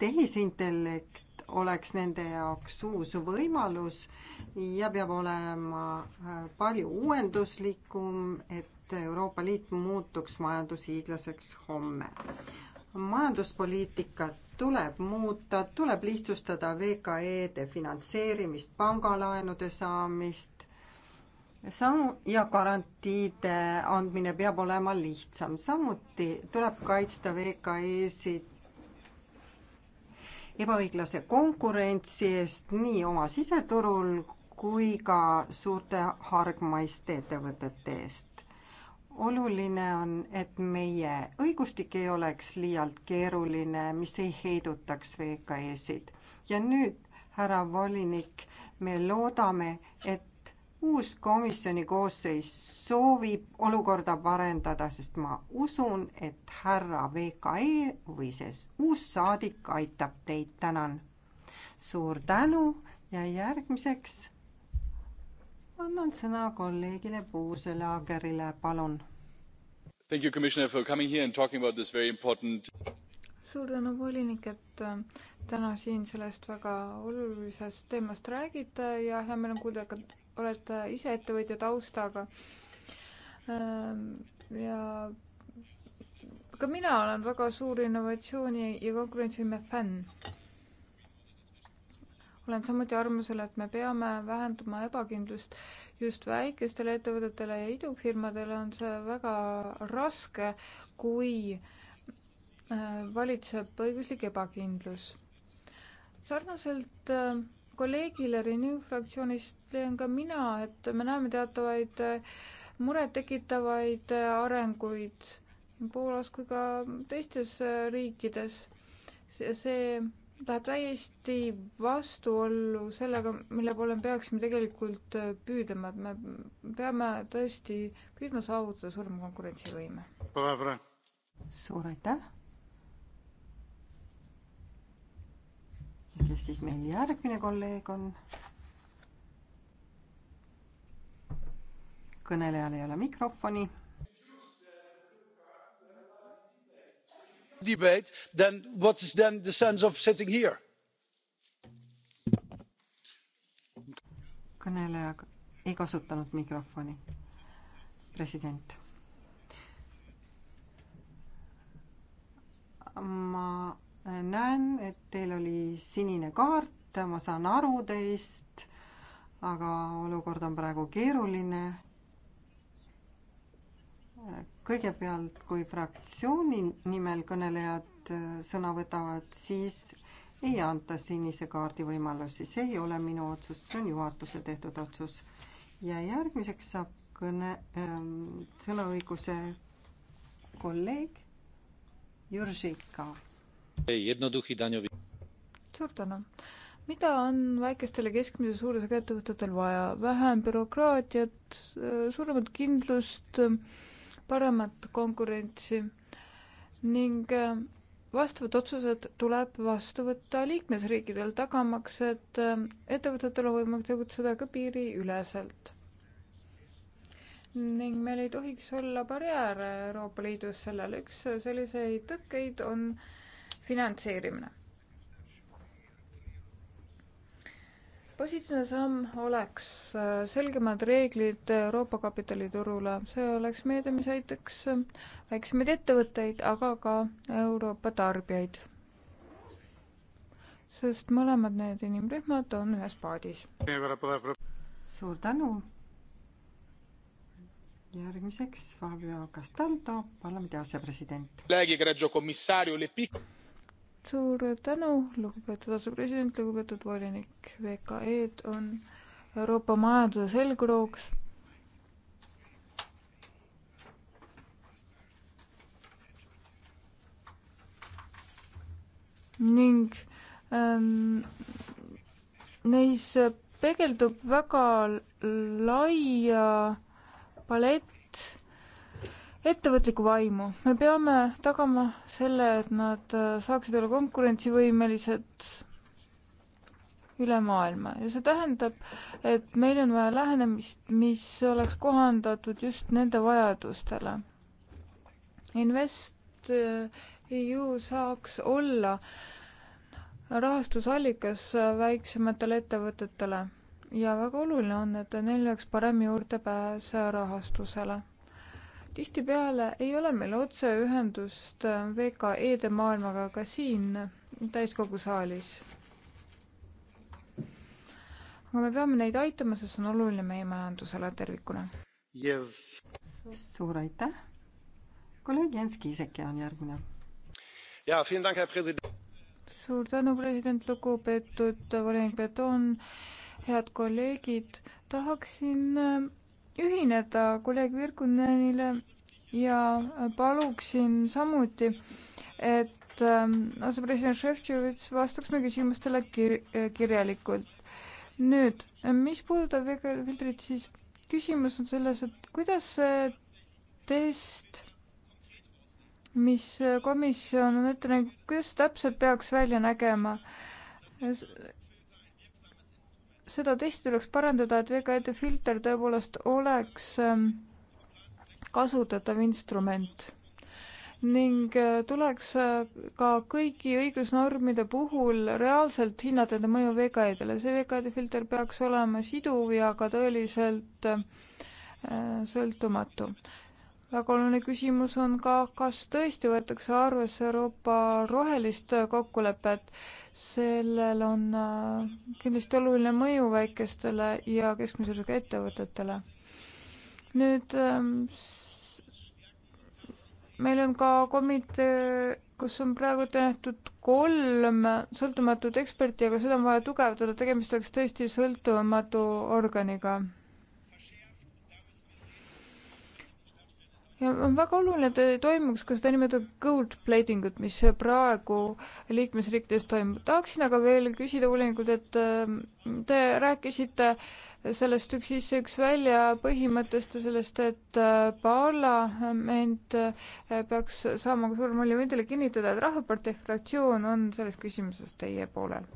tehisintellekt oleks nende jaoks uus võimalus ja peab olema äh, palju uuenduslikum, et Euroopa Liit muutuks majandushiiglaseks homme. majanduspoliitikat tuleb muuta, tuleb lihtsustada VKE-de finantseerimist, pangalaenude saamist, samu- ja garantiide andmine peab olema lihtsam, samuti tuleb kaitsta VKE-sid ebaõiglase konkurentsi eest nii oma siseturul kui ka suurte hargmaiste ettevõtete eest. oluline on, et meie õigustik ei oleks liialt keeruline, mis ei heidutaks VKE-sid. ja nüüd, härra volinik, me loodame, et uus komisjoni koosseis soovib olukorda parendada, sest ma usun, et härra VKE või see uus saadik aitab teid, tänan. suur tänu ja järgmiseks annan sõna kolleegile Puuselaagerile, palun. Thank you, commissioner, for coming here and talking about this very important suur tänu, volinik, et äh, täna siin sellest väga olulisest teemast räägite ja hea meel on kuulda, et olete ise ettevõtja taustaga. Ähm, ja ka mina olen väga suur innovatsiooni ja konkurentsivõime fänn. olen samuti arvamusel, et me peame vähendama ebakindlust just väikestele ettevõtetele ja idufirmadele on see väga raske, kui äh, valitseb õiguslik ebakindlus. sarnaselt äh, kolleegile Renew fraktsioonist teen ka mina, et me näeme teatavaid äh, murettekitavaid äh, arenguid nii Poolas kui ka teistes äh, riikides. see läheb täiesti vastuollu sellega, mille poole me peaksime tegelikult püüdlema, et me peame tõesti püüdma saavutada suurema konkurentsivõime. suur aitäh! ja kes siis meil järgmine kolleeg on? kõnelejal ei ole mikrofoni. debate then what is then the sense of sitting here? kõneleja ei kasutanud mikrofoni. president. ma näen, et teil oli sinine kaart, ma saan aru teist, aga olukord on praegu keeruline. kõigepealt, kui fraktsiooni nimel kõnelejad sõna võtavad, siis ei anta sinise kaardi võimalusi, see ei ole minu otsus, see on juhatuse tehtud otsus. ja järgmiseks saab kõne ähm,, sõnaõiguse kolleeg Jüržika suur tänu. mida on väikestel ja keskmise suurusega ettevõtetel vaja? vähem bürokraatiat, suuremat kindlust, paremat konkurentsi ning eh, vastavad otsused tuleb vastu võtta liikmesriikidel, tagamaks, et eh, ettevõtetel on võimalik tegutseda ka piiriüleselt. ning meil ei tohiks olla barjääre Euroopa Liidus sellele, üks selliseid tõkkeid on äh, finantseerimine. positiivne samm oleks äh, selgemad reeglid Euroopa kapitaliturule, see oleks meede, mis aitaks äh, väiksemaid ettevõtteid, aga ka Euroopa tarbijaid. sest mõlemad need inimrühmad on ühes paadis. suur tänu. järgmiseks Fabio Castaldo, parlamendi asepresident suur tänu, lugupeetud asepresident, lugupeetud volinik. VKE-d on Euroopa majanduse selgrooks. ning ähm, neis peegeldub väga laia palett ettevõtlikku vaimu. me peame tagama selle, et nad äh, saaksid olla konkurentsivõimelised üle maailma ja see tähendab, et meil on vaja lähenemist, mis oleks kohandatud just nende vajadustele. InvestEU äh, saaks olla rahastusallikas äh, väiksematele ettevõtetele ja väga oluline on, et neil oleks parem juurdepääs rahastusele tihtipeale ei ole meil otseühendust VKE-de maailmaga ka siin täiskogu saalis. aga me peame neid aitama, sest see on oluline meie majandusele tervikuna yes.. suur aitäh. kolleeg Jens Kiiseke on järgmine. jaa, suur tänu, president, lugupeetud volinik Beton, head kolleegid, tahaksin ühineda kolleeg Virkunenile ja paluksin samuti, et ähm, asepresident Šeftšovitš vastaks meie küsimustele kir äh, kirjalikult. nüüd, mis puudutab veganfiltrit, siis küsimus on selles, et kuidas see test, mis komisjon on ette näinud, kuidas see täpselt peaks välja nägema? seda testi tuleks parandada, et VKD filter tõepoolest oleks ähm, kasutatav instrument ning äh, tuleks äh, ka kõigi õigusnormide puhul reaalselt hinnata nende mõju VKD-le. see VKD filter peaks olema siduv ja ka tõeliselt äh, sõltumatu. väga oluline küsimus on ka, kas tõesti võetakse arvesse Euroopa rohelist kokkulepet sellel on äh, kindlasti oluline mõju väikestele ja keskmise suurusega ettevõtetele. nüüd ähm, meil on ka komitee, kus on praegu ette nähtud kolm sõltumatut eksperti, aga seda on vaja tugevdada, tegemist oleks tõesti sõltumatu organiga ja on väga oluline, et toimuks ka seda nimetatud gold plating ut, mis praegu liikmesriikides toimub. tahaksin aga veel küsida uuringut, et ähm, te rääkisite sellest üks sisse, üks välja põhimõttest ja sellest, et äh, parlament äh, peaks saama ka suurem rolli. võin teile kinnitada, et Rahvapartei fraktsioon on selles küsimuses teie poolel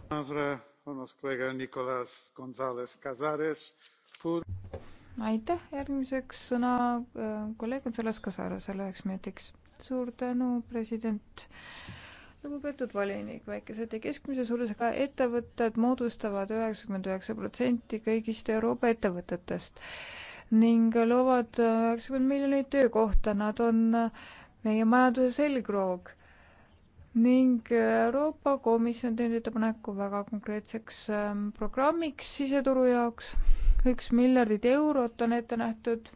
aitäh, järgmiseks sõna äh, kolleeg Gonzales Casarasele üheks minutiks. suur tänu, president. lugupeetud volinik, väikesed ja keskmise suurusega ettevõtted moodustavad üheksakümmend üheksa protsenti kõigist Euroopa ettevõtetest ning loovad üheksakümmend miljonit töökohta, nad on meie majanduse selgroog ning Euroopa Komisjon teinud ettepaneku väga konkreetseks ähm, programmiks siseturu jaoks üks miljardit eurot on ette nähtud.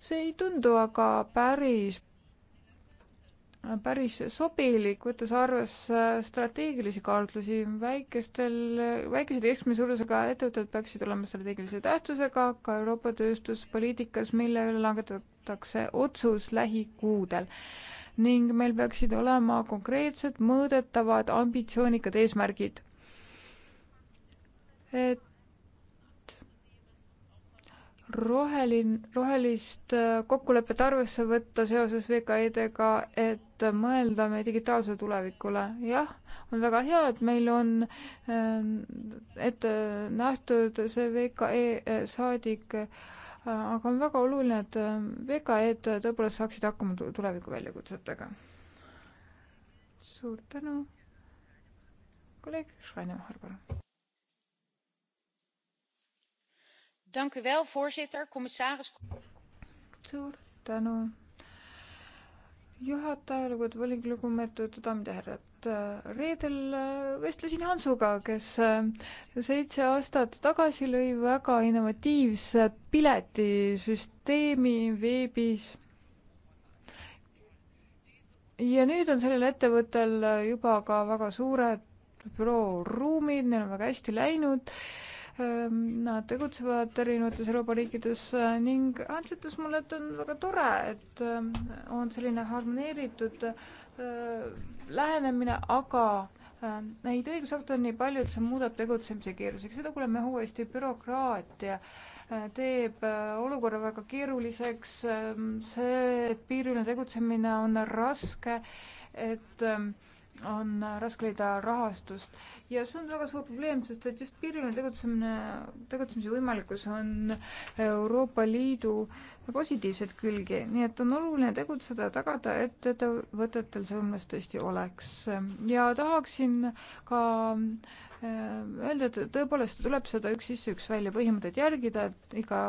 see ei tundu aga päris, päris sobilik, võttes arvesse strateegilisi kaalutlusi. väikestel, väikesed ja keskmise suurusega ettevõtted peaksid olema strateegilise tähtsusega ka Euroopa tööstuspoliitikas, mille üle langetatakse otsus lähikuudel ning meil peaksid olema konkreetsed mõõdetavad ambitsioonikad eesmärgid. et rohelin, rohelist äh, kokkulepet arvesse võtta seoses VKI-dega, et mõelda meie digitaalsele tulevikule. jah, on väga hea, et meil on ähm, ette nähtud see VKE äh, saadik, äh, aga on väga oluline, et VKE-d tõepoolest saaksid hakkama tuleviku väljakutsetega. suur tänu. kolleeg Schreinemann, palun. voorzitter commissaris. suur tänu juhataja, lugupeetud volinik, lugupeetud daamid ja härrad. reedel äh, vestlesin Hansuga, kes äh, seitse aastat tagasi lõi väga innovatiivse piletisüsteemi veebis. ja nüüd on sellel ettevõttel juba ka väga suured bürooruumid, neil on väga hästi läinud Ehm, nad tegutsevad erinevates Euroopa riikides eh, ning Ants ütles mulle, et on väga tore, et eh, on selline harmoneeritud eh, lähenemine, aga neid õigusakte on nii palju, et see muudab tegutsemise keeruliseks, seda kuuleme uuesti, bürokraatia teeb olukorra väga keeruliseks, ehm, see, et piiriline tegutsemine on raske, et äh, on raske leida rahastust ja see on väga suur probleem, sest et just piiriline tegutsemine, tegutsemise võimalikkus on Euroopa Liidu positiivseid külgi, nii et on oluline tegutseda ja tagada, et ettevõtetel see võimalus tõesti oleks. ja tahaksin ka äh, öelda, et tõepoolest tuleb seda üks sisse, üks välja põhimõtet järgida, et iga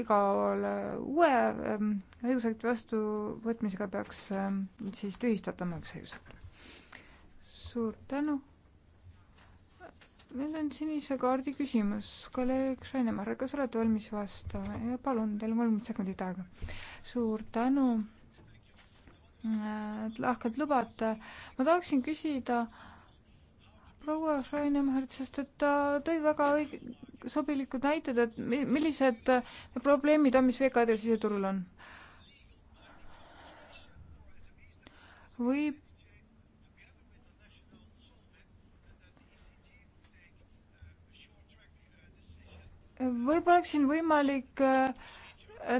igale uue ähm, õigusakti vastuvõtmisega peaks ähm, siis tühistatama üks õigusakt suur tänu. meil on sinise kaardi küsimus. kolleeg Rainemar, kas olete valmis vastama? ja palun, teil on kolmkümmend sekundit aega. suur tänu, et lahkelt lubate. ma tahaksin küsida proua Schreinemhard, sest et ta tõi väga õig-, sobilikud näited, et millised probleemid on, mis VKD-l siseturul on. võib võib-olla oleks siin võimalik äh,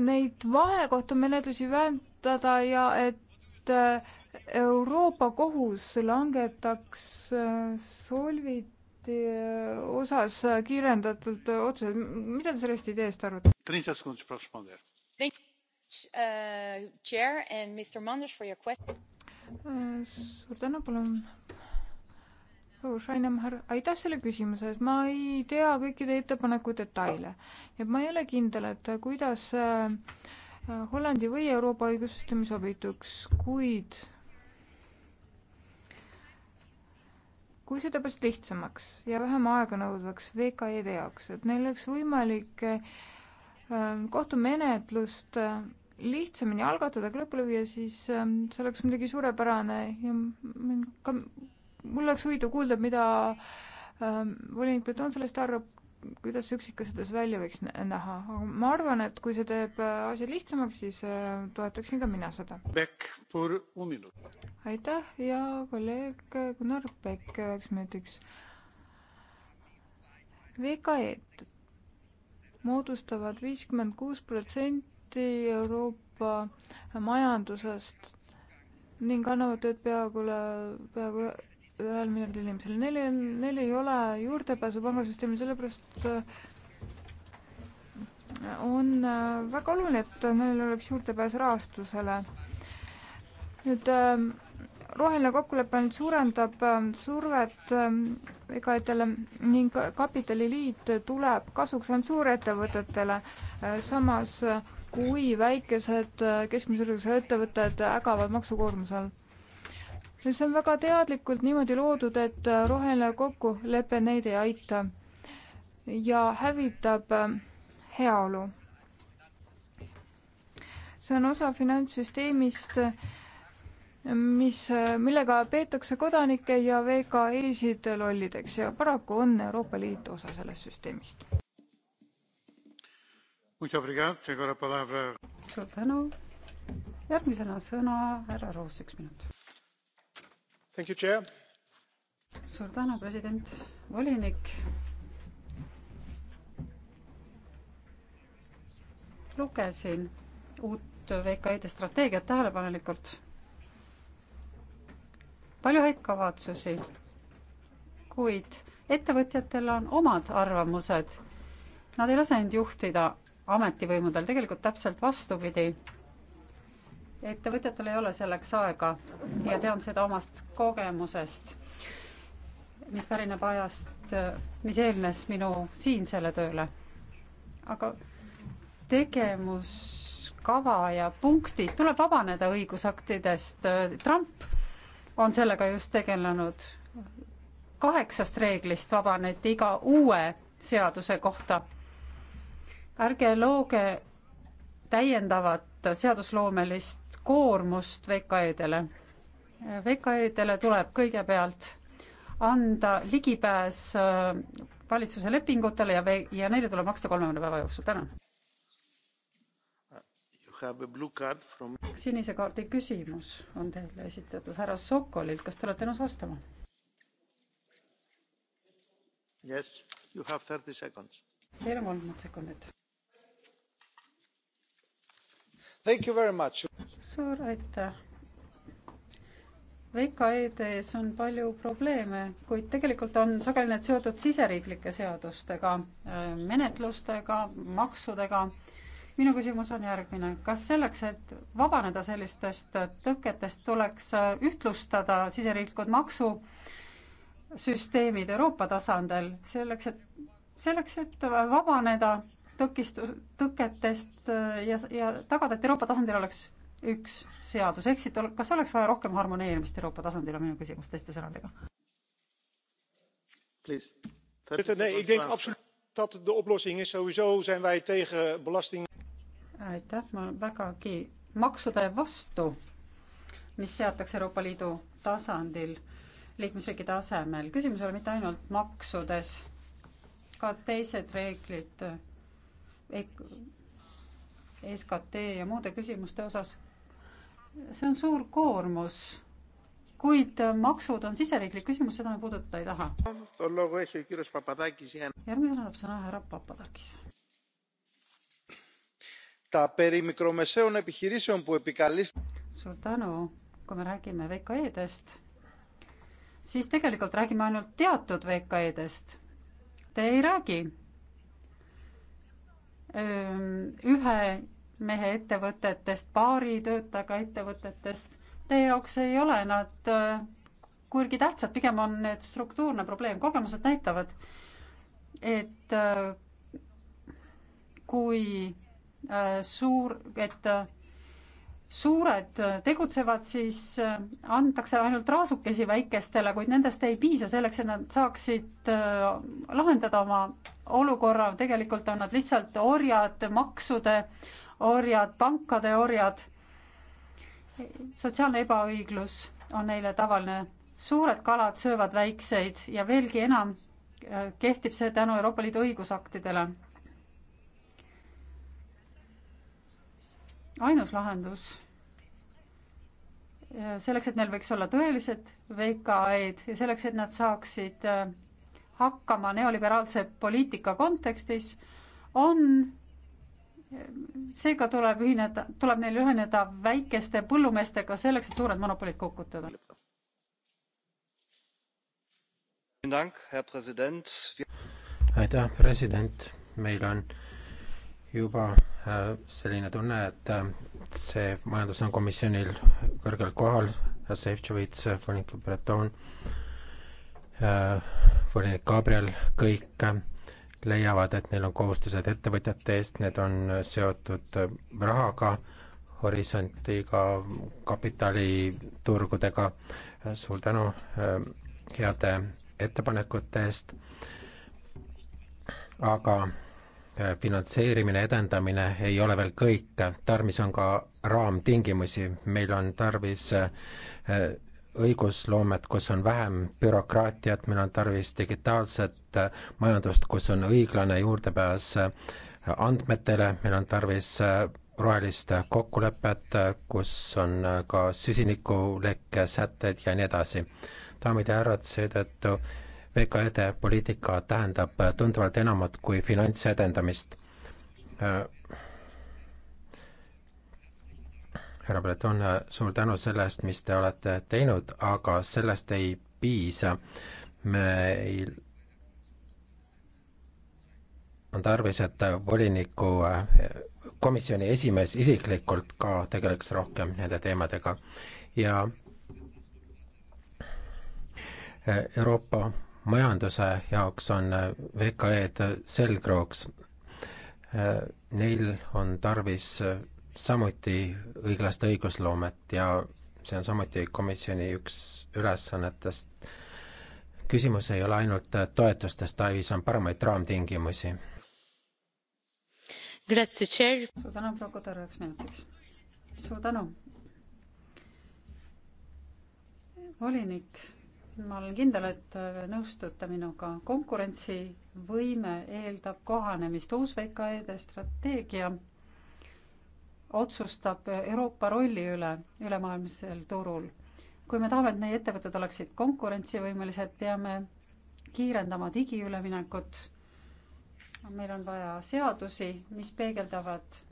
neid vahekohtumenetlusi vähendada ja et äh, Euroopa Kohus langetaks äh, solviti osas kiirendatult otsused. mida te sellest ideest arvate? Uh, suur tänu, palun suur Rainer, aitäh selle küsimuse eest, ma ei tea kõiki teie ettepaneku detaile. et ma ei ole kindel, et kuidas äh, Hollandi või Euroopa õigussüsteemi sobituks, kuid kui see teeb asjad lihtsamaks ja vähem aeganõudvaks VKE-de jaoks, et neil oleks võimalik äh, kohtumenetlust äh, lihtsamini algatada, kui lõpule viia, siis see oleks muidugi suurepärane ja ka mul oleks huvitav kuulda, mida ähm, volinik Breton sellest arvab, kuidas see üksikasjades välja võiks näha, aga ma arvan, et kui see teeb äh, asja lihtsamaks, siis äh, toetaksin ka mina seda. aitäh ja kolleeg Gunnar Beck üheks minutiks. VKE-d moodustavad viiskümmend kuus protsenti Euroopa majandusest ning annavad tööd peaaegu üle, peaaegu ühel miljardil inimesel, neil, neil ei ole juurdepääsu pangasüsteemi, sellepärast äh, on äh, väga oluline, et neil oleks juurdepääs rahastusele. nüüd äh, roheline kokkulepe nüüd suurendab survet vegaitele ning kapitaliliit tuleb kasuks ainult suurettevõtetele. samas kui väikesed keskmise suurusega ettevõtted ägavad maksukoormuse all see on väga teadlikult niimoodi loodud, et roheline kokkulepe neid ei aita ja hävitab äh, heaolu. see on osa finantssüsteemist, äh, mis, äh, millega peetakse kodanikke ja VKE-sid lollideks ja paraku on Euroopa Liit osa sellest süsteemist. suur tänu. järgmisena sõna härra Roos, üks minut suur tänu, president, volinik. lugesin uut VKI-de strateegiat tähelepanelikult. palju häid kavatsusi, kuid ettevõtjatel on omad arvamused. Nad ei lase end juhtida ametivõimudel, tegelikult täpselt vastupidi ettevõtjatel ei ole selleks aega ja tean seda omast kogemusest, mis pärineb ajast, mis eelnes minu siinsele tööle. aga tegevuskava ja punktid, tuleb vabaneda õigusaktidest, Trump on sellega just tegelenud, kaheksast reeglist vabaneti iga uue seaduse kohta. ärge looge täiendavat seadusloomelist koormust VKE-dele. VKE-dele tuleb kõigepealt anda ligipääs äh, valitsuse lepingutele ja, ja neile tuleb maksta kolmekümne päeva jooksul, tänan. From... sinise kaardi küsimus on teile esitatud härra Sokolilt, kas te olete nõus vastama? Yes, you have thirty seconds. Teil on kolmkümmend sekundit suur aitäh. VKE-des on palju probleeme, kuid tegelikult on sageli need seotud siseriiklike seadustega, menetlustega, maksudega. minu küsimus on järgmine, kas selleks, et vabaneda sellistest tõketest, tuleks ühtlustada siseriiklikud maksusüsteemid Euroopa tasandil selleks, et selleks, et vabaneda tõkistus, tõketest äh, ja, ja tagada, et Euroopa tasandil oleks üks seadus, ehk siit, kas oleks vaja rohkem harmoneerimist Euroopa tasandil, on minu küsimus teiste sõnadega. aitäh, ma olen vägagi maksude vastu, mis seatakse Euroopa Liidu tasandil liikmesriikide asemel. küsimus ei ole mitte ainult maksudes, ka teised reeglid E SKT ja muude küsimuste osas. see on suur koormus, kuid maksud on siseriiklik küsimus, seda me puudutada ei taha. järgmisena saab sõna härra Papadakis. suur tänu, kui me räägime VKE-dest, siis tegelikult räägime ainult teatud VKE-dest. Te ei räägi ühe mehe ettevõtetest, paari töötajaga ettevõtetest. Teie jaoks ei ole nad kuigi tähtsad, pigem on need struktuurne probleem, kogemused näitavad, et kui suur, et suured äh, tegutsevad, siis äh, antakse ainult raasukesi väikestele, kuid nendest ei piisa selleks, et nad saaksid äh, lahendada oma olukorra, tegelikult on nad lihtsalt orjad, maksude orjad, pankade orjad. sotsiaalne ebaõiglus on neile tavaline, suured kalad söövad väikseid ja veelgi enam kehtib see tänu Euroopa Liidu õigusaktidele ainus lahendus selleks, et neil võiks olla tõelised VKE-d ja selleks, et nad saaksid äh, hakkama neoliberaalse poliitika kontekstis, on, seega tuleb ühineda, tuleb neil ühineda väikeste põllumeestega selleks, et suured monopolid kukutada. aitäh, president, meil on juba äh, selline tunne, et äh, see majandus on komisjonil kõrgel kohal, Šefčovitš, äh, volinik Breton, volinik Gabriel, kõik leiavad, et neil on kohustused ettevõtjate eest, need on seotud rahaga, horisontiga, kapitaliturgudega. suur tänu heade ettepanekute eest. aga finantseerimine, edendamine ei ole veel kõik, tarvis on ka raamtingimusi, meil on tarvis äh, õigusloomet, kus on vähem bürokraatiat, meil on tarvis digitaalset äh, majandust, kus on õiglane juurdepääs äh, andmetele, meil on tarvis rohelist kokkulepet, kus on ka süsinikulekke sätted ja nii edasi. daamid ja härrad, seetõttu VKE-de poliitika tähendab tunduvalt enamat kui finantsedendamist. härra Breton, suur tänu selle eest, mis te olete teinud, aga sellest ei piisa. meil on tarvis, et voliniku komisjoni esimees isiklikult ka tegeleks rohkem nende teemadega ja Euroopa majanduse jaoks on äh, VKE-d äh, selgrooks. Äh, neil on tarvis samuti õiglast õigusloomet ja see on samuti komisjoni üks ülesannetest. küsimus ei ole ainult toetustes, Taivis on paremaid raamtingimusi. suur tänu, prokurör, üheks minutiks. suur tänu. volinik ma olen kindel, et nõustute minuga. konkurentsivõime eeldab kohanemist. uus VKE-de strateegia otsustab Euroopa rolli üle ülemaailmsel turul. kui me tahame, et meie ettevõtted oleksid konkurentsivõimelised, peame kiirendama digiüleminekut. meil on vaja seadusi, mis peegeldavad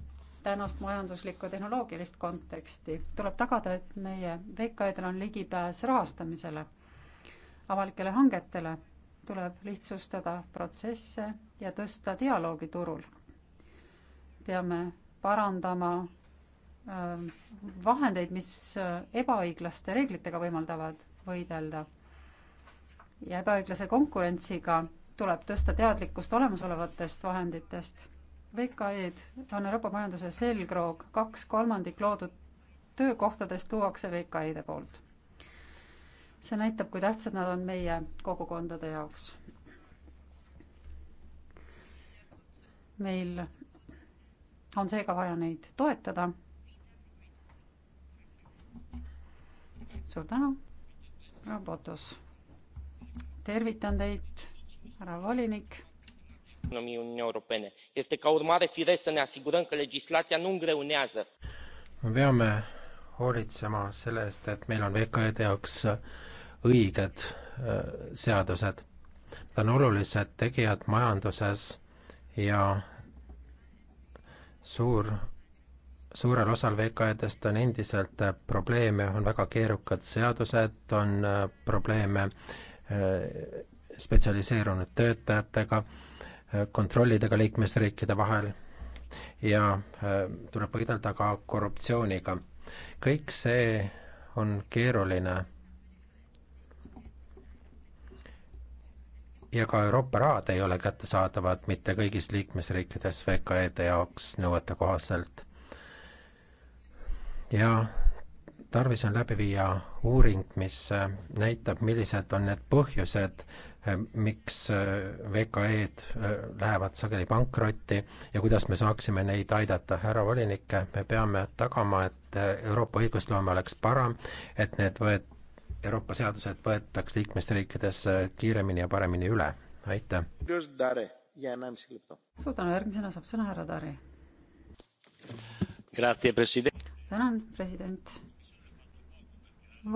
tänast majanduslikku tehnoloogilist konteksti. tuleb tagada, et meie VKE-del on ligipääs rahastamisele avalikele hangetele, tuleb lihtsustada protsesse ja tõsta dialoogi turul. peame parandama ähm, vahendeid, mis äh, ebaõiglaste reeglitega võimaldavad võidelda. ja ebaõiglase konkurentsiga tuleb tõsta teadlikkust olemasolevatest vahenditest. VKE-d on Euroopa majanduse selgroog, kaks kolmandik loodud töökohtadest luuakse VKE-de poolt see näitab, kui tähtsad nad on meie kogukondade jaoks. meil on seega vaja neid toetada. suur tänu, Robotus. tervitan teid, härra volinik economiei uniunii europene. este ca urmare firesc să ne asigurăm că legislația nu îngreunează. me peame hoolitsema selle eest, et meil on VKE-de jaoks õiged äh, seadused. Nad on olulised tegijad majanduses ja suur, suurel osal VKE-dest on endiselt äh, probleeme, on väga keerukad seadused, on äh, probleeme spetsialiseerunud töötajatega, kontrollidega liikmesriikide vahel ja tuleb võidelda ka korruptsiooniga. kõik see on keeruline ja ka Euroopa rahad ei ole kättesaadavad mitte kõigis liikmesriikides VKE-de jaoks nõuete kohaselt. ja tarvis on läbi viia uuring, mis äh, näitab, millised on need põhjused, äh, miks äh, VKE-d lähevad sageli pankrotti ja kuidas me saaksime neid aidata. härra volinik, me peame tagama, et Euroopa õigusloome oleks parem, et need võet-, Euroopa seadused võetaks liikmesriikides kiiremini ja paremini üle, aitäh! suur tänu, järgmisena saab sõna härra Dari. tänan, president.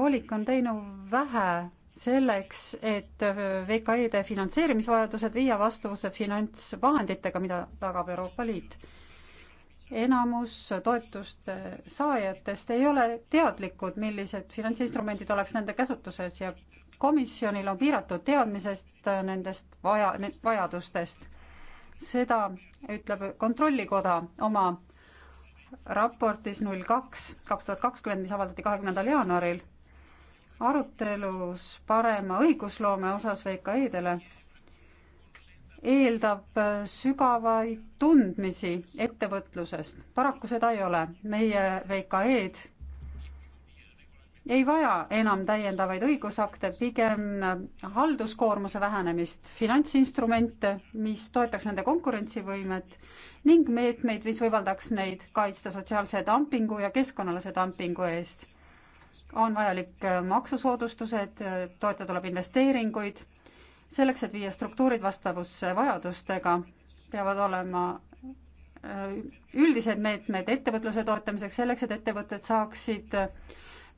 volinik on teinud vähe selleks, et VKE-de finantseerimisvajadused viia vastavusse finantsvahenditega, mida tagab Euroopa Liit enamus toetuste saajatest ei ole teadlikud, millised finantsinstrumendid oleks nende käsutuses ja komisjonil on piiratud teadmisest äh, nendest vaja, vajadustest. seda ütleb Kontrollikoda oma raportis null kaks, kaks tuhat kakskümmend, mis avaldati kahekümnendal jaanuaril, arutelus parema õigusloome osas VKE-dele eeldab äh, sügavaid tundmisi ettevõtlusest. paraku seda ei ole. meie VKE-d ei vaja enam täiendavaid õigusakte, pigem äh, halduskoormuse vähenemist, finantsinstrumente, mis toetaks nende konkurentsivõimet ning meetmeid, mis võimaldaks neid kaitsta sotsiaalse dumpingu ja keskkonnalase dumpingu eest. on vajalik äh, maksusoodustused, toetada tuleb investeeringuid selleks, et viia struktuurid vastavusse vajadustega, peavad olema äh, üldised meetmed ettevõtluse toetamiseks, selleks et ettevõtted saaksid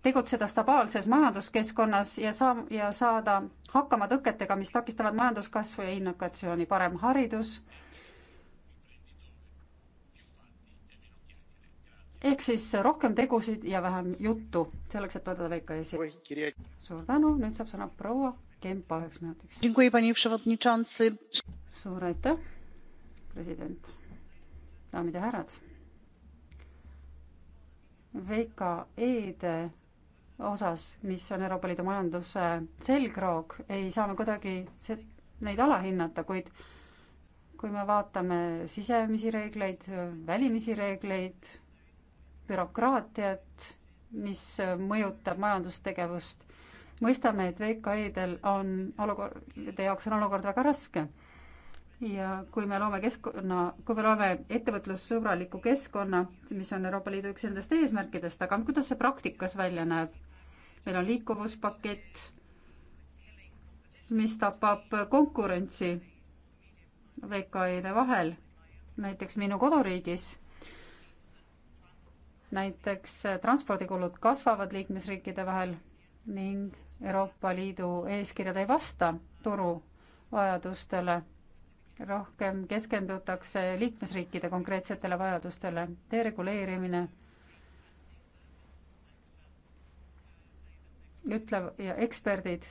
tegutseda stabaalses majanduskeskkonnas ja saa-, ja saada hakkama tõketega, mis takistavad majanduskasvu ja innovatsiooni, parem haridus, ehk siis rohkem tegusid ja vähem juttu, selleks et toetada VKS-i. suur tänu, nüüd saab sõna proua Kempa üheks minutiks. suur aitäh, president, daamid ja härrad. VKE-de osas, mis on Euroopa Liidu majanduse selgroog, ei saa me kuidagi neid alahinnata, kuid kui me vaatame sisemisi reegleid, välimisi reegleid, bürokraatiat, mis mõjutab majandustegevust, mõistame, et VKI-del on olukord, nende jaoks on olukord väga raske. ja kui me loome keskkonna, kui me loome ettevõtlussõbraliku keskkonna, mis on Euroopa Liidu üks nendest eesmärkidest, aga kuidas see praktikas välja näeb? meil on liikuvuspakett, mis tapab konkurentsi VKI-de vahel, näiteks minu koduriigis näiteks transpordikulud kasvavad liikmesriikide vahel ning Euroopa Liidu eeskirjad ei vasta turu vajadustele. rohkem keskendutakse liikmesriikide konkreetsetele vajadustele, dereguleerimine ütlev ja eksperdid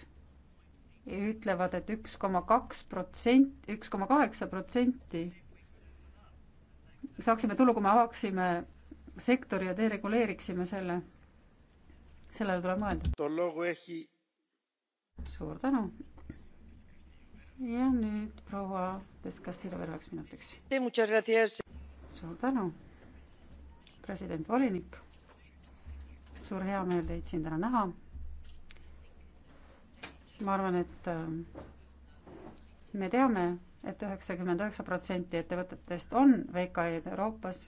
ütlevad et, et üks koma kaks protsenti, üks koma kaheksa protsenti saaksime tulu, kui me avaksime sektori ja dereguleeriksime selle. sellele tuleb mõelda suur tänu. ja nüüd proua Deskastile veel üheks minutiks. suur tänu, president volinik. suur heameel teid siin täna näha. ma arvan, et äh, me teame et, et üheksakümmend üheksa protsenti ettevõtetest on VKE-d Euroopas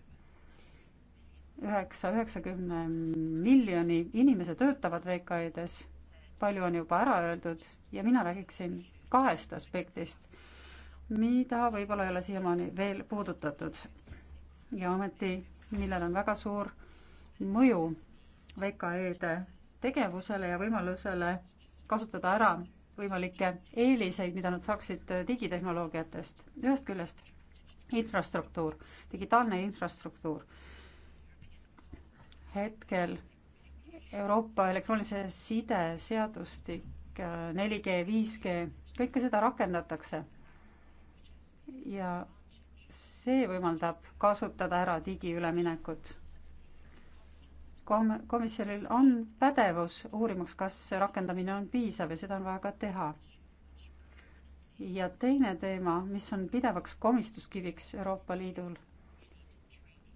üheksa, üheksakümne miljoni inimese töötavad VKE-des palju on juba ära öeldud ja mina räägiksin kahest aspektist, mida võib-olla ei ole siiamaani veel puudutatud ja ometi, millel on väga suur mõju VKE-de tegevusele ja võimalusele kasutada ära võimalikke eeliseid, mida nad saaksid digitehnoloogiatest. ühest küljest infrastruktuur, digitaalne infrastruktuur. hetkel Euroopa elektroonilise side seadustik, 4G, äh, 5G, kõike seda rakendatakse. ja see võimaldab kasutada ära digiüleminekut. Kom-, komisjonil on pädevus uurimaks, kas rakendamine on piisav ja seda on vaja ka teha. ja teine teema, mis on pidevaks komistuskiviks Euroopa Liidul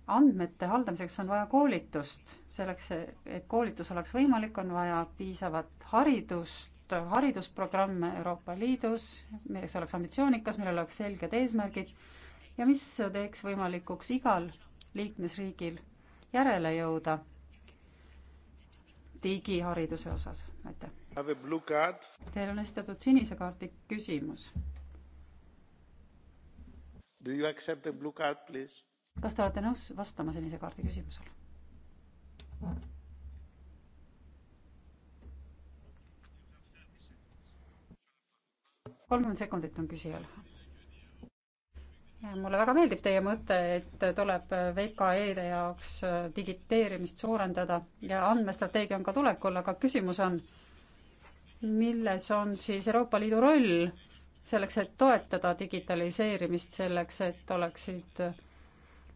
andmete haldamiseks on vaja koolitust, selleks, et koolitus oleks võimalik, on vaja piisavat haridust, haridusprogramme Euroopa Liidus, milleks oleks ambitsioonikas, millel oleks selged eesmärgid ja mis teeks võimalikuks igal liikmesriigil järele jõuda digihariduse osas, aitäh. Teil on esitatud sinise kaardi küsimus. Do you accept the blue card, please? kas te olete nõus vastama senise kaardi küsimusele? kolmkümmend sekundit on küsijal. mulle väga meeldib teie mõte, et tuleb VKE-de jaoks digiteerimist suurendada ja andmestrateegia on ka tulekul, aga küsimus on, milles on siis Euroopa Liidu roll selleks, et toetada digitaliseerimist, selleks, et oleksid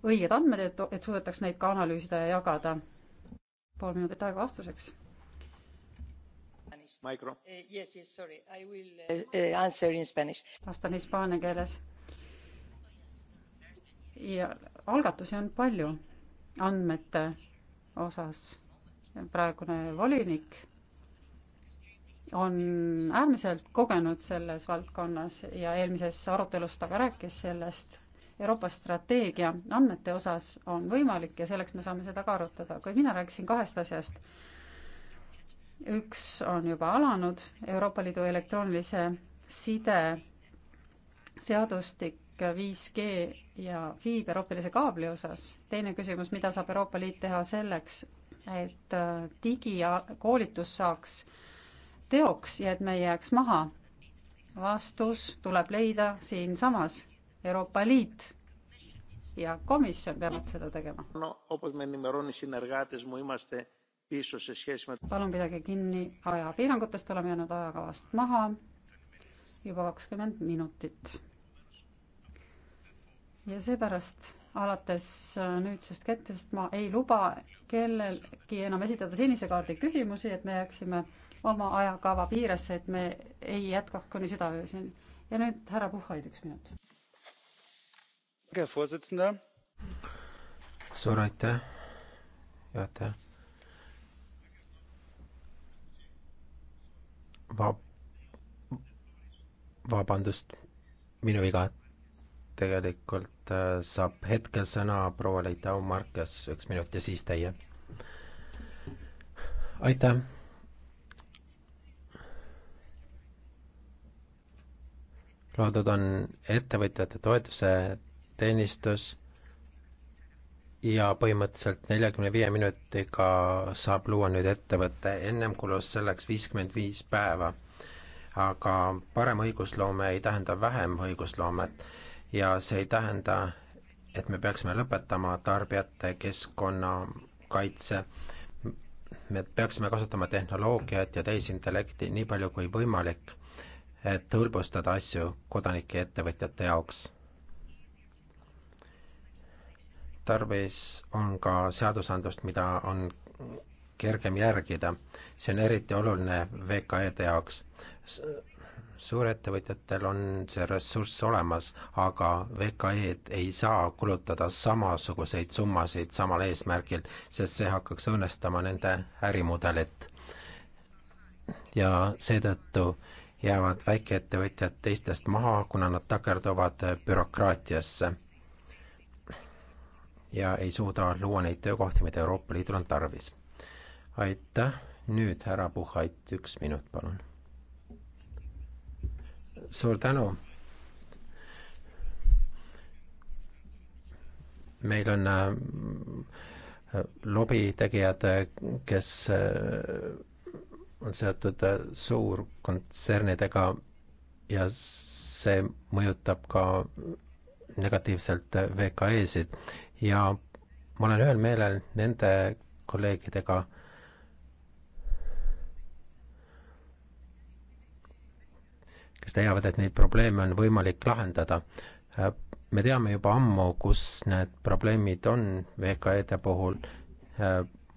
õiged andmed, et, et suudetaks neid ka analüüsida ja jagada. pool minutit aega vastuseks. Uh, uh, uh, vastan hispaania keeles. ja algatusi on palju andmete osas. praegune volinik on äärmiselt kogenud selles valdkonnas ja eelmises arutelus ta ka rääkis sellest Euroopa strateegia andmete osas on võimalik ja selleks me saame seda ka arutada, kuid mina rääkisin kahest asjast. üks on juba alanud, Euroopa Liidu elektroonilise side seadustik 5G ja fiiberoptilise kaabli osas. teine küsimus, mida saab Euroopa Liit teha selleks, et äh, digikoolitus saaks teoks ja et me ei jääks maha. vastus tuleb leida siinsamas Euroopa Liit ja komisjon peavad seda tegema. palun pidage kinni ajapiirangutest, oleme jäänud ajakavast maha juba kakskümmend minutit. ja seepärast alates äh, nüüdsest hetkest ma ei luba kellelgi enam esitada sinise kaardi küsimusi, et me jääksime oma ajakava piiresse, et me ei jätkaks kuni südaöösel. ja nüüd härra Puhhaid, üks minut suur aitäh, juhataja. Vab-, vabandust, minu viga. tegelikult äh, saab hetkel sõna proua Leitau Markes, üks minut ja siis teie. aitäh loodud on ettevõtjate toetuse välisteenistus ja põhimõtteliselt neljakümne viie minutiga saab luua nüüd ettevõte, ennem kulus selleks viiskümmend viis päeva. aga parem õigusloome ei tähenda vähem õigusloomet ja see ei tähenda, et me peaksime lõpetama tarbijate keskkonnakaitse, me peaksime kasutama tehnoloogiat ja tehisintellekti nii palju kui võimalik, et hõlbustada asju kodanike ja ettevõtjate jaoks tarvis on ka seadusandlust, mida on kergem järgida. see on eriti oluline VKE-de jaoks. suurettevõtjatel on see ressurss olemas, aga VKE-d ei saa kulutada samasuguseid summasid samal eesmärgil, sest see hakkaks õõnestama nende ärimudelit. ja seetõttu jäävad väikeettevõtjad teistest maha, kuna nad takerduvad bürokraatiasse ja ei suuda luua neid töökohti, mida Euroopa Liidul on tarvis. aitäh, nüüd härra Puhhait, üks minut, palun. suur tänu. meil on äh, lobitegijad, kes äh, on seotud äh, suurkontsernidega ja see mõjutab ka negatiivselt äh, VKE-sid ja ma olen ühel meelel nende kolleegidega, kes leiavad, et neid probleeme on võimalik lahendada. me teame juba ammu, kus need probleemid on VKE-de puhul,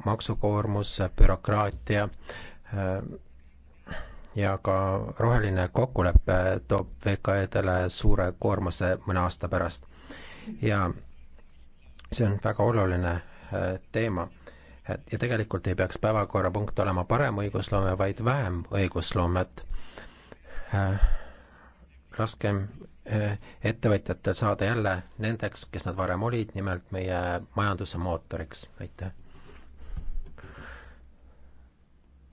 maksukoormus, bürokraatia ja ka roheline kokkulepe toob VKE-dele suure koormuse mõne aasta pärast. ja see on väga oluline äh, teema. Äh, ja tegelikult ei peaks päevakorrapunkt olema parem õigusloome, vaid vähem õigusloomet. Äh, raskem ettevõtjatel saada jälle nendeks, kes nad varem olid, nimelt meie majanduse mootoriks, aitäh.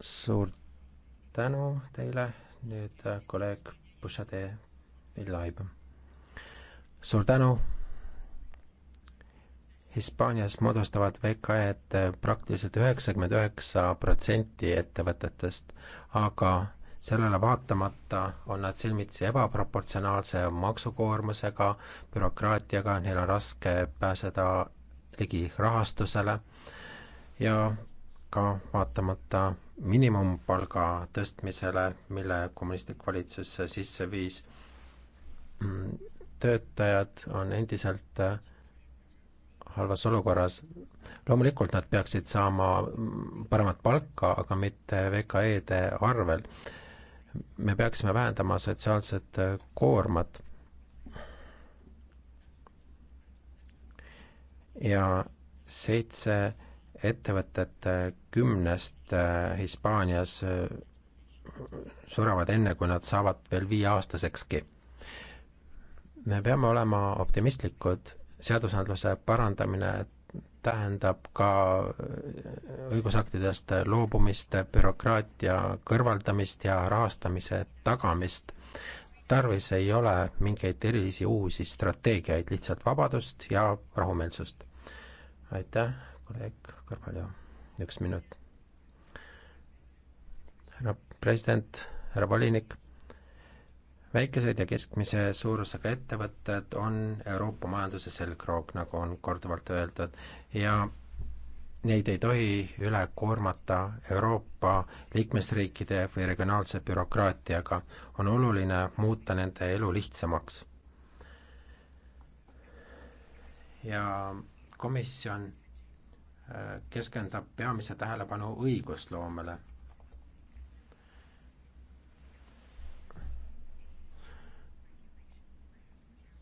suur tänu teile, nüüd kolleeg Pushade Villaib. suur tänu Hispaanias moodustavad VKE-d eh, praktiliselt üheksakümmend üheksa protsenti ettevõtetest, aga sellele vaatamata on nad silmitsi ebaproportsionaalse maksukoormusega, bürokraatiaga, neil on raske pääseda ligi rahastusele ja ka vaatamata miinimumpalga tõstmisele, mille kommunistlik valitsus sisse viis, mm, töötajad on endiselt äh, halvas olukorras. loomulikult nad peaksid saama paremat palka, aga mitte VKE-de arvel. me peaksime vähendama sotsiaalset äh, koormat. ja seitse ettevõtet äh, kümnest äh, Hispaanias surevad enne, kui nad saavad veel viieaastasekski. me peame olema optimistlikud seadusandluse parandamine tähendab ka õigusaktidest loobumist, bürokraatia kõrvaldamist ja rahastamise tagamist. tarvis ei ole mingeid erilisi uusi strateegiaid, lihtsalt vabadust ja rahumeelsust. aitäh, kolleeg Kõrvaljo, üks minut. härra president, härra volinik väikesed ja keskmise suurusega ettevõtted on Euroopa majanduse selgroog, nagu on korduvalt öeldud, ja neid ei tohi üle koormata Euroopa liikmesriikide või regionaalse bürokraatiaga. on oluline muuta nende elu lihtsamaks. ja komisjon äh, keskendab peamise tähelepanu õigusloomele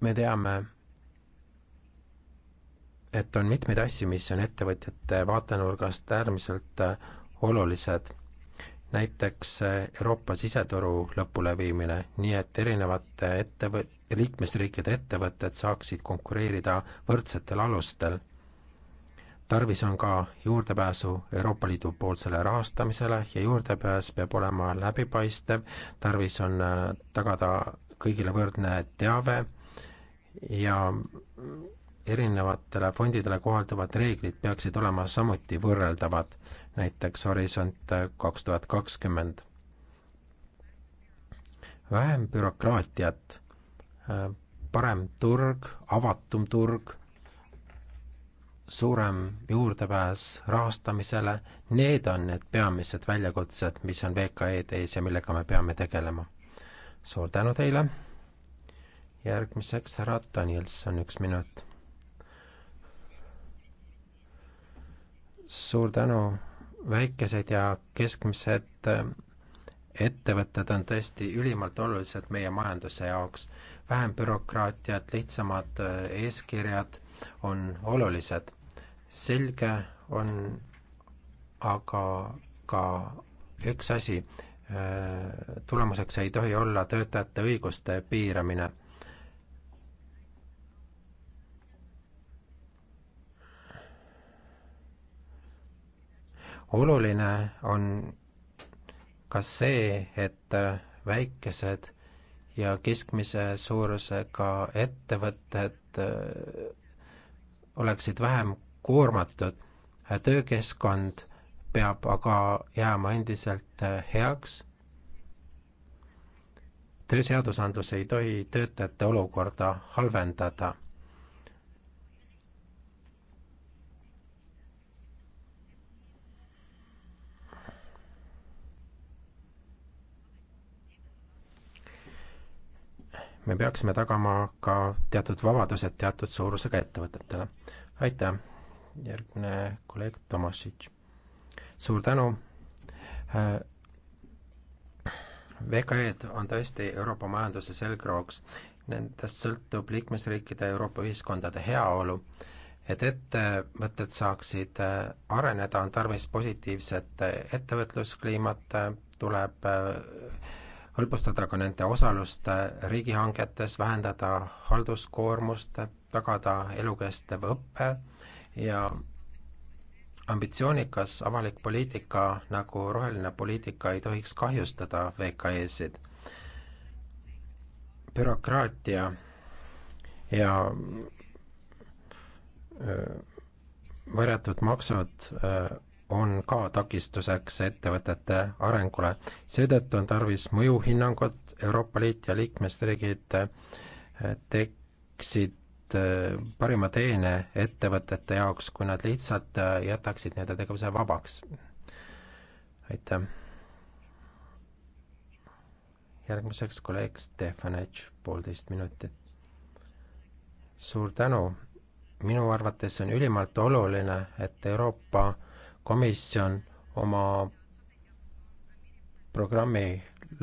me teame, et on mitmeid asju, mis on ettevõtjate vaatenurgast äärmiselt olulised. näiteks Euroopa siseturu lõpuleviimine, nii et erinevate ettevõ-, liikmesriikide ettevõtted saaksid konkureerida võrdsetel alustel. tarvis on ka juurdepääsu Euroopa Liidu poolsele rahastamisele ja juurdepääs peab olema läbipaistev, tarvis on äh, tagada kõigile võrdne teave ja erinevatele fondidele kohalduvad reeglid peaksid olema samuti võrreldavad, näiteks Horisont kaks tuhat kakskümmend. vähem bürokraatiat, parem turg, avatum turg, suurem juurdepääs rahastamisele, need on need peamised väljakutsed, mis on VKE-d ees ja millega me peame tegelema. suur tänu teile! järgmiseks härra Danielson, üks minut. suur tänu, väikesed ja keskmised ähm, ettevõtted on tõesti ülimalt olulised meie majanduse jaoks. vähem bürokraatiat, lihtsamad äh, eeskirjad on olulised. selge on aga ka üks asi, äh, tulemuseks ei tohi olla töötajate õiguste piiramine oluline on ka see, et väikesed ja keskmise suurusega ettevõtted äh, oleksid vähem koormatud. töökeskkond peab aga jääma endiselt äh, heaks. tööseadusandlus ei tohi töötajate olukorda halvendada me peaksime tagama ka teatud vabadused teatud suurusega ettevõtetele. aitäh, järgmine kolleeg Tomašitš. suur tänu. Äh, VKE-d on tõesti Euroopa majanduse selgrooks, nendest sõltub liikmesriikide Euroopa ühiskondade heaolu et ettevõtted saaksid äh, areneda, on tarvis positiivset äh, ettevõtluskliimat, tuleb hõlbustada ka nende osalust riigihangetes, vähendada halduskoormust, tagada elukestev õpe ja ambitsioonikas avalik poliitika nagu roheline poliitika ei tohiks kahjustada VKE-sid. bürokraatia ja äh, varjatud maksud äh, on ka takistuseks ettevõtete arengule. seetõttu on tarvis mõjuhinnangut, Euroopa Liit ja liikmesriigid eh, teeksid eh, parima teene ettevõtete jaoks, kui nad lihtsalt eh, jätaksid nende tegevuse vabaks. aitäh. järgmiseks kolleeg Stefanitš, poolteist minutit. suur tänu minu arvates on ülimalt oluline, et Euroopa komisjon oma programmi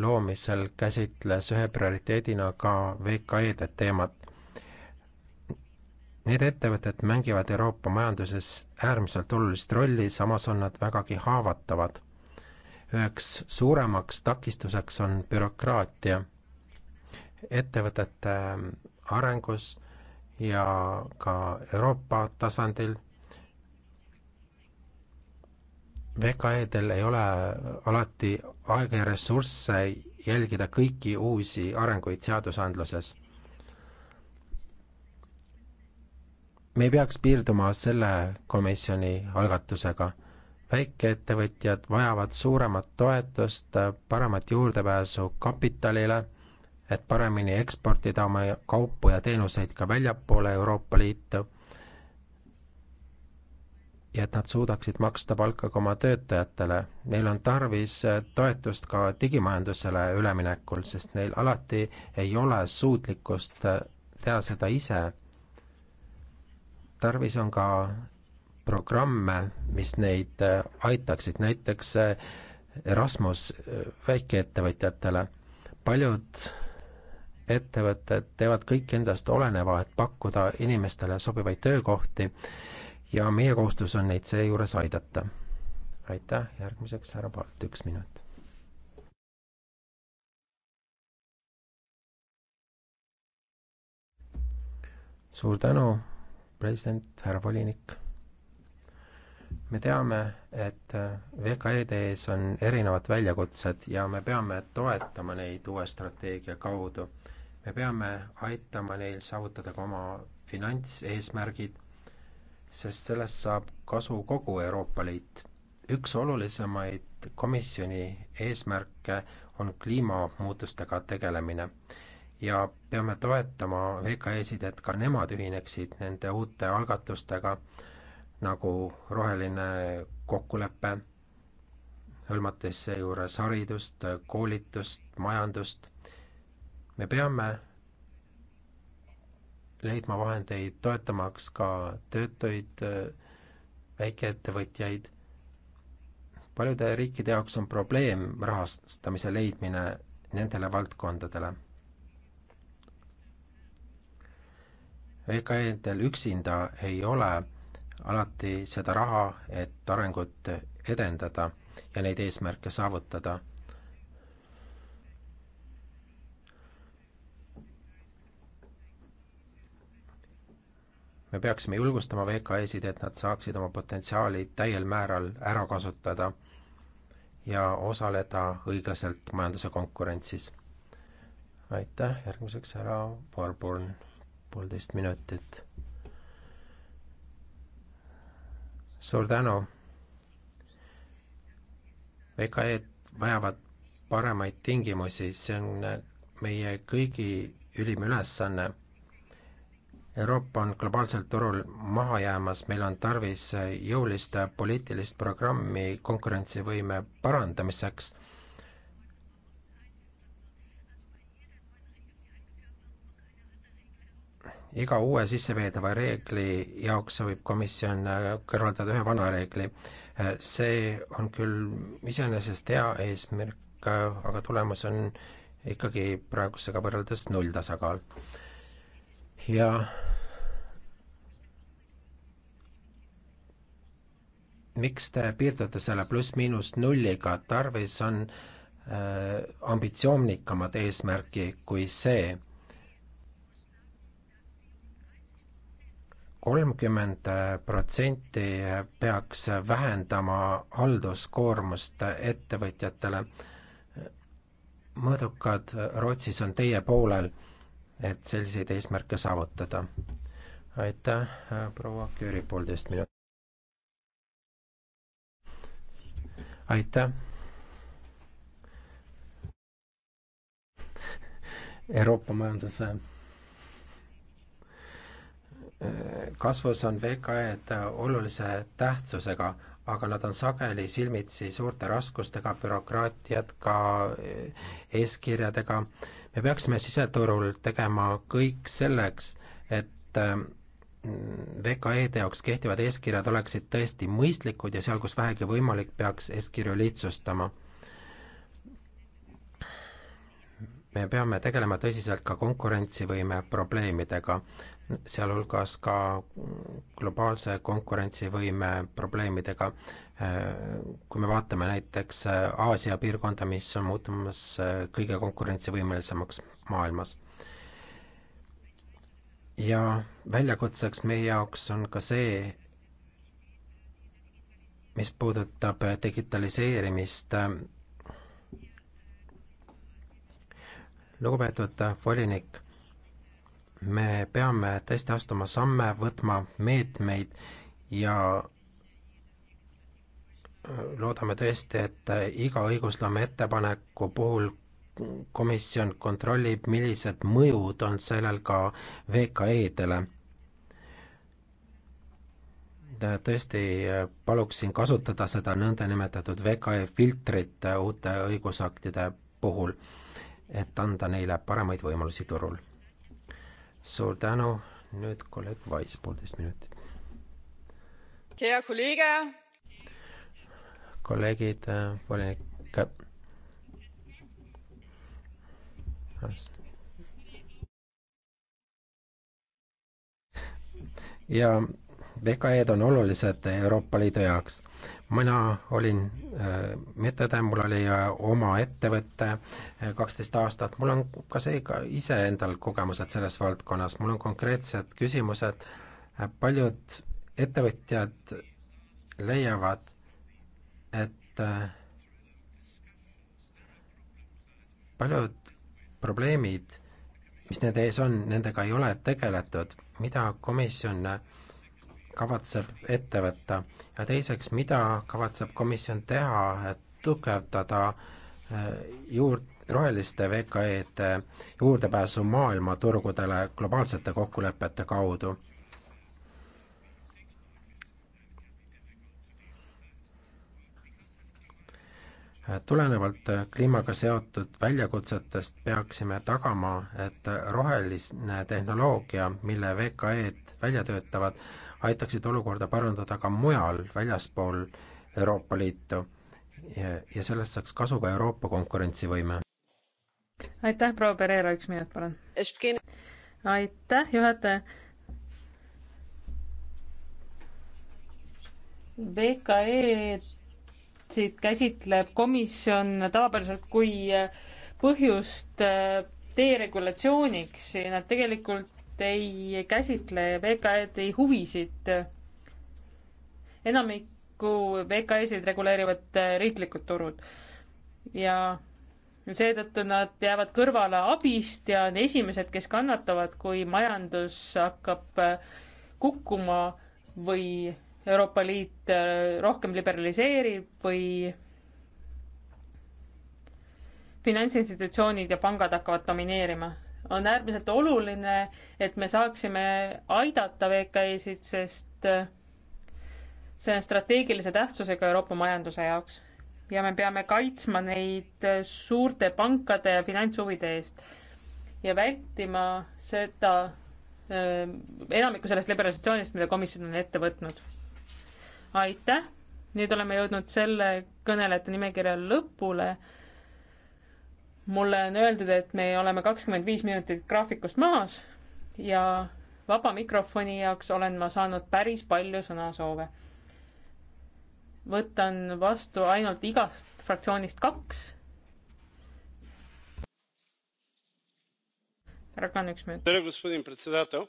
loomisel käsitles ühe prioriteedina ka VKE-de teemat. Need ettevõtted mängivad Euroopa majanduses äärmiselt olulist rolli, samas on nad vägagi haavatavad. üheks suuremaks takistuseks on bürokraatia ettevõtete arengus ja ka Euroopa tasandil VKE-del ei ole alati aega ja ressursse jälgida kõiki uusi arenguid seadusandluses. me ei peaks piirduma selle komisjoni algatusega. väikeettevõtjad vajavad suuremat toetust, paremat juurdepääsu kapitalile, et paremini eksportida oma kaupu ja teenuseid ka väljapoole Euroopa Liitu ja et nad suudaksid maksta palka ka oma töötajatele. Neil on tarvis toetust ka digimajandusele üleminekul, sest neil alati ei ole suutlikkust teha seda ise. tarvis on ka programme, mis neid aitaksid, näiteks Erasmus väikeettevõtjatele. paljud ettevõtted teevad kõik endast oleneva, et pakkuda inimestele sobivaid töökohti ja meie kohustus on neid seejuures aidata. aitäh, järgmiseks härra Paalt üks minut. suur tänu, president, härra volinik. me teame, et äh, VKE-de ees on erinevad väljakutsed ja me peame toetama neid uue strateegia kaudu. me peame aitama neil saavutada ka oma finantseesmärgid sest sellest saab kasu kogu Euroopa Liit. üks olulisemaid komisjoni eesmärke on kliimamuutustega tegelemine ja peame toetama VKE-sid, et ka nemad ühineksid nende uute algatustega, nagu roheline kokkulepe, hõlmates seejuures haridust, koolitust, majandust. me peame leidma vahendeid toetamaks ka töötuid äh, väikeettevõtjaid. paljude riikide jaoks on probleem rahastamise leidmine nendele valdkondadele. VKE-del üksinda ei ole alati seda raha, et arengut edendada ja neid eesmärke saavutada me peaksime julgustama VKE-sid, et nad saaksid oma potentsiaali täiel määral ära kasutada ja osaleda õiglaselt majanduse konkurentsis. aitäh, järgmiseks härra Warburn, poolteist minutit. suur tänu. VKE-d vajavad paremaid tingimusi, see on meie kõigi ülim ülesanne Euroopa on globaalsel turul maha jäämas, meil on tarvis jõulist poliitilist programmi konkurentsivõime parandamiseks. iga uue sisseveedava reegli jaoks soovib komisjon kõrvaldada ühe vana reegli. see on küll iseenesest hea eesmärk, aga tulemus on ikkagi praegusega võrreldes nulltasakaal ja miks te piirdute selle pluss-miinus nulliga, tarvis on äh, ambitsioonikamat eesmärki kui see. kolmkümmend äh, protsenti peaks vähendama halduskoormust ettevõtjatele. mõõdukad Rootsis on teie poolel et selliseid eesmärke saavutada. aitäh, äh, proua Küüri, poolteist minutit. aitäh. Euroopa majanduse äh, kasvus on VKE-d olulise tähtsusega, aga nad on sageli silmitsi suurte raskustega, bürokraatiat, ka äh, eeskirjadega äh, me peaksime siseturul tegema kõik selleks, et äh, VKE-de jaoks kehtivad eeskirjad oleksid tõesti mõistlikud ja seal, kus vähegi võimalik, peaks eeskirju lihtsustama. me peame tegelema tõsiselt ka konkurentsivõime probleemidega, sealhulgas ka globaalse konkurentsivõime probleemidega kui me vaatame näiteks äh, Aasia piirkonda, mis on muutumas äh, kõige konkurentsivõimelisemaks maailmas. ja väljakutseks meie jaoks on ka see, mis puudutab äh, digitaliseerimist, lugupeetud volinik, me peame tõesti astuma samme, võtma meetmeid ja loodame tõesti, et äh, iga õigusloome ettepaneku puhul komisjon kontrollib, millised mõjud on sellel ka VKE-dele. tõesti äh, paluksin kasutada seda nõndanimetatud VKE filtrit äh, uute õigusaktide puhul, et anda neile paremaid võimalusi turul. suur tänu, nüüd kolleeg Wise, poolteist minutit. hea kolleeg kolleegid, äh, volinik. ja VKE-d on olulised Euroopa Liidu jaoks. mina olin äh, metetämm, mul oli äh, oma ettevõte äh, kaksteist äh, aastat, mul on ka seega ise endal kogemused selles valdkonnas, mul on konkreetsed küsimused, äh, paljud ettevõtjad leiavad, et äh, paljud probleemid, mis need ees on, nendega ei ole tegeletud, mida komisjon äh, kavatseb ette võtta ja teiseks, mida kavatseb komisjon teha, et tugevdada äh, juur-, roheliste VKE-de juurdepääsu maailmaturgudele globaalsete kokkulepete kaudu Äh, tulenevalt äh, kliimaga seotud väljakutsetest peaksime tagama, et roheline tehnoloogia, mille VKE-d välja töötavad, aitaksid olukorda parandada ka mujal, väljaspool Euroopa Liitu. ja sellest saaks kasu ka Euroopa konkurentsivõime. aitäh, proua Pereira, üks minut, palun. aitäh, juhataja. VKE-d siit käsitleb komisjon tavapäraselt kui äh, põhjust äh, deregulatsiooniks ja nad tegelikult ei käsitle VKE-de huvisid. enamikku VKE-sid reguleerivad äh, riiklikud turud ja seetõttu nad jäävad kõrvale abist ja on esimesed, kes kannatavad, kui majandus hakkab kukkuma või Euroopa Liit äh, rohkem liberaliseerib või finantsinstitutsioonid ja pangad hakkavad domineerima. on äärmiselt oluline, et me saaksime aidata VKI-sid, sest äh, see on strateegilise tähtsusega Euroopa majanduse jaoks ja me peame kaitsma neid äh, suurte pankade ja finantshuvide eest ja vältima seda, enamikku sellest liberalisatsioonist, mida komisjon on ette võtnud aitäh, nüüd oleme jõudnud selle kõnelejate nimekirja lõpule. mulle on öeldud, et me oleme kakskümmend viis minutit graafikust maas ja vaba mikrofoni jaoks olen ma saanud päris palju sõnasoove. võtan vastu ainult igast fraktsioonist kaks. härra Kann, üks minut. tere, gospodin pretsedatel.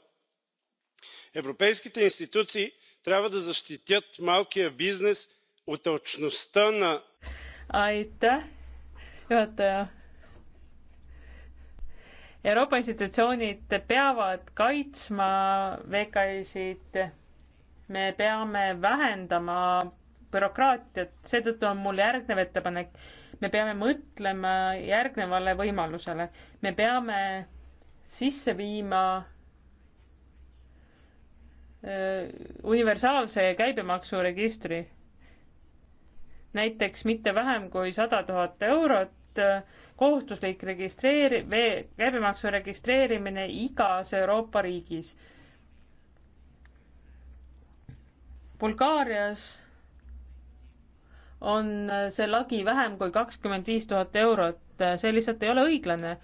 Europeiskite institutsi- трябва да защитят малкия бизнес от алчността на. aitäh, juhataja. Euroopa institutsioonid peavad kaitsma VKI-sid. me peame vähendama bürokraatiat, seetõttu on mul järgnev ettepanek. me peame mõtlema järgnevale võimalusele. me peame sisse viima Äh, universaalse käibemaksuregistri. näiteks mitte vähem kui sada tuhat eurot, äh, kohustuslik registreeri-, käibemaksu registreerimine igas Euroopa riigis. Bulgaarias on äh, see lagi vähem kui kakskümmend viis tuhat eurot, see lihtsalt ei ole õiglane.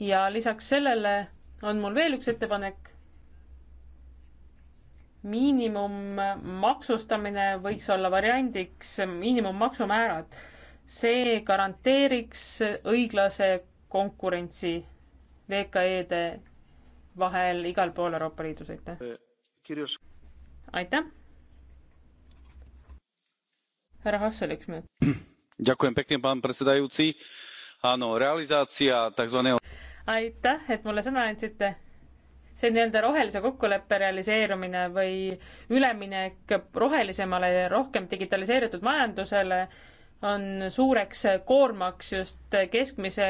ja lisaks sellele on mul veel üks ettepanek miinimummaksustamine võiks olla variandiks, miinimummaksumäärad. see garanteeriks õiglase konkurentsi VKE-de vahel igal pool Euroopa Liidus, aitäh. Eh, kirjus. aitäh. härra Hassel, üks minut. *clears throat* Ďakujem pekne, pán predsedajúci. Áno, realizácia tzv. aitäh, et mulle sõna andsite see nii-öelda rohelise kokkuleppe realiseerumine või üleminek rohelisemale ja rohkem digitaliseeritud majandusele on suureks koormaks just keskmise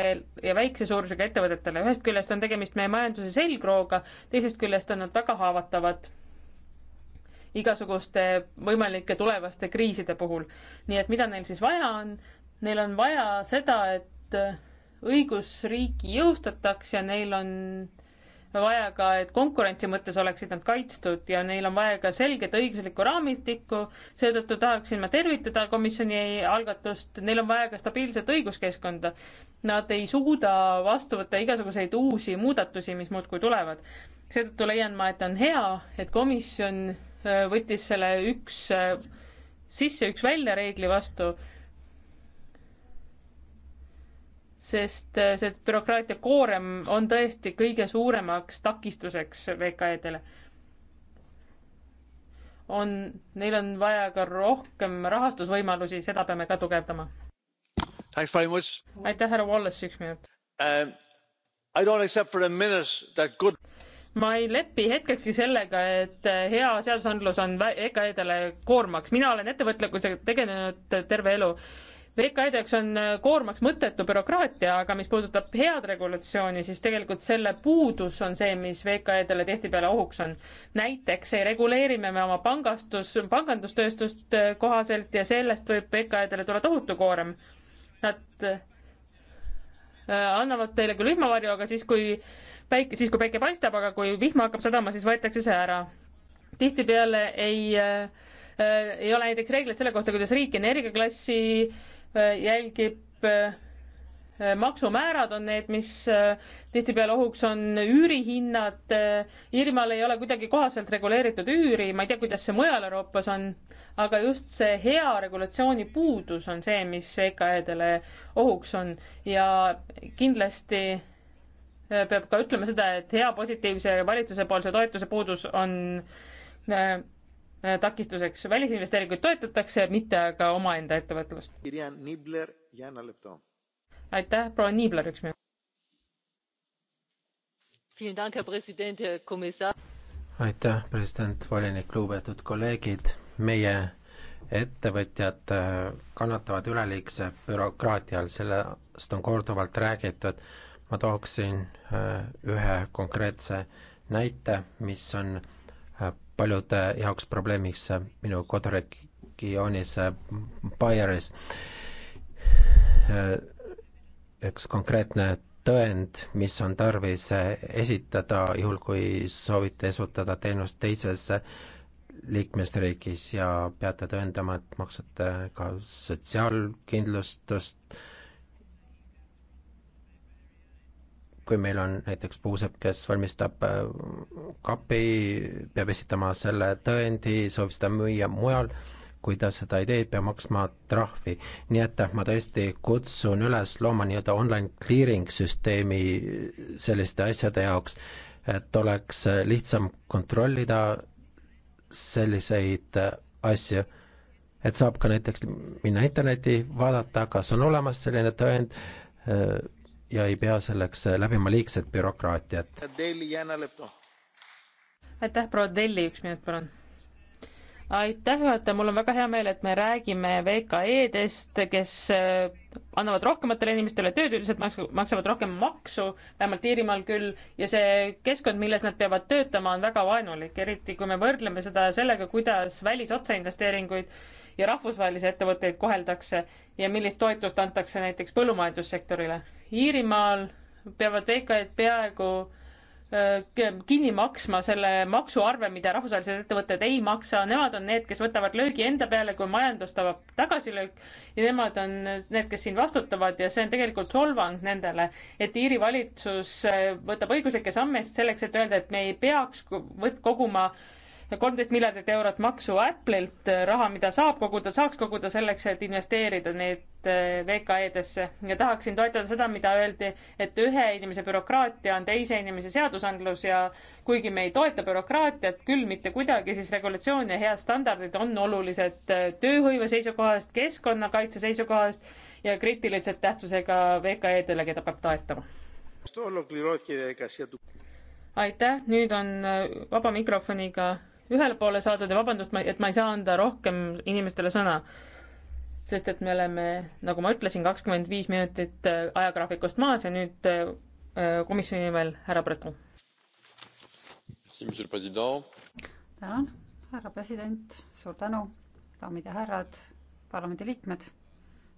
ja väikse suurusega ettevõtetele. ühest küljest on tegemist meie majanduse selgrooga, teisest küljest on nad väga haavatavad igasuguste võimalike tulevaste kriiside puhul. nii et mida neil siis vaja on? Neil on vaja seda, et õigusriiki jõustataks ja neil on äh, vaja ka, et konkurentsi mõttes oleksid nad kaitstud ja neil on vaja ka selget õiguslikku raamistikku, seetõttu tahaksin ma tervitada komisjoni algatust, neil on vaja ka stabiilset õiguskeskkonda. Nad ei suuda vastu võtta igasuguseid uusi muudatusi, mis muudkui tulevad. seetõttu leian ma, et on hea, et komisjon äh, võttis selle üks äh, sisse, üks välja reegli vastu sest eh, see bürokraatia koorem on tõesti kõige suuremaks takistuseks VKE-dele. on, neil on vaja ka rohkem rahastusvõimalusi, seda peame ka tugevdama. aitäh, härra Wallace, üks minut um,. Good... ma ei lepi hetkekski sellega, et eh, hea seadusandlus on VKE-dele koormaks, mina olen ettevõtlikkusega tegelenud terve elu VKD jaoks on äh, koormaks mõttetu bürokraatia, aga mis puudutab head regulatsiooni, siis tegelikult selle puudus on see, mis VKD-le tihtipeale ohuks on. näiteks ei reguleeri me oma pangastus, pangandustööstust äh, kohaselt ja sellest võib VKD-le tulla tohutu koorem. Nad äh, annavad teile küll vihmavarju, aga siis, kui päike, siis kui päike paistab, aga kui vihma hakkab sadama, siis võetakse see ära. tihtipeale ei äh, ei ole näiteks reegleid selle kohta, kuidas riik energiaklassi äh, jälgib äh, maksumäärad on need, mis äh, tihtipeale ohuks on, üürihinnad, äh, Iirimaal ei ole kuidagi kohaselt reguleeritud üüri, ma ei tea, kuidas see mujal Euroopas on, aga just see hea regulatsiooni puudus on see, mis EKA-dele ohuks on ja kindlasti peab ka ütlema seda, et hea positiivse valitsuse poolse toetuse puudus on Äh, takistuseks. välisinvesteeringuid toetatakse, mitte aga omaenda ettevõtlust. aitäh, proua Niibler, üks minut. aitäh, president, volinik, lugupeetud kolleegid, meie ettevõtjad äh, kannatavad üleliigse bürokraatia all, sellest on korduvalt räägitud. ma tooksin äh, ühe konkreetse näite, mis on paljude jaoks probleemiks minu koduregioonis äh, Baieris. Äh, üks konkreetne tõend, mis on tarvis äh, esitada, juhul kui soovite esutada teenust teises liikmesriigis ja peate tõendama, et maksate ka sotsiaalkindlustust, kui meil on näiteks puusepp, kes valmistab äh, kapi, peab esitama selle tõendi, soovib seda müüa mujal, kui ta seda ei tee, peab maksma trahvi. nii et äh, ma tõesti kutsun üles looma nii-öelda online clearing süsteemi äh, selliste asjade jaoks, et oleks lihtsam kontrollida selliseid asju et saab ka näiteks minna internetti, vaadata, kas on olemas selline tõend, ja ei pea selleks äh, läbima liigset bürokraatiat. aitäh, proua Delli, üks minut, palun aitäh, juhataja, mul on väga hea meel, et me räägime VKE-dest, kes äh, annavad rohkematele inimestele tööd, üldiselt maksavad rohkem maksu, vähemalt Iirimaal küll, ja see keskkond, milles nad peavad töötama, on väga vaenulik, eriti kui me võrdleme seda sellega, kuidas välisotseinvesteeringuid ja rahvusvahelisi ettevõtteid koheldakse ja millist toetust antakse näiteks põllumajandussektorile Iirimaal peavad VKE-d peaaegu äh, kinni maksma selle maksuarve, mida rahvusvahelised ettevõtted ei maksa, nemad on need, kes võtavad löögi enda peale, kui majandus tabab tagasilöök ja nemad on need, kes siin vastutavad ja see on tegelikult solvang nendele, et Iiri valitsus äh, võtab õiguslikke samme selleks, et öelda, et me ei peaks koguma kolmteist miljardit eurot maksu Apple'ilt, äh, raha, mida saab koguda, saaks koguda selleks, et investeerida neid äh, VKE-desse ja tahaksin toetada seda, mida öeldi, et ühe inimese bürokraatia on teise inimese seadusandlus ja kuigi me ei toeta bürokraatiat küll mitte kuidagi, siis regulatsioon ja head standardid on olulised äh, tööhõive seisukohast, keskkonnakaitse seisukohast ja kriitiliselt tähtsusega VKE-dele, keda peab toetama aitäh, nüüd on vaba mikrofoniga ühele poole saadud ja vabandust, et ma ei saa anda rohkem inimestele sõna, sest et me oleme, nagu ma ütlesin, kakskümmend viis minutit äh, ajagraafikust maas ja nüüd äh, äh, komisjoni nimel härra Breton. tänan, härra president, suur tänu, daamid ja härrad, parlamendiliikmed,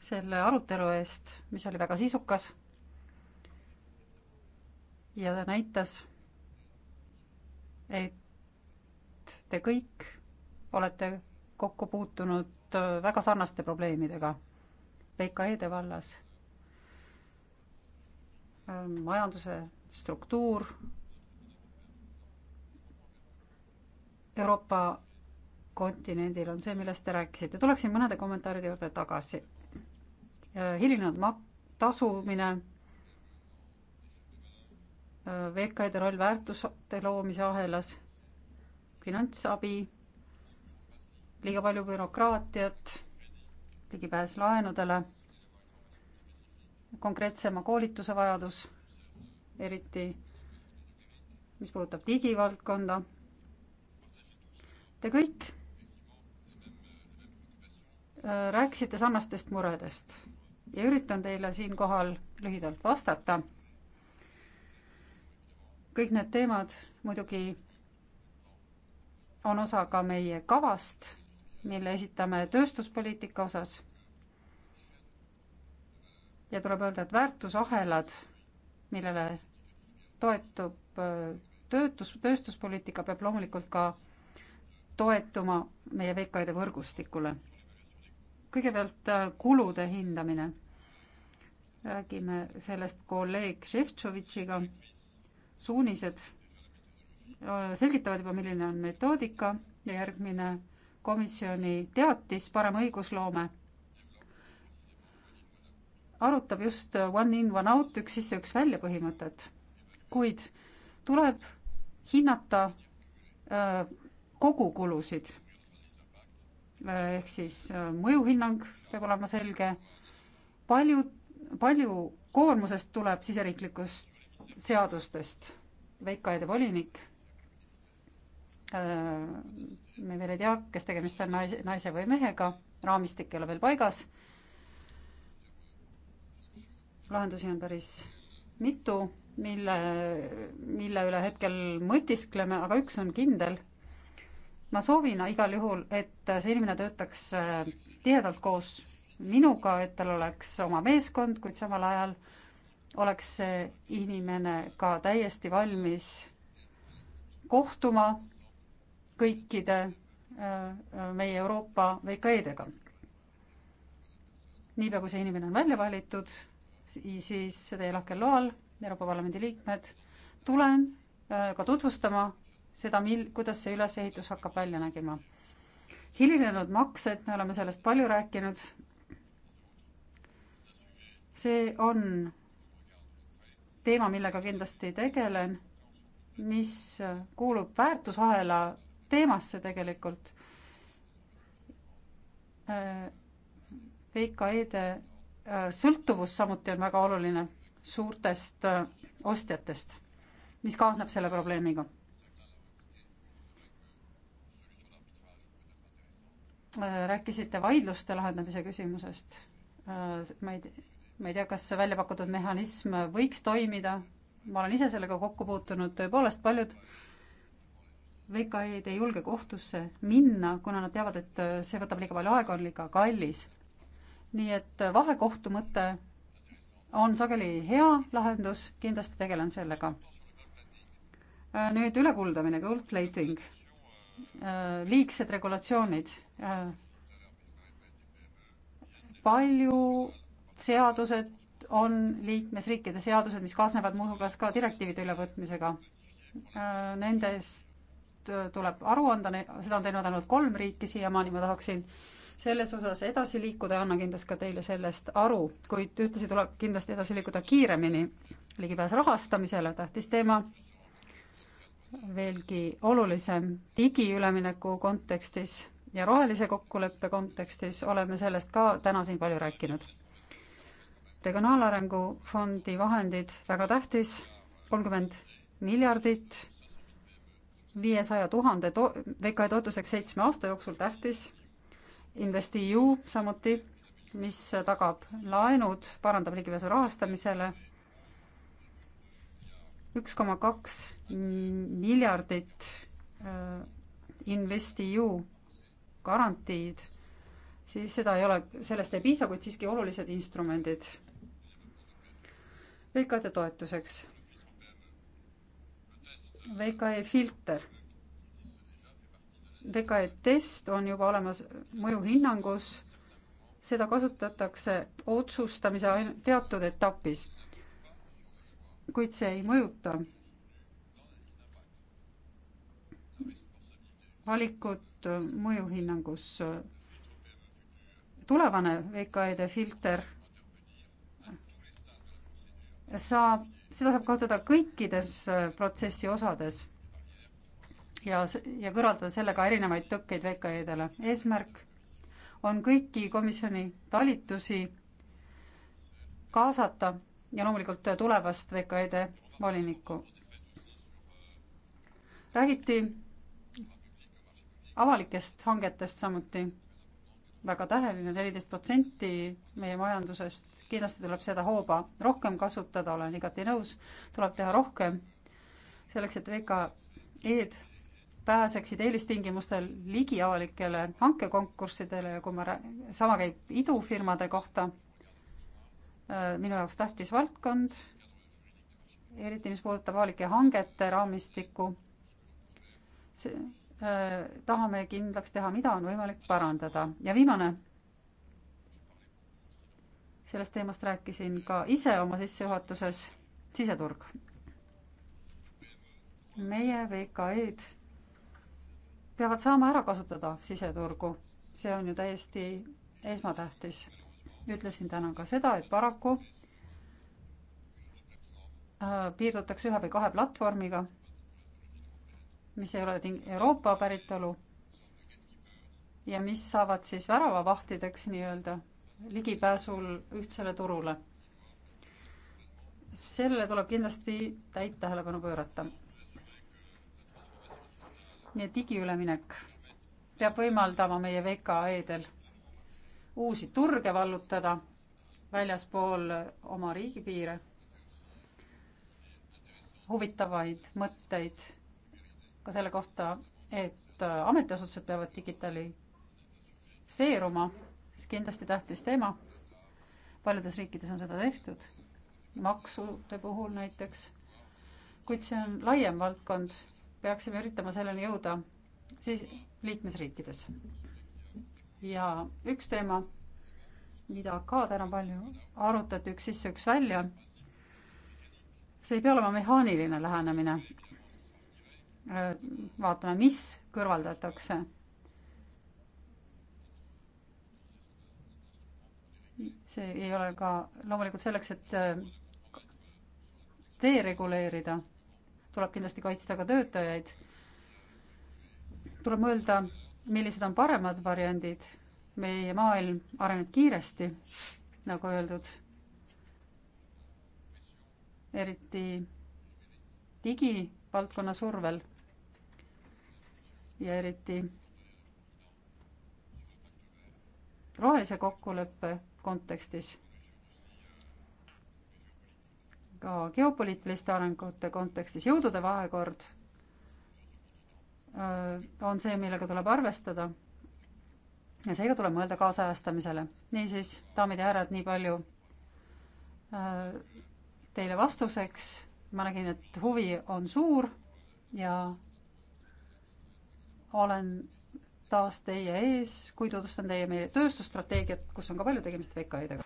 selle arutelu eest, mis oli väga sisukas ja ta näitas, et et te kõik olete kokku puutunud äh, väga sarnaste probleemidega PKE-de vallas. Ähm, majanduse struktuur, Euroopa kontinendil on see, millest te rääkisite. tuleksin mõnede kommentaaride juurde tagasi. Äh, hilinenud mak-, tasumine, äh, VKE-de roll väärtuste loomise ahelas finantsabi, liiga palju bürokraatiat, ligipääs laenudele, konkreetsema koolituse vajadus, eriti mis puudutab digivaldkonda. Te kõik äh, rääkisite sarnastest muredest ja üritan teile siinkohal lühidalt vastata. kõik need teemad muidugi on osa ka meie kavast, mille esitame tööstuspoliitika osas. ja tuleb öelda, et väärtusahelad, millele toetub äh, töötus, tööstuspoliitika, peab loomulikult ka toetuma meie VKD võrgustikule. kõigepealt äh, kulude hindamine. räägime sellest kolleeg Šeftšovitšiga. suunised Äh, selgitavad juba, milline on metoodika ja järgmine komisjoni teatis, parem õigusloome, arutab just one in, one out, üks sisse, üks välja põhimõtet. kuid tuleb hinnata äh, kogukulusid. Äh, ehk siis mõjuhinnang peab olema selge, palju, palju koormusest tuleb siseriiklikust seadustest, Veiko Aede volinik Äh, me veel ei tea, kas tegemist on naise, naise või mehega, raamistik ei ole veel paigas. lahendusi on päris mitu, mille, mille üle hetkel mõtiskleme, aga üks on kindel. ma soovin igal juhul, et see inimene töötaks äh, tihedalt koos minuga, et tal oleks oma meeskond, kuid samal ajal oleks see inimene ka täiesti valmis kohtuma kõikide äh, äh, meie Euroopa VKE-dega. niipea, kui see inimene on välja valitud, siis teie lahkel loal, Euroopa Parlamendi liikmed, tulen äh, ka tutvustama seda, mil, kuidas see ülesehitus hakkab välja nägema. hilinenud maksed, me oleme sellest palju rääkinud, see on teema, millega kindlasti tegelen, mis kuulub väärtusahela teemasse tegelikult. Äh, VKE-de äh, sõltuvus samuti on väga oluline suurtest äh, ostjatest, mis kaasneb selle probleemiga. rääkisite vaidluste lahendamise küsimusest. ma ei, ma ei tea, kas see välja pakutud mehhanism võiks toimida. ma olen ise sellega kokku puutunud, tõepoolest paljud äh, VKE-d ei julge kohtusse minna, kuna nad teavad, et see võtab liiga palju aega, on liiga kallis. nii et vahekohtu mõte on sageli hea lahendus, kindlasti tegelen sellega. Äh, nüüd ülekuldamine, goldplating, äh, liigsed regulatsioonid, äh, palju seadused on liikmesriikide seadused, mis kaasnevad muuhulgas ka direktiivide ülevõtmisega. Nendest nüüd äh, tuleb aru anda, seda on teinud ainult kolm riiki siiamaani, ma tahaksin selles osas edasi liikuda ja annan kindlasti ka teile sellest aru, kuid ühtlasi tuleb kindlasti edasi liikuda kiiremini. ligipääs rahastamisele, tähtis teema, veelgi olulisem digiülemineku kontekstis ja rohelise kokkuleppe kontekstis oleme sellest ka täna siin palju rääkinud. regionaalarengu fondi vahendid, väga tähtis, kolmkümmend miljardit viiesaja tuhande to-, VKE toetuseks seitsme aasta jooksul tähtis InvestEU samuti, mis tagab laenud, parandab ligipääsu rahastamisele, üks koma kaks miljardit äh, InvestEU garantiid, siis seda ei ole, sellest ei piisa, kuid siiski olulised instrumendid VKT toetuseks VKE filter. VKE test on juba olemas mõjuhinnangus, seda kasutatakse otsustamise teatud etapis, kuid see ei mõjuta valikut mõjuhinnangus. tulevane VKE-de filter saab seda saab kasutada kõikides äh, protsessi osades ja, ja kõrvaldada sellega erinevaid tõkkeid VKE-dele. eesmärk on kõiki komisjoni talitusi kaasata ja loomulikult tulevast VKE-de volinikku. räägiti avalikest hangetest samuti väga täheline, neliteist protsenti meie majandusest, kindlasti tuleb seda hooba rohkem kasutada, olen igati nõus, tuleb teha rohkem selleks, et VKE-d pääseksid eelistingimustel ligi avalikele hankekonkurssidele ja kui ma rää-, sama käib idufirmade kohta, äh, minu jaoks tähtis valdkond, eriti mis puudutab avalike hangete raamistikku, see Äh, tahame kindlaks teha, mida on võimalik parandada ja viimane. sellest teemast rääkisin ka ise oma sissejuhatuses, siseturg. meie VKE-d peavad saama ära kasutada siseturgu, see on ju täiesti esmatähtis. ütlesin täna ka seda, et paraku äh, piirdutakse ühe või kahe platvormiga mis ei ole Euroopa päritolu ja mis saavad siis väravavahtideks nii-öelda ligipääsul ühtsele turule. sellele tuleb kindlasti täit tähelepanu pöörata. nii et digiüleminek peab võimaldama meie VKE-del uusi turge vallutada väljaspool oma riigipiire, huvitavaid mõtteid ka selle kohta, et äh, ametiasutused peavad digitaliseeruma, see kindlasti tähtis teema. paljudes riikides on seda tehtud, maksude puhul näiteks, kuid see on laiem valdkond, peaksime üritama selleni jõuda siis liikmesriikides. ja üks teema, mida ka täna palju arutati, üks sisse, üks välja, see ei pea olema mehaaniline lähenemine, Äh, vaatame, mis kõrvaldatakse. see ei ole ka loomulikult selleks, et äh, dereguleerida, tuleb kindlasti kaitsta ka töötajaid. tuleb mõelda, millised on paremad variandid. meie maailm areneb kiiresti, nagu öeldud. eriti digivaldkonna survel ja eriti rohelise kokkuleppe kontekstis, ka geopoliitiliste arengute kontekstis jõudude vahekord on see, millega tuleb arvestada. ja seega tuleb mõelda kaasajastamisele. niisiis, daamid ja härrad, nii palju teile vastuseks. ma nägin, et huvi on suur ja olen taas teie ees, kui tutvustan teie meie tööstusstrateegiat, kus on ka palju tegemist VKI-dega.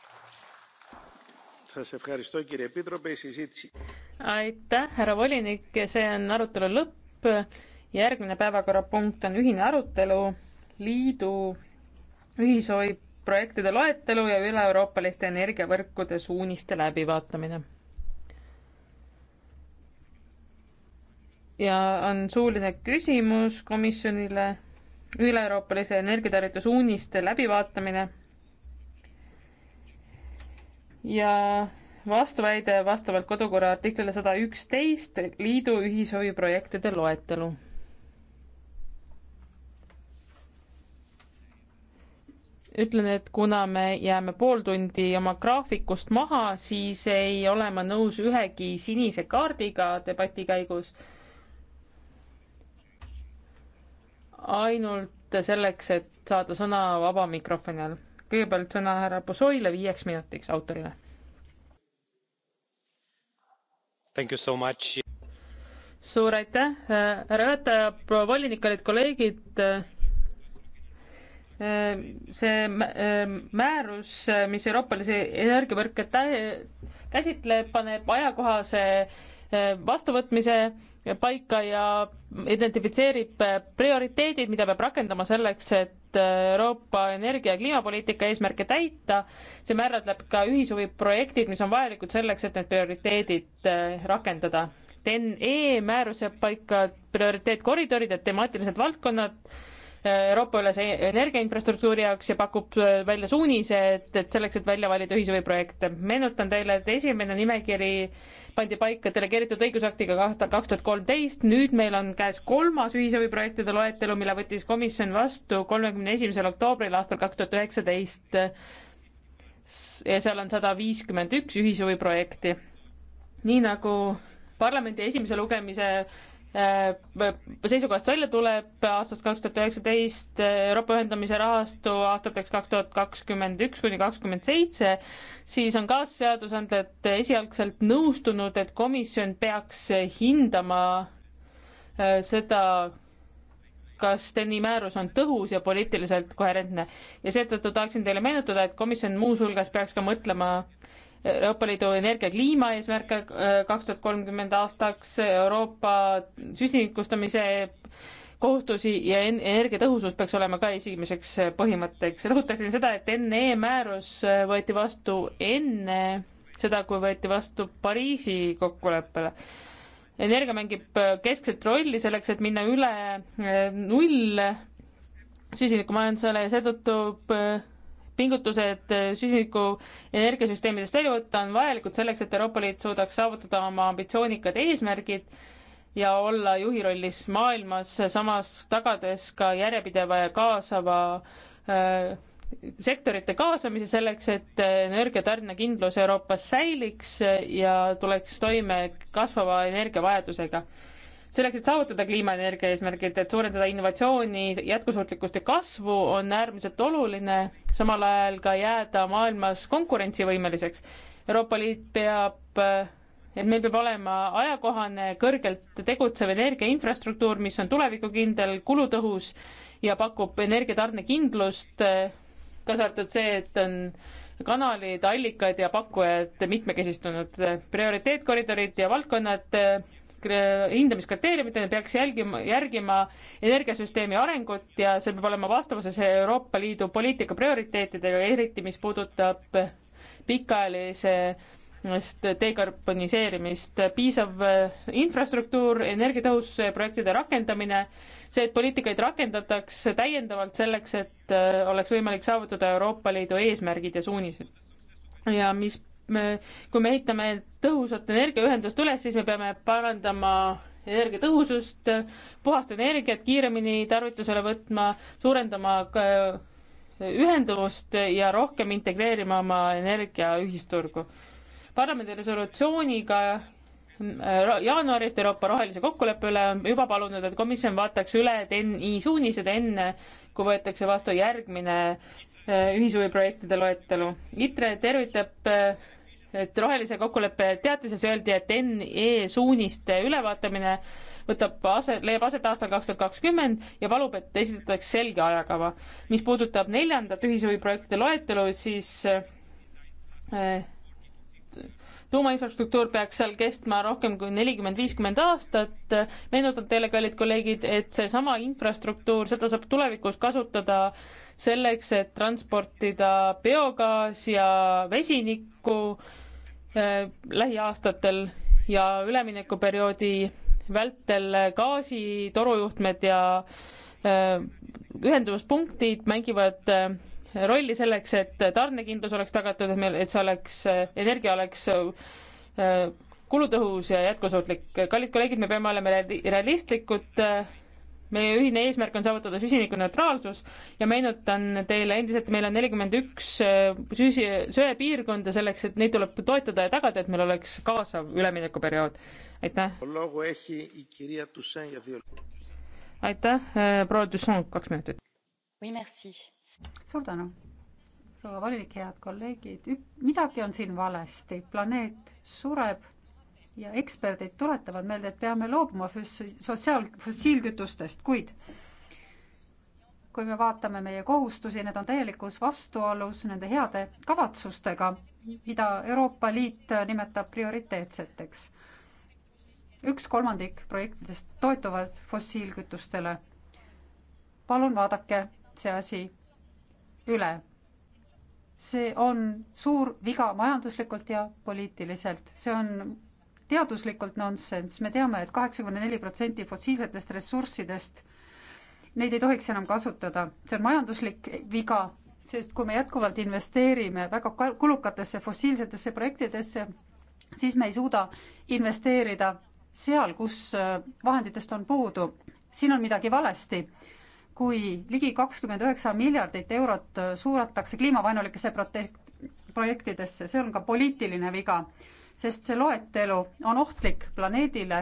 aitäh, härra volinik, see on arutelu lõpp. järgmine päevakorrapunkt on ühine arutelu liidu ühishoidprojektide loetelu ja üle-euroopaliste energiavõrkude suuniste läbivaatamine ja on suuline küsimus komisjonile üle-euroopalise energiatarvitusuuniste läbivaatamine ja vastuväide vastavalt kodukorra artiklile sada üksteist liidu ühishoiuprojektide loetelu. ütlen, et kuna me jääme pool tundi oma graafikust maha, siis ei ole ma nõus ühegi sinise kaardiga debati käigus ainult selleks, et saada sõna vaba mikrofoni all. kõigepealt sõna härra Posoile viieks minutiks autorile. Thank you so much. suur aitäh, härra juhataja, proua volinik, kallid kolleegid see määrus, mis euroopalisi energiavõrke käsitleb, paneb ajakohase vastuvõtmise paika ja identifitseerib äh, prioriteedid, mida peab rakendama selleks, et äh, Euroopa energia- ja kliimapoliitika eesmärke täita. see määratleb ka ühishuviprojektid, mis on vajalikud selleks, et need prioriteedid äh, rakendada. TEN-E määrus jääb paika prioriteetkoridorid ja temaatilised valdkonnad Euroopa-ülese energiainfrastruktuuri jaoks ja pakub välja suunise, et, et selleks, et välja valida ühishuviprojekte. meenutan teile, et esimene nimekiri pandi paika delegeeritud õigusaktiga aastal kaks tuhat kolmteist, nüüd meil on käes kolmas ühisabiprojektide loetelu, mille võttis komisjon vastu kolmekümne esimesel oktoobril aastal kaks tuhat üheksateist. ja seal on sada viiskümmend üks ühishuviprojekti. nii nagu parlamendi esimese lugemise Äh, seisukohast välja tuleb aastast kaks tuhat üheksateist äh, Euroopa ühendamise rahastu aastateks kaks tuhat kakskümmend üks kuni kakskümmend seitse, siis on kaasseadusandjad esialgselt nõustunud, et komisjon peaks hindama äh, seda, kas TEN-i määrus on tõhus ja poliitiliselt koherentne. ja seetõttu tahaksin teile meenutada, et komisjon muuhulgas peaks ka mõtlema Euroopa Liidu energia kliimaeesmärke äh, kaks tuhat kolmkümmend aastaks, Euroopa süsinikustamise kohustusi ja energiatõhusus peaks olema ka esimeseks äh, põhimõtteks. rõhutaksin seda, et NE määrus äh, võeti vastu enne seda, kui võeti vastu Pariisi kokkuleppele. energia mängib keskset rolli selleks, et minna üle null süsinikumajandusele ja seetõttu pingutused äh, süsiniku energiasüsteemidest välja võtta on vajalikud selleks, et Euroopa Liit suudaks saavutada oma ambitsioonikad eesmärgid ja olla juhi rollis maailmas, samas tagades ka järjepideva ja kaasava äh, sektorite kaasamise selleks, et äh, energiatarnekindlus Euroopas säiliks ja tuleks toime kasvava energiavajadusega selleks, et saavutada kliimaenergia eesmärgid, et suurendada innovatsiooni, jätkusuutlikkust ja kasvu, on äärmiselt oluline samal ajal ka jääda maailmas konkurentsivõimeliseks. Euroopa Liit peab, et meil peab olema ajakohane, kõrgelt tegutsev energiainfrastruktuur, mis on tulevikukindel, kulutõhus ja pakub energiatarnekindlust, kaasa arvatud see, et on kanalid, allikad ja pakkujad mitmekesistunud prioriteetkoridorid ja valdkonnad hindamiskriteeriumitele, peaks jälgima, järgima energiasüsteemi arengut ja see peab olema vastavuses Euroopa Liidu poliitika prioriteetidega, eriti mis puudutab pikaajalise dekarboniseerimist, piisav äh, infrastruktuur, energiatõhususe äh, projektide rakendamine, see, et poliitikaid rakendatakse täiendavalt selleks, et äh, oleks võimalik saavutada Euroopa Liidu eesmärgid ja suunised. ja mis me, kui me ehitame tõhusat energiaühendust üles, siis me peame parandama energiatõhusust, puhast energiat kiiremini tarvitusele võtma, suurendama äh, ühenduvust ja rohkem integreerima oma energia ühisturgu. parlamendi resolutsiooniga äh, jaanuarist Euroopa rohelise kokkuleppe üle on juba palunud, et komisjon vaataks üle TNI suunised enne, kui võetakse vastu järgmine äh, ühishuviprojektide loetelu. ITRE tervitab et rohelise kokkuleppe teatises öeldi, et NE suuniste ülevaatamine võtab ase, leiab aset aastal kaks tuhat kakskümmend ja palub, et esitatakse selge ajakava. mis puudutab neljandat ühishuviprojektide loetelu, siis äh, tuumainfrastruktuur peaks seal kestma rohkem kui nelikümmend, viiskümmend aastat. meenutan teile, kallid kolleegid, et seesama infrastruktuur, seda saab tulevikus kasutada selleks, et transportida biogaas ja vesinikku äh, Äh, lähiaastatel ja üleminekuperioodi vältel gaasitorujuhtmed ja äh, ühenduspunktid mängivad äh, rolli selleks, et tarnekindlus oleks tagatud, et meil, et see oleks, energia oleks kulutõhus ja jätkusuutlik. kallid kolleegid, me peame olema realistlikud meie ühine eesmärk on saavutada süsinikuneutraalsus ja meenutan teile endiselt, meil on nelikümmend üks äh, süsi, söepiirkonda selleks, et neid tuleb toetada ja tagada, et meil oleks kaasav üleminekuperiood. aitäh. aitäh, äh, proua Dussant, kaks minutit oui,. suur tänu proua volinik, head kolleegid, midagi on siin valesti, planeet sureb ja eksperdid tuletavad meelde, et peame loobuma sotsiaal, fossiilkütustest, kuid kui me vaatame meie kohustusi, need on täielikus vastuolus nende heade kavatsustega, mida Euroopa Liit nimetab prioriteetseteks. üks kolmandik projektidest toetuvad fossiilkütustele. palun vaadake see asi üle see on suur viga majanduslikult ja poliitiliselt, see on teaduslikult nonsenss, me teame et, et kaheksakümne neli protsenti fossiilsetest ressurssidest, neid ei tohiks enam kasutada, see on majanduslik viga, sest kui me jätkuvalt investeerime väga kulukatesse fossiilsetesse projektidesse, siis me ei suuda investeerida seal, kus äh, vahenditest on puudu. siin on midagi valesti kui ligi kakskümmend üheksa miljardit eurot äh, suunatakse kliimavaenulikesse protekt-, projektidesse, see on ka poliitiline viga sest see loetelu on ohtlik planeedile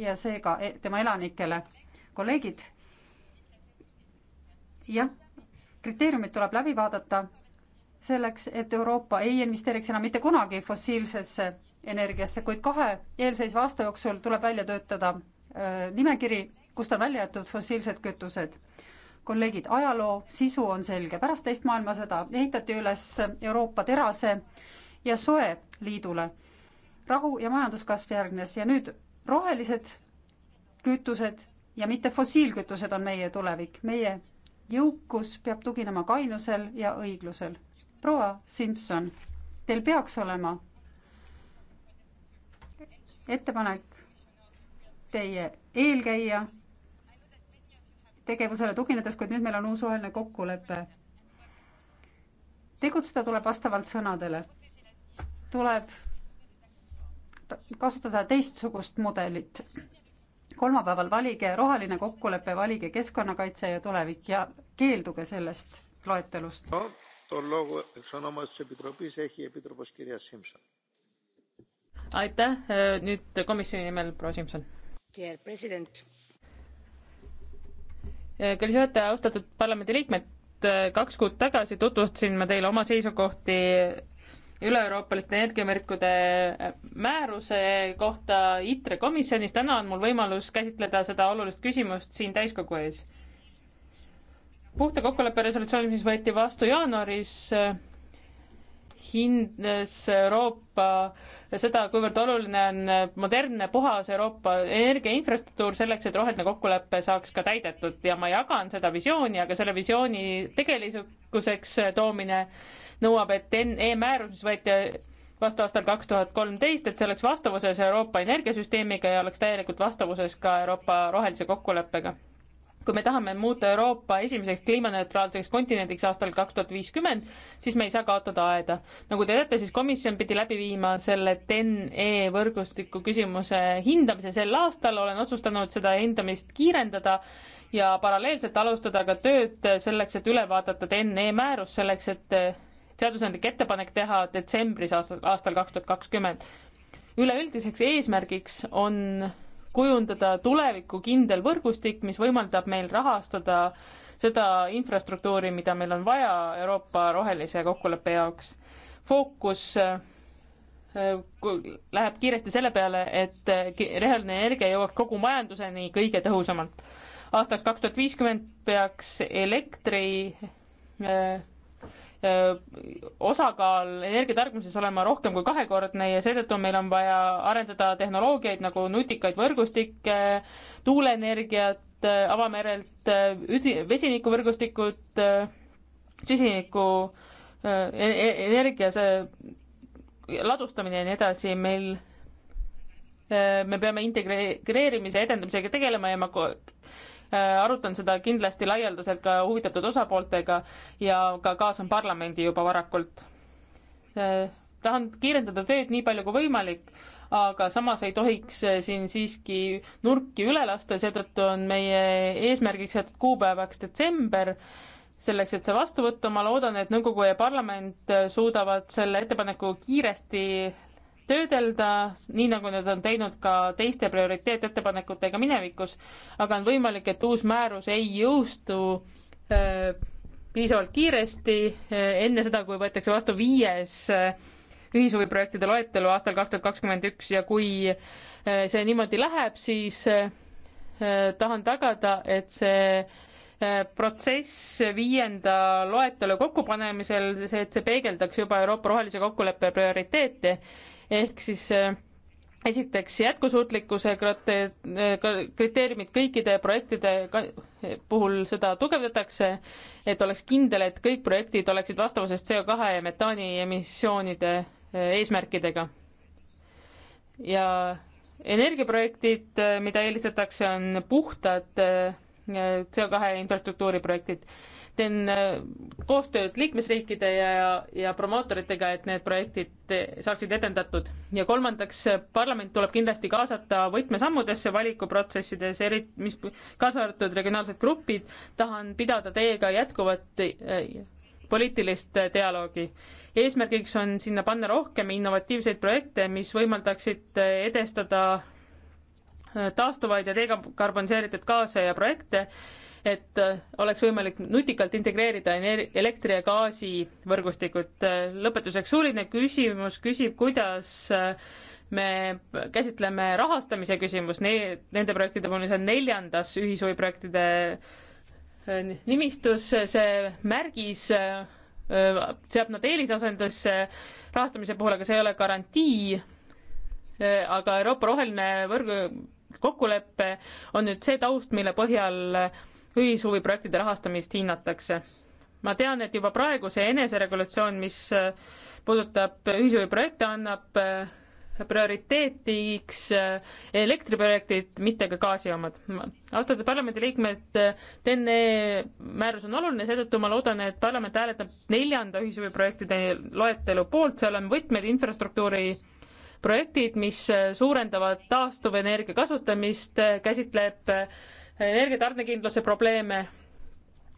ja seega e-, tema elanikele. kolleegid, jah, kriteeriumid tuleb läbi vaadata selleks, et Euroopa ei investeeriks enam mitte kunagi fossiilsesse energiasse, kuid kahe eelseisva aasta jooksul tuleb välja töötada öö, nimekiri, kust on välja jäetud fossiilsed kütused. kolleegid, ajaloo sisu on selge, pärast teist maailmasõda ehitati üles Euroopa terase ja soe liidule rahu ja majanduskasv järgnes ja nüüd rohelised kütused ja mitte fossiilkütused on meie tulevik. meie jõukus peab tuginema kainusel ja õiglusel. proua Simson, teil peaks olema ettepanek teie eelkäija tegevusele tuginedes, kuid nüüd meil on uus roheline kokkulepe. tegutseda tuleb vastavalt sõnadele. tuleb kasutada teistsugust mudelit. kolmapäeval valige roheline kokkulepe, valige keskkonnakaitse ja tulevik ja keelduge sellest loetelust no,. aitäh, äh, nüüd komisjoni nimel proua Simson. Äh, kallis juhataja, austatud parlamendiliikmed, äh, kaks kuud tagasi tutvustasin ma teile oma seisukohti üle-euroopaliste energiamärkude määruse kohta ITRE komisjonis. täna on mul võimalus käsitleda seda olulist küsimust siin täiskogu ees. puhta kokkuleppe resolutsioon, mis võeti vastu jaanuaris, hindas Euroopa seda, kuivõrd oluline on modernne, puhas Euroopa energiainfrastruktuur selleks, et roheline kokkulepe saaks ka täidetud ja ma jagan seda visiooni, aga selle visiooni tegelikkuseks toomine äh, nõuab, et e-määrus, mis võeti vastu aastal kaks tuhat kolmteist, et see oleks vastavuses Euroopa energiasüsteemiga ja oleks täielikult vastavuses ka Euroopa rohelise kokkuleppega. kui me tahame muuta Euroopa esimeseks kliimaneutraalseks kontinendiks aastal kaks tuhat viiskümmend, siis me ei saa kaotada aeda. nagu te teate, siis komisjon pidi läbi viima selle TEN-E võrgustiku küsimuse hindamise sel aastal, olen otsustanud seda hindamist kiirendada ja paralleelselt alustada ka tööd selleks, et üle vaadata TEN-E määrus, selleks et seadusandlik ettepanek teha detsembris aastal, aastal kaks tuhat kakskümmend. üleüldiseks eesmärgiks on kujundada tulevikukindel võrgustik, mis võimaldab meil rahastada seda infrastruktuuri, mida meil on vaja Euroopa rohelise kokkuleppe jaoks. fookus äh, läheb kiiresti selle peale, et äh, reaalne energia jõuaks kogu majanduseni kõige tõhusamalt. aastaks kaks tuhat viiskümmend peaks elektri äh, osakaal energiatarbimises olema rohkem kui kahekordne ja seetõttu meil on vaja arendada tehnoloogiaid nagu nutikaid võrgustikke, tuuleenergiat avamerelt, vesinikuvõrgustikud, süsiniku e-, e-, energia see ladustamine ja nii edasi, meil me peame integreerimise edendamisega tegelema ja ma Äh, arutan seda kindlasti laialdaselt ka huvitatud osapooltega ja ka kaasan parlamendi juba varakult. Äh, tahan kiirendada tööd nii palju kui võimalik, aga samas ei tohiks äh, siin siiski nurki üle lasta, seetõttu on meie eesmärgiks jäetud kuupäevaks detsember selleks, et see vastu võtta, ma loodan, et nõukogu ja parlament suudavad selle ettepaneku kiiresti töödelda, nii nagu nad on teinud ka teiste prioriteetettepanekutega minevikus, aga on võimalik, et uus määrus ei jõustu äh, piisavalt kiiresti äh, enne seda, kui võetakse vastu viies äh, ühishuviprojektide loetelu aastal kaks tuhat kakskümmend üks ja kui äh, see niimoodi läheb, siis äh, äh, tahan tagada, et see protsess viienda loetelu kokkupanemisel, see, et see peegeldaks juba Euroopa rohelise kokkuleppe prioriteete ehk siis äh, esiteks jätkusuutlikkuse äh, kriteeriumid kõikide projektide puhul seda tugevdatakse, et oleks kindel, et kõik projektid oleksid vastavuses CO2 ja metaani emissioonide äh, eesmärkidega. ja energiaprojektid, mida eelistatakse, on puhtad CO2 infrastruktuuri projektid teen äh, koostööd liikmesriikide ja, ja promootoritega, et need projektid äh, saaksid edendatud. ja kolmandaks, äh, parlament tuleb kindlasti kaasata võtmesammudesse valikuprotsessides, eri, mis, kaasa arvatud regionaalsed grupid, tahan pidada teiega jätkuvat poliitilist dialoogi. eesmärgiks on sinna panna rohkem innovatiivseid projekte, mis võimaldaksid edestada taastuvaid ja dekarboniseeritud gaase ja projekte et äh, oleks võimalik nutikalt integreerida elektri ja gaasi võrgustikud. Äh, lõpetuseks suuline küsimus küsib, kuidas äh, me käsitleme rahastamise küsimust ne-, nende projektide puhul, see on neljandas ühishuviprojektide nimistus, see märgis seab nad eelisasendusse rahastamise puhul, aga see ei ole garantii. aga Euroopa roheline võrgu kokkulepe on nüüd see taust, mille põhjal ühishuviprojektide rahastamist hinnatakse. ma tean, et juba praegu see eneseregulatsioon, mis äh, puudutab ühishuviprojekte, annab äh, prioriteetiks äh, elektriprojektid, mitte ka gaasi omad. austatud parlamendiliikmed, TEN-E määrus on oluline, seetõttu ma loodan, et parlament hääletab neljanda ühishuviprojektide loetelu poolt, seal on võtmed infrastruktuuri projektid, mis suurendavad taastuvenergia kasutamist, käsitleb energiatarnekindluse probleeme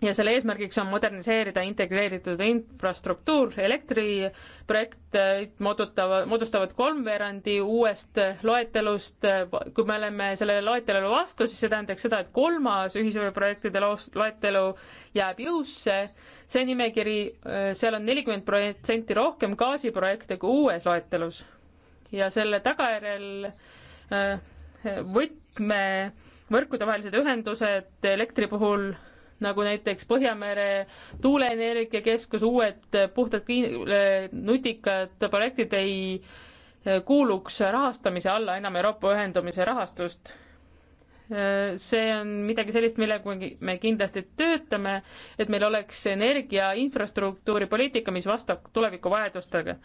ja selle eesmärgiks on moderniseerida integreeritud infrastruktuur, elektriprojekt äh, moodutavad, moodustavad kolmveerandi uuest loetelust, kui me oleme sellele loetelule vastu, siis see tähendaks seda, et kolmas ühisveeprojektide loetelu jääb jõusse, see nimekiri, äh, seal on nelikümmend protsenti rohkem gaasiprojekte kui uues loetelus. ja selle tagajärjel äh, võtme võrkudevahelised ühendused elektri puhul, nagu näiteks Põhjamere tuuleenergiakeskus, uued puhtad nutikad projektid ei eh, kuuluks rahastamise alla enam Euroopa ühendamise rahastust. Eh, see on midagi sellist, millega me kindlasti töötame, et meil oleks energia infrastruktuuri poliitika, mis vastab tuleviku vajadustele.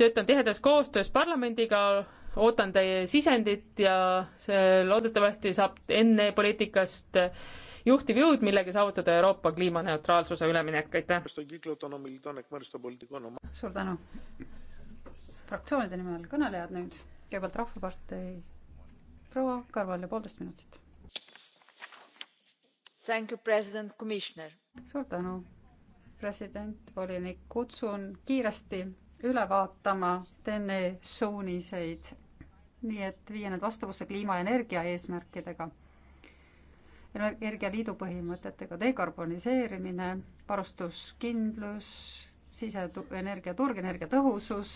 töötan tihedas koostöös parlamendiga, ootan teie sisendit ja see loodetavasti saab enne poliitikast juhtiv jõud, millega saavutada Euroopa kliimaneutraalsuse üleminek, aitäh! suur tänu! fraktsioonide nimel kõnelejad nüüd, kõigepealt Rahvapartei proua Carvalho, poolteist minutit. suur tänu, president, volinik, kutsun kiiresti üle vaatama TNE suuniseid, nii et viia need vastavusse kliima ja energia eesmärkidega, energialiidu põhimõtetega, dekarboniseerimine, varustuskindlus, siseenergiaturg, energiatõhusus,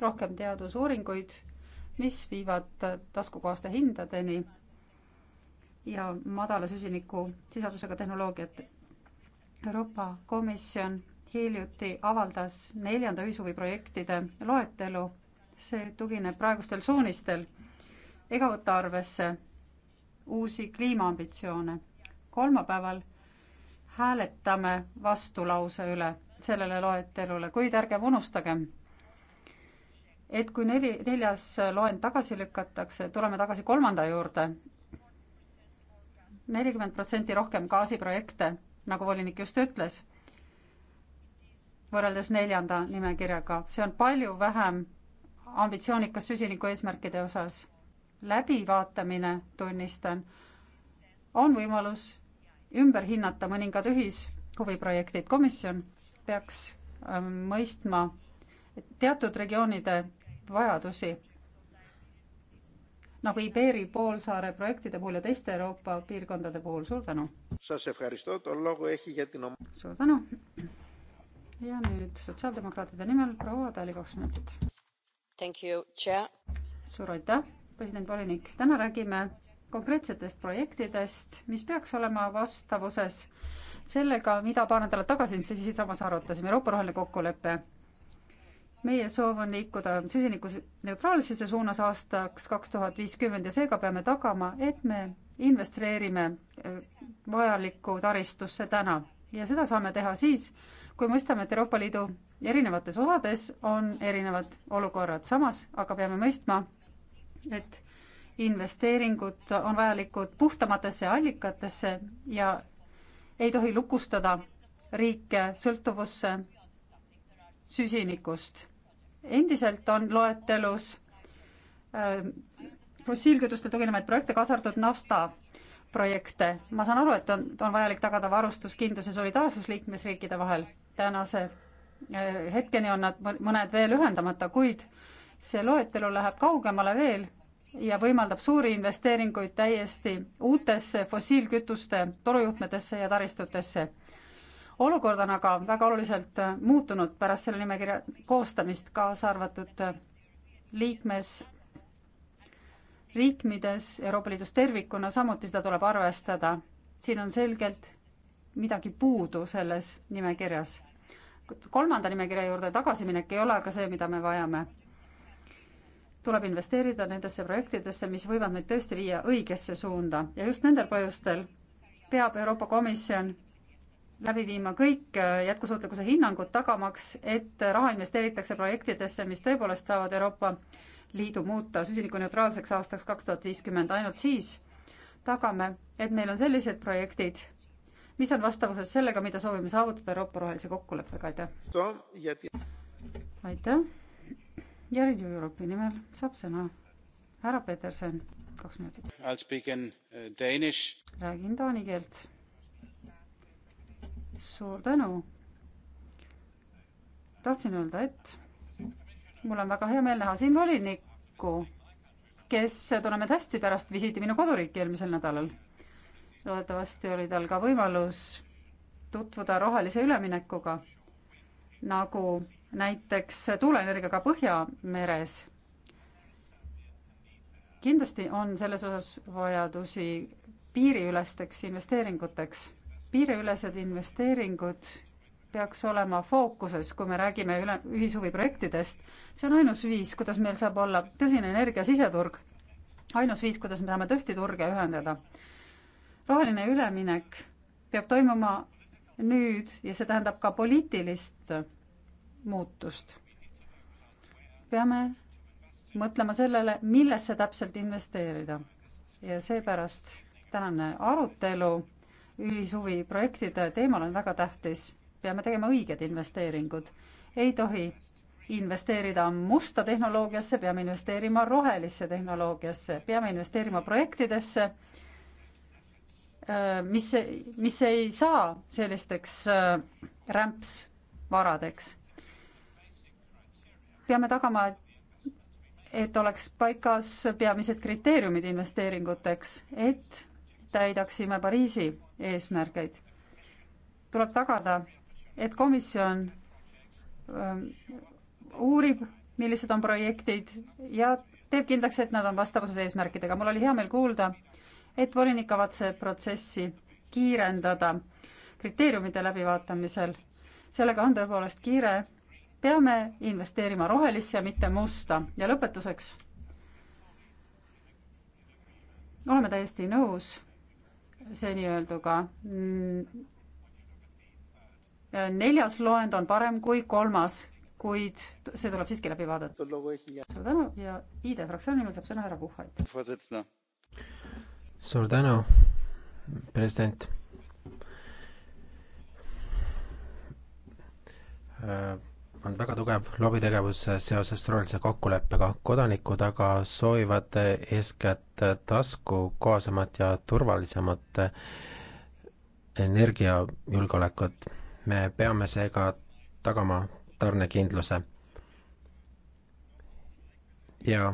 rohkem teadusuuringuid, mis viivad taskukohaste hindadeni ja madala süsiniku sisaldusega tehnoloogiat. Euroopa Komisjon hiljuti avaldas neljanda ühishuvi projektide loetelu. see tugineb praegustel suunistel ega võta arvesse uusi kliimaambitsioone. kolmapäeval hääletame vastulause üle sellele loetelule, kuid ärgem unustagem, et kui neli, neljas loend tagasi lükatakse, tuleme tagasi kolmanda juurde, nelikümmend protsenti rohkem gaasiprojekte, nagu volinik just ütles võrreldes neljanda nimekirjaga, see on palju vähem ambitsioonikas süsiniku eesmärkide osas. läbivaatamine, tunnistan, on võimalus ümber hinnata mõningad ühishuviprojektid. komisjon peaks ähm, mõistma teatud regioonide vajadusi, nagu Ibeeri poolsaare projektide puhul ja teiste Euroopa piirkondade puhul. suur tänu! suur tänu! ja nüüd sotsiaaldemokraatide nimel proua Tali, kaks minutit. suur aitäh, president volinik, täna räägime konkreetsetest projektidest, mis peaks olema vastavuses sellega, mida paar nädalat tagasi siinsamas arutasime, Euroopa roheline kokkulepe. meie soov on liikuda süsinikuneutraalsuse suunas aastaks kaks tuhat viiskümmend ja seega peame tagama, et me investeerime eh, vajalikku taristusse täna ja seda saame teha siis, kui mõistame, et Euroopa Liidu erinevates osades on erinevad olukorrad, samas aga peame mõistma, et investeeringud on vajalikud puhtamatesse allikatesse ja ei tohi lukustada riike sõltuvusse süsinikust. endiselt on loetelus äh, fossiilkütustel tuginevaid projekte, kaasa arvatud nafta projekte. ma saan aru, et on, on vajalik tagada varustuskindlus ja solidaarsus liikmesriikide vahel, tänase äh, hetkeni on nad mõned veel ühendamata, kuid see loetelu läheb kaugemale veel ja võimaldab suuri investeeringuid täiesti uutesse fossiilkütuste torujuhtmetesse ja taristutesse. olukord on aga väga oluliselt äh, muutunud pärast selle nimekirja koostamist, kaasa arvatud äh, liikmes, riikmides Euroopa Liidus tervikuna, samuti seda tuleb arvestada. siin on selgelt midagi puudu selles nimekirjas. kolmanda nimekirja juurde tagasiminek ei ole aga see, mida me vajame. tuleb investeerida nendesse projektidesse, mis võivad meid tõesti viia õigesse suunda ja just nendel põhjustel peab Euroopa Komisjon läbi viima kõik jätkusuutlikkuse hinnangud, tagamaks, et raha investeeritakse projektidesse, mis tõepoolest saavad Euroopa Liidu muuta süsinikuneutraalseks aastaks kaks tuhat viiskümmend, ainult siis tagame, et meil on sellised projektid, mis on vastavuses sellega, mida soovime saavutada Euroopa rohelise kokkuleppega, aitäh. aitäh. ja Renew Europe'i nimel saab sõna härra Peterson, kaks minutit. Uh, räägin taani keelt. suur tänu. tahtsin öelda, et mul on väga hea meel näha siin volinikku, kes tunneb end hästi pärast visiiti minu koduriiki eelmisel nädalal loodetavasti oli tal ka võimalus tutvuda rohelise üleminekuga, nagu näiteks tuuleenergiaga Põhjameres. kindlasti on selles osas vajadusi piiriülesteks investeeringuteks. piiriülesed investeeringud peaks olema fookuses, kui me räägime üle, ühishuviprojektidest. see on ainus viis, kuidas meil saab olla tõsine energia siseturg, ainus viis, kuidas me saame tõesti turge ühendada roheline üleminek peab toimuma nüüd ja see tähendab ka poliitilist muutust. peame mõtlema sellele, millesse täpselt investeerida. ja seepärast tänane arutelu ühishuvi projektide teemal on väga tähtis. peame tegema õiged investeeringud. ei tohi investeerida musta tehnoloogiasse, peame investeerima rohelisse tehnoloogiasse, peame investeerima projektidesse, Äh, mis, mis ei saa sellisteks äh, rämpsvaradeks. peame tagama, et oleks paigas peamised kriteeriumid investeeringuteks, et täidaksime Pariisi eesmärgeid. tuleb tagada, et komisjon ähm, uurib, millised on projektid ja teeb kindlaks, et nad on vastavuses eesmärkidega. mul oli hea meel kuulda, et volinik kavatseb protsessi kiirendada kriteeriumide läbivaatamisel. sellega on tõepoolest kiire, peame investeerima rohelisse ja mitte musta ja lõpetuseks oleme täiesti nõus seni öelduga. Mm, neljas loend on parem kui kolmas, kuid see tuleb siiski läbi vaadata. suur tänu ja ID e fraktsiooni nimel saab sõna härra Puhhait suur tänu, president. Äh, on väga tugev lobitegevus seoses rohelise kokkuleppega, kodanikud aga soovivad eeskätt taskukohasemat ja turvalisemat energiajulgeolekut. me peame seega tagama tarnekindluse. ja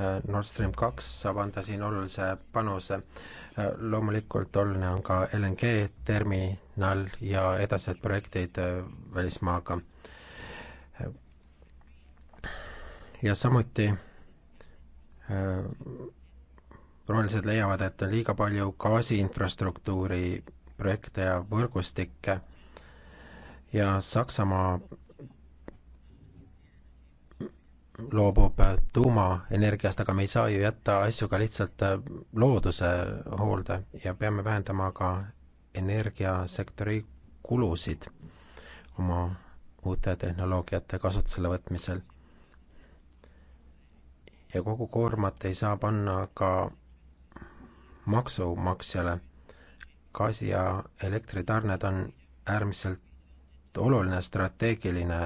Äh, Nord Stream kaks saab anda siin olulise panuse. Äh, loomulikult oluline on ka LNG terminal ja edased projektid äh, välismaaga. ja samuti rohelised leiavad, et on liiga palju gaasiinfrastruktuuri projekte ja võrgustikke ja Saksamaa loobub äh, tuumaenergiast, aga me ei saa ju jätta asju ka lihtsalt äh, looduse hoolde ja peame vähendama ka energiasektori kulusid oma uute tehnoloogiate kasutusele võtmisel. ja kogu koormat ei saa panna ka maksumaksjale. gaasi ja elektritarned on äärmiselt oluline strateegiline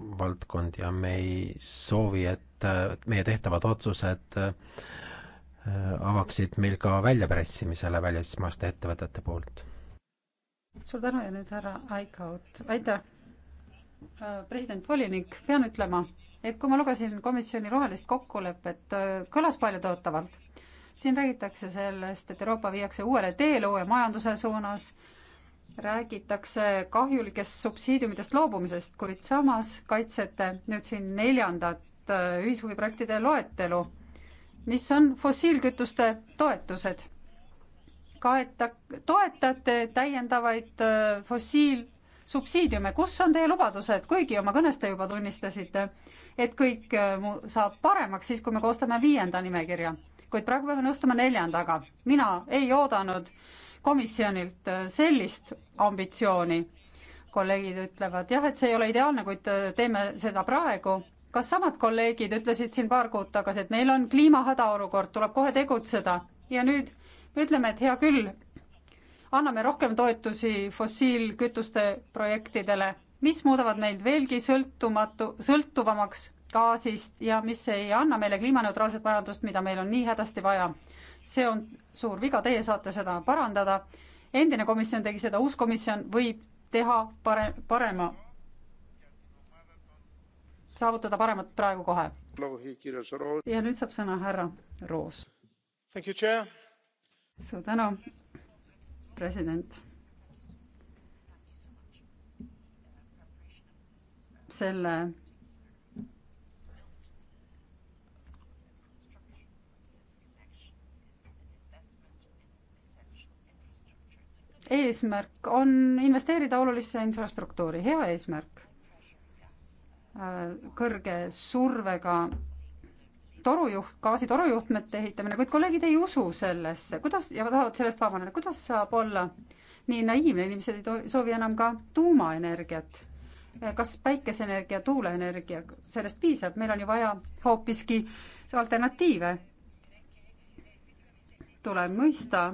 valdkond ja me ei soovi, et meie tehtavad otsused äh, avaksid meil ka väljapressimisele välismaaste ettevõtete poolt. suur tänu ja nüüd härra Aikaut, aitäh! Äh, president volinik, pean ütlema, et kui ma lugesin komisjoni rohelist kokkulepet, äh, kõlas paljutõotavalt. siin räägitakse sellest, et Euroopa viiakse uuele teele, uue majanduse suunas räägitakse kahjulikest subsiidiumidest loobumisest, kuid samas kaitsete nüüd siin neljandat äh, ühishuviprojektide loetelu, mis on fossiilkütuste toetused. kaeta, toetate täiendavaid äh, fossiilsubsiidiume, kus on teie lubadused, kuigi oma kõnes te juba tunnistasite, et kõik äh, saab paremaks siis, kui me koostame viienda nimekirja, kuid praegu peame nõustuma neljandaga. mina ei oodanud äh, komisjonilt äh, sellist ambitsiooni. kolleegid ütlevad jah, et see ei ole ideaalne, kuid äh, teeme seda praegu. kas samad kolleegid ütlesid siin paar kuud tagasi, et meil on kliimahädaolukord, tuleb kohe tegutseda ja nüüd me ütleme, et hea küll, anname rohkem toetusi fossiilkütuste projektidele, mis muudavad meid veelgi sõltumatu, sõltuvamaks gaasist ja mis ei anna meile kliimaneutraalset majandust, mida meil on nii hädasti vaja see on suur viga, teie saate seda parandada. endine komisjon tegi seda, uus komisjon võib teha pare-, parema, saavutada paremat praegu kohe. ja nüüd saab sõna härra Roos. suur tänu, president. selle eesmärk on investeerida olulisse infrastruktuuri, hea eesmärk. Äh, kõrge survega torujuht, gaasitorujuhtmete ehitamine, kuid kolleegid ei usu sellesse, kuidas ja tahavad sellest vabaneda, kuidas saab olla nii naiivne, inimesed ei soovi enam ka tuumaenergiat. Äh, kas päikeseenergia, tuuleenergia, sellest piisab, meil on ju vaja hoopiski alternatiive tuleb mõista,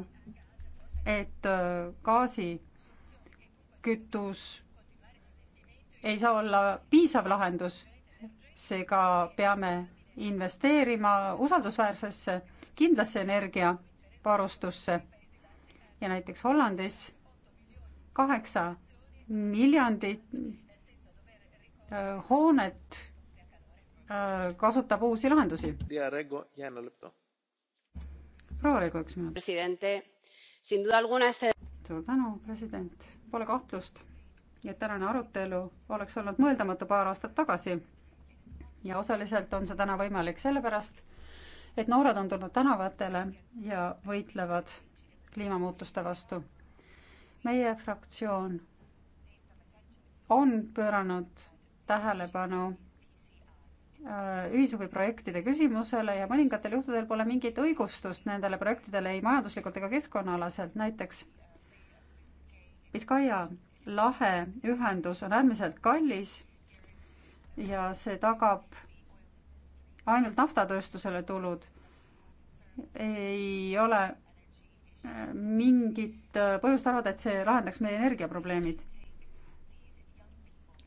et äh, gaasikütus ei saa olla piisav lahendus, seega peame investeerima usaldusväärsesse kindlasse energiavarustusse. ja näiteks Hollandis kaheksa miljardit äh, hoonet äh, kasutab uusi lahendusi. proua Rego, üks minut sin duda alguna este. suur tänu, president, pole kahtlust, et tänane arutelu oleks olnud mõeldamatu paar aastat tagasi. ja osaliselt on see täna võimalik sellepärast, et noored on tulnud tänavatele ja võitlevad kliimamuutuste vastu. meie fraktsioon on pööranud tähelepanu Äh, ühishuviprojektide küsimusele ja mõningatel juhtudel pole mingit õigustust nendele projektidele ei majanduslikult ega keskkonnaalaselt, näiteks Biskaia lahe ühendus on äärmiselt kallis ja see tagab ainult naftatööstusele tulud. ei ole äh, mingit äh, põhjust arvata, et see lahendaks meie energiaprobleemid.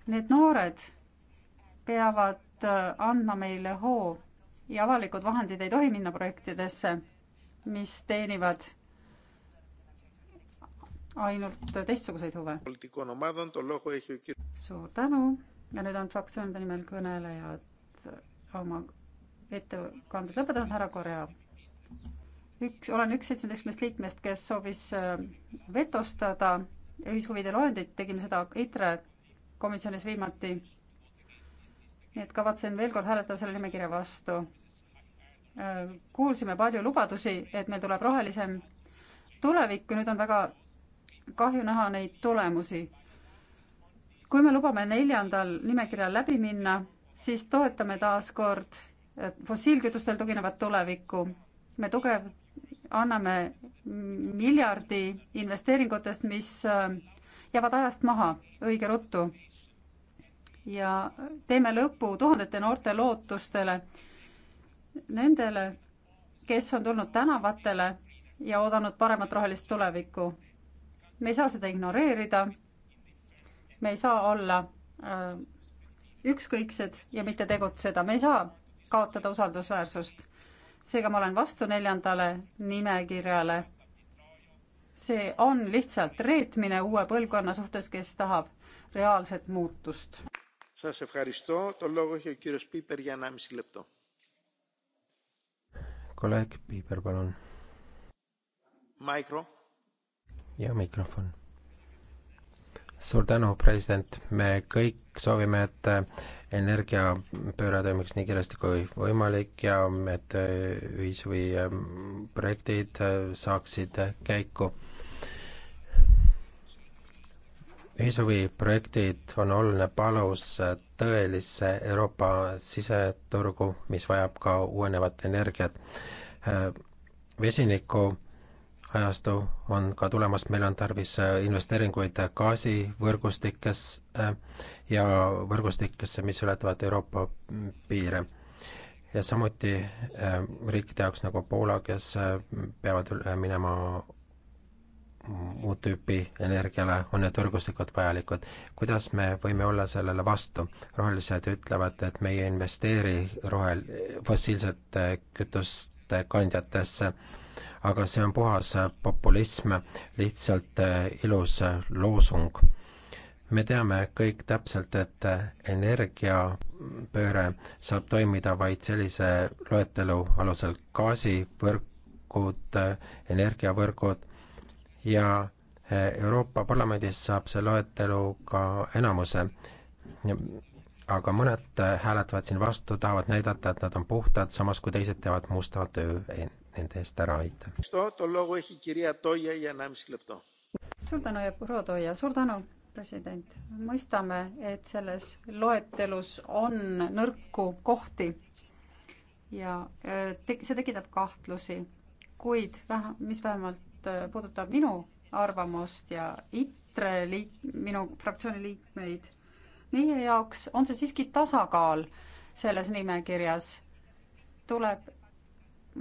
Need noored peavad Äh, andma meile hoo ja avalikud vahendid ei tohi minna projektidesse, mis teenivad ainult teistsuguseid huve. suur tänu ja nüüd on fraktsioonide nimel kõnelejad äh, oma ettekanded lõpetanud, härra Korea. üks, olen üks seitsmeteistkümnest liikmest, kes soovis äh, vetostada ühishuvide loendit, tegime seda ITRE komisjonis viimati nii et kavatsen veel kord hääletada selle nimekirja vastu. Äh, kuulsime palju lubadusi, et meil tuleb rohelisem tulevik, nüüd on väga kahju näha neid tulemusi. kui me lubame neljandal nimekirjal läbi minna, siis toetame taas kord äh, fossiilkütustel tuginevat tulevikku. me tugev, anname miljardi investeeringutest, mis äh, jäävad ajast maha õige ruttu ja teeme lõpu tuhandete noorte lootustele, nendele, kes on tulnud tänavatele ja oodanud paremat rohelist tulevikku. me ei saa seda ignoreerida. me ei saa olla äh, ükskõiksed ja mitte tegutseda, me ei saa kaotada usaldusväärsust. seega ma olen vastu neljandale nimekirjale. see on lihtsalt reetmine uue põlvkonna suhtes, kes tahab reaalset muutust. Σας ευχαριστώ. Το λόγο έχει ο κύριος Πίπερ για 1,5 λεπτό. Kolleeg Piiber, palun. Mikro. ja mikrofon. suur tänu, president, me kõik soovime, et energiapööre toimuks nii kiiresti kui võimalik ja et äh, ühishuvi ähm, projektid äh, saaksid käiku ühishuvi projektid on oluline palus tõelisse Euroopa siseturgu, mis vajab ka uuenevat energiat. vesiniku ajastu on ka tulemas, meil on tarvis investeeringuid gaasivõrgustikes äh, ja võrgustikesse, mis ületavad Euroopa piire. ja samuti äh, riikide jaoks nagu Poola, kes äh, peavad minema muud tüüpi energiale on need võrgustikud vajalikud. kuidas me võime olla sellele vastu? rohelised ütlevad, et me ei investeeri rohel-, fossiilsete kütuste kandjatesse, aga see on puhas populism, lihtsalt äh, ilus äh, loosung me teame kõik täpselt, et äh, energiapööre saab toimida vaid sellise loetelu alusel gaasivõrkud, energiavõrgud, ja eh, Euroopa Parlamendis saab see loetelu ka enamuse. aga mõned eh, hääletavad siin vastu, tahavad näidata, et nad on puhtad, samas kui teised teevad musta töö e-, nende eest ära, aitäh. suur tänu ja proua Toia, suur tänu, president. mõistame, et selles loetelus on nõrku kohti ja eh, te-, see tekitab kahtlusi, kuid vähe, mis vähemalt Äh, puudutab minu arvamust ja ITRE liik-, minu fraktsiooni liikmeid, meie jaoks on see siiski tasakaal selles nimekirjas. tuleb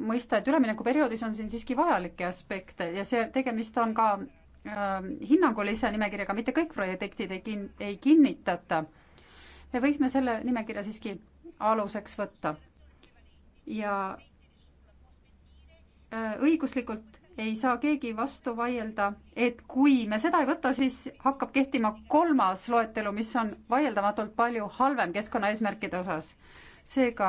mõista, et üleminekuperioodis on siin siiski vajalikke aspekte ja see, tegemist on ka äh, hinnangulise nimekirjaga, mitte kõik projektid ei kin-, ei kinnitata. me võiksime selle nimekirja siiski aluseks võtta. ja äh, õiguslikult ei saa keegi vastu vaielda, et kui me seda ei võta, siis hakkab kehtima kolmas loetelu, mis on vaieldamatult palju halvem keskkonnaeesmärkide osas. seega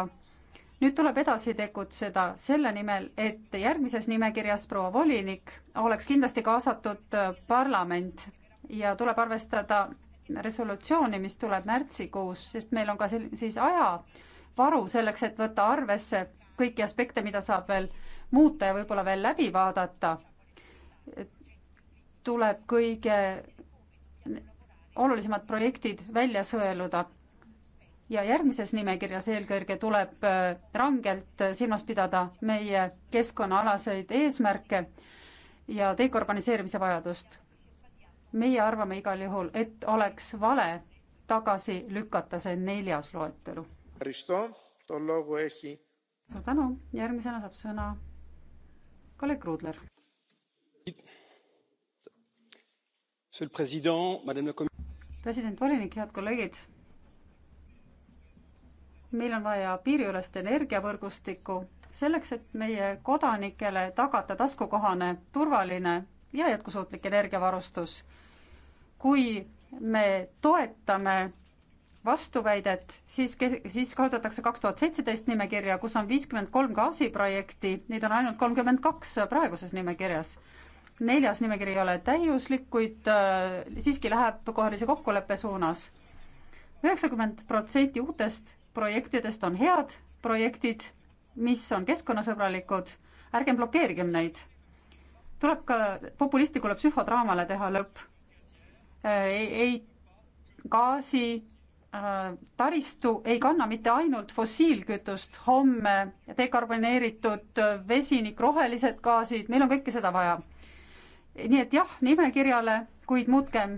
nüüd tuleb edasi tegutseda selle nimel, et järgmises nimekirjas proua volinik oleks kindlasti kaasatud parlament ja tuleb arvestada resolutsiooni, mis tuleb märtsikuus, sest meil on ka sel-, siis ajavaru selleks, et võtta arvesse kõiki aspekte, mida saab veel muuta ja võib-olla veel läbi vaadata, tuleb kõige olulisemad projektid välja sõeluda. ja järgmises nimekirjas eelkõige tuleb äh, rangelt silmas pidada meie keskkonnaalaseid eesmärke ja dekarboniseerimise vajadust. meie arvame igal juhul, et oleks vale tagasi lükata see neljas loetelu. suur tänu, järgmisena saab sõna kolleeg Ruudler. president, volinik, head kolleegid. meil on vaja piiriülest energiavõrgustikku selleks, et meie kodanikele tagada taskukohane, turvaline ja jätkusuutlik energiavarustus. kui me toetame vastuväidet, siis, siis kasutatakse kaks tuhat seitseteist nimekirja, kus on viiskümmend kolm gaasiprojekti, neid on ainult kolmkümmend kaks praeguses nimekirjas. neljas nimekiri ei ole täiuslik, kuid äh, siiski läheb kohalise kokkuleppe suunas. üheksakümmend protsenti uutest projektidest on head projektid, mis on keskkonnasõbralikud, ärgem blokeerigem neid. tuleb ka populistlikule psühhodraamale teha lõpp. Äh, ei, ei gaasi Äh, taristu ei kanna mitte ainult fossiilkütust, homme dekarboneeritud äh, vesinik, rohelised gaasid, meil on kõike seda vaja. nii et jah, nimekirjale, kuid muutkem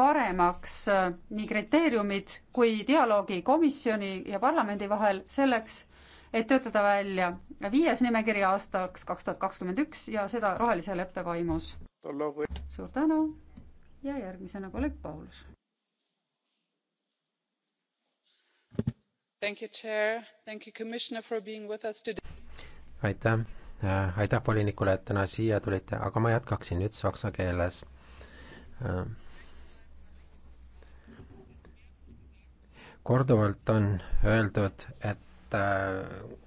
paremaks äh, nii kriteeriumid kui dialoogi komisjoni ja parlamendi vahel selleks, et töötada välja viies nimekiri aastaks kaks tuhat kakskümmend üks ja seda rohelise leppe vaimus. suur tänu ja järgmisena kolleeg Paulus aitäh, äh, aitäh volinikule, et täna siia tulite, aga ma jätkaksin nüüd saksa keeles äh, korduvalt on öeldud, et äh,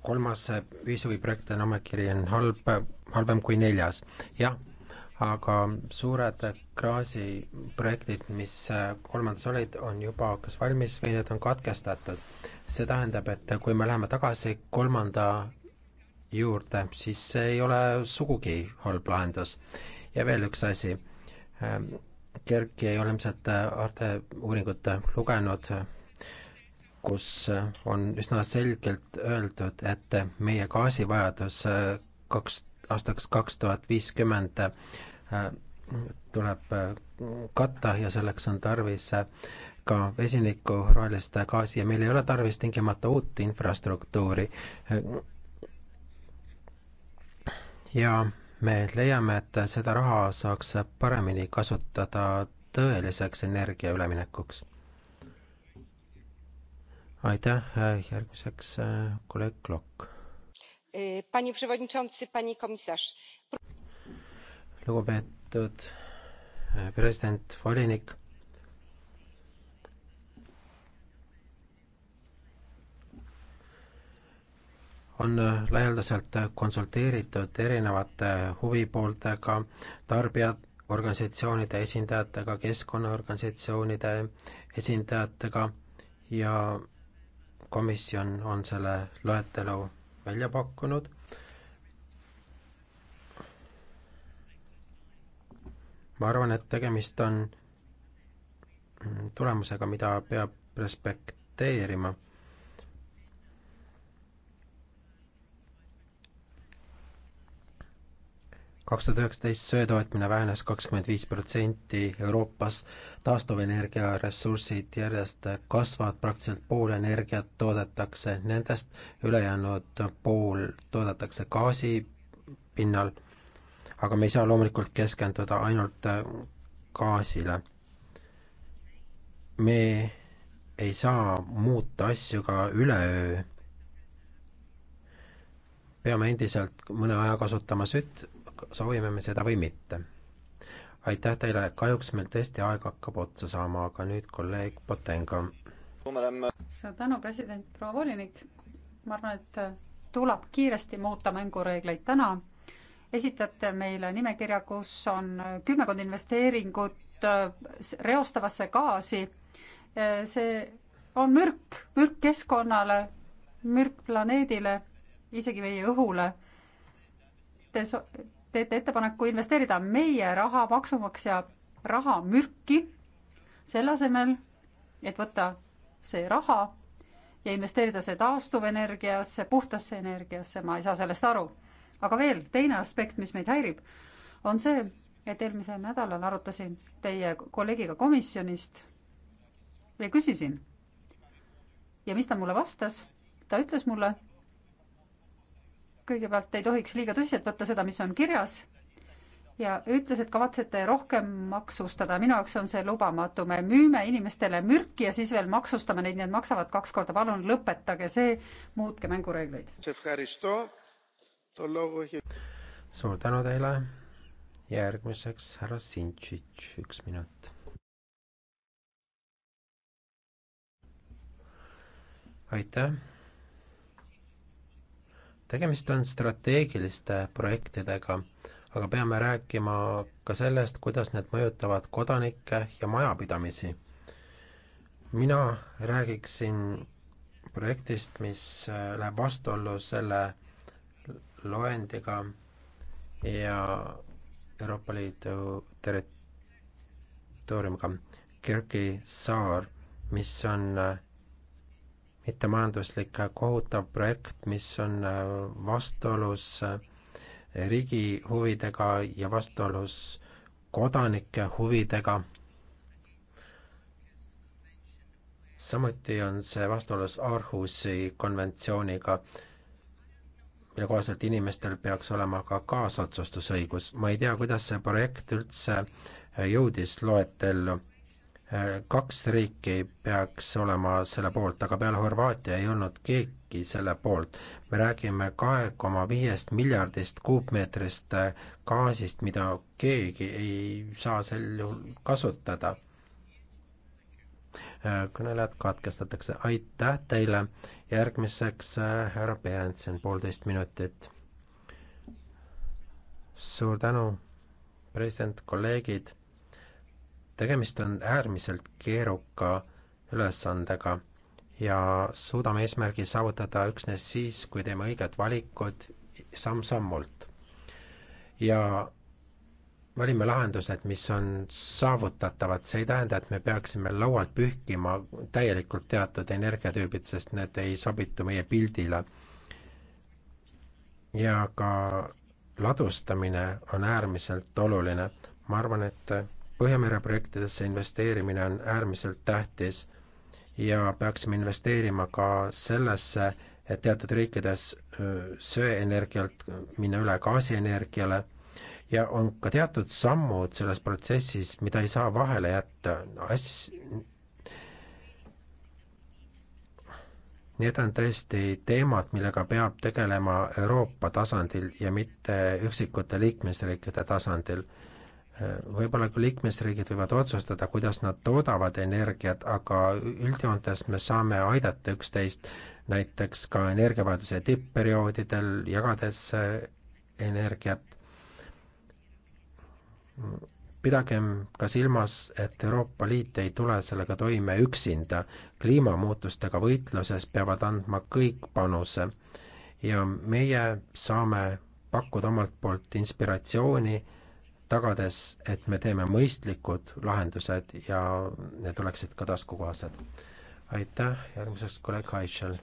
kolmas ühishuviprojekt on omekiri on halb, halvem kui neljas. jah, aga suured kraasiprojektid, mis kolmandas olid, on juba kas valmis või need on katkestatud see tähendab, et kui me läheme tagasi kolmanda juurde, siis see ei ole sugugi halb lahendus. ja veel üks asi, ähm, Kerki ei ole ilmselt äh, Arte uuringut äh, lugenud, kus äh, on üsna selgelt öeldud, et meie gaasivajadus kaks, aastaks kaks tuhat viiskümmend tuleb katta ja selleks on tarvis ka vesiniku, rohelist gaasi ja meil ei ole tarvis tingimata uut infrastruktuuri. ja me leiame, et seda raha saaks paremini kasutada tõeliseks energia üleminekuks. aitäh, järgmiseks kolleeg Klokk. Panie przewodniczący, pani komisarz. lugupeetud president, volinik on äh, laialdaselt äh, konsulteeritud erinevate huvipooltega, tarbijad, organisatsioonide esindajatega, keskkonnaorganisatsioonide esindajatega ja komisjon on selle loetelu välja pakkunud. ma arvan, et tegemist on tulemusega, mida peab respekteerima kaks tuhat üheksateist söödaotmine vähenes kakskümmend viis protsenti Euroopas, taastuvenergia ressursid järjest kasvavad, praktiliselt pool energiat toodetakse nendest, ülejäänud pool toodetakse gaasi pinnal, aga me ei saa loomulikult keskenduda ainult gaasile. me ei saa muuta asju ka üleöö. peame endiselt mõne aja kasutama süt-, soovime me seda või mitte. aitäh teile, kahjuks meil tõesti aeg hakkab otsa saama, aga nüüd kolleeg Potenga. suur tänu, president, proua volinik. ma arvan, et tuleb kiiresti muuta mängureegleid täna. esitate meile nimekirja, kus on kümmekond investeeringut reostavasse gaasi. see on mürk, mürk keskkonnale, mürk planeedile, isegi meie õhule. Te so-, teete ettepaneku investeerida meie raha, maksumaksja raha mürki, selle asemel, et võtta see raha ja investeerida see taastuvenergiasse, puhtasse energiasse, ma ei saa sellest aru. aga veel teine aspekt, mis meid häirib, on see, et eelmisel nädalal arutasin teie kolleegiga komisjonist ja küsisin. ja mis ta mulle vastas? ta ütles mulle kõigepealt ei tohiks liiga tõsiselt võtta seda, mis on kirjas ja ütles, et kavatsete rohkem maksustada. minu jaoks on see lubamatu, me müüme inimestele mürki ja siis veel maksustame neid, nii et maksavad kaks korda. palun lõpetage see, muutke mängureegleid. suur tänu teile. järgmiseks härra Sintšitš, üks minut. aitäh tegemist on strateegiliste projektidega, aga peame rääkima ka sellest, kuidas need mõjutavad kodanikke ja majapidamisi. mina räägiksin projektist, mis äh, läheb vastuollu selle loendiga ja Euroopa Liidu territooriumiga, Kirgi saar, mis on äh, mittemajanduslik äh, kohutav projekt, mis on äh, vastuolus äh, riigi huvidega ja vastuolus kodanike huvidega. samuti on see vastuolus Aarhusi konventsiooniga, mille kohaselt inimestel peaks olema ka kaasotsustusõigus. ma ei tea, kuidas see projekt üldse jõudis loetellu kaks riiki peaks olema selle poolt, aga peale Horvaatia ei olnud keegi selle poolt. me räägime kahe koma viiest miljardist kuupmeetrist gaasist, mida keegi ei saa sel juhul kasutada. kõnelejad katkestatakse, aitäh teile, järgmiseks härra Berendsen, poolteist minutit. suur tänu, president, kolleegid tegemist on äärmiselt keeruka ülesandega ja suudame eesmärgi saavutada üksnes siis, kui teeme õiged valikud samm-sammult. ja valime lahendused, mis on saavutatavad, see ei tähenda, et me peaksime laualt pühkima täielikult teatud energiatüübid, sest need ei sobitu meie pildile. ja ka ladustamine on äärmiselt oluline. ma arvan, et Põhjamere projektidesse investeerimine on äärmiselt tähtis ja peaksime investeerima ka sellesse, et teatud riikides söeenergialt minna üle gaasienergiale ja on ka teatud sammud selles protsessis, mida ei saa vahele jätta As.... Need on tõesti teemad, millega peab tegelema Euroopa tasandil ja mitte üksikute liikmesriikide tasandil Äh, võib-olla ka liikmesriigid võivad otsustada, kuidas nad toodavad energiat, aga üldjoontes me saame aidata üksteist näiteks ka energiavajaduse tippperioodidel, jagades äh, energiat. pidagem ka silmas, et Euroopa Liit ei tule sellega toime üksinda. kliimamuutustega võitluses peavad andma kõik panuse ja meie saame pakkuda omalt poolt inspiratsiooni tagades, et me teeme mõistlikud lahendused ja need oleksid ka taskukohased. aitäh, järgmiseks kolleeg Haitšel.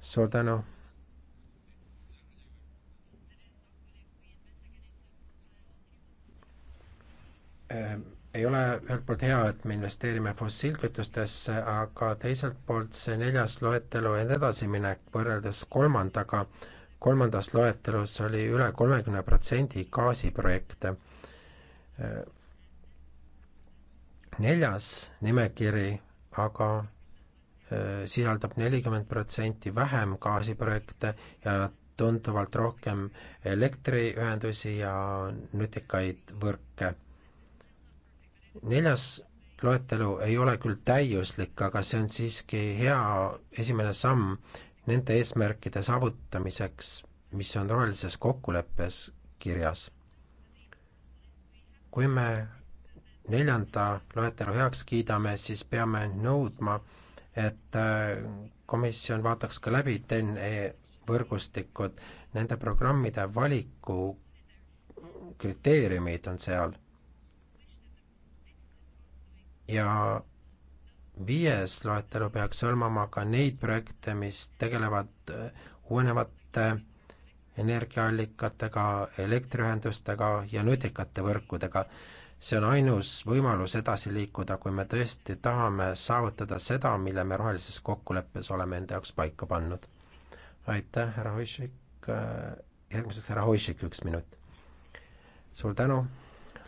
suur tänu. Ehm, ei ole ühelt poolt hea, et me investeerime fossiilkütustesse, aga teiselt poolt see neljas loetelu edasiminek võrreldes kolmandaga äh, kolmandas loetelus oli üle kolmekümne protsendi gaasiprojekte. neljas nimekiri aga eh, sisaldab nelikümmend protsenti vähem gaasiprojekte ja tunduvalt rohkem elektriühendusi ja nutikaid võrke. neljas loetelu ei ole küll täiuslik, aga see on siiski hea esimene samm nende eesmärkide saavutamiseks, mis on rohelises kokkuleppes kirjas. kui me neljanda loetelu heaks kiidame, siis peame nõudma, et äh, komisjon vaataks ka läbi TEN-E võrgustikud, nende programmide valiku kriteeriumid on seal. ja viies loetelu peaks hõlmama ka neid projekte, mis tegelevad äh, uuenevate energiaallikatega, elektriühendustega ja nutikate võrkudega. see on ainus võimalus edasi liikuda, kui me tõesti tahame saavutada seda, mille me rohelises kokkuleppes oleme enda jaoks paika pannud. aitäh, härra Hoišik, äh, järgmiseks härra Hoišik, üks minut. suur tänu,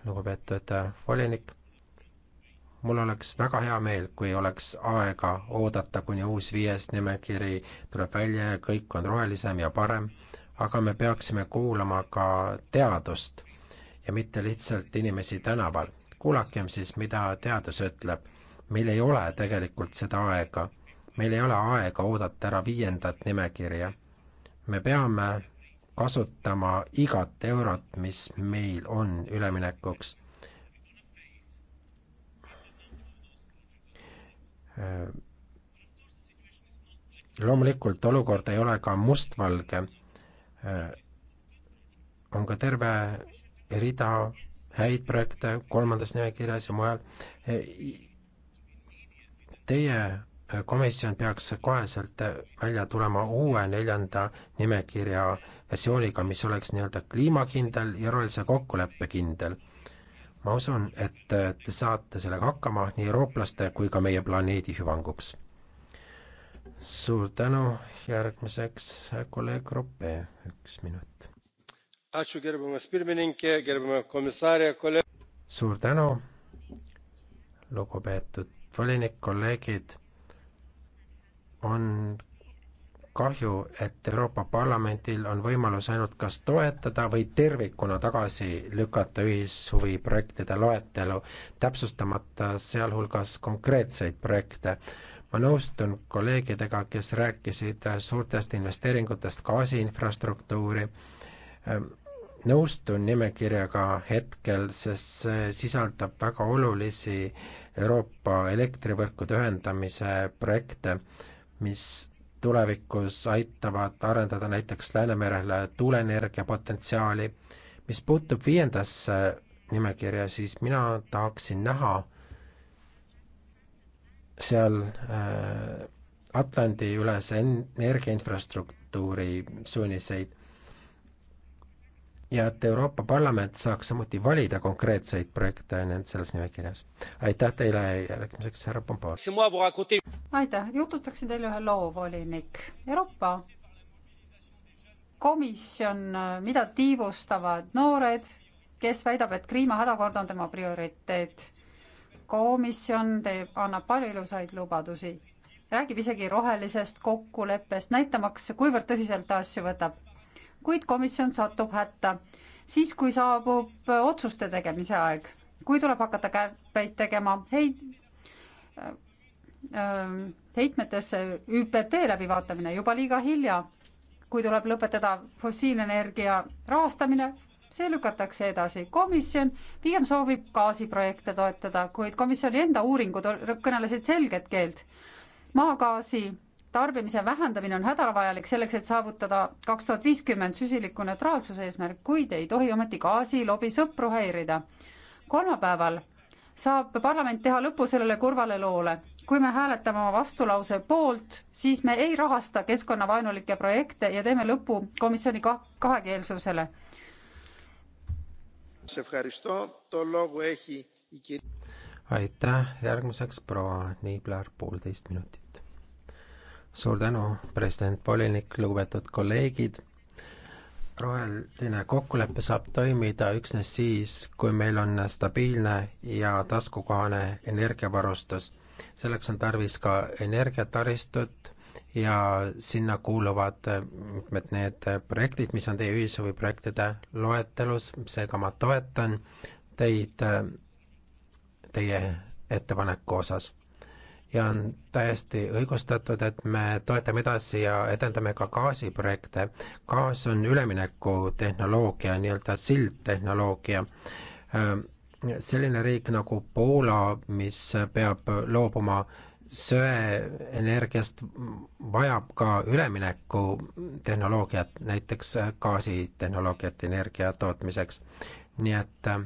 lugupeetud äh, volinik mul oleks väga hea meel, kui oleks aega oodata, kuni uus viies nimekiri tuleb välja ja kõik on rohelisem ja parem, aga me peaksime kuulama ka teadust ja mitte lihtsalt inimesi tänaval. kuulakem siis, mida teadus ütleb. meil ei ole tegelikult seda aega, meil ei ole aega oodata ära viiendat nimekirja. me peame kasutama igat eurot, mis meil on üleminekuks Äh, loomulikult olukord ei ole ka mustvalge, äh, on ka terve rida häid projekte kolmandas nimekirjas ja mujal. Äh, teie komisjon peaks koheselt välja tulema uue neljanda nimekirja versiooniga, mis oleks nii-öelda kliimakindel ja rohelise kokkuleppe kindel ma usun, et äh, te saate sellega hakkama nii eurooplaste kui ka meie planeedi hüvanguks. suur tänu, järgmiseks äh, kolleeg Roppe, üks minut. suur tänu, lugupeetud volinik, kolleegid, on kahju, et Euroopa Parlamentil on võimalus ainult kas toetada või tervikuna tagasi lükata ühishuvi projektide loetelu, täpsustamata sealhulgas konkreetseid projekte. ma nõustun kolleegidega, kes rääkisid suurtest investeeringutest gaasiinfrastruktuuri, nõustun nimekirjaga hetkel, sest see sisaldab väga olulisi Euroopa elektrivõrkude ühendamise projekte, mis tulevikus aitavad arendada näiteks Läänemerele tuuleenergia potentsiaali. mis puutub viiendasse nimekirja, siis mina tahaksin näha seal äh, Atlandi üles energiainfrastruktuuri suuniseid ja et Euroopa Parlament saaks samuti valida konkreetseid projekte nend selles nimekirjas. aitäh teile järgmiseks, härra Pompoo. aitäh, jututakse teile ühe loo, volinik. Euroopa Komisjon, mida tiivustavad noored, kes väidab, et kliimahädakord on tema prioriteet. komisjon teeb, annab palju ilusaid lubadusi, räägib isegi rohelisest kokkuleppest, näitamaks, kuivõrd tõsiselt ta asju võtab kuid komisjon satub hätta siis, kui saabub otsuste tegemise aeg, kui tuleb hakata kärpeid tegema heit- äh,, heitmetesse ÜPP läbivaatamine juba liiga hilja, kui tuleb lõpetada fossiilenergia rahastamine, see lükatakse edasi. komisjon pigem soovib gaasiprojekte toetada, kuid komisjoni enda uuringud kõnelesid selget keelt. maagaasi tarbimise vähendamine on hädavajalik selleks, et saavutada kaks tuhat viiskümmend süsinikuneutraalsuse eesmärk, kuid ei tohi ometi gaasilobi sõpru häirida. kolmapäeval saab parlament teha lõpu sellele kurvale loole. kui me hääletame oma vastulause poolt, siis me ei rahasta keskkonnavaenulikke projekte ja teeme lõpu komisjoni ka kahekeelsusele. aitäh, järgmiseks proua Niibler, poolteist minutit suur tänu, president, volinik, lugupeetud kolleegid. roheline kokkulepe saab toimida üksnes siis, kui meil on stabiilne ja taskukohane energiavarustus. selleks on tarvis ka energiataristut ja sinna kuuluvad mitmed need projektid, mis on teie ühishuvi projektide loetelus, seega ma toetan teid teie ettepaneku osas ja on täiesti õigustatud, et me toetame edasi ja edendame ka gaasiprojekte. gaas on üleminekutehnoloogia, nii-öelda sildtehnoloogia. selline riik nagu Poola, mis peab loobuma söeenergiast, vajab ka üleminekutehnoloogiat, näiteks gaasitehnoloogiat energia tootmiseks. nii et äh,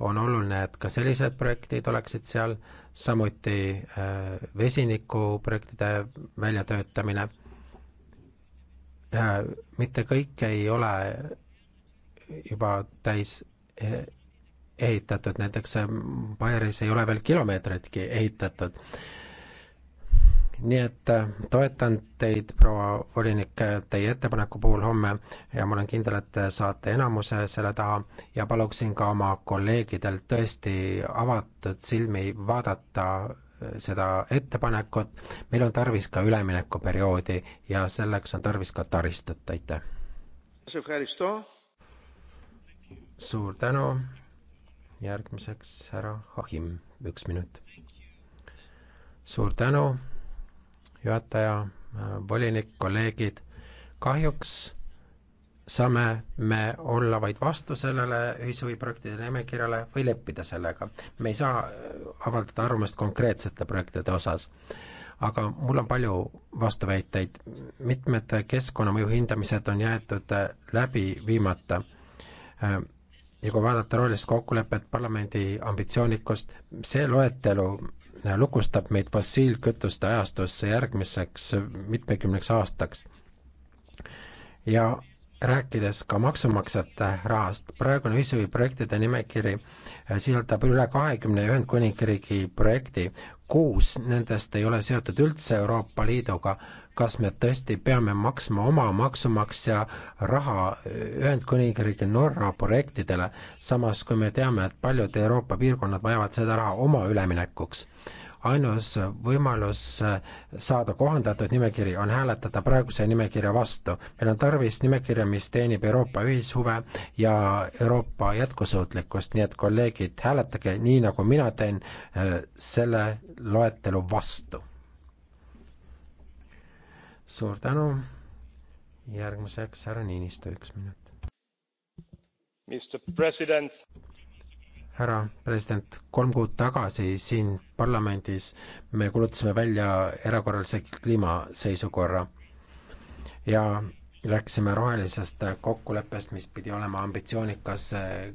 on oluline, et ka sellised projektid oleksid seal, samuti äh, vesinikuprojektide väljatöötamine. Äh, mitte kõik ei ole juba täis eh, ehitatud, näiteks äh, Baieris ei ole veel kilomeetritki ehitatud nii et äh, toetan teid, proua volinik, äh, teie ettepaneku puhul homme ja ma olen kindel, et äh, saate enamuse selle taha ja paluksin ka oma kolleegidel tõesti avatud silmi vaadata seda ettepanekut. meil on tarvis ka üleminekuperioodi ja selleks on tarvis ka taristut, aitäh. suur tänu. järgmiseks härra Hahim, üks minut. suur tänu juhataja, volinik, kolleegid, kahjuks saame me olla vaid vastu sellele ühishuviprojektide nimekirjale või leppida sellega. me ei saa avaldada arvamust konkreetsete projektide osas. aga mul on palju vastuväiteid, mitmed keskkonnamõju hindamised on jäetud läbi viimata ja kui vaadata rohelist kokkulepet, parlamendi ambitsioonikust, see loetelu, lukustab meid fossiilkütuste ajastusse järgmiseks mitmekümneks aastaks. ja rääkides ka maksumaksjate rahast, praegune ühishuvi projektide nimekiri äh, sisaldab üle kahekümne Ühendkuningriigi projekti, kuus nendest ei ole seotud üldse Euroopa Liiduga, kas me tõesti peame maksma oma maksumaksja raha eh, Ühendkuningriigi Norra projektidele, samas kui me teame, et paljud Euroopa piirkonnad vajavad seda raha oma üleminekuks. ainus võimalus eh, saada kohandatud nimekiri on hääletada praeguse nimekirja vastu. meil on tarvis nimekirja, mis teenib Euroopa ühishuve ja Euroopa jätkusuutlikkust, nii et kolleegid, hääletage nii, nagu mina teen, eh, selle loetelu vastu suur tänu, järgmiseks härra Niinistö, üks minut. härra president, kolm kuud tagasi siin parlamendis me kuulutasime välja erakorralise kliimaseisukorra ja läksime rohelisest kokkuleppest, mis pidi olema ambitsioonikas eh,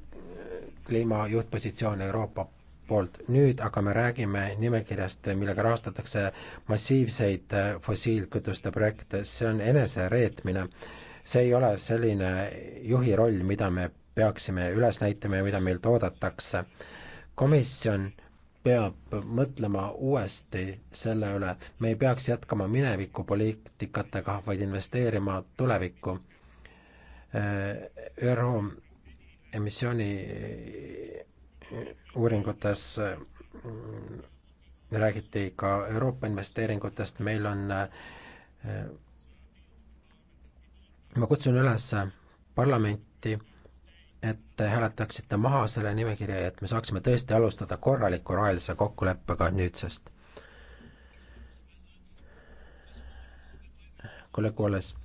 kliima juhtpositsioon Euroopa poolt, nüüd aga me räägime nimekirjast, millega rahastatakse massiivseid äh, fossiilkütuste projekte, see on enesereetmine. see ei ole selline juhi roll, mida me peaksime üles näitama ja mida meilt oodatakse. komisjon peab mõtlema uuesti selle üle, me ei peaks jätkama minevikupoliitikatega, vaid investeerima tulevikku. Äh, ÜRO emissiooni uuringutes mm, räägiti ka Euroopa investeeringutest, meil on, eh, ma kutsun üles parlamenti, et te hääletaksite maha selle nimekirja ja et me saaksime tõesti alustada korraliku rohelise kokkuleppega nüüdsest. kolleeg Wallace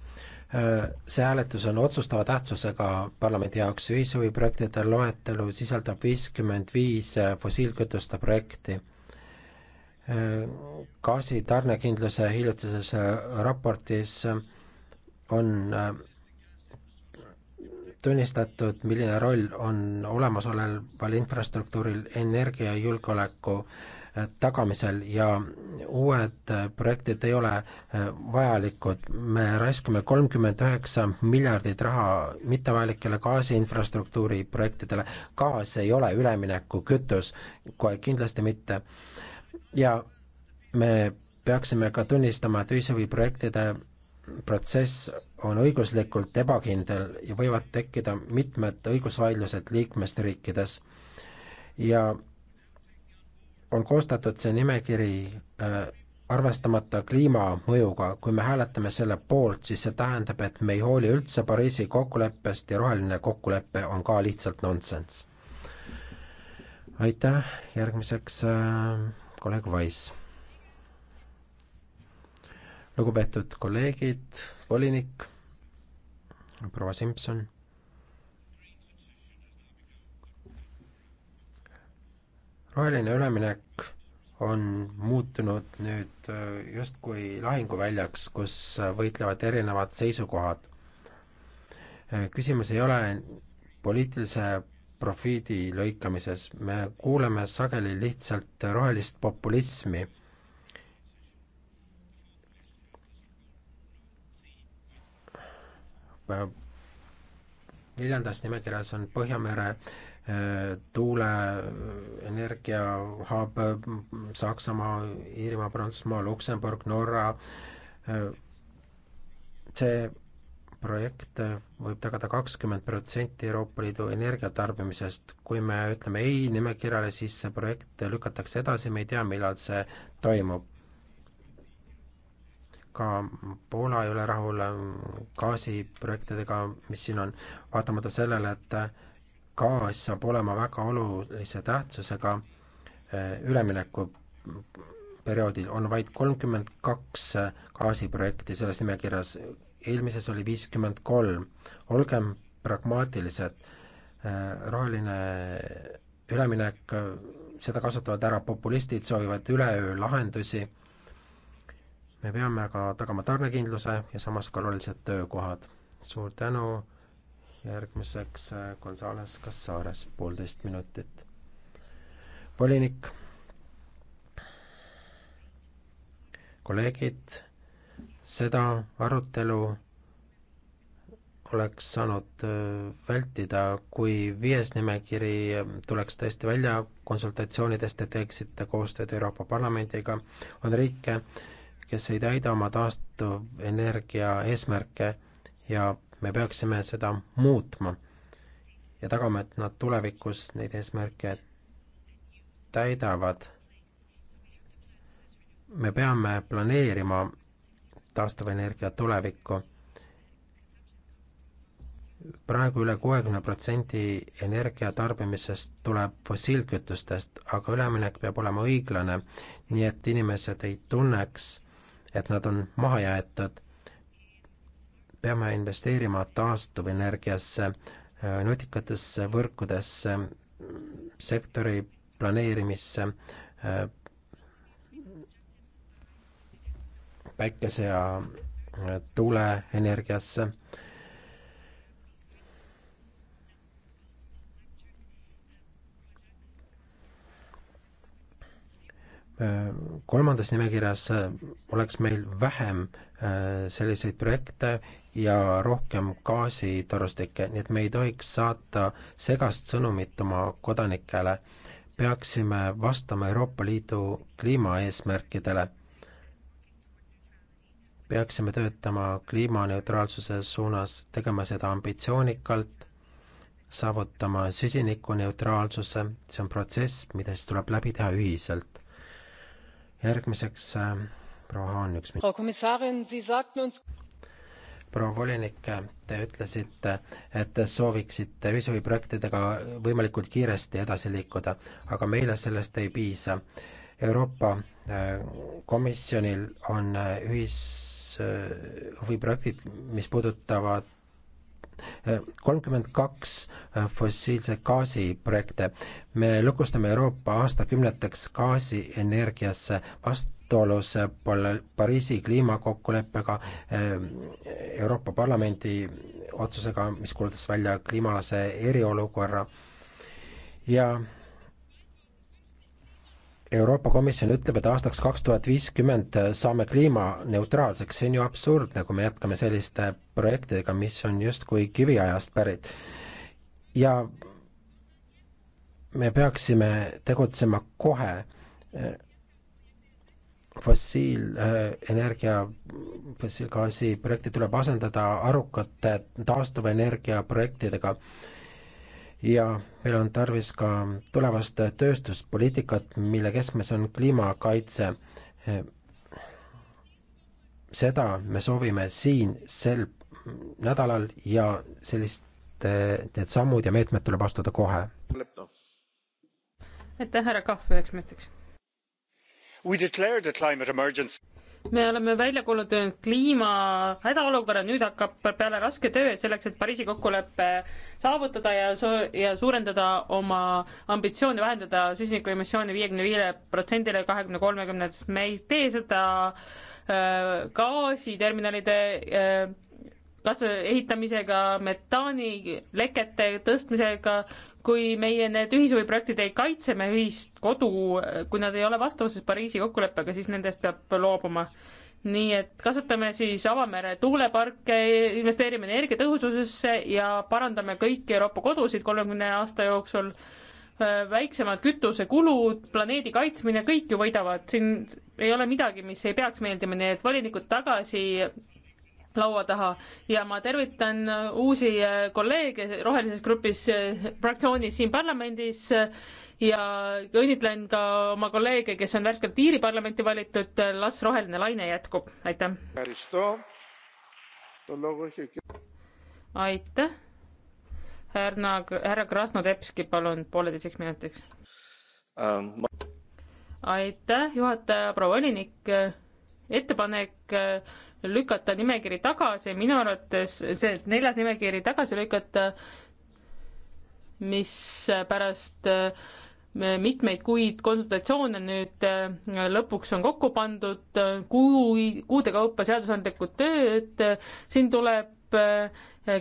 Äh, see hääletus on otsustava tähtsusega parlamendi jaoks, ühishuviprojektide loetelu sisaldab viiskümmend viis äh, fossiilkütuste projekti. Äh, gaasi tarnekindluse hiljutises raportis on tunnistatud, milline roll on olemasoleval infrastruktuuril energiajulgeoleku äh, tagamisel ja uued projektid ei ole äh, vajalikud. me raiskame kolmkümmend üheksa miljardit raha mittevajalikele gaasiinfrastruktuuri projektidele. gaas ei ole üleminekukütus, kohe kindlasti mitte. ja me peaksime ka tunnistama, et ühishuviprojektide protsess on õiguslikult ebakindel ja võivad tekkida mitmed õigusvaidlused liikmesriikides. ja on koostatud see nimekiri äh, arvestamata kliimamõjuga, kui me hääletame selle poolt, siis see tähendab, et me ei hooli üldse Pariisi kokkuleppest ja roheline kokkulepe on ka lihtsalt nonsenss. aitäh, järgmiseks äh, kolleeg Wise. lugupeetud kolleegid, volinik, proua Simson roheline üleminek on muutunud nüüd äh, justkui lahinguväljaks, kus äh, võitlevad erinevad seisukohad. Äh, küsimus ei ole poliitilise profiidi lõikamises, me kuuleme sageli lihtsalt rohelist populismi. neljandas nimekirjas on Põhjamere tuuleenergia hub Saksamaa, Iirimaa, Prantsusmaa, Luksemburg, Norra. see projekt võib tagada kakskümmend protsenti Euroopa Liidu energiatarbimisest. kui me ütleme ei nimekirjale, siis see projekt lükatakse edasi, me ei tea, millal see toimub. ka Poola ei ole rahul gaasiprojektidega, mis siin on, vaatamata sellele, et gaas saab olema väga olulise tähtsusega eh, üleminekuperioodil, on vaid kolmkümmend kaks eh, gaasiprojekti selles nimekirjas, eelmises oli viiskümmend kolm. olgem pragmaatilised, eh, rahaline üleminek, seda kasutavad ära populistid, soovivad üleöö lahendusi, me peame aga tagama tarnekindluse ja samas ka olulised töökohad. suur tänu järgmiseks äh, Gonzales Casares, poolteist minutit. volinik, kolleegid, seda arutelu oleks saanud äh, vältida, kui viies nimekiri tuleks tõesti välja konsultatsioonidest ja teeksite koostööd Euroopa Parlamendiga, on riike, kes ei täida oma taastuvenergia eesmärke ja me peaksime seda muutma ja tagama, et nad tulevikus neid eesmärke täidavad. me peame planeerima taastuvenergia tulevikku. praegu üle kuuekümne protsendi energia tarbimisest tuleb fossiilkütustest, aga üleminek peab olema õiglane, nii et inimesed ei tunneks, et nad on maha jäetud peame investeerima taastuvenergiasse, äh, nutikatesse võrkudesse, sektori planeerimisse, äh, päikese ja äh, tuuleenergiasse. kolmandas nimekirjas oleks meil vähem selliseid projekte ja rohkem gaasitorustikke, nii et me ei tohiks saata segast sõnumit oma kodanikele. peaksime vastama Euroopa Liidu kliimaeesmärkidele. peaksime töötama kliimaneutraalsuse suunas, tegema seda ambitsioonikalt, saavutama süsinikuneutraalsuse, see on protsess, mida siis tuleb läbi teha ühiselt. järgmiseks äh, proua Haan, üks minut proua volinik, te ütlesite, et sooviksite ühishuviprojektidega võimalikult kiiresti edasi liikuda, aga meile sellest ei piisa. Euroopa äh, Komisjonil on äh, ühishuviprojektid, äh, mis puudutavad kolmkümmend kaks fossiilse gaasi projekte. me lukustame Euroopa aastakümneteks gaasi energiasse vast-, vastuolus Pariisi kliimakokkuleppega, eh, Euroopa Parlamendi otsusega, mis kuulutas välja kliimalase eriolukorra ja Euroopa Komisjon ütleb, et aastaks kaks tuhat viiskümmend saame kliimaneutraalseks, see on ju absurdne, kui me jätkame selliste projektidega, mis on justkui kiviajast pärit. ja me peaksime tegutsema kohe eh, fossiilenergia, äh, fossiilgaasi projekti tuleb asendada arukate taastuvenergia projektidega. ja meil on tarvis ka tulevast tööstuspoliitikat, mille keskmes on kliimakaitse. seda me soovime siin sel nädalal ja sellist need sammud ja meetmed tuleb astuda kohe. aitäh, härra Kahv, üheks minutiks me oleme välja kuulutanud kliima hädaolukorra, nüüd hakkab peale raske töö selleks, et Pariisi kokkulepe saavutada ja so-, ja suurendada oma ambitsioone vähendada süsinikuemissiooni viiekümne viiele protsendile kahekümne kolmekümnendaks. me ei tee seda äh, gaasiterminalide äh, kas ehitamisega, metaanilekete tõstmisega äh,, kui meie need ühishuviprojektid ei kaitse me ühist kodu, kui nad ei ole vastavuses Pariisi kokkuleppega, siis nendest peab loobuma. nii et kasutame siis avamere tuuleparke, investeerime energiatõhususesse ja parandame kõiki Euroopa kodusid kolmekümne aasta jooksul, väiksemad kütusekulud, planeedi kaitsmine, kõik ju võidavad, siin ei ole midagi, mis ei peaks meeldima, nii et volinikud tagasi laua taha ja ma tervitan uusi äh, kolleege rohelises grupis äh, fraktsioonis siin parlamendis äh, ja õnnitlen ka oma kolleege, kes on värskelt Iiri parlamenti valitud, las roheline laine jätkub, aitäh. aitäh. härra, härra Krasnodebski, palun pooleteiseks minutiks um,. Ma... aitäh, juhataja, proua volinik. ettepanek lükata nimekiri tagasi, minu arvates see neljas nimekiri tagasi lükata, mis pärast äh, mitmeid kuid konsultatsioone nüüd äh, lõpuks on kokku pandud, äh, kuu, kuude kaupa seadusandlikud tööd, siin tuleb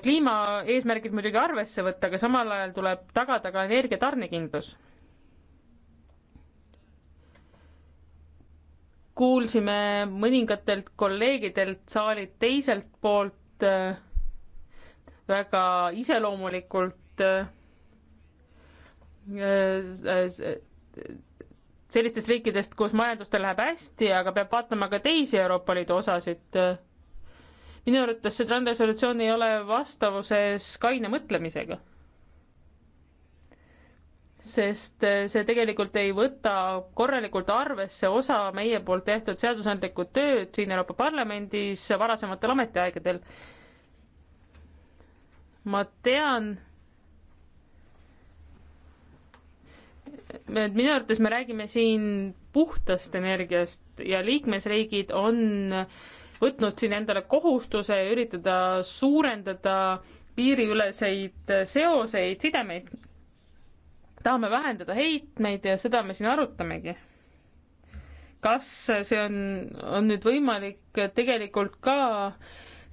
kliimaeesmärgid muidugi arvesse võtta, aga samal ajal tuleb tagada ka energia tarnekindlus kuulsime mõningatelt kolleegidelt saali teiselt poolt äh, väga iseloomulikult äh, äh, sellistest riikidest, kus majandustel läheb hästi, aga peab vaatama ka teisi Euroopa Liidu osasid. minu arvates see transresolutsioon ei ole vastavuses kaine mõtlemisega sest eh, see tegelikult ei võta korralikult arvesse osa meie poolt tehtud seadusandlikku tööd siin Euroopa Parlamendis varasematel ametiaegadel. ma tean, et minu arvates me räägime siin puhtast energiast ja liikmesriigid on võtnud siin endale kohustuse üritada suurendada piiriüleseid seoseid, sidemeid tahame vähendada heitmeid ja seda me siin arutamegi. kas see on, on nüüd võimalik tegelikult ka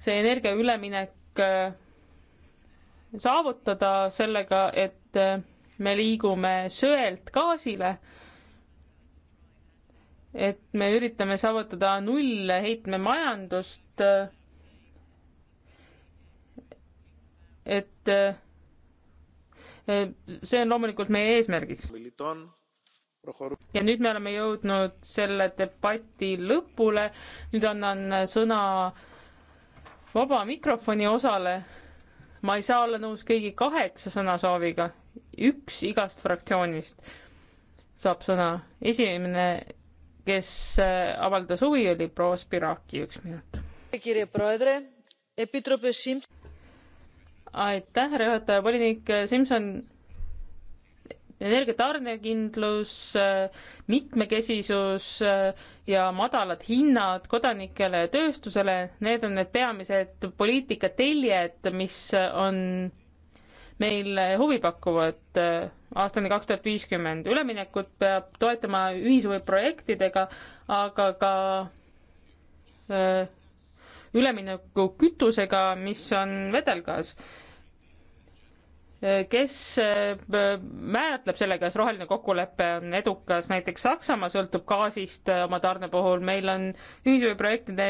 see energia üleminek äh, saavutada sellega, et äh, me liigume söelt gaasile, et me üritame saavutada nullheitmemajandust, äh, et Eh, see on loomulikult meie eesmärgiks. ja nüüd me oleme jõudnud selle debati lõpule. nüüd annan sõna vaba mikrofoni osale. ma ei saa olla nõus kõigi kaheksa sõnasooviga, üks igast fraktsioonist saab sõna. esimene, kes eh, avaldas huvi, oli proua Spiraki, üks minut aitäh, härra juhataja, volinik Simson. energiatarnekindlus, mitmekesisus äh, ja madalad hinnad kodanikele ja tööstusele, need on need peamised poliitika teljed, mis on meil huvipakkuvad äh, aastani kaks tuhat viiskümmend. üleminekut peab toetama ühishuviprojektidega, aga ka öö, äh, ülemineku kütusega, mis on vedelgaas kes äh, määratleb selle, kas roheline kokkulepe on edukas, näiteks Saksamaa sõltub gaasist äh, oma tarne puhul, meil on ühisveeprojektide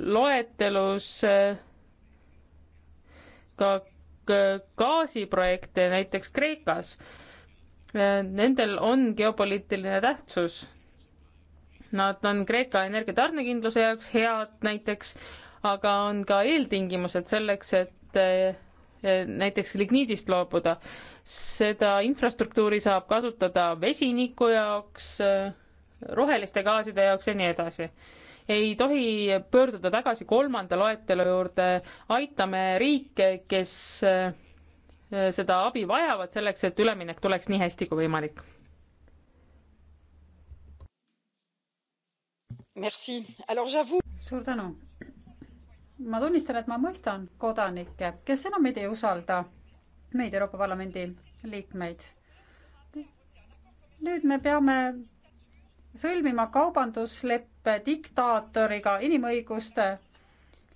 loetelus äh, ka gaasiprojekte näiteks Kreekas. Nendel on geopoliitiline tähtsus. Nad on Kreeka energiatarnekindluse jaoks head näiteks, aga on ka eeltingimused selleks, et näiteks ligniidist loobuda. seda infrastruktuuri saab kasutada vesiniku jaoks, roheliste gaaside jaoks ja nii edasi. ei tohi pöörduda tagasi kolmanda loetelu juurde, aitame riike, kes eh, seda abi vajavad selleks, et üleminek tuleks nii hästi kui võimalik. suur tänu ma tunnistan, et ma mõistan kodanikke, kes enam meid ei usalda, meid Euroopa Parlamendi liikmeid. nüüd me peame sõlmima kaubandusleppe diktaatoriga inimõiguste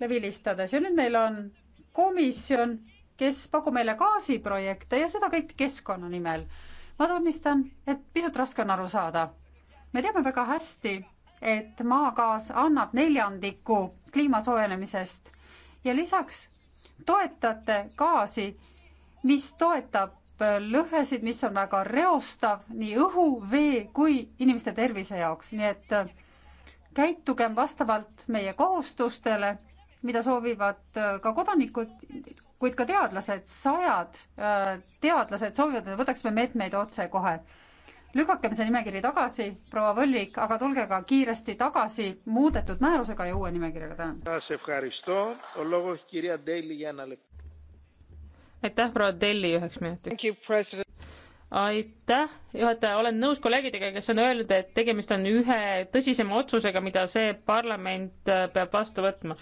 vilistades ja nüüd meil on komisjon, kes pakub meile gaasiprojekte ja seda kõike keskkonna nimel. ma tunnistan, et pisut raske on aru saada. me teame väga hästi, et maagaas annab neljandiku kliima soojenemisest ja lisaks toetate gaasi, mis toetab äh, lõhesid, mis on väga reostav nii õhu, vee kui inimeste tervise jaoks, nii et äh, käitugem vastavalt meie kohustustele, mida soovivad äh, ka kodanikud, kuid ka teadlased, sajad teadlased soovivad, et võtaksime meetmeid otsekohe lükakem see nimekiri tagasi, proua Võllik, aga tulge ka kiiresti tagasi muudetud määrusega ja uue nimekirjaga, tänan. aitäh, proua Delli, üheks minutiks. aitäh, juhataja, olen nõus kolleegidega, kes on öelnud, et tegemist on ühe tõsisema otsusega, mida see parlament äh, peab vastu võtma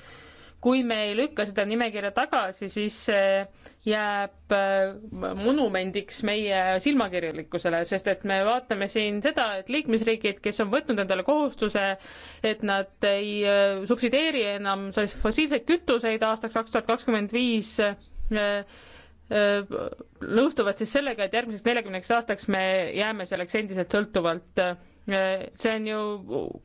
kui me ei lükka seda nimekirja tagasi, siis see jääb äh, monumendiks meie silmakirjalikkusele, sest et me vaatame siin seda, et liikmesriigid, kes on võtnud endale kohustuse, et nad ei äh, subsideeri enam fossiilseid kütuseid aastaks kaks tuhat kakskümmend viis, äh, nõustuvad siis sellega, et järgmiseks neljakümneks aastaks me jääme selleks endiselt sõltuvalt see on ju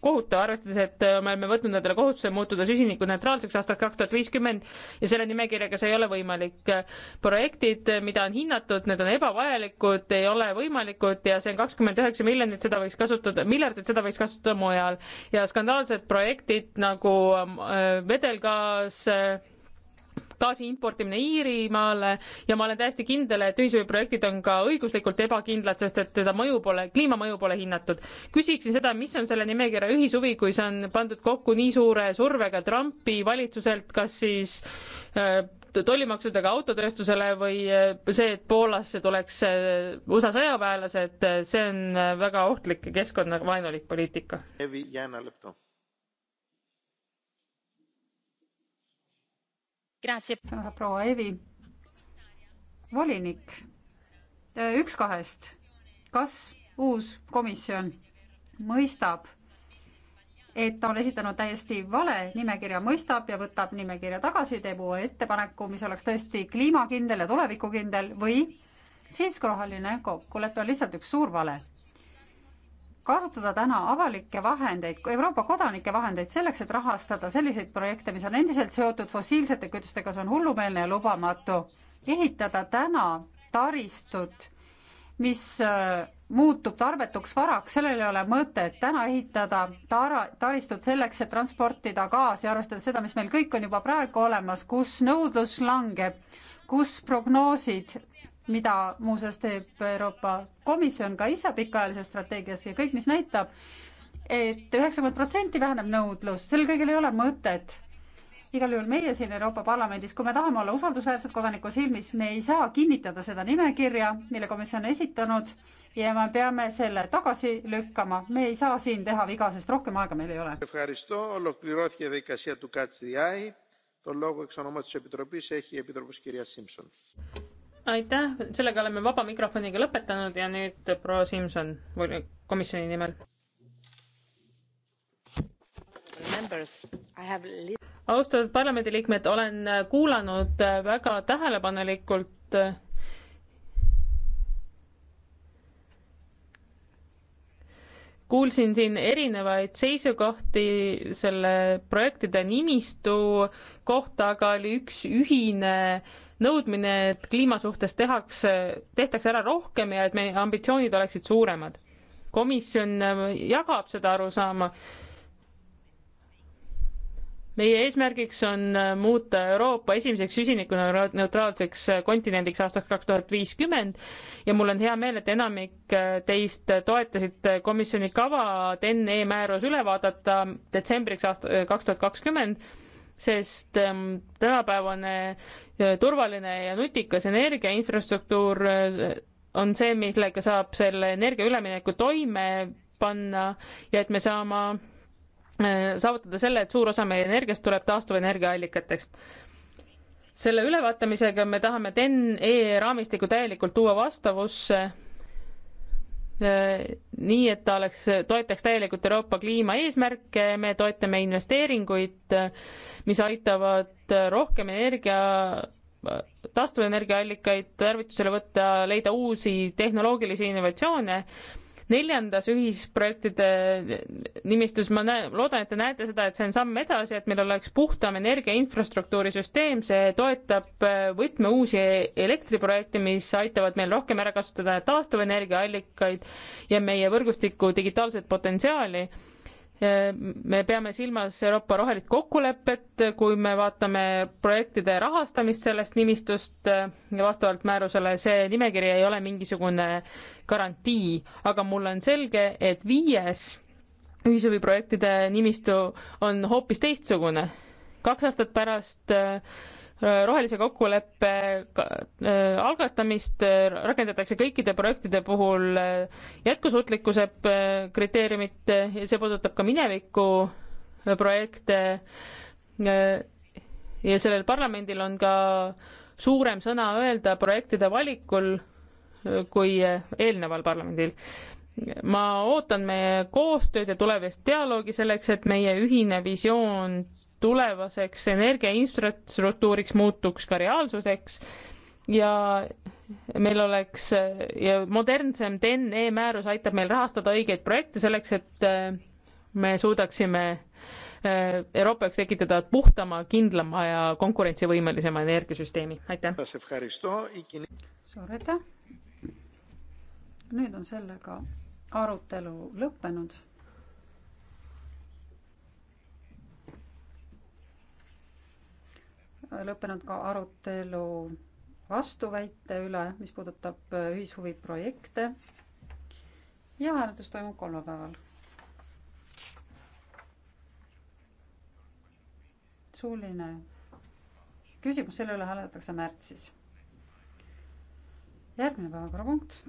kohutav, arvestades, et äh, me oleme võtnud endale kohustuse muutuda süsinikuneutraalseks aastaks kaks tuhat viiskümmend ja selle nimekirjaga see ei ole võimalik. projektid, mida on hinnatud, need on ebavajalikud, ei ole võimalikud ja see on kakskümmend üheksa miljonit, seda võiks kasutada, miljardit, seda võiks kasutada mujal. ja skandaalsed projektid nagu äh, vedelgaas, äh, gaasi importimine Iirimaale ja ma olen täiesti kindel, et ühisveeprojektid on ka õiguslikult ebakindlad, sest et teda mõju pole, kliimamõju pole hinnatud. küsiksin seda, mis on selle nimekirja ühishuvi, kui see on pandud kokku nii suure survega Trumpi valitsuselt, kas siis äh, tollimaksudega autotööstusele või äh, see, et Poolasse tuleks äh, USA sõjaväelased, äh, see on väga ohtlik ja keskkonnavaenulik poliitika. sõna saab proua Evi. volinik, üks kahest, kas uus komisjon mõistab, et ta on esitanud täiesti vale nimekirja, mõistab ja võtab nimekirja tagasi, teeb uue ettepaneku, mis oleks tõesti kliimakindel ja tulevikukindel või siis roheline kokkulepe on lihtsalt üks suur vale kasutada täna avalikke vahendeid, Euroopa kodanike vahendeid selleks, et rahastada selliseid projekte, mis on endiselt seotud fossiilsete kütustega, see on hullumeelne ja lubamatu. ehitada täna taristut, mis äh, muutub tarbetuks varaks, sellel ei ole mõtet. täna ehitada tara, taristut selleks, et transportida gaasi, arvestades seda, mis meil kõik on juba praegu olemas, kus nõudlus langeb, kus prognoosid mida muuseas teeb Euroopa Komisjon ka ise pikaajalises strateegias ja kõik, mis näitab et, et üheksakümmend protsenti väheneb nõudlus, sel kõigil ei ole mõtet. igal juhul meie siin Euroopa Parlamendis, kui me tahame olla usaldusväärsed kodaniku silmis, me ei saa kinnitada seda nimekirja, mille komisjon on esitanud ja me peame selle tagasi lükkama, me ei saa siin teha viga, sest rohkem aega meil ei ole aitäh, sellega oleme vaba mikrofoniga lõpetanud ja nüüd proua Simson komisjoni nimel. austatud parlamendiliikmed, olen kuulanud väga tähelepanelikult kuulsin siin erinevaid seisukohti selle projektide nimistu kohta, aga oli üks ühine äh, nõudmine, et kliima suhtes tehakse, tehtakse ära rohkem ja et meie ambitsioonid oleksid suuremad. komisjon äh, jagab seda arusaama. meie eesmärgiks on äh, muuta Euroopa esimeseks süsinikuneutraalseks äh, kontinendiks aastaks kaks tuhat viiskümmend ja mul on hea meel, et enamik teist toetasid komisjoni kava TEN-E määrus üle vaadata detsembriks aasta kaks tuhat kakskümmend sest ähm, tänapäevane turvaline ja nutikas energiainfrastruktuur eh, on see, millega saab selle energia ülemineku toime panna ja et me saame eh, saavutada selle, et suur osa meie energiast tuleb taastuvenergiaallikatest. selle ülevaatamisega me tahame TEN-E raamistiku täielikult tuua vastavusse Äh, nii, et ta oleks, toetaks täielikult Euroopa kliimaeesmärke, me toetame investeeringuid, mis aitavad rohkem energia, taastuvenergiaallikaid tarvitusele võtta, leida uusi tehnoloogilisi innovatsioone neljandas ühisprojektide nimistus ma näen, loodan, et te näete seda, et see on samm edasi, et meil oleks puhtam energiainfrastruktuuri süsteem, see toetab äh, võtme uusi e-, elektriprojekte, mis aitavad meil rohkem ära kasutada taastuvenergiaallikaid ja meie võrgustiku digitaalset potentsiaali me peame silmas Euroopa rohelist kokkulepet, kui me vaatame projektide rahastamist sellest nimistust vastavalt määrusele, see nimekiri ei ole mingisugune garantii, aga mulle on selge, et viies ühishuviprojektide nimistu on hoopis teistsugune. kaks aastat pärast rohelise kokkuleppe äh, algatamist äh, rakendatakse kõikide projektide puhul äh, jätkusuutlikkuse kriteeriumit ja see puudutab ka mineviku projekte. ja sellel parlamendil on ka suurem sõna öelda projektide valikul kui eelneval parlamendil. ma ootan meie koostööd ja tulevast dialoogi selleks, et meie ühine visioon tulevaseks energiainfrastruktuuriks muutuks ka reaalsuseks ja meil oleks ja modernsem TEN-E määrus aitab meil rahastada õigeid projekte selleks, et äh, me suudaksime äh, Euroopa jaoks tekitada puhtama, kindlama ja konkurentsivõimelisema energiasüsteemi, aitäh! suur aitäh! nüüd on sellega arutelu lõppenud lõppenud ka arutelu vastuväite üle, mis puudutab äh, ühishuvi projekte. ja hääletus toimub kolmapäeval. suuline küsimus, selle üle hääletatakse märtsis. järgmine päevakorrapunkt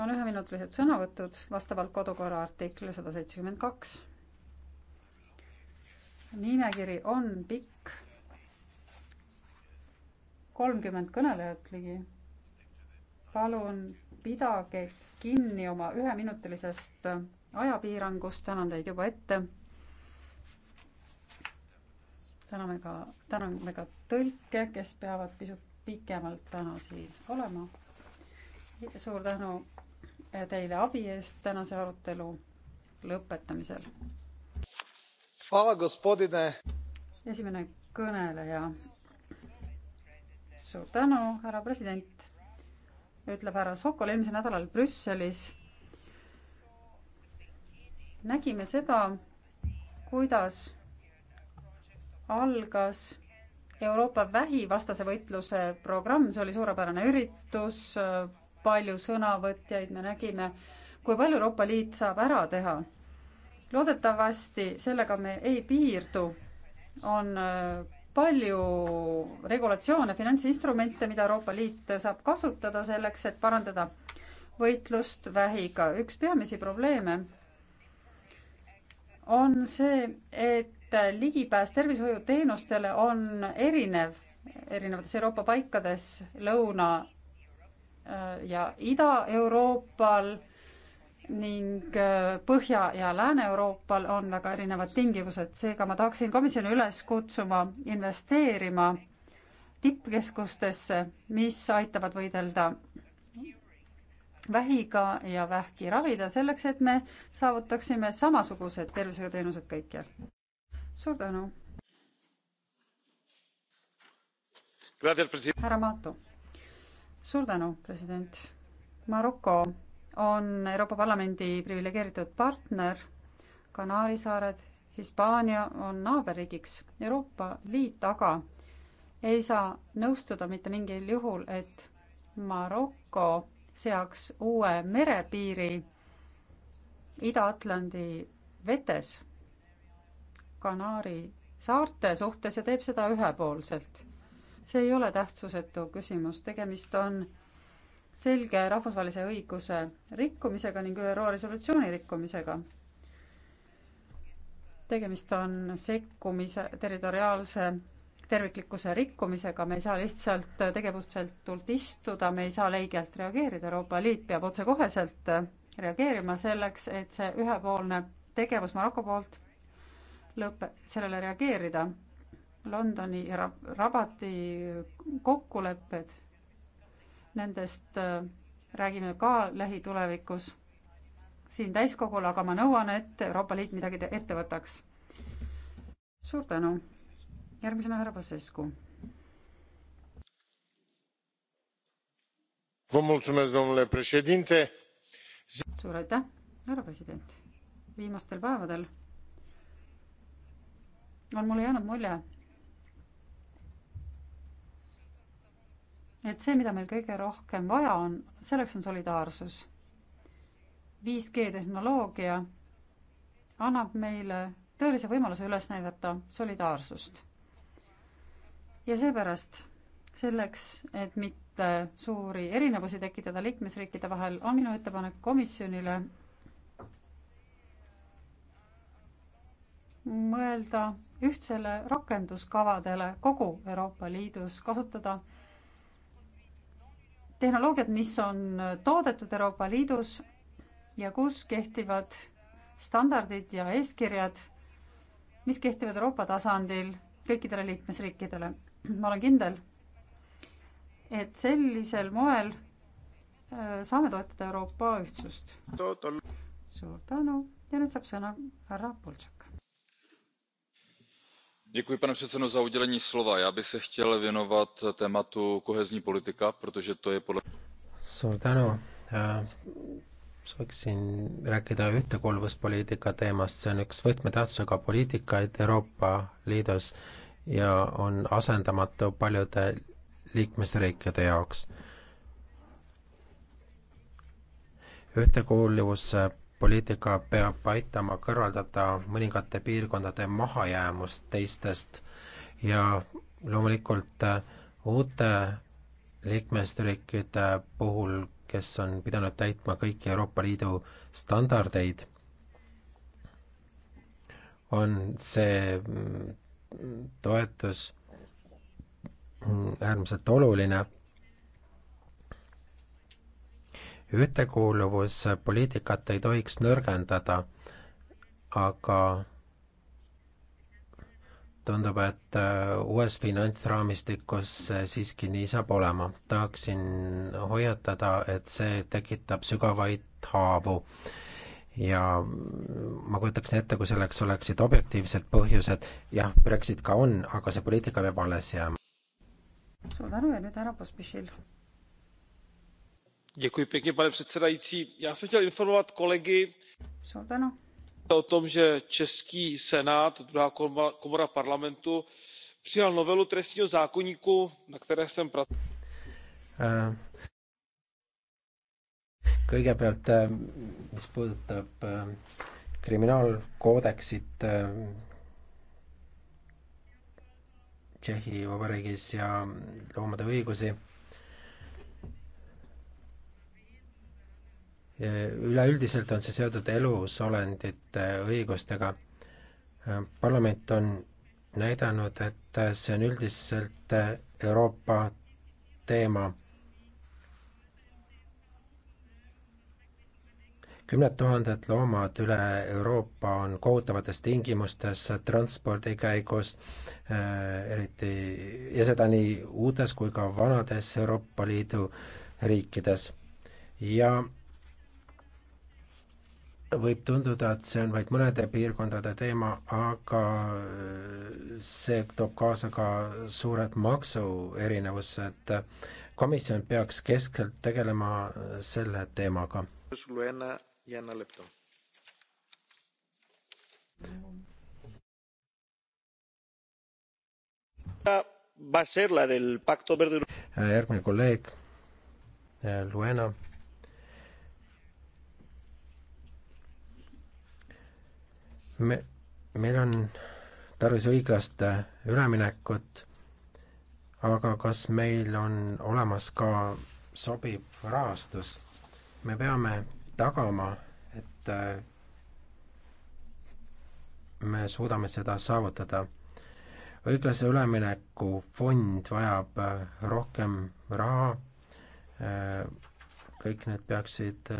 on üheminutilised sõnavõtud vastavalt kodukorra artiklile sada seitsekümmend kaks. nimekiri on pikk kolmkümmend kõnelejat ligi. palun pidage kinni oma üheminutilisest ajapiirangust, tänan teid juba ette. täname ka, täname ka tõlke, kes peavad pisut pikemalt täna siin olema. suur tänu teile abi eest tänase arutelu lõpetamisel. esimene kõneleja suur tänu, härra president, ütleb härra Sokol eelmisel nädalal Brüsselis. nägime seda, kuidas algas Euroopa vähivastase võitluse programm, see oli suurepärane üritus, palju sõnavõtjaid, me nägime, kui palju Euroopa Liit saab ära teha. loodetavasti sellega me ei piirdu, on palju regulatsioone, finantsinstrumente, mida Euroopa Liit saab kasutada selleks, et parandada võitlust vähiga. üks peamisi probleeme on see, et ligipääs tervishoiuteenustele on erinev erinevates Euroopa paikades, Lõuna- ja Ida-Euroopal ning äh, Põhja- ja Lääne-Euroopal on väga erinevad tingimused, seega ma tahaksin komisjoni üles kutsuma investeerima tippkeskustesse, mis aitavad võidelda vähiga ja vähki ravida, selleks et me saavutaksime samasugused tervishoiuteenused kõikjal. suur tänu. härra Maatu. suur tänu, president. Maroko on Euroopa Parlamendi priviligeeritud partner, Kanaari saared, Hispaania on naaberriigiks, Euroopa Liit aga ei saa nõustuda mitte mingil juhul, et Maroko seaks uue merepiiri Ida-Atlandi vetes Kanaari saarte suhtes ja teeb seda ühepoolselt. see ei ole tähtsusetu küsimus, tegemist on selge rahvusvahelise õiguse rikkumisega ning ÜRO resolutsiooni rikkumisega. tegemist on sekkumise, territoriaalse terviklikkuse rikkumisega, me ei saa lihtsalt tegevusetult istuda, me ei saa leigelt reageerida, Euroopa Liit peab otsekoheselt reageerima selleks, et see ühepoolne tegevus Maroko poolt lõpe, sellele reageerida. Londoni ja Rabati kokkulepped nendest äh, räägime ka lähitulevikus siin täiskogul, aga ma nõuan, et Euroopa Liit midagi ette võtaks. suur tänu. järgmisena härra Pasescu. suur aitäh, härra president. viimastel päevadel on mulle jäänud mulje, et see, mida meil kõige rohkem vaja on, selleks on solidaarsus. 5G tehnoloogia annab meile tõelise võimaluse üles näidata solidaarsust. ja seepärast selleks, et mitte suuri erinevusi tekitada liikmesriikide vahel, on minu ettepanek komisjonile mõelda ühtsele rakenduskavadele kogu Euroopa Liidus, kasutada tehnoloogiad, mis on toodetud Euroopa Liidus ja kus kehtivad standardid ja eeskirjad, mis kehtivad Euroopa tasandil kõikidele liikmesriikidele. ma olen kindel, et sellisel moel äh, saame toetada Euroopa ühtsust. suur tänu ja nüüd saab sõna härra Poltsak pane předsedající já bych se chtěl věnovat tématu kohezní politika protože to je podle. suur tänu! Äh, sooviksin rääkida ühtekuuluvuspoliitika teemast, see on üks võtmetähtsusega poliitikaid Euroopa Liidus ja on asendamatu paljude liikmesriikide jaoks ühtekuuluvuse poliitika peab aitama kõrvaldada mõningate piirkondade mahajäämust teistest ja loomulikult äh, uute liikmesriikide puhul, kes on pidanud täitma kõiki Euroopa Liidu standardeid, on see mm, toetus mm, äärmiselt oluline ühtekuuluvuspoliitikat ei tohiks nõrgendada, aga tundub, et äh, uues finantsraamistikus siiski nii saab olema. tahaksin hoiatada, et see tekitab sügavaid haavu ja ma kujutaksin ette, kui selleks oleksid objektiivsed põhjused, jah, Brexit ka on, aga see poliitika peab alles jääma. suur tänu ja nüüd härra Pospišil pane předsedající já jsem chtěl informovat kolegy o tom že český senát druhá komora parlamentu přijal novelu trestního zákoníku na které jsem pracoval. Eh, kõigepealt eh, mis puudutab eh, kriminaalkoodeksit Tšehhi Vabariigis ja loomade õigusi Äh, üleüldiselt on see seotud elusolendite äh, õigustega. Äh, parlament on näidanud, et see on üldiselt Euroopa teema. kümned tuhanded loomad üle Euroopa on kohutavates tingimustes transpordi käigus, eriti, ja seda nii uutes kui ka vanades Euroopa Liidu riikides. ja võib tunduda, et see on vaid mõnede piirkondade teema, aga see toob kaasa ka suured maksuerinevused. komisjon peaks keskselt tegelema selle teemaga. järgmine kolleeg, Luena me, meil on tarvis õiglast äh, üleminekut, aga kas meil on olemas ka sobiv rahastus? me peame tagama, et äh, me suudame seda saavutada. õiglase ülemineku fond vajab äh, rohkem raha, kõik need peaksid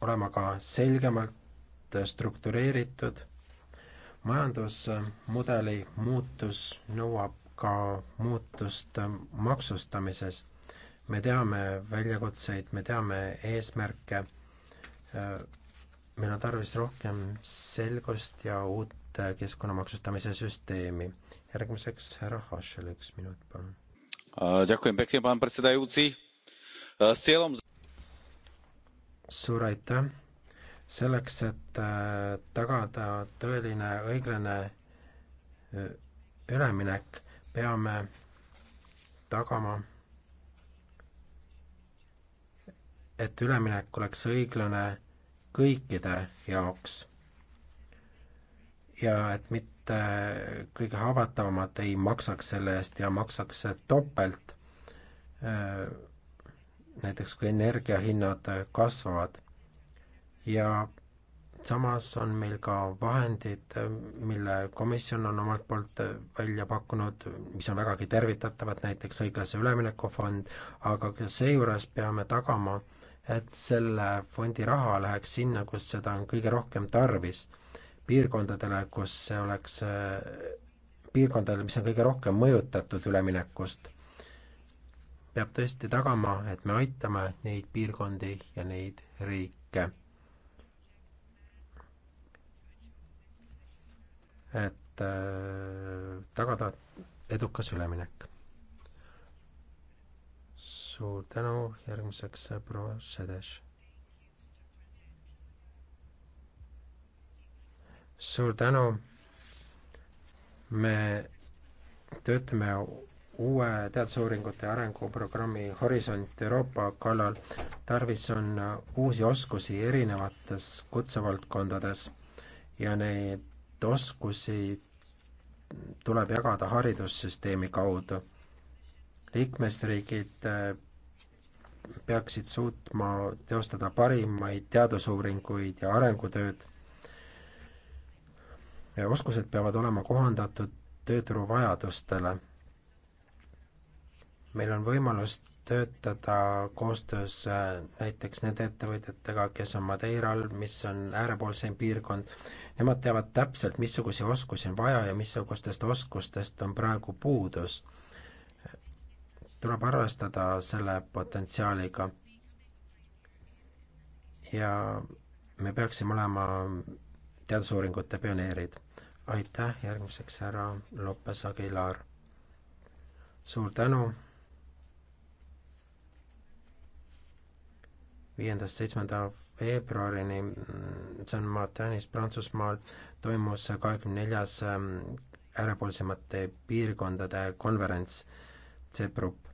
olema ka selgemalt struktureeritud. majandusmudeli muutus nõuab ka muutust maksustamises. me teame väljakutseid, me teame eesmärke, meil on tarvis rohkem selgust ja uut keskkonnamaksustamise süsteemi. järgmiseks härra Hašel, üks minut, palun. suur aitäh, selleks, et äh, tagada tõeline õiglane äh, üleminek, peame tagama, et üleminek oleks õiglane kõikide jaoks. ja et mitte äh, kõige haavatavamad ei maksaks selle eest ja maksaks topelt, näiteks kui energiahinnad kasvavad ja samas on meil ka vahendid, mille komisjon on omalt poolt välja pakkunud, mis on vägagi tervitatavad, näiteks õiglase ülemineku fond, aga ka seejuures peame tagama, et selle fondi raha läheks sinna, kus seda on kõige rohkem tarvis, piirkondadele, kus see oleks, piirkondadele, mis on kõige rohkem mõjutatud üleminekust. peab tõesti tagama, et me aitame neid piirkondi ja neid riike et äh, tagada edukas üleminek. suur tänu, järgmiseks proua Sedes. suur tänu, me töötame uue teadusuuringute arenguprogrammi Horisont Euroopa kallal. tarvis on uusi oskusi erinevates kutsevaldkondades ja neid et oskusi tuleb jagada haridussüsteemi kaudu. liikmesriigid eh, peaksid suutma teostada parimaid teadusuuringuid ja arengutööd. oskused peavad olema kohandatud tööturu vajadustele meil on võimalus töötada koostöös äh, näiteks nende ettevõtjatega, kes on Madeiral, mis on äärepoolseim piirkond, nemad teavad täpselt, missuguseid oskusi on vaja ja missugustest oskustest on praegu puudus. tuleb arvestada selle potentsiaaliga. ja me peaksime olema teadusuuringute pioneerid. aitäh, järgmiseks härra Lopes Aguilar. suur tänu viiendast seitsmenda veebruarini, see on Martinis Prantsusmaal, toimus kahekümne neljas ähm, äärepoolsemate piirkondade konverents, CEPRUP.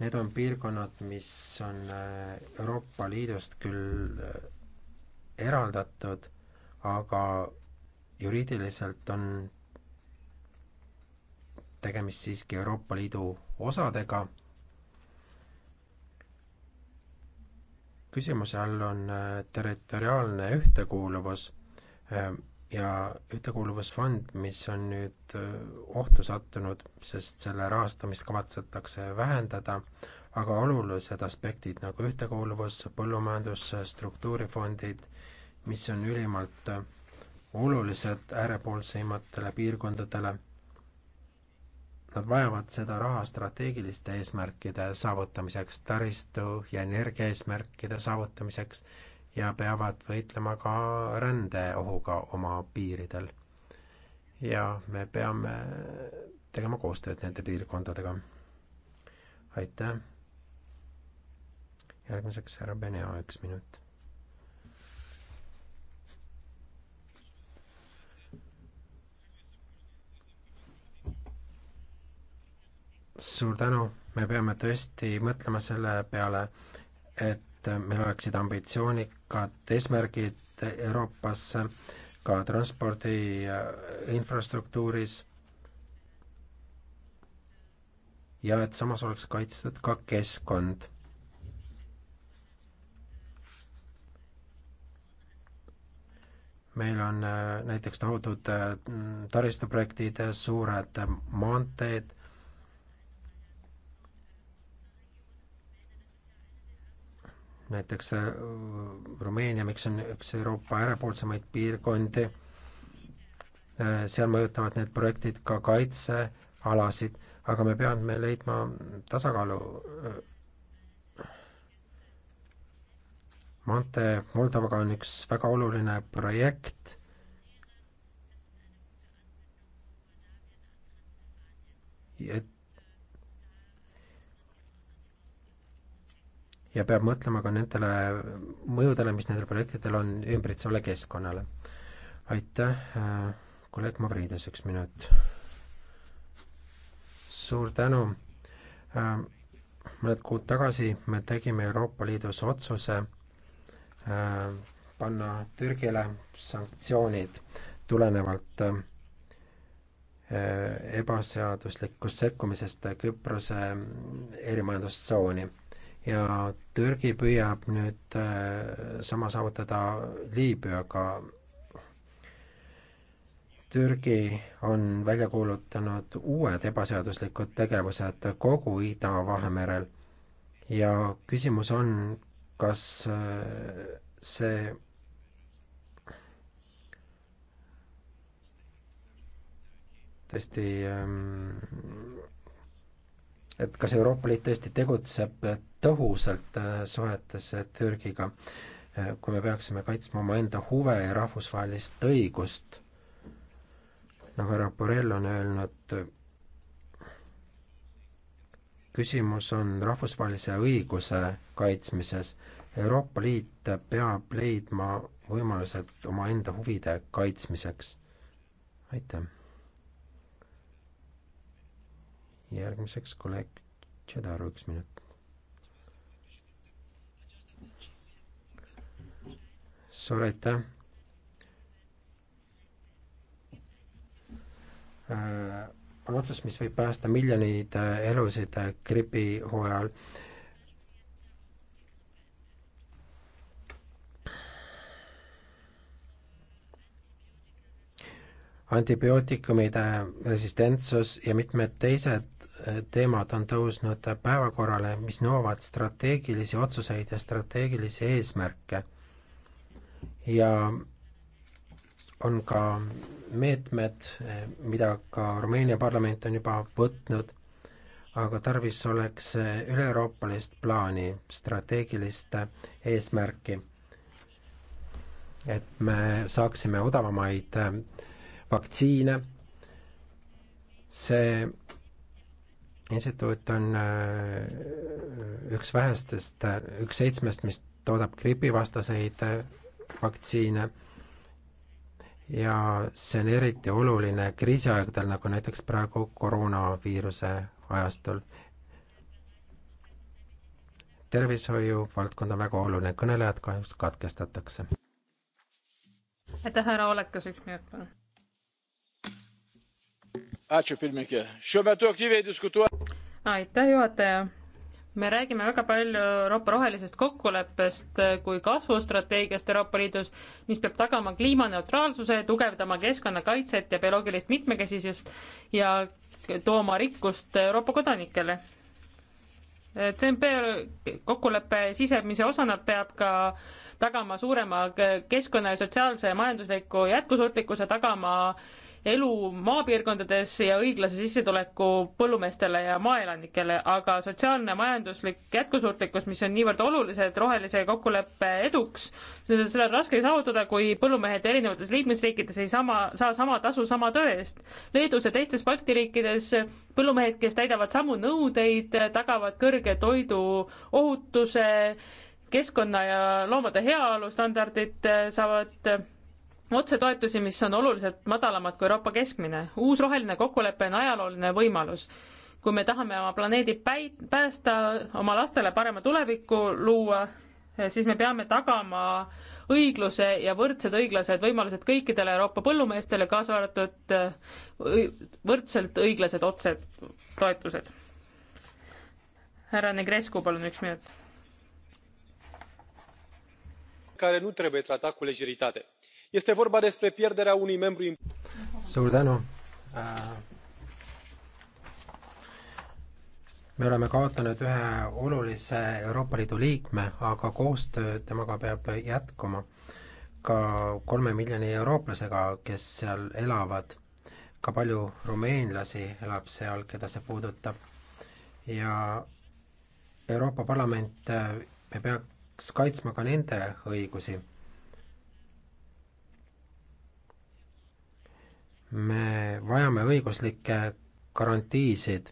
Need on piirkonnad, mis on äh, Euroopa Liidust küll äh, eraldatud, aga juriidiliselt on tegemist siiski Euroopa Liidu osadega küsimuse all on äh, territoriaalne ühtekuuluvus äh, ja ühtekuuluvusfond, mis on nüüd äh, ohtu sattunud, sest selle rahastamist kavatsetakse vähendada, aga olulised aspektid nagu ühtekuuluvus, põllumajandus, struktuurifondid, mis on ülimalt olulised äärepoolseimatele piirkondadele Nad vajavad seda raha strateegiliste eesmärkide saavutamiseks, taristu ja energiaeesmärkide saavutamiseks ja peavad võitlema ka rändeohuga oma piiridel. ja me peame tegema koostööd nende piirkondadega. aitäh! järgmiseks härra Benea, üks minut suur tänu, me peame tõesti mõtlema selle peale, et meil oleksid ambitsioonikad eesmärgid Euroopas ka transpordi infrastruktuuris ja et samas oleks kaitstud ka keskkond. meil on äh, näiteks tohutud äh, taristuprojektid, suured maanteed näiteks äh, Rumeenia, miks on üks Euroopa äärepoolsemaid piirkondi, äh, seal mõjutavad need projektid ka kaitsealasid, aga me peame leidma tasakaalu äh, maantee Moldovaga on üks väga oluline projekt, et ja peab mõtlema ka nendele mõjudele, mis nendel projektidel on ümbritsevale keskkonnale. aitäh, äh, kolleeg Mavrides, üks minut. suur tänu. Äh, mõned kuud tagasi me tegime Euroopa Liidus otsuse äh, panna Türgile sanktsioonid tulenevalt ebaseaduslikust sekkumisest Küprose erimajandustsooni ja Türgi püüab nüüd äh, sama saavutada Liibüaga. Türgi on välja kuulutanud uued ebaseaduslikud tegevused kogu Ida-Vahemerel ja küsimus on, kas äh, see tõesti ähm, et kas Euroopa Liit tõesti tegutseb tõhusalt äh, suhetes äh, Türgiga, äh, kui me peaksime kaitsma omaenda huve ja rahvusvahelist õigust, nagu härra Borrell on öelnud, küsimus on rahvusvahelise õiguse kaitsmises. Euroopa Liit peab leidma võimalused omaenda huvide kaitsmiseks. aitäh! järgmiseks kolleeg Tšedaru, üks minut. suur aitäh äh,. on otsus, mis võib päästa miljoneid äh, elusid äh, gripihooajal antibiootikumide resistentsus ja mitmed teised teemad on tõusnud päevakorrale, mis nõuavad strateegilisi otsuseid ja strateegilisi eesmärke. ja on ka meetmed, mida ka Rumeenia parlament on juba võtnud, aga tarvis oleks üle-euroopalist plaani, strateegilist eesmärki, et me saaksime odavamaid vaktsiine, see instituut on äh, üks vähestest, üks seitsmest, mis toodab gripivastaseid äh, vaktsiine ja see on eriti oluline kriisiaegadel, nagu näiteks praegu koroonaviiruse ajastul. tervishoiu valdkond on väga oluline, kõnelejad kahjuks katkestatakse. aitäh, härra Olekas, üks minut palun aitäh, juhataja. me räägime väga palju Euroopa rohelisest kokkuleppest kui kasvustrateegiast Euroopa Liidus, mis peab tagama kliimaneutraalsuse, tugevdama keskkonnakaitset ja bioloogilist mitmekesisust ja tooma rikkust Euroopa kodanikele CMP kokkuleppe sisemise osana peab ka tagama suurema keskkonna ja sotsiaalse ja majandusliku jätkusuutlikkuse, tagama elu maapiirkondades ja õiglase sissetuleku põllumeestele ja maaelanikele, aga sotsiaalne, majanduslik jätkusuutlikkus, mis on niivõrd olulised rohelise kokkuleppe eduks, seda on raske saavutada, kui põllumehed erinevates liikmesriikides ei sama, saa sama tasu sama töö eest. Leedus ja teistes Balti riikides põllumehed, kes täidavad samu nõudeid, tagavad kõrge toidu ohutuse, keskkonna ja loomade heaolu standardid saavad otsetoetusi, mis on oluliselt madalamad kui Euroopa keskmine. uus roheline kokkulepe on ajalooline võimalus. kui me tahame oma planeedi päi-, päästa, oma lastele parema tuleviku luua, siis me peame tagama õigluse ja võrdsed õiglased võimalused kõikidele Euroopa põllumeestele, kaasa arvatud äh, võrdselt õiglased otsetoetused. härra Negrescu, palun üks minut. care nu trebuie tratat cu lejeritate este vorba despre pierderea unui membru. suur tänu. Uh, me oleme kaotanud ühe olulise Euroopa Liidu liikme, aga koostöö temaga peab jätkuma ka kolme miljoni eurooplasega, kes seal elavad. ka palju rumeenlasi elab seal, keda see puudutab. ja Euroopa Parlament, eh, me peaks kaitsma ka nende õigusi me vajame õiguslikke garantiisid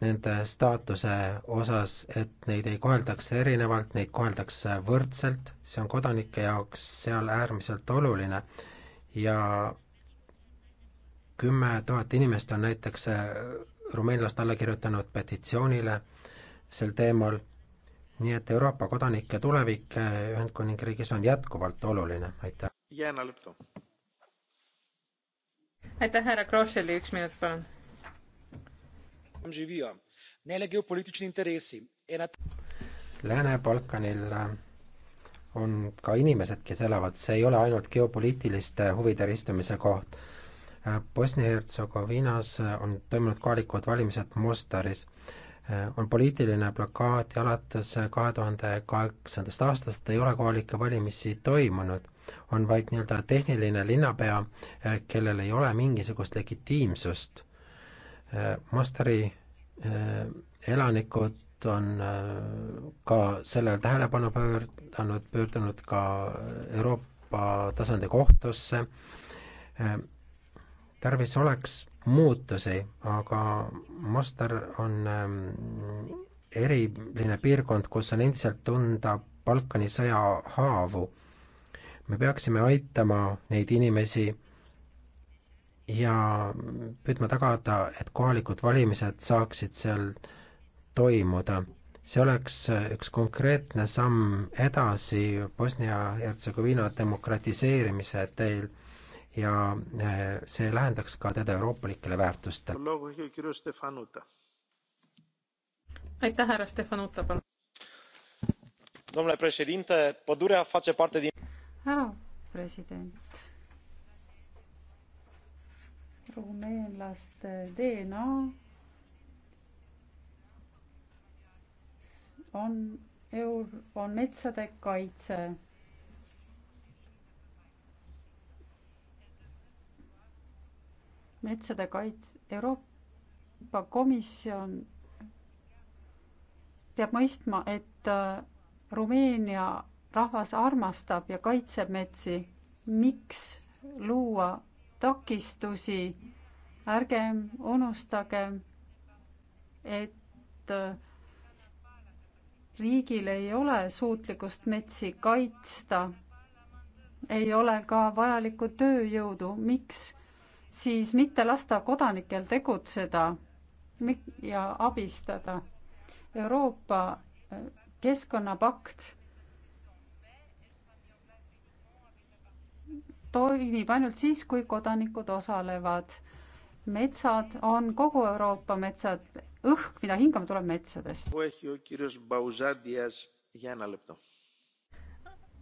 nende staatuse osas, et neid ei koheldaks erinevalt, neid koheldakse võrdselt, see on kodanike jaoks seal äärmiselt oluline ja kümme tuhat inimest on näiteks äh, rumeenlast alla kirjutanud petitsioonile sel teemal, nii et Euroopa kodanike tulevik äh, Ühendkuningriigis on jätkuvalt oluline, aitäh! aitäh, härra Krosseli, üks minut, palun. Lääne-Balkanil on ka inimesed, kes elavad, see ei ole ainult geopoliitiliste huvide ristumise koht. Bosnia-Hertsegoviinas on toimunud kohalikud valimised Mustaris. on poliitiline blokaad ja alates kahe tuhande kaheksandast aastast ei ole kohalikke valimisi toimunud on vaid nii-öelda tehniline linnapea, eh, kellel ei ole mingisugust legitiimsust. Eh, Masteri eh, elanikud on ka sellele tähelepanu pöördunud, pöördunud ka Euroopa tasandi kohtusse, tarvis oleks muutusi, aga Master on eriline piirkond, kus on endiselt tunda Balkani sõja haavu me peaksime aitama neid inimesi ja püüdma tagada, et kohalikud valimised saaksid seal toimuda. see oleks üks konkreetne samm edasi Bosnia-Hertsegoviina demokratiseerimise teel ja eh, see lähendaks ka teda euroopalikele väärtustele. aitäh, härra Stefanuta, palun! domnule președinte pădurea face parte din härra president. rumeenlaste DNA on eur-, on metsade kaitse metsade kaits-, Euroopa Komisjon peab mõistma, et äh, Rumeenia rahvas armastab ja kaitseb metsi, miks luua takistusi, ärgem unustagem, et äh, riigil ei ole suutlikkust metsi kaitsta, ei ole ka vajalikku tööjõudu, miks siis mitte lasta kodanikel tegutseda ja abistada. Euroopa äh, Keskkonnapakt toimib ainult siis, kui kodanikud osalevad. metsad on kogu Euroopa metsad, õhk, mida hingame, tuleb metsadest.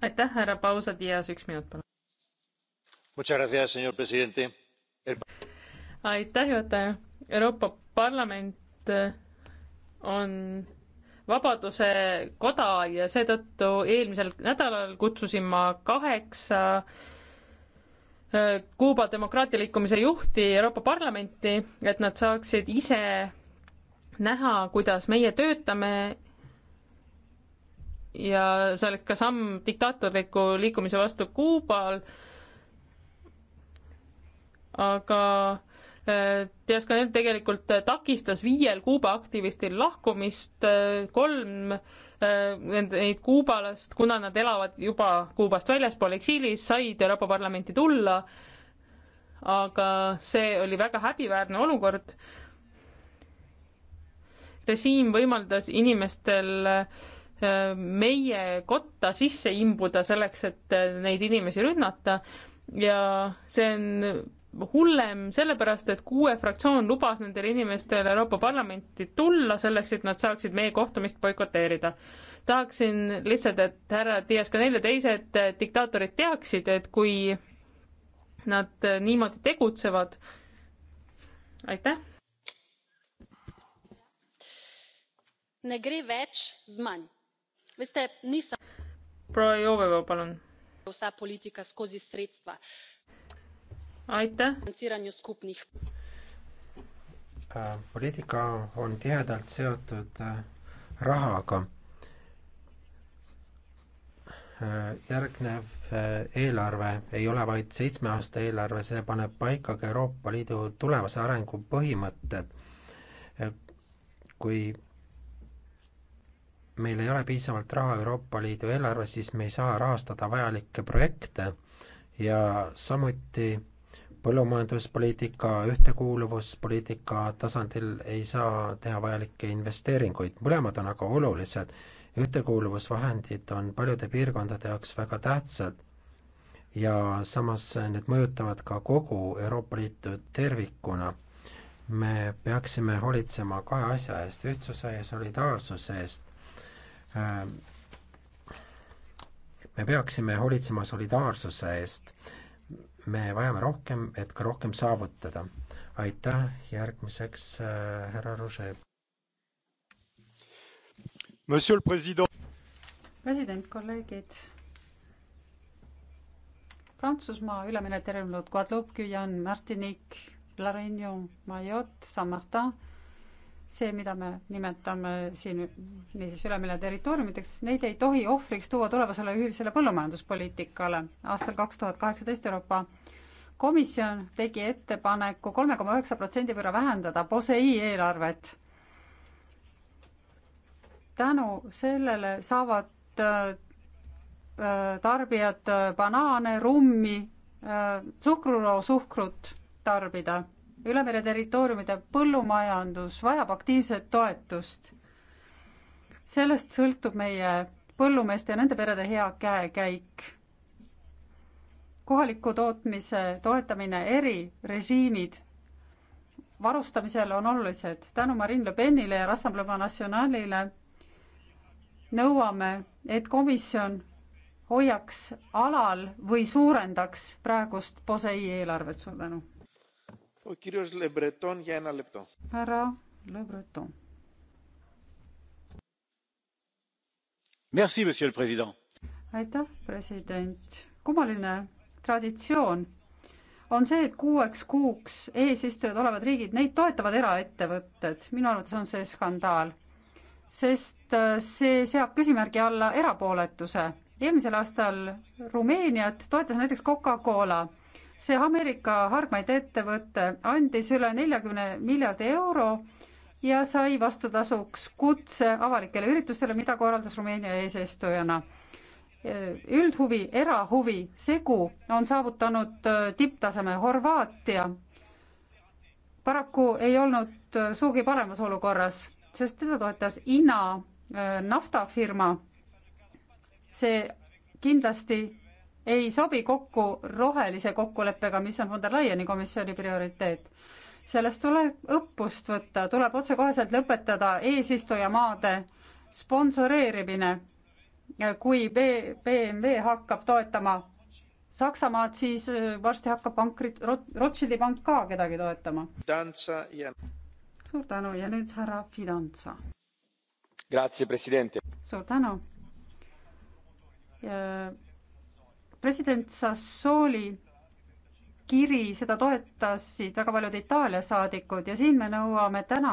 aitäh, härra Pausa Dias, üks minut palun. aitäh, juhataja. Euroopa Parlament eh, on Vabaduse Koda ja seetõttu eelmisel nädalal kutsusin ma kaheksa Kuuba demokraatia liikumise juhti Euroopa Parlamenti, et nad saaksid ise näha, kuidas meie töötame ja see oleks ka samm diktaatorliku liikumise vastu Kuubal, aga Diaskanel äh, tegelikult takistas viiel Kuuba aktivistil lahkumist, äh, kolm Äh, neid kuubalast, kuna nad elavad juba Kuubast väljaspool eksiilis, said Euroopa Parlamenti tulla, aga see oli väga häbiväärne olukord. režiim võimaldas inimestel äh, meie kotta sisse imbuda selleks, et äh, neid inimesi rünnata ja see on hullem sellepärast, et kuue fraktsioon lubas nendel inimestel Euroopa Parlamenti tulla selleks, et nad saaksid meie kohtumist boikoteerida. tahaksin lihtsalt, et härra Dias ka neile teised diktaatorid teaksid, et kui nad niimoodi tegutsevad, aitäh. proua Jooveva, palun. poliitika skozi sredstva aitäh! Äh, poliitika on tihedalt seotud äh, rahaga. Äh, järgnev eelarve ei ole vaid seitsme aasta eelarve, see paneb paika ka Euroopa Liidu tulevase arengu põhimõtted. kui meil ei ole piisavalt raha Euroopa Liidu eelarves, siis me ei saa rahastada vajalikke projekte ja samuti põllumajanduspoliitika, ühtekuuluvuspoliitika tasandil ei saa teha vajalikke investeeringuid, mõlemad on aga olulised. ühtekuuluvusvahendid on paljude piirkondade jaoks väga tähtsad ja samas need mõjutavad ka kogu Euroopa Liitu tervikuna. me peaksime hoolitsema kahe asja eest, ühtsuse ja solidaarsuse eest äh, me peaksime hoolitsema solidaarsuse eest me vajame rohkem, et ka rohkem saavutada. aitäh, järgmiseks äh, härra Rože. president, president, kolleegid. Prantsusmaa ülemine tervemõõt Guadeloupe, Guyane, Martinique, La Réunion, Mayotte, Saint-Martin see, mida me nimetame siin niisiis Ülemere territooriumideks, neid ei tohi ohvriks tuua tulevasele ühisele põllumajanduspoliitikale. aastal kaks tuhat kaheksateist Euroopa Komisjon tegi ettepaneku kolme koma üheksa protsendi võrra vähendada POSEI eelarvet. tänu sellele saavad äh, tarbijad banaane, rummi, äh, suhkruloosuhkrut tarbida üle mere territooriumide põllumajandus vajab aktiivset toetust. sellest sõltub meie põllumeeste ja nende perede hea käekäik. kohaliku tootmise toetamine, erirežiimid varustamisel on olulised. tänu Marine Le Penile ja Rassemblement Nationalile nõuame, et komisjon hoiaks alal või suurendaks praegust POSEI eelarvet. suur tänu κύριος Λεμπρετών για ένα λεπτό. Άρα, Λεμπρετών. Merci, monsieur le president. aitäh, president. kummaline traditsioon on see, et kuueks kuuks eesistujad olevad riigid, neid toetavad eraettevõtted. minu arvates on see skandaal, sest äh, see seab küsimärgi alla erapooletuse. eelmisel aastal Rumeeniat toetas näiteks Coca-Cola see Ameerika hargmaid ettevõte andis üle neljakümne miljardi euro ja sai vastutasuks kutse avalikele üritustele, mida korraldas Rumeenia eesistujana. üldhuvi, erahuvi segu on saavutanud äh, tipptaseme Horvaatia. paraku ei olnud äh, sugugi paremas olukorras, sest teda toetas Ina äh, naftafirma. see kindlasti ei sobi kokku rohelise kokkuleppega, mis on von der Leyeni komisjoni prioriteet. sellest tuleb õppust võtta, tuleb otsekoheselt lõpetada eesistujamaade sponsoreerimine. kui B, BMW hakkab toetama Saksamaad, siis äh, varsti hakkab pankrit, Rothschildi pank ka kedagi toetama. Ja... suur tänu ja nüüd härra Fidanza. suur tänu ja president Sassooli kiri, seda toetasid väga paljud Itaalia saadikud ja siin me nõuame täna,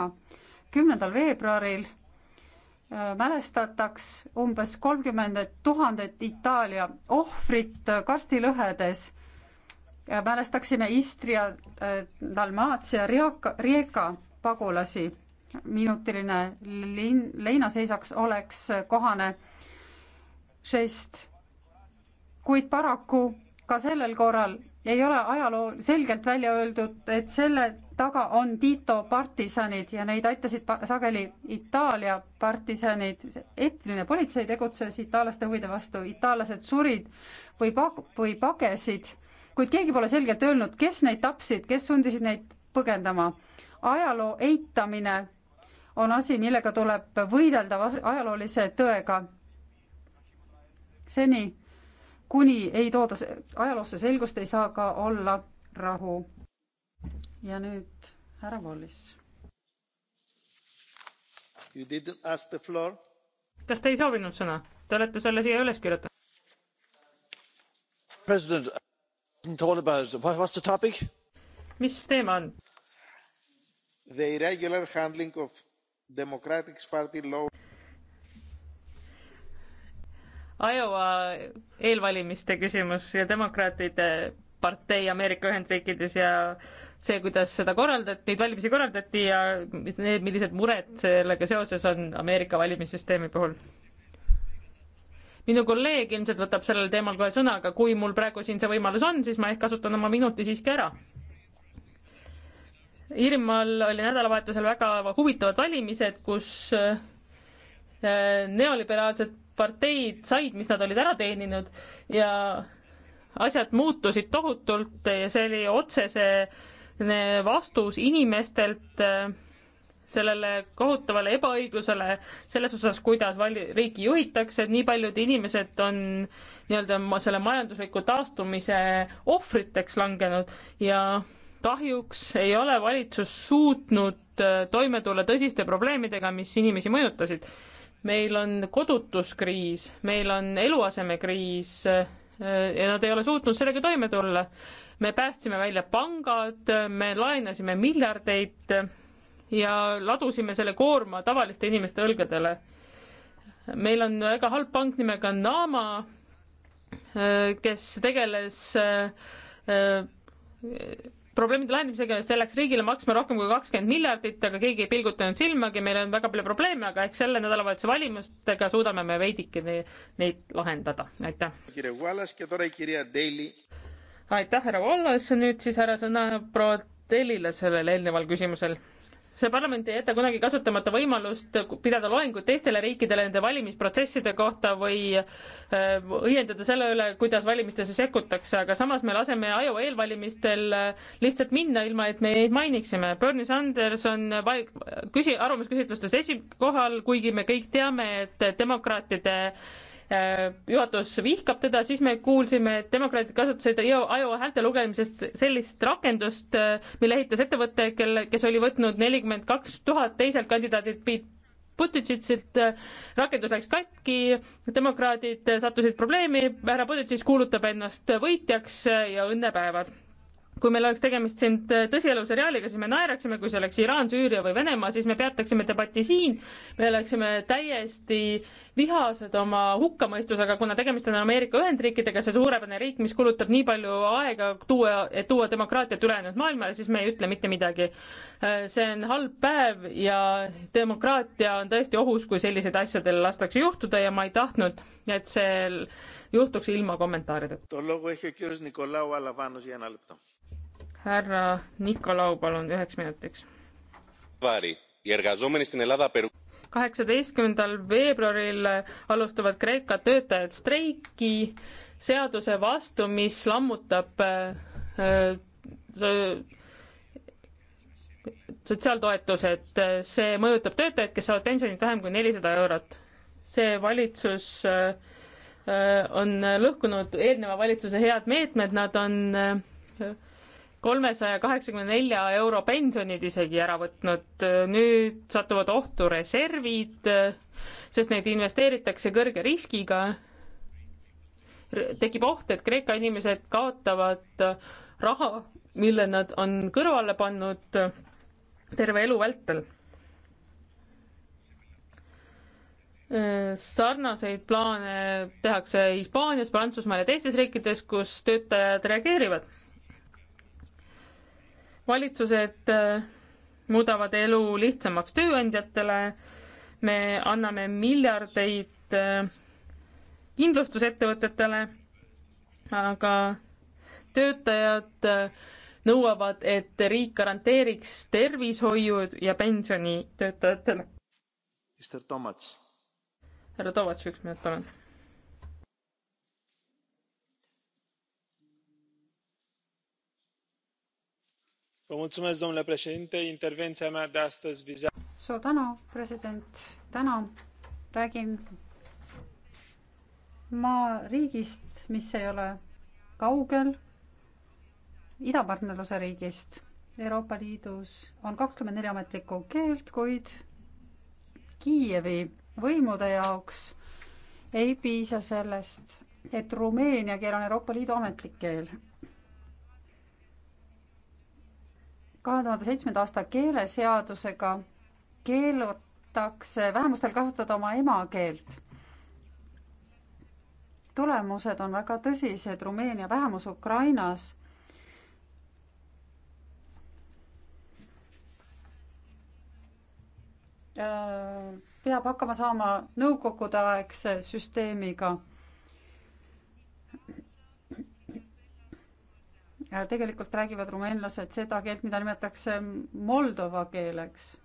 kümnendal veebruaril äh, mälestataks umbes kolmkümmend tuhandet Itaalia ohvrit karstilõhedes. mälestaksime Istria, äh, Dalmaatia, Rieka, Rieka pagulasi. minutiline lin-, leinaseisaks oleks kohane žest kuid paraku ka sellel korral ei ole ajaloo selgelt välja öeldud, et selle taga on Tito partisanid ja neid aitasid sageli Itaalia partisanid. etniline politsei tegutses itaallaste huvide vastu, itaallased surid või pag-, või pagesid, kuid keegi pole selgelt öelnud, kes neid tapsid, kes sundisid neid põgendama. ajaloo eitamine on asi, millega tuleb võidelda ajaloolise tõega. seni kuni ei tooda ajaloosse selgust, ei saa ka olla rahu. ja nüüd härra Wallis. kas te ei soovinud sõna? Te olete selle siia üles kirjutanud. president, what's the topic? mis teema on? The irregular handling of democratic party law Iowa eelvalimiste küsimus ja demokraatide partei Ameerika Ühendriikides ja see, kuidas seda korraldati, neid valimisi korraldati ja need, millised mured sellega seoses on Ameerika valimissüsteemi puhul. minu kolleeg ilmselt võtab sellel teemal kohe sõna, aga kui mul praegu siin see võimalus on, siis ma ehk kasutan oma minuti siiski ära. Iirimaal oli nädalavahetusel väga huvitavad valimised, kus äh, neoliberaalsed parteid said, mis nad olid ära teeninud ja asjad muutusid tohutult ja see oli otsesene vastus inimestelt eh, sellele kohutavale ebaõiglusele selles osas, kuidas vali-, riiki juhitakse, et nii paljud inimesed on nii-öelda selle majandusliku taastumise ohvriteks langenud ja kahjuks ei ole valitsus suutnud eh, toime tulla tõsiste probleemidega, mis inimesi mõjutasid meil on kodutuskriis, meil on eluasemekriis eh, ja nad ei ole suutnud sellega toime tulla. me päästsime välja pangad, me laenasime miljardeid ja ladusime selle koorma tavaliste inimeste õlgadele. meil on väga halb pank nimega Nama, eh, kes tegeles eh, probleemide lahendamisega, see läks riigile maksma rohkem kui kakskümmend miljardit, aga keegi ei pilgutanud silmagi, meil on väga palju probleeme, aga eks selle nädalavahetuse valimistega suudame me veidikene neid lahendada, aitäh. aitäh, härra Wallas, nüüd siis härra sõna proua Tellile sellel eelneval küsimusel see parlament ei jäta kunagi kasutamata võimalust pidada loengut teistele riikidele nende valimisprotsesside kohta või äh, õiendada selle üle, kuidas valimistesse sekkutakse, aga samas me laseme aju eelvalimistel äh, lihtsalt minna, ilma et me neid mainiksime. Bernie Sanders on küsi-, arvamusküsitlustes esikohal, kuigi me kõik teame, et demokraatide Äh, juhatus vihkab teda, siis me kuulsime, et demokraadid kasutasid Iowa häälte lugemisest sellist rakendust, äh, mille ehitas ettevõte, kelle, kes oli võtnud nelikümmend kaks tuhat teiselt kandidaadilt Pete Buttigieg'ilt, äh, rakendus läks katki, demokraadid sattusid probleemi, härra Buttigieg kuulutab ennast võitjaks ja õnnepäevad kui meil oleks tegemist siin tõsielus reaaliga, siis me naeraksime, kui see oleks Iraan, Süüria või Venemaa, siis me peataksime debati siin, me oleksime täiesti vihased oma hukkamõistusega, kuna tegemist on Ameerika Ühendriikidega, see suurepärane riik, mis kulutab nii palju aega tuua, et tuua demokraatiat ülejäänud maailmale, siis me ei ütle mitte midagi. Äh, see on halb päev ja demokraatia on tõesti ohus, kui sellised asjadel lastakse juhtuda ja ma ei tahtnud, et see juhtuks ilma kommentaarideta härra Nikolau, palun üheks minutiks. kaheksateistkümnendal veebruaril alustavad Kreeka töötajad streiki seaduse vastu, mis lammutab äh, äh, sotsiaaltoetused, see mõjutab töötajaid, kes saavad pensionit vähem kui nelisada eurot. see valitsus äh, äh, on lõhkunud eelneva valitsuse head meetmed, nad on kolmesaja kaheksakümne nelja euro pensionid isegi ära võtnud, nüüd satuvad ohtu reservid, sest neid investeeritakse kõrge riskiga. tekib oht, et Kreeka inimesed kaotavad raha, mille nad on kõrvale pannud terve elu vältel. sarnaseid plaane tehakse Hispaanias, Prantsusmaal ja teistes riikides, kus töötajad reageerivad valitsused äh, muudavad elu lihtsamaks tööandjatele, me anname miljardeid äh, kindlustusettevõtetele, aga töötajad äh, nõuavad, et riik garanteeriks tervishoiu ja pensioni töötajatele. härra Toomats, üks minut, palun domnule președinte intervenția mea de astăzi vizează. suur tänu president täna räägin ma riigist mis ei ole kaugel idapartnerluse riigist Euroopa Liidus on kakskümmend neli ametlikku keelt kuid Kiievi võimude jaoks ei piisa sellest et rumeenia keel on Euroopa Liidu ametlik keel kahe tuhande seitsmenda aasta keeleseadusega keelutakse vähemustel kasutada oma emakeelt. tulemused on väga tõsised, Rumeenia vähemus Ukrainas äh, peab hakkama saama nõukogudeaegse süsteemiga tegelikult räägivad rumeenlased seda keelt, mida nimetatakse Moldova keeleks.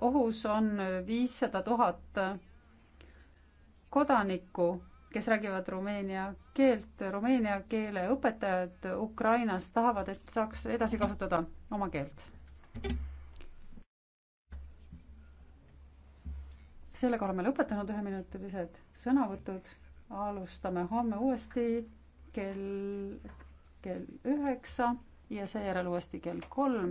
ohus on viissada tuhat kodanikku, kes räägivad rumeenia keelt. Rumeenia keele õpetajad Ukrainas tahavad, et saaks edasi kasutada oma keelt. sellega oleme lõpetanud üheminutilised sõnavõtud. alustame homme uuesti kell kell üheksa ja seejärel uuesti kell kolm.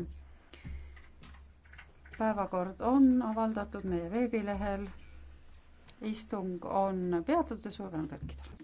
päevakord on avaldatud meie veebilehel. istung on peatatud ja suur tänu kõikidele.